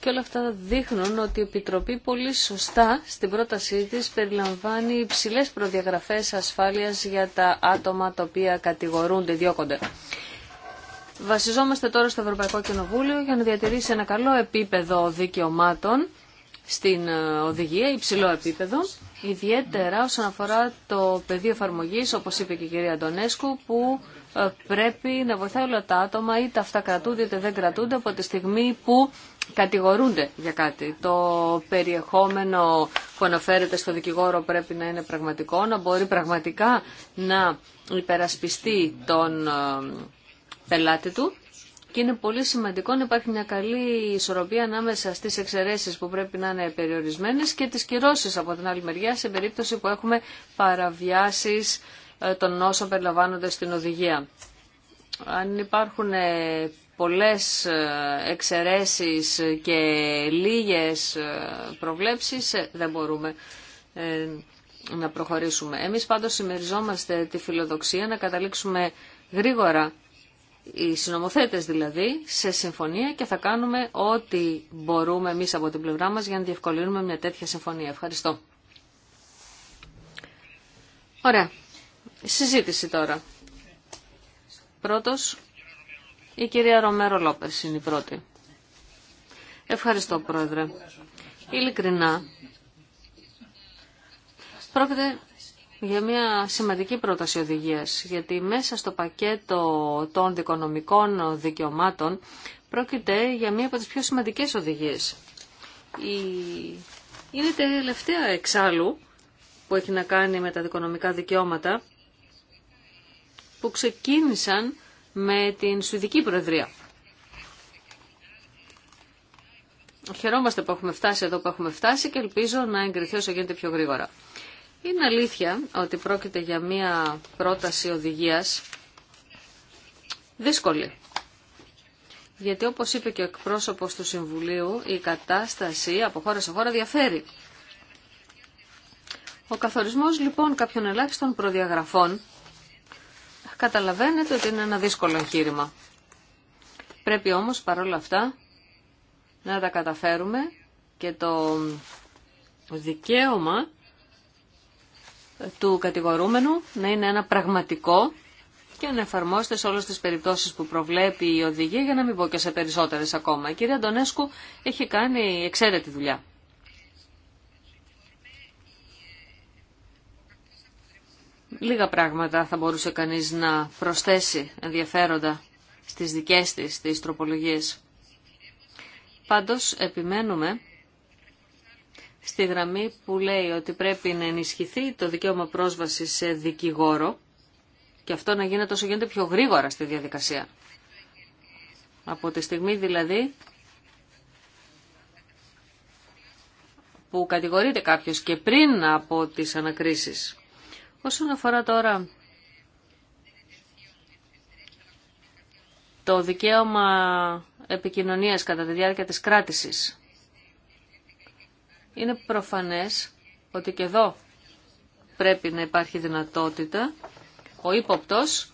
και όλα αυτά δείχνουν ότι η Επιτροπή πολύ σωστά στην πρότασή της περιλαμβάνει υψηλέ προδιαγραφές ασφάλεια για τα άτομα τα οποία κατηγορούνται, διώκονται. Βασιζόμαστε τώρα στο Ευρωπαϊκό Κοινοβούλιο για να διατηρήσει ένα καλό επίπεδο δικαιωμάτων στην ε, οδηγία, υψηλό επίπεδο, ιδιαίτερα όσον αφορά το πεδίο εφαρμογή, όπως είπε και η κυρία Αντωνέσκου, που ε, πρέπει να βοηθάει όλα τα άτομα, είτε αυτά κρατούνται είτε δεν κρατούνται, από τη στιγμή που κατηγορούνται για κάτι. Το περιεχόμενο που αναφέρεται στο δικηγόρο πρέπει να είναι πραγματικό, να μπορεί πραγματικά να υπερασπιστεί τον ε, πελάτη του και είναι πολύ σημαντικό να υπάρχει μια καλή ισορροπία ανάμεσα στις εξαιρέσεις που πρέπει να είναι περιορισμένες και τις κυρώσεις από την άλλη μεριά σε περίπτωση που έχουμε παραβιάσεις ε, των όσων περιλαμβάνονται στην οδηγία. Αν υπάρχουν ε, πολλές ε, εξαιρέσεις και λίγες προβλέψεις δεν μπορούμε να προχωρήσουμε. Εμείς πάντως συμμεριζόμαστε τη φιλοδοξία να καταλήξουμε γρήγορα οι συνομοθέτες δηλαδή, σε συμφωνία και θα κάνουμε ό,τι μπορούμε εμείς από την πλευρά μας για να διευκολύνουμε μια τέτοια συμφωνία. Ευχαριστώ. Ωραία. Συζήτηση τώρα. Πρώτος, η κυρία Ρομέρο Λόπες είναι η πρώτη. Ευχαριστώ, Πρόεδρε. Ειλικρινά, πρόκειται για μια σημαντική πρόταση οδηγίας, γιατί μέσα στο πακέτο των δικονομικών δικαιωμάτων πρόκειται για μια από τις πιο σημαντικές οδηγίες. Η... Είναι τελευταία εξάλλου που έχει να κάνει με τα δικονομικά δικαιώματα που ξεκίνησαν με την Σουηδική Προεδρία. Χαιρόμαστε που έχουμε φτάσει εδώ που έχουμε φτάσει και ελπίζω να εγκριθεί όσο γίνεται πιο γρήγορα. Είναι αλήθεια ότι πρόκειται για μία πρόταση οδηγίας δύσκολη. Γιατί όπως είπε και ο εκπρόσωπος του Συμβουλίου, η κατάσταση από χώρα σε χώρα διαφέρει. Ο καθορισμός λοιπόν κάποιων ελάχιστων προδιαγραφών καταλαβαίνετε ότι είναι ένα δύσκολο εγχείρημα. Πρέπει όμως παρόλα αυτά να τα καταφέρουμε και το δικαίωμα του κατηγορούμενου να είναι ένα πραγματικό και να εφαρμόσετε σε όλες τις περιπτώσεις που προβλέπει η οδηγία για να μην πω και σε περισσότερες ακόμα. Η κυρία Ντονέσκου έχει κάνει εξαίρετη δουλειά. Λίγα πράγματα θα μπορούσε κανείς να προσθέσει ενδιαφέροντα στις δικές της τις τροπολογίες. Πάντως επιμένουμε στη γραμμή που λέει ότι πρέπει να ενισχυθεί το δικαίωμα πρόσβαση σε δικηγόρο και αυτό να γίνεται όσο γίνεται πιο γρήγορα στη διαδικασία. Από τη στιγμή δηλαδή που κατηγορείται κάποιος και πριν από τις ανακρίσεις. Όσον αφορά τώρα το δικαίωμα επικοινωνίας κατά τη διάρκεια της κράτησης, είναι προφανές ότι και εδώ πρέπει να υπάρχει δυνατότητα ο ύποπτος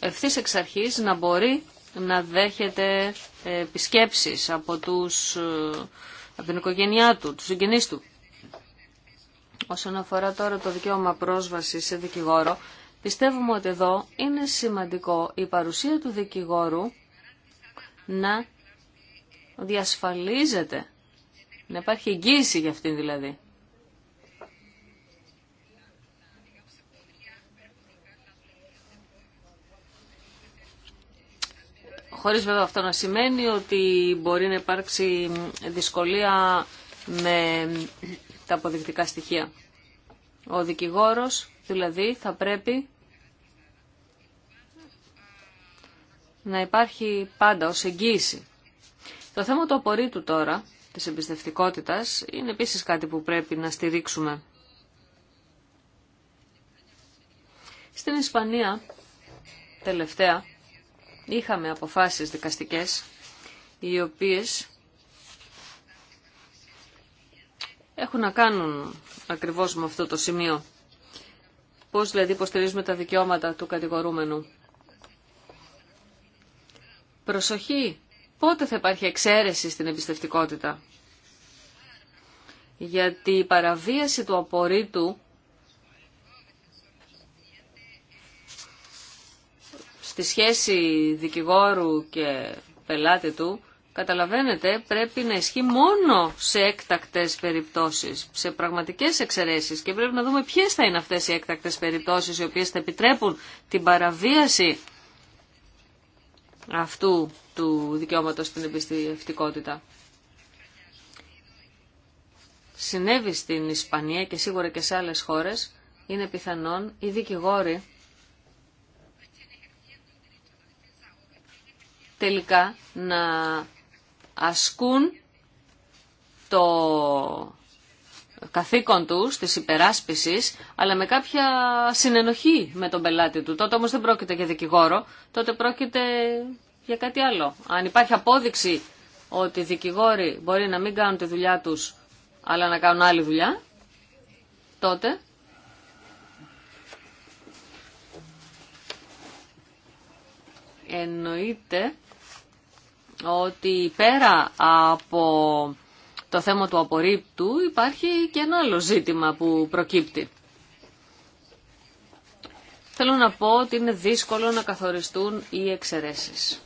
ευθύς εξ αρχής να μπορεί να δέχεται επισκέψεις από, τους, από την οικογένειά του, τους συγγενείς του. Όσον αφορά τώρα το δικαίωμα πρόσβαση σε δικηγόρο, πιστεύουμε ότι εδώ είναι σημαντικό η παρουσία του δικηγόρου να διασφαλίζεται να υπάρχει εγγύηση για αυτήν δηλαδή. Χωρίς βέβαια αυτό να σημαίνει ότι μπορεί να υπάρξει δυσκολία με τα αποδεικτικά στοιχεία. Ο δικηγόρος δηλαδή θα πρέπει να υπάρχει πάντα ως εγγύηση. Το θέμα του απορρίτου τώρα της εμπιστευτικότητας είναι επίσης κάτι που πρέπει να στηρίξουμε. Στην Ισπανία, τελευταία, είχαμε αποφάσεις δικαστικές, οι οποίες έχουν να κάνουν ακριβώς με αυτό το σημείο. Πώς δηλαδή υποστηρίζουμε τα δικαιώματα του κατηγορούμενου. Προσοχή πότε θα υπάρχει εξαίρεση στην εμπιστευτικότητα. Γιατί η παραβίαση του απορρίτου στη σχέση δικηγόρου και πελάτη του, καταλαβαίνετε, πρέπει να ισχύει μόνο σε έκτακτες περιπτώσεις, σε πραγματικές εξαιρέσεις και πρέπει να δούμε ποιες θα είναι αυτές οι έκτακτες περιπτώσεις οι οποίες θα επιτρέπουν την παραβίαση αυτού του δικαιώματος στην εμπιστευτικότητα. Συνέβη στην Ισπανία και σίγουρα και σε άλλες χώρες, είναι πιθανόν οι δικηγόροι τελικά να ασκούν το καθήκον του της υπεράσπισης, αλλά με κάποια συνενοχή με τον πελάτη του. Τότε όμω δεν πρόκειται για δικηγόρο, τότε πρόκειται για κάτι άλλο. Αν υπάρχει απόδειξη ότι οι δικηγόροι μπορεί να μην κάνουν τη δουλειά τους, αλλά να κάνουν άλλη δουλειά, τότε εννοείται ότι πέρα από το θέμα του απορρίπτου υπάρχει και ένα άλλο ζήτημα που προκύπτει. Θέλω να πω ότι είναι δύσκολο να καθοριστούν οι εξαιρέσει.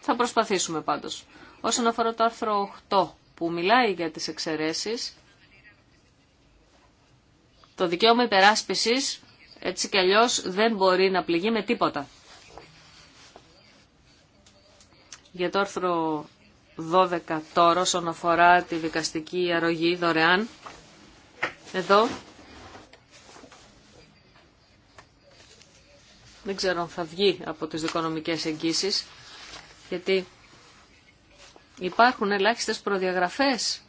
Θα προσπαθήσουμε πάντως. Όσον αφορά το άρθρο 8 που μιλάει για τις εξαιρέσει, το δικαίωμα υπεράσπισης έτσι κι αλλιώς δεν μπορεί να πληγεί με τίποτα. Για το άρθρο 12 τώρα όσον αφορά τη δικαστική αρρωγή δωρεάν. Εδώ δεν ξέρω αν θα βγει από τις δικονομικές εγγύσεις γιατί υπάρχουν ελάχιστες προδιαγραφές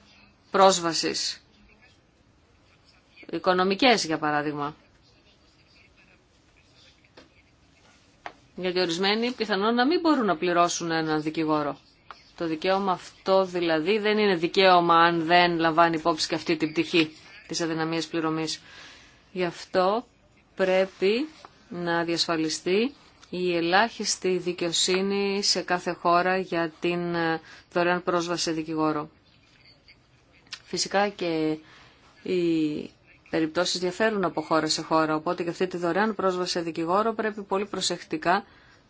πρόσβασης οικονομικές για παράδειγμα. Γιατί ορισμένοι πιθανόν να μην μπορούν να πληρώσουν έναν δικηγόρο. Το δικαίωμα αυτό δηλαδή δεν είναι δικαίωμα αν δεν λαμβάνει υπόψη και αυτή την πτυχή της αδυναμίας πληρωμής. Γι' αυτό πρέπει να διασφαλιστεί η ελάχιστη δικαιοσύνη σε κάθε χώρα για την ε, δωρεάν πρόσβαση σε δικηγόρο. Φυσικά και οι περιπτώσεις διαφέρουν από χώρα σε χώρα, οπότε και αυτή τη δωρεάν πρόσβαση σε δικηγόρο πρέπει πολύ προσεκτικά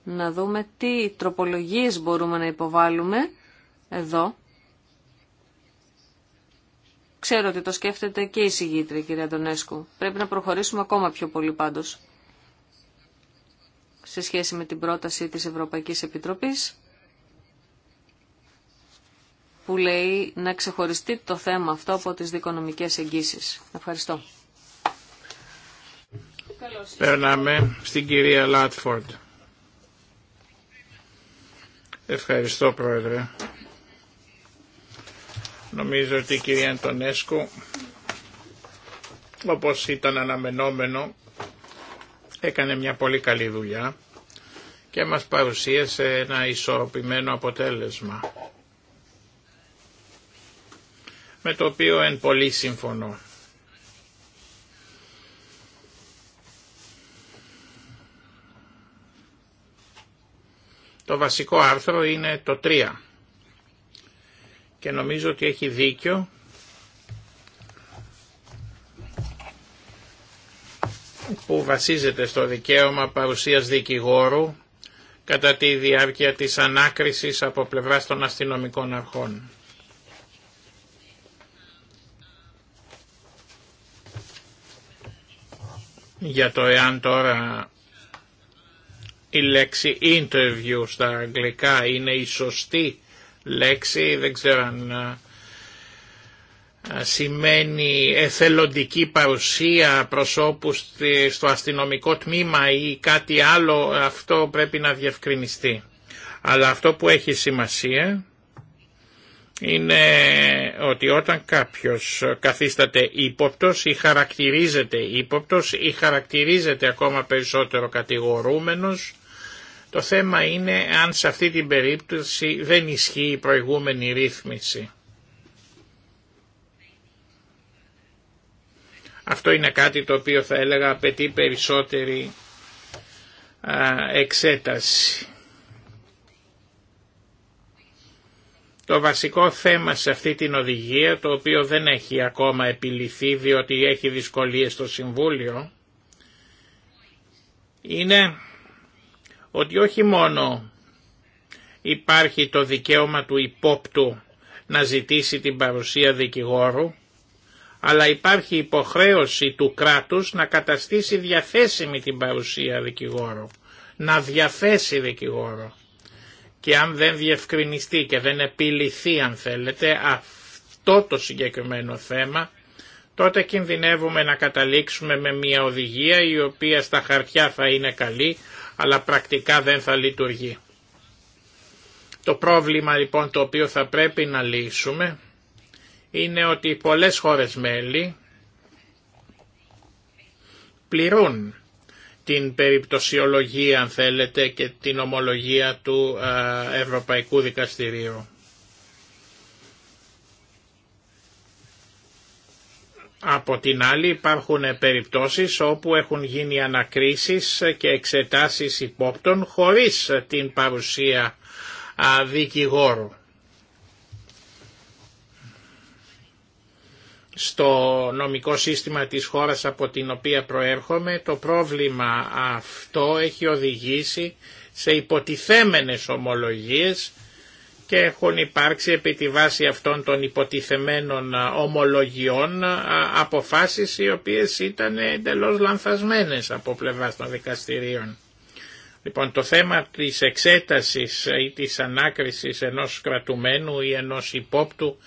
να δούμε τι τροπολογίες μπορούμε να υποβάλουμε εδώ. Ξέρω ότι το σκέφτεται και η συγγήτρια, κυρία Αντωνέσκου. Πρέπει να προχωρήσουμε ακόμα πιο πολύ πάντως σε σχέση με την πρόταση της Ευρωπαϊκής Επιτροπής που λέει να ξεχωριστεί το θέμα αυτό από τις δικονομικές εγγύσεις. Ευχαριστώ. Περνάμε στην κυρία Λάτφορντ. Ευχαριστώ Πρόεδρε. Νομίζω ότι η κυρία Αντωνέσκου, όπως ήταν αναμενόμενο, έκανε μια πολύ καλή δουλειά και μας παρουσίασε ένα ισορροπημένο αποτέλεσμα με το οποίο εν πολύ συμφωνώ. Το βασικό άρθρο είναι το 3 και νομίζω ότι έχει δίκιο που βασίζεται στο δικαίωμα παρουσίας δικηγόρου κατά τη διάρκεια της ανάκρισης από πλευράς των αστυνομικών αρχών. Για το εάν τώρα η λέξη interview στα αγγλικά είναι η σωστή λέξη, δεν ξέρω αν σημαίνει εθελοντική παρουσία προσώπου στο αστυνομικό τμήμα ή κάτι άλλο, αυτό πρέπει να διευκρινιστεί. Αλλά αυτό που έχει σημασία είναι ότι όταν κάποιος καθίσταται ύποπτος ή χαρακτηρίζεται ύποπτος ή χαρακτηρίζεται ακόμα περισσότερο κατηγορούμενος, το θέμα είναι αν σε αυτή την περίπτωση δεν ισχύει η προηγούμενη ρύθμιση. Αυτό είναι κάτι το οποίο θα έλεγα απαιτεί περισσότερη εξέταση. Το βασικό θέμα σε αυτή την οδηγία, το οποίο δεν έχει ακόμα επιληθεί διότι έχει δυσκολίες στο Συμβούλιο, είναι ότι όχι μόνο υπάρχει το δικαίωμα του υπόπτου να ζητήσει την παρουσία δικηγόρου, αλλά υπάρχει υποχρέωση του κράτους να καταστήσει διαθέσιμη την παρουσία δικηγόρου, να διαθέσει δικηγόρο και αν δεν διευκρινιστεί και δεν επιληθεί αν θέλετε αυτό το συγκεκριμένο θέμα τότε κινδυνεύουμε να καταλήξουμε με μια οδηγία η οποία στα χαρτιά θα είναι καλή αλλά πρακτικά δεν θα λειτουργεί. Το πρόβλημα λοιπόν το οποίο θα πρέπει να λύσουμε είναι ότι πολλές χώρες μέλη πληρούν την περιπτωσιολογία αν θέλετε και την ομολογία του ε, Ευρωπαϊκού Δικαστηρίου. Από την άλλη υπάρχουν περιπτώσεις όπου έχουν γίνει ανακρίσεις και εξετάσεις υπόπτων χωρίς την παρουσία δικηγόρου. στο νομικό σύστημα της χώρας από την οποία προέρχομαι, το πρόβλημα αυτό έχει οδηγήσει σε υποτιθέμενες ομολογίες και έχουν υπάρξει επί τη βάση αυτών των υποτιθεμένων ομολογιών αποφάσεις οι οποίες ήταν εντελώς λανθασμένες από πλευράς των δικαστηρίων. Λοιπόν, το θέμα της εξέτασης ή της ανάκρισης ενός κρατουμένου ή ενός υπόπτου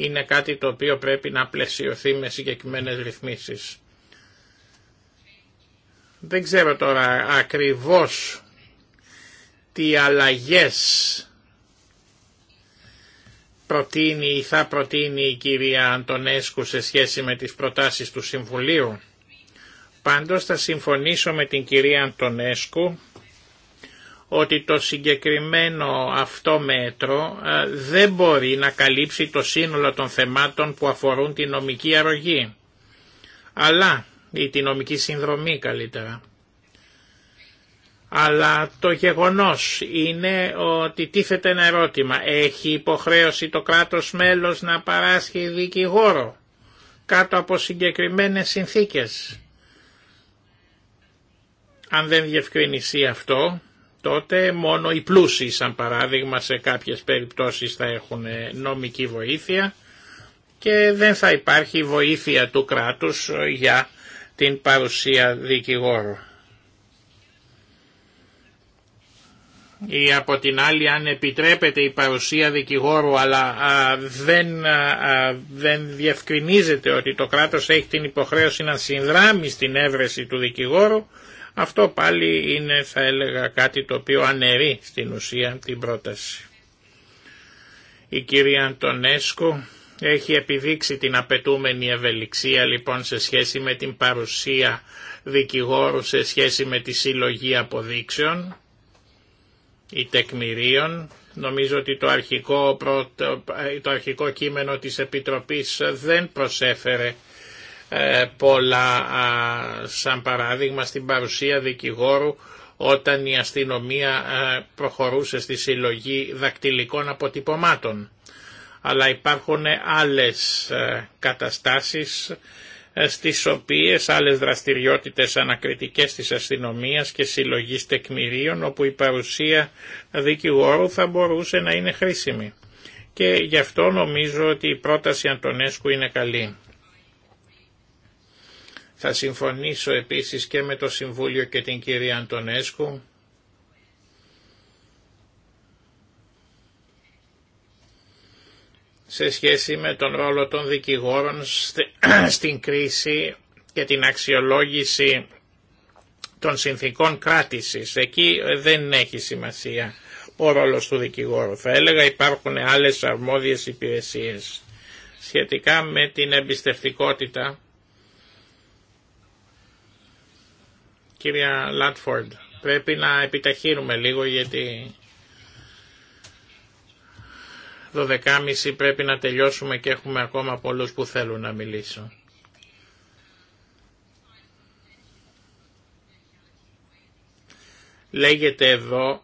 είναι κάτι το οποίο πρέπει να πλαισιωθεί με συγκεκριμένες ρυθμίσεις. Δεν ξέρω τώρα ακριβώς τι αλλαγές προτείνει ή θα προτείνει η κυρία Αντωνέσκου σε σχέση με τις προτάσεις του Συμβουλίου. Πάντως θα συμφωνήσω με την κυρία Αντωνέσκου ότι το συγκεκριμένο αυτό μέτρο ε, δεν μπορεί να καλύψει το σύνολο των θεμάτων που αφορούν τη νομική αρρωγή, αλλά ή την νομική συνδρομή καλύτερα. Αλλά το γεγονός είναι ότι τίθεται ένα ερώτημα. Έχει υποχρέωση το κράτος μέλος να παράσχει δικηγόρο κάτω από συγκεκριμένες συνθήκες. Αν δεν διευκρινιστεί αυτό, τότε μόνο οι πλούσιοι σαν παράδειγμα σε κάποιες περιπτώσεις θα έχουν ε, νομική βοήθεια και δεν θα υπάρχει βοήθεια του κράτους ε, για την παρουσία δικηγόρου. Ή από την άλλη αν επιτρέπεται η παρουσία δικηγόρου αλλά δεν, δεν διευκρινίζεται ότι το κράτος έχει την υποχρέωση να συνδράμει στην έβρεση του δικηγόρου αυτό πάλι είναι θα έλεγα κάτι το οποίο αναιρεί στην ουσία την πρόταση. Η κυρία Αντωνέσκου έχει επιδείξει την απαιτούμενη ευελιξία λοιπόν σε σχέση με την παρουσία δικηγόρου σε σχέση με τη συλλογή αποδείξεων ή τεκμηρίων. Νομίζω ότι το αρχικό, το αρχικό κείμενο της Επιτροπής δεν προσέφερε ε, πολλά σαν παράδειγμα στην παρουσία δικηγόρου όταν η αστυνομία ε, προχωρούσε στη συλλογή δακτυλικών αποτυπωμάτων. Αλλά υπάρχουν άλλες ε, καταστάσεις στις οποίες άλλες δραστηριότητες ανακριτικές της αστυνομίας και συλλογή τεκμηρίων όπου η παρουσία δικηγόρου θα μπορούσε να είναι χρήσιμη. Και γι' αυτό νομίζω ότι η πρόταση Αντωνέσκου είναι καλή. Θα συμφωνήσω επίσης και με το Συμβούλιο και την κυρία Αντωνέσκου σε σχέση με τον ρόλο των δικηγόρων στην κρίση και την αξιολόγηση των συνθήκων κράτησης. Εκεί δεν έχει σημασία ο ρόλος του δικηγόρου. Θα έλεγα υπάρχουν άλλες αρμόδιες υπηρεσίες σχετικά με την εμπιστευτικότητα Κυρία Λάτφορντ, πρέπει να επιταχύνουμε λίγο γιατί 12.30 πρέπει να τελειώσουμε και έχουμε ακόμα πολλούς που θέλουν να μιλήσουν. Λέγεται εδώ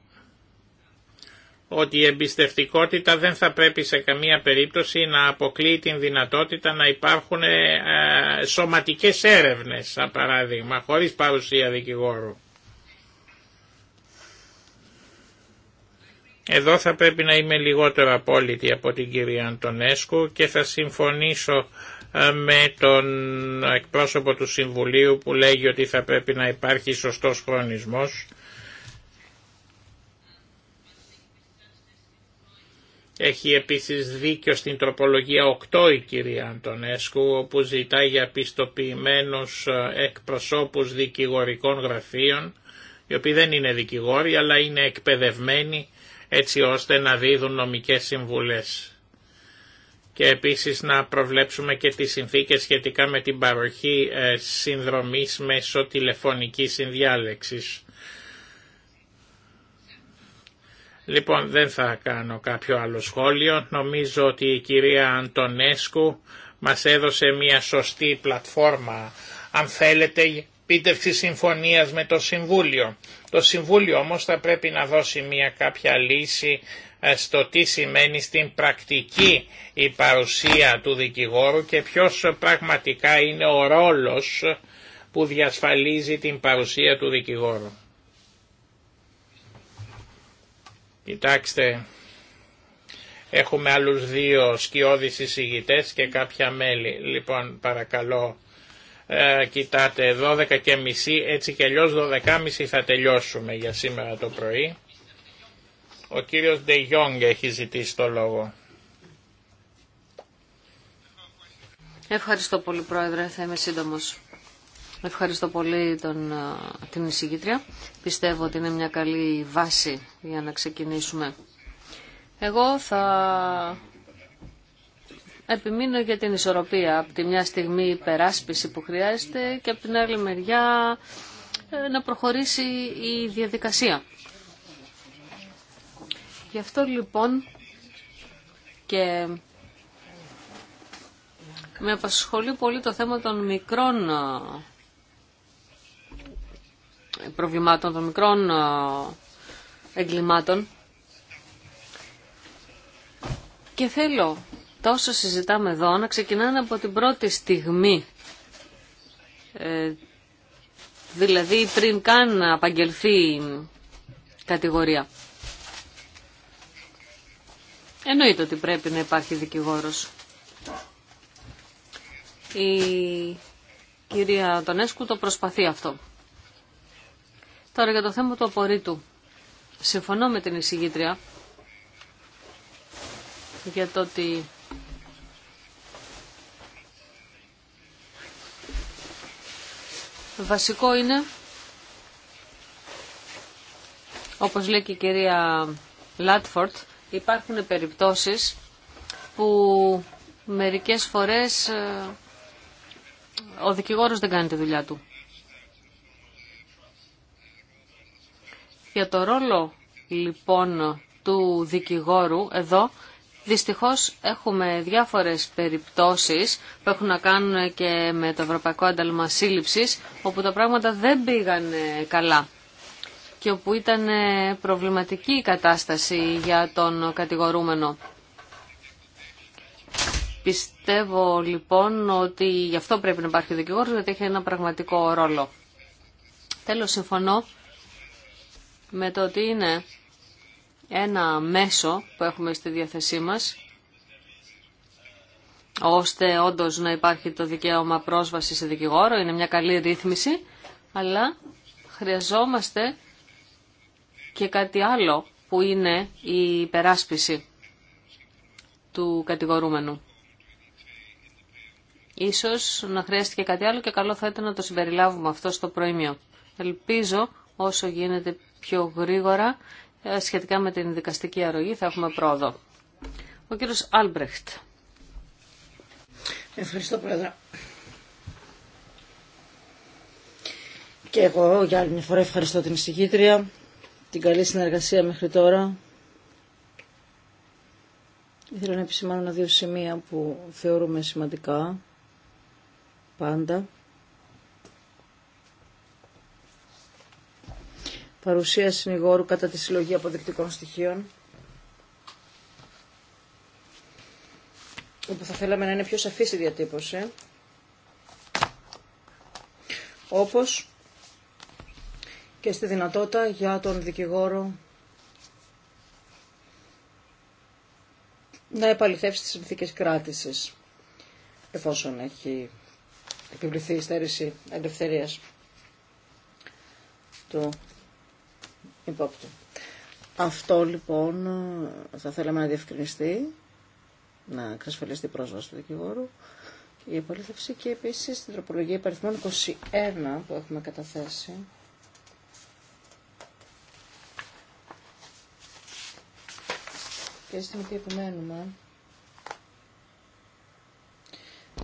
ότι η εμπιστευτικότητα δεν θα πρέπει σε καμία περίπτωση να αποκλείει την δυνατότητα να υπάρχουν ε, ε, σωματικές έρευνες, σαν παράδειγμα, χωρίς παρουσία δικηγόρου. Εδώ θα πρέπει να είμαι λιγότερο απόλυτη από την κυρία Αντωνέσκου και θα συμφωνήσω ε, με τον εκπρόσωπο του Συμβουλίου που λέγει ότι θα πρέπει να υπάρχει σωστός χρονισμός Έχει επίσης δίκιο στην τροπολογία 8 η κυρία Αντωνέσκου, όπου ζητάει για πιστοποιημένους ε, εκπροσώπους δικηγορικών γραφείων, οι οποίοι δεν είναι δικηγόροι αλλά είναι εκπαιδευμένοι έτσι ώστε να δίδουν νομικές συμβουλές. Και επίσης να προβλέψουμε και τις συνθήκες σχετικά με την παροχή ε, συνδρομής μέσω τηλεφωνικής συνδιάλεξης. Λοιπόν, δεν θα κάνω κάποιο άλλο σχόλιο. Νομίζω ότι η κυρία Αντωνέσκου μας έδωσε μια σωστή πλατφόρμα, αν θέλετε, πίτευξη συμφωνίας με το Συμβούλιο. Το Συμβούλιο όμως θα πρέπει να δώσει μια κάποια λύση ε, στο τι σημαίνει στην πρακτική η παρουσία του δικηγόρου και ποιος πραγματικά είναι ο ρόλος που διασφαλίζει την παρουσία του δικηγόρου. Κοιτάξτε, έχουμε άλλους δύο σκιώδεις εισηγητές και κάποια μέλη. Λοιπόν, παρακαλώ, ε, κοιτάτε, 12 και μισή, έτσι και αλλιώς 12.30 θα τελειώσουμε για σήμερα το πρωί. Ο κύριος Ντε έχει ζητήσει το λόγο. Ευχαριστώ πολύ, Πρόεδρε. Θα είμαι σύντομος. Ευχαριστώ πολύ τον, ε, την εισηγήτρια. Πιστεύω ότι είναι μια καλή βάση για να ξεκινήσουμε. Εγώ θα επιμείνω για την ισορροπία. Από τη μια στιγμή υπεράσπιση που χρειάζεται και από την άλλη μεριά ε, να προχωρήσει η διαδικασία. Γι' αυτό λοιπόν και με απασχολεί πολύ το θέμα των μικρών ε, προβλημάτων των μικρών ε, εγκλημάτων. Και θέλω τόσο συζητάμε εδώ να ξεκινάνε από την πρώτη στιγμή. Ε, δηλαδή πριν καν απαγγελθεί κατηγορία. Εννοείται ότι πρέπει να υπάρχει δικηγόρος. Η κυρία Τονέσκου το προσπαθεί αυτό. Τώρα για το θέμα του απορρίτου. Συμφωνώ με την εισηγήτρια για το ότι βασικό είναι όπως λέει και η κυρία Λάτφορτ υπάρχουν περιπτώσεις που μερικές φορές ε, ο δικηγόρος δεν κάνει τη δουλειά του. Για το ρόλο λοιπόν του δικηγόρου εδώ Δυστυχώς έχουμε διάφορες περιπτώσεις που έχουν να κάνουν και με το Ευρωπαϊκό Ένταλμα Σύλληψης, όπου τα πράγματα δεν πήγαν καλά και όπου ήταν προβληματική η κατάσταση για τον κατηγορούμενο. Πιστεύω λοιπόν ότι γι' αυτό πρέπει να υπάρχει ο δικηγόρος, γιατί έχει ένα πραγματικό ρόλο. Τέλος, συμφωνώ με το ότι είναι ένα μέσο που έχουμε στη διαθεσή μας, ώστε όντως να υπάρχει το δικαίωμα πρόσβαση σε δικηγόρο, είναι μια καλή ρύθμιση, αλλά χρειαζόμαστε και κάτι άλλο που είναι η υπεράσπιση του κατηγορούμενου. Ίσως να χρειάστηκε κάτι άλλο και καλό θα ήταν να το συμπεριλάβουμε αυτό στο προήμιο. Ελπίζω όσο γίνεται πιο γρήγορα ε, σχετικά με την δικαστική αρρωγή θα έχουμε πρόοδο. Ο κύριος Άλμπρεχτ. Ευχαριστώ πρόεδρε. Και εγώ για άλλη μια φορά ευχαριστώ την εισηγήτρια, την καλή συνεργασία μέχρι τώρα. Ήθελα να επισημάνω δύο σημεία που θεωρούμε σημαντικά πάντα. παρουσία συνηγόρου κατά τη συλλογή αποδεικτικών στοιχείων. όπου θα θέλαμε να είναι πιο σαφή η διατύπωση, όπως και στη δυνατότητα για τον δικηγόρο να επαληθεύσει τις συνθήκες κράτησης, εφόσον έχει επιβληθεί η στέρηση ελευθερίας του αυτό λοιπόν θα θέλαμε να διευκρινιστεί, να εξασφαλιστεί η πρόσβαση του δικηγόρου, η επαλήθευση και επίση την τροπολογία υπαριθμών 21 που έχουμε καταθέσει. Και στην οποία επιμένουμε,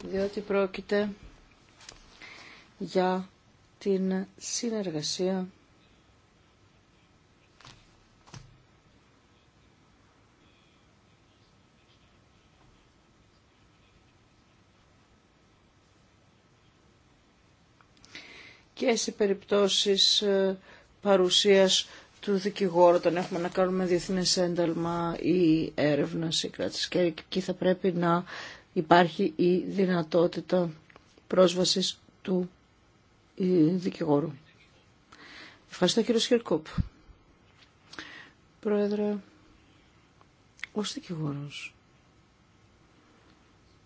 διότι πρόκειται για την συνεργασία και σε περιπτώσεις ε, παρουσίας του δικηγόρου, όταν έχουμε να κάνουμε διεθνές ένταλμα ή έρευνα ή κράτηση. Και εκεί θα πρέπει να υπάρχει η δυνατότητα πρόσβασης του ε, δικηγόρου. Ευχαριστώ κύριο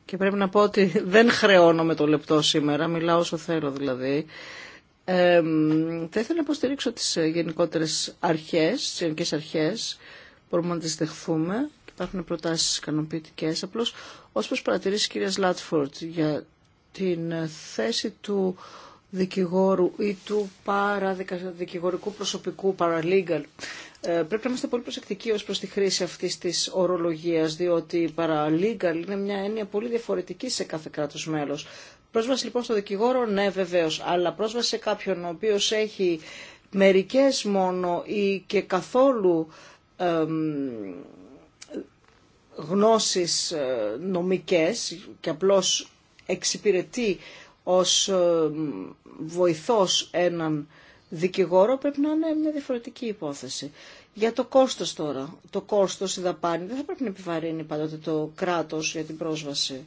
Και πρέπει να πω ότι δεν χρεώνω το λεπτό σήμερα, μιλάω όσο θέλω δηλαδή. Ε, θα ήθελα να υποστηρίξω τις ε, γενικότερες αρχές, τις γενικές αρχές, μπορούμε να τις δεχθούμε. Υπάρχουν προτάσεις ικανοποιητικές, Απλώς, ως προς παρατηρήσεις κυρίας Λάτφορτ για την ε, θέση του δικηγόρου ή του παραδικηγορικού προσωπικού, paralegal, ε, πρέπει να είμαστε πολύ προσεκτικοί ως προς τη χρήση αυτής της ορολογίας, διότι paralegal είναι μια έννοια πολύ διαφορετική σε κάθε κράτος μέλος. Πρόσβαση λοιπόν στο δικηγόρο, ναι βεβαίω, αλλά πρόσβαση σε κάποιον ο οποίο έχει μερικέ μόνο ή και καθόλου γνώσει γνώσεις ε, νομικές και απλώς εξυπηρετεί ως βοηθός έναν δικηγόρο πρέπει να είναι μια διαφορετική υπόθεση. Για το κόστος τώρα, το κόστος, η δαπάνη, δεν θα πρέπει να επιβαρύνει πάντοτε το κράτος για την πρόσβαση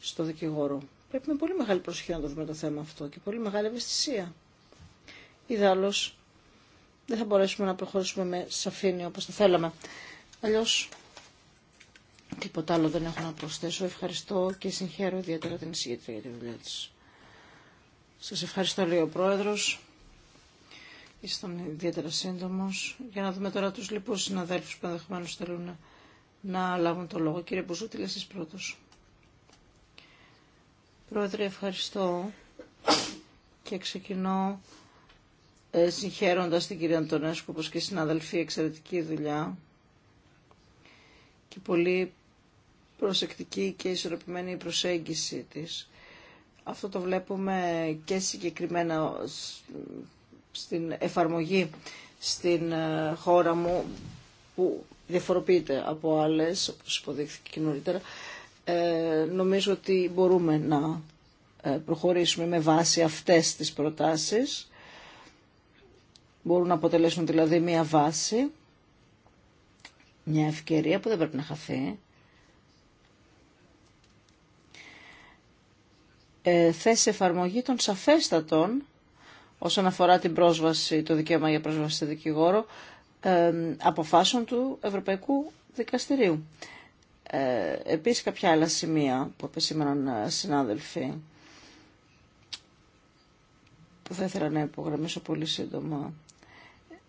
στο δικηγόρο πρέπει με πολύ μεγάλη προσοχή να το δούμε το θέμα αυτό και πολύ μεγάλη ευαισθησία. Ιδάλλως δεν θα μπορέσουμε να προχωρήσουμε με σαφήνεια όπως το θέλαμε. Αλλιώς τίποτα άλλο δεν έχω να προσθέσω. Ευχαριστώ και συγχαίρω ιδιαίτερα την εισηγήτρια για τη δουλειά της. Σας ευχαριστώ λέει ο Πρόεδρος. Ήσταν ιδιαίτερα σύντομο. Για να δούμε τώρα τους λοιπούς συναδέλφου που ενδεχομένω θέλουν να λάβουν το λόγο. Κύριε Μπουζούτη, εσείς πρώτο. Πρόεδρε, ευχαριστώ και ξεκινώ ε, συγχαίροντας την κυρία Αντωνέσκου όπως και συναδελφή εξαιρετική δουλειά και πολύ προσεκτική και ισορροπημένη η προσέγγιση της. Αυτό το βλέπουμε και συγκεκριμένα στην εφαρμογή στην ε, χώρα μου που διαφοροποιείται από άλλες, όπως υποδείχθηκε και νωρίτερα. Ε, νομίζω ότι μπορούμε να ε, προχωρήσουμε με βάση αυτές τις προτάσεις. Μπορούν να αποτελέσουν δηλαδή μία βάση, μια ευκαιρία που δεν πρέπει να χαθεί. Ε, θέση εφαρμογή των σαφέστατων όσον αφορά την πρόσβαση, το δικαίωμα για πρόσβαση σε δικηγόρο, ε, αποφάσεων του Ευρωπαϊκού Δικαστηρίου. Ε, επίσης κάποια άλλα σημεία που επεσήμεναν ε, συνάδελφοι που θα ήθελα να υπογραμμίσω πολύ σύντομα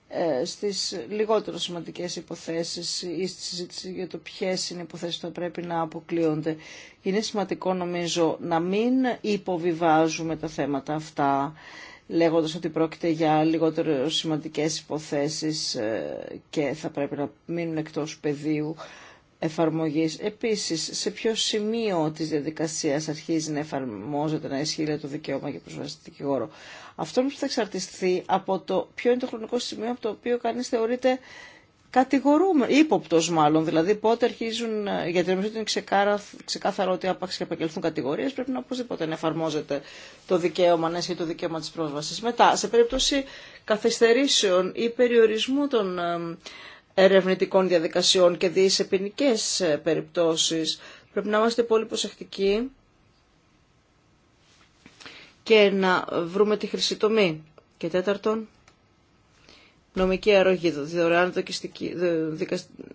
ε, στις λιγότερο σημαντικές υποθέσεις ή στη συζήτηση για το ποιες είναι οι υποθέσεις που θα πρέπει να αποκλείονται. Είναι σημαντικό νομίζω να μην υποβιβάζουμε τα θέματα αυτά λέγοντας ότι πρόκειται για λιγότερο σημαντικές υποθέσεις ε, και θα πρέπει να μείνουν εκτός πεδίου εφαρμογής. Επίσης, σε ποιο σημείο της διαδικασίας αρχίζει να εφαρμόζεται, να ισχύει το δικαίωμα για προσβάση δικηγόρο. Αυτό που θα εξαρτηθεί από το ποιο είναι το χρονικό σημείο από το οποίο κανείς θεωρείται κατηγορούμε, ύποπτο μάλλον, δηλαδή πότε αρχίζουν, γιατί νομίζω ότι είναι ξεκάρα, ξεκάθαρο ότι άπαξ και επαγγελθούν κατηγορίε, πρέπει να οπωσδήποτε να εφαρμόζεται το δικαίωμα, να το δικαίωμα τη πρόσβαση. Μετά, σε περίπτωση καθυστερήσεων ή περιορισμού των ερευνητικών διαδικασιών και δισεπινικές ε, περιπτώσεις. Πρέπει να είμαστε πολύ προσεκτικοί και να βρούμε τη χρυσή τομή. Και τέταρτον, νομική αρρωγή, δωρεάν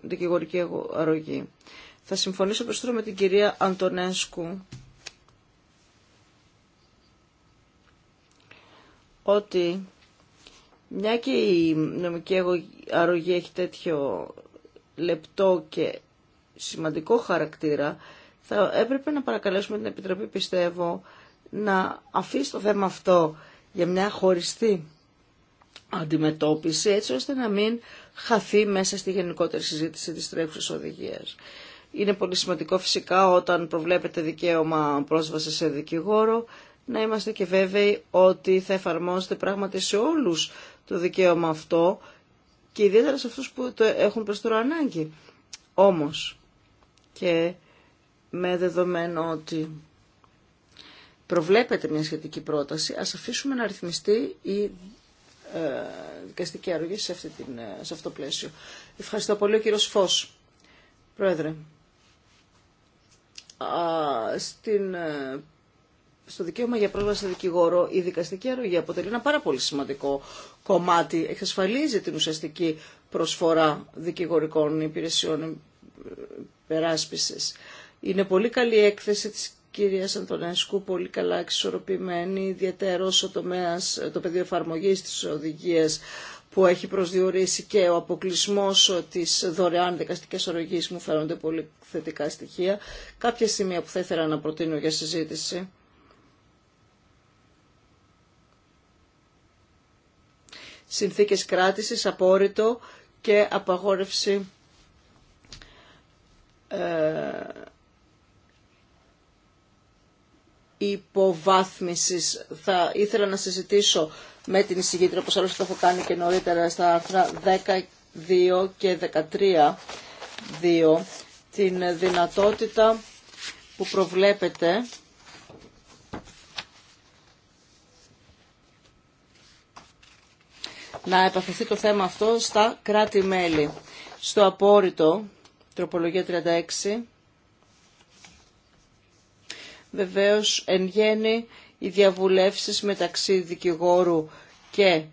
δικηγορική αρρωγή. Θα συμφωνήσω περισσότερο με την κυρία Αντωνέσκου ότι μια και η νομική αρρωγή έχει τέτοιο λεπτό και σημαντικό χαρακτήρα, θα έπρεπε να παρακαλέσουμε την Επιτροπή, πιστεύω, να αφήσει το θέμα αυτό για μια χωριστή αντιμετώπιση, έτσι ώστε να μην χαθεί μέσα στη γενικότερη συζήτηση της τρέχουσας οδηγίας. Είναι πολύ σημαντικό φυσικά όταν προβλέπετε δικαίωμα πρόσβαση σε δικηγόρο να είμαστε και βέβαιοι ότι θα εφαρμόζεται πράγματι σε όλους το δικαίωμα αυτό και ιδιαίτερα σε αυτούς που το έχουν προς ανάγκη. Όμως και με δεδομένο ότι προβλέπεται μια σχετική πρόταση, ας αφήσουμε να ρυθμιστεί η ε, δικαστική αρρωγή σε, την, ε, σε αυτό το πλαίσιο. Ευχαριστώ πολύ ο κύριος Φως. Πρόεδρε, στην ε, στο δικαίωμα για πρόσβαση σε δικηγόρο, η δικαστική αρρωγή αποτελεί ένα πάρα πολύ σημαντικό κομμάτι. Εξασφαλίζει την ουσιαστική προσφορά δικηγορικών υπηρεσιών περάσπισης. Είναι πολύ καλή έκθεση της κυρία Αντωνέσκου, πολύ καλά εξισορροπημένη, ιδιαίτερο ο τομέας, το πεδίο εφαρμογή τη οδηγία που έχει προσδιορίσει και ο αποκλεισμό τη δωρεάν δικαστική αρρωγή μου φαίνονται πολύ θετικά στοιχεία. Κάποια σημεία που θα ήθελα να προτείνω για συζήτηση συνθήκες κράτησης, απόρριτο και απαγόρευση ε, υποβάθμισης. Θα ήθελα να συζητήσω με την εισηγήτρια, όπως άλλωστε το έχω κάνει και νωρίτερα, στα άρθρα 12 και 13, 2, την δυνατότητα που προβλέπεται να επαφηθεί το θέμα αυτό στα κράτη-μέλη. Στο απόρριτο, τροπολογία 36, βεβαίως εν γέννη οι διαβουλεύσεις μεταξύ δικηγόρου και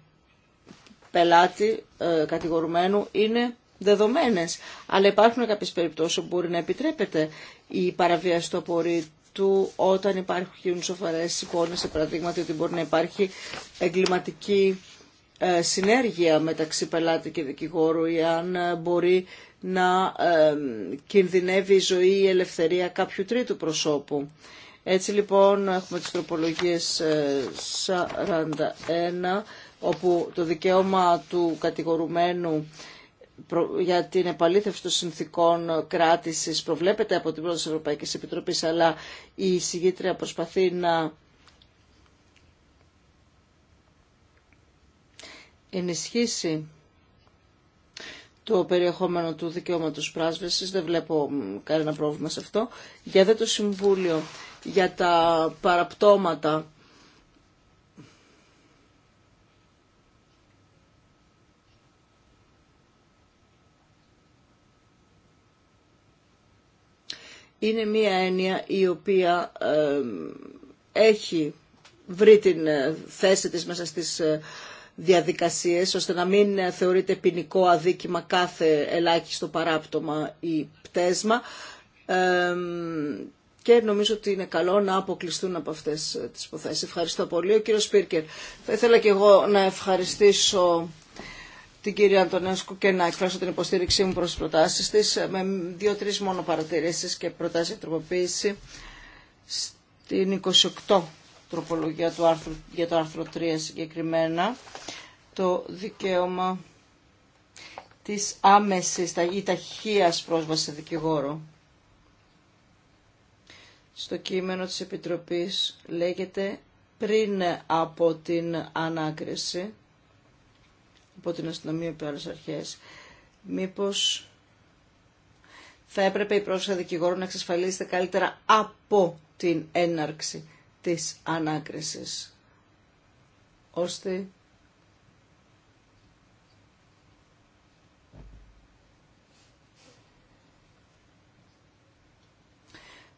πελάτη ε, κατηγορουμένου είναι δεδομένες. Αλλά υπάρχουν κάποιες περιπτώσεις όπου μπορεί να επιτρέπεται η παραβίαση του απορρίτου όταν υπάρχουν σοφαρές εικόνες, σε παραδείγματι ότι μπορεί να υπάρχει εγκληματική ε, συνέργεια μεταξύ πελάτη και δικηγόρου ή αν ε, μπορεί να ε, κινδυνεύει η ζωή ή η ελευθερία κάποιου τρίτου προσώπου. Έτσι λοιπόν έχουμε τις τροπολογίες 41 όπου το δικαίωμα του κατηγορουμένου για την επαλήθευση των συνθήκων κράτησης προβλέπεται από την πρώτη Ευρωπαϊκής Επιτροπή, αλλά η συγγήτρια προσπαθεί να ενισχύσει το περιεχόμενο του δικαιώματος πράσβεσης, δεν βλέπω κανένα πρόβλημα σε αυτό, για δε το Συμβούλιο, για τα παραπτώματα είναι μία έννοια η οποία ε, έχει βρει την ε, θέση της μέσα στις ε, διαδικασίες ώστε να μην θεωρείται ποινικό αδίκημα κάθε ελάχιστο παράπτωμα ή πτέσμα και νομίζω ότι είναι καλό να αποκλειστούν από αυτές τις υποθέσεις. Ευχαριστώ πολύ. Ο κύριος Σπίρκερ, θα ήθελα και εγώ να ευχαριστήσω την κυρία Αντωνέσκου και να εκφράσω την υποστήριξή μου προς τις προτάσεις της με δύο-τρεις μόνο παρατηρήσεις και προτάσεις για τροποποίηση στην 28 τροπολογία του άρθρου, για το άρθρο 3 συγκεκριμένα, το δικαίωμα της άμεσης ή ταχείας πρόσβασης σε δικηγόρο. Στο κείμενο της Επιτροπής λέγεται πριν από την ανάκριση, από την αστυνομία και άλλες αρχές, μήπως θα έπρεπε η πρόσβαση δικηγόρου να εξασφαλίζεται καλύτερα από την ανακριση απο την αστυνομια και αλλες αρχες μηπως θα επρεπε η προσβαση δικηγορο να εξασφαλίσετε καλυτερα απο την εναρξη της ανάκρισης, ώστε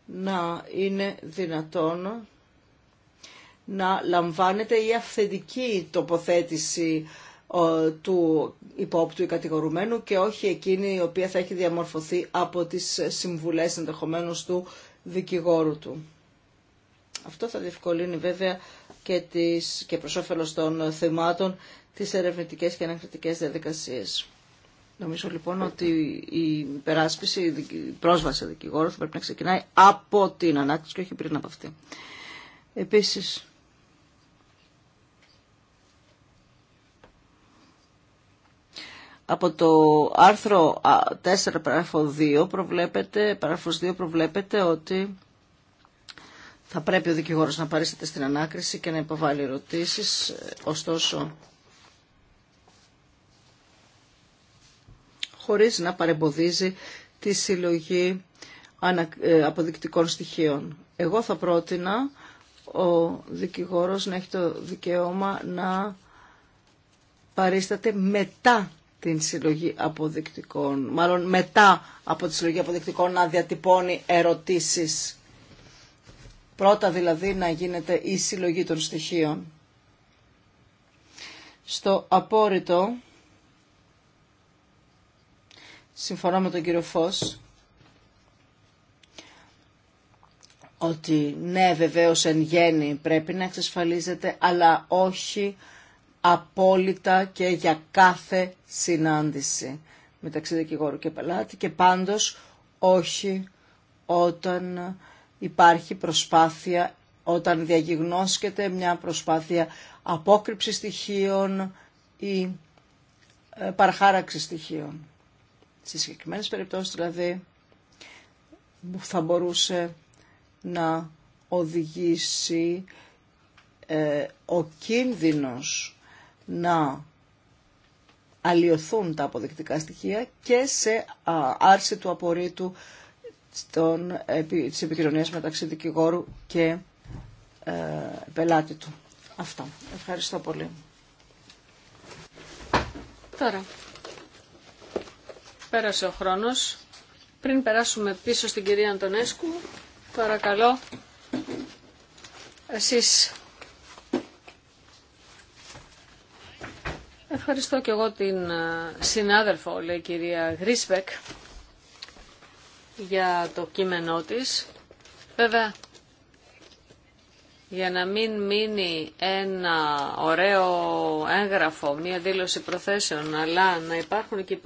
να είναι δυνατόν να λαμβάνεται η αυθεντική τοποθέτηση ε, του υπόπτου ή κατηγορουμένου και όχι εκείνη η οποία θα έχει διαμορφωθεί από τις συμβουλές ενδεχομένως του δικηγόρου του. Αυτό θα διευκολύνει βέβαια και, τις, και προς όφελος των θεμάτων τις ερευνητικές και ανακριτικές διαδικασίες. Νομίζω λοιπόν ότι η υπεράσπιση, η πρόσβαση δικηγόρου θα πρέπει να ξεκινάει από την ανάκτηση και όχι πριν από αυτή. Επίσης, από το άρθρο 4 παράγραφο 2 προβλέπεται, 2 προβλέπεται ότι θα πρέπει ο δικηγόρος να παρίσταται στην ανάκριση και να υποβάλει ερωτήσεις. Ε, ωστόσο, χωρίς να παρεμποδίζει τη συλλογή ε, αποδεικτικών στοιχείων. Εγώ θα πρότεινα ο δικηγόρος να έχει το δικαίωμα να παρίσταται μετά την συλλογή αποδεικτικών, μάλλον μετά από τη συλλογή αποδεικτικών να διατυπώνει ερωτήσεις Πρώτα δηλαδή να γίνεται η συλλογή των στοιχείων. Στο απόρριτο, συμφωνώ με τον κύριο Φως, ότι ναι βεβαίως εν γέννη πρέπει να εξασφαλίζεται, αλλά όχι απόλυτα και για κάθε συνάντηση μεταξύ δικηγόρου και πελάτη και πάντως όχι όταν υπάρχει προσπάθεια όταν διαγιγνώσκεται μια προσπάθεια απόκρυψης στοιχείων ή ε, παραχάραξη στοιχείων. Στις συγκεκριμένες περιπτώσεις δηλαδή θα μπορούσε να οδηγήσει ε, ο κίνδυνος να αλλοιωθούν τα αποδεικτικά στοιχεία και σε άρση του απορρίτου Τη της επικοινωνίας μεταξύ δικηγόρου και ε, πελάτη του. Αυτά. Ευχαριστώ πολύ. Τώρα, πέρασε ο χρόνος. Πριν περάσουμε πίσω στην κυρία Αντωνέσκου, παρακαλώ εσείς. Ευχαριστώ και εγώ την ε, συνάδελφο, λέει η κυρία Γρίσβεκ για το κείμενό της. Βέβαια, για να μην μείνει ένα ωραίο έγγραφο, μία δήλωση προθέσεων, αλλά να υπάρχουν και οι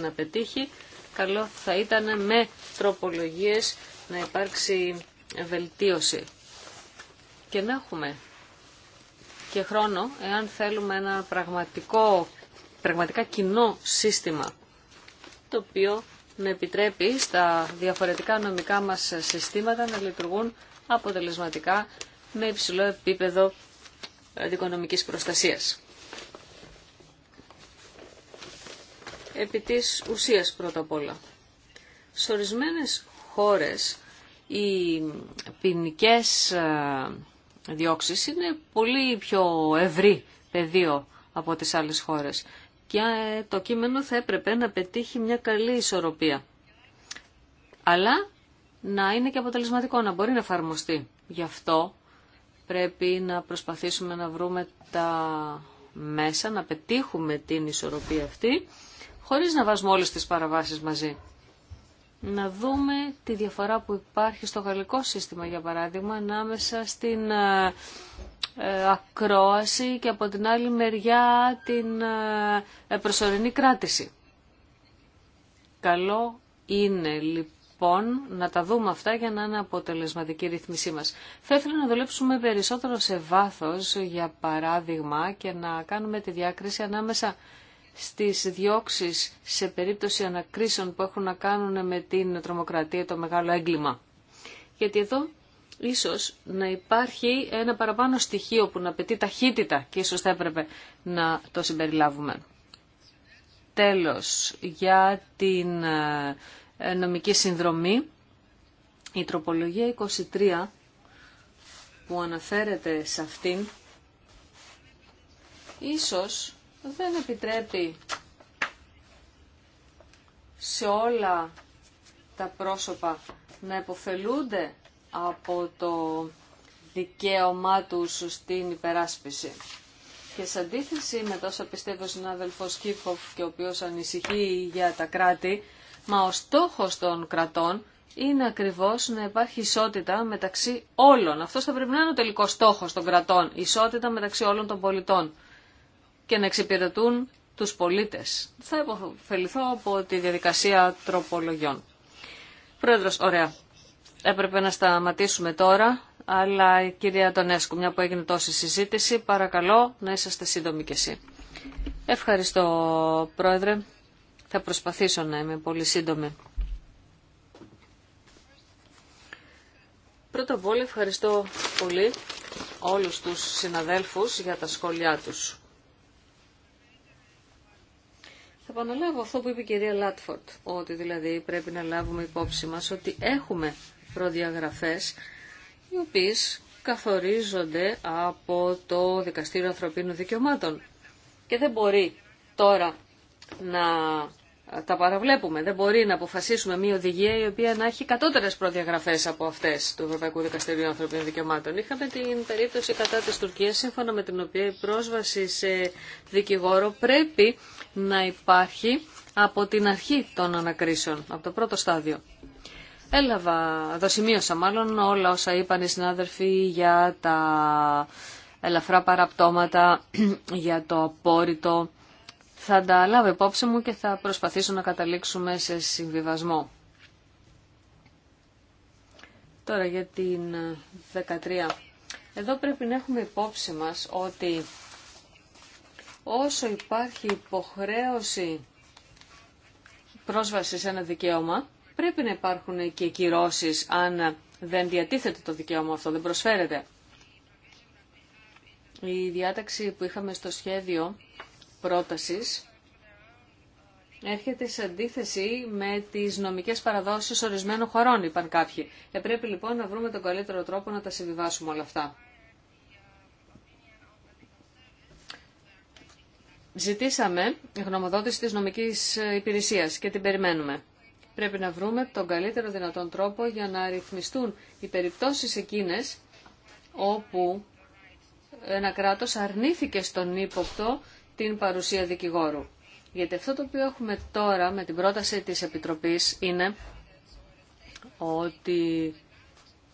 να πετύχει, καλό θα ήταν με τροπολογίες να υπάρξει βελτίωση. Και να έχουμε και χρόνο, εάν θέλουμε ένα πραγματικό, πραγματικά κοινό σύστημα, το οποίο να επιτρέπει στα διαφορετικά νομικά μας συστήματα να λειτουργούν αποτελεσματικά με υψηλό επίπεδο δικονομικής προστασίας. Επί ουσίας πρώτα απ' όλα. Σε ορισμένε χώρες οι ποινικέ ε, διώξεις είναι πολύ πιο ευρύ πεδίο από τις άλλες χώρες και ε, το κείμενο θα έπρεπε να πετύχει μια καλή ισορροπία. Αλλά να είναι και αποτελεσματικό, να μπορεί να εφαρμοστεί. Γι' αυτό πρέπει να προσπαθήσουμε να βρούμε τα μέσα, να πετύχουμε την ισορροπία αυτή, χωρίς να βάζουμε όλες τις παραβάσεις μαζί. Να δούμε τη διαφορά που υπάρχει στο γαλλικό σύστημα, για παράδειγμα, ανάμεσα στην ε, ε, ακρόαση και από την άλλη μεριά την ε, προσωρινή κράτηση. Καλό είναι λοιπόν να τα δούμε αυτά για να είναι αποτελεσματική η ρυθμισή μας. Θα ήθελα να δουλέψουμε περισσότερο σε βάθος για παράδειγμα και να κάνουμε τη διάκριση ανάμεσα στις διώξεις σε περίπτωση ανακρίσεων που έχουν να κάνουν με την τρομοκρατία το μεγάλο έγκλημα. Γιατί εδώ ίσως να υπάρχει ένα παραπάνω στοιχείο που να απαιτεί ταχύτητα και ίσως θα έπρεπε να το συμπεριλάβουμε. Τέλος, για την ε, νομική συνδρομή, η τροπολογία 23 που αναφέρεται σε αυτήν, ίσως δεν επιτρέπει σε όλα τα πρόσωπα να υποφελούνται από το δικαίωμά του στην υπεράσπιση. Και σε αντίθεση με τόσα πιστεύω ο συνάδελφος Κίφοφ και ο οποίος ανησυχεί για τα κράτη, μα ο στόχος των κρατών είναι ακριβώς να υπάρχει ισότητα μεταξύ όλων. Αυτό θα πρέπει να είναι ο τελικός στόχος των κρατών, ισότητα μεταξύ όλων των πολιτών και να εξυπηρετούν τους πολίτες. Θα υποφεληθώ από τη διαδικασία τροπολογιών. Πρόεδρος, ωραία. Έπρεπε να σταματήσουμε τώρα, αλλά η κυρία Τονέσκου, μια που έγινε τόση συζήτηση, παρακαλώ να είσαστε σύντομοι κι εσύ. Ευχαριστώ, Πρόεδρε. Θα προσπαθήσω να είμαι πολύ σύντομη. Πρώτα απ' όλα ευχαριστώ πολύ όλους τους συναδέλφους για τα σχόλιά τους. Θα επαναλάβω αυτό που είπε η κυρία Λάτφορτ, ότι δηλαδή πρέπει να λάβουμε υπόψη μας ότι έχουμε προδιαγραφές οι οποίες καθορίζονται από το Δικαστήριο Ανθρωπίνων Δικαιωμάτων. Και δεν μπορεί τώρα να τα παραβλέπουμε. Δεν μπορεί να αποφασίσουμε μια οδηγία η οποία να έχει κατώτερε προδιαγραφέ από αυτέ του Ευρωπαϊκού Δικαστηρίου Ανθρωπίνων Δικαιωμάτων. Είχαμε την περίπτωση κατά τη Τουρκία, σύμφωνα με την οποία η πρόσβαση σε δικηγόρο πρέπει να υπάρχει από την αρχή των ανακρίσεων, από το πρώτο στάδιο. Έλαβα, δοσημείωσα μάλλον όλα όσα είπαν οι συνάδελφοι για τα ελαφρά παραπτώματα, για το απόρριτο. Θα τα λάβω υπόψη μου και θα προσπαθήσω να καταλήξουμε σε συμβιβασμό. Τώρα για την 13. Ε, εδώ πρέπει να έχουμε υπόψη μας ότι όσο υπάρχει υποχρέωση πρόσβαση σε ένα δικαίωμα, πρέπει να υπάρχουν και κυρώσει αν δεν διατίθεται το δικαίωμα αυτό, δεν προσφέρεται. Η διάταξη που είχαμε στο σχέδιο πρότασης έρχεται σε αντίθεση με τις νομικές παραδόσεις ορισμένων χωρών, είπαν κάποιοι. Ε, πρέπει λοιπόν να βρούμε τον καλύτερο τρόπο να τα συμβιβάσουμε όλα αυτά. Ζητήσαμε γνωμοδότηση της νομικής υπηρεσίας και την περιμένουμε. Πρέπει να βρούμε τον καλύτερο δυνατόν τρόπο για να ρυθμιστούν οι περιπτώσεις εκείνες όπου ένα κράτος αρνήθηκε στον ύποπτο την παρουσία δικηγόρου. Γιατί αυτό το οποίο έχουμε τώρα με την πρόταση της Επιτροπής είναι ότι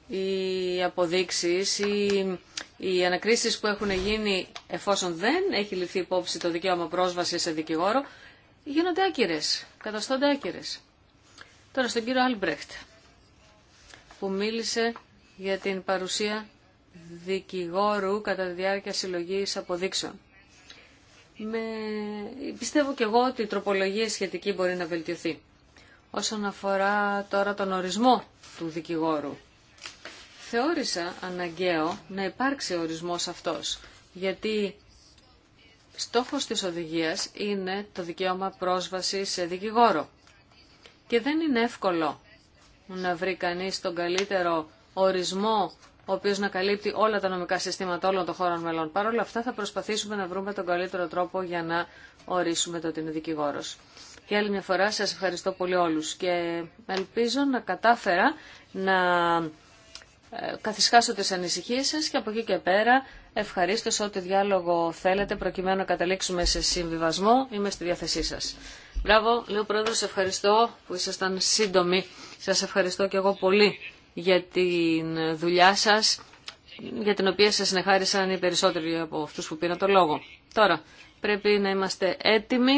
οι αποδείξεις ή οι ανακρίσεις που έχουν γίνει εφόσον δεν έχει ληφθεί υπόψη το δικαίωμα πρόσβαση σε δικηγόρο γίνονται άκυρες, καταστώνται άκυρες. Τώρα στον κύριο Άλμπρεχτ που μίλησε για την παρουσία δικηγόρου κατά τη διάρκεια συλλογής αποδείξεων. Με... Πιστεύω και εγώ ότι η τροπολογία σχετική μπορεί να βελτιωθεί. Όσον αφορά τώρα τον ορισμό του δικηγόρου, θεώρησα αναγκαίο να υπάρξει ορισμός αυτός, γιατί στόχος της οδηγίας είναι το δικαίωμα πρόσβαση σε δικηγόρο. Και δεν είναι εύκολο να βρει κανείς τον καλύτερο ορισμό ο οποίος να καλύπτει όλα τα νομικά συστήματα όλων των χώρων μελών. Παρ' όλα αυτά θα προσπαθήσουμε να βρούμε τον καλύτερο τρόπο για να ορίσουμε το ότι είναι δικηγόρος. Και άλλη μια φορά σας ευχαριστώ πολύ όλους και ελπίζω να κατάφερα να ε, καθισχάσω τις ανησυχίες σας και από εκεί και πέρα ευχαρίστω σε ό,τι διάλογο θέλετε προκειμένου να καταλήξουμε σε συμβιβασμό. Είμαι στη διάθεσή σας. Μπράβο, λέω πρόεδρο, σε ευχαριστώ που ήσασταν σύντομοι. Σα ευχαριστώ και εγώ πολύ για τη δουλειά σα για την οποία σα συνεχάρισαν οι περισσότεροι από αυτού που πήραν το λόγο. Τώρα, πρέπει να είμαστε έτοιμοι.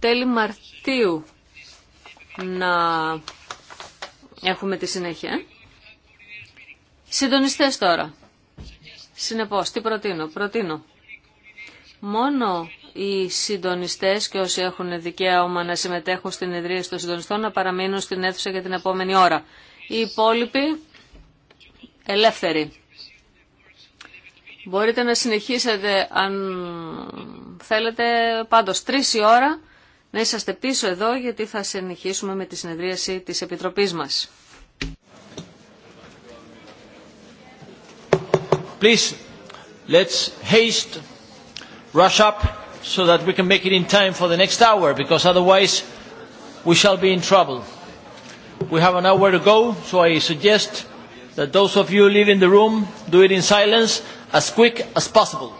Τέλη Μαρτίου να έχουμε τη συνέχεια. Συντονιστές τώρα. Συνεπώς, τι προτείνω. Προτείνω μόνο οι συντονιστές και όσοι έχουν δικαίωμα να συμμετέχουν στην ιδρύαση των συντονιστών να παραμείνουν στην αίθουσα για την επόμενη ώρα. Οι υπόλοιποι ελεύθεροι. Μπορείτε να συνεχίσετε αν θέλετε πάντως τρεις η ώρα να είσαστε πίσω εδώ γιατί θα συνεχίσουμε με τη συνεδρίαση της Επιτροπής μας. Please, let's haste rush up so that we can make it in time for the next hour, because otherwise we shall be in trouble. We have an hour to go, so I suggest that those of you leaving the room do it in silence as quick as possible.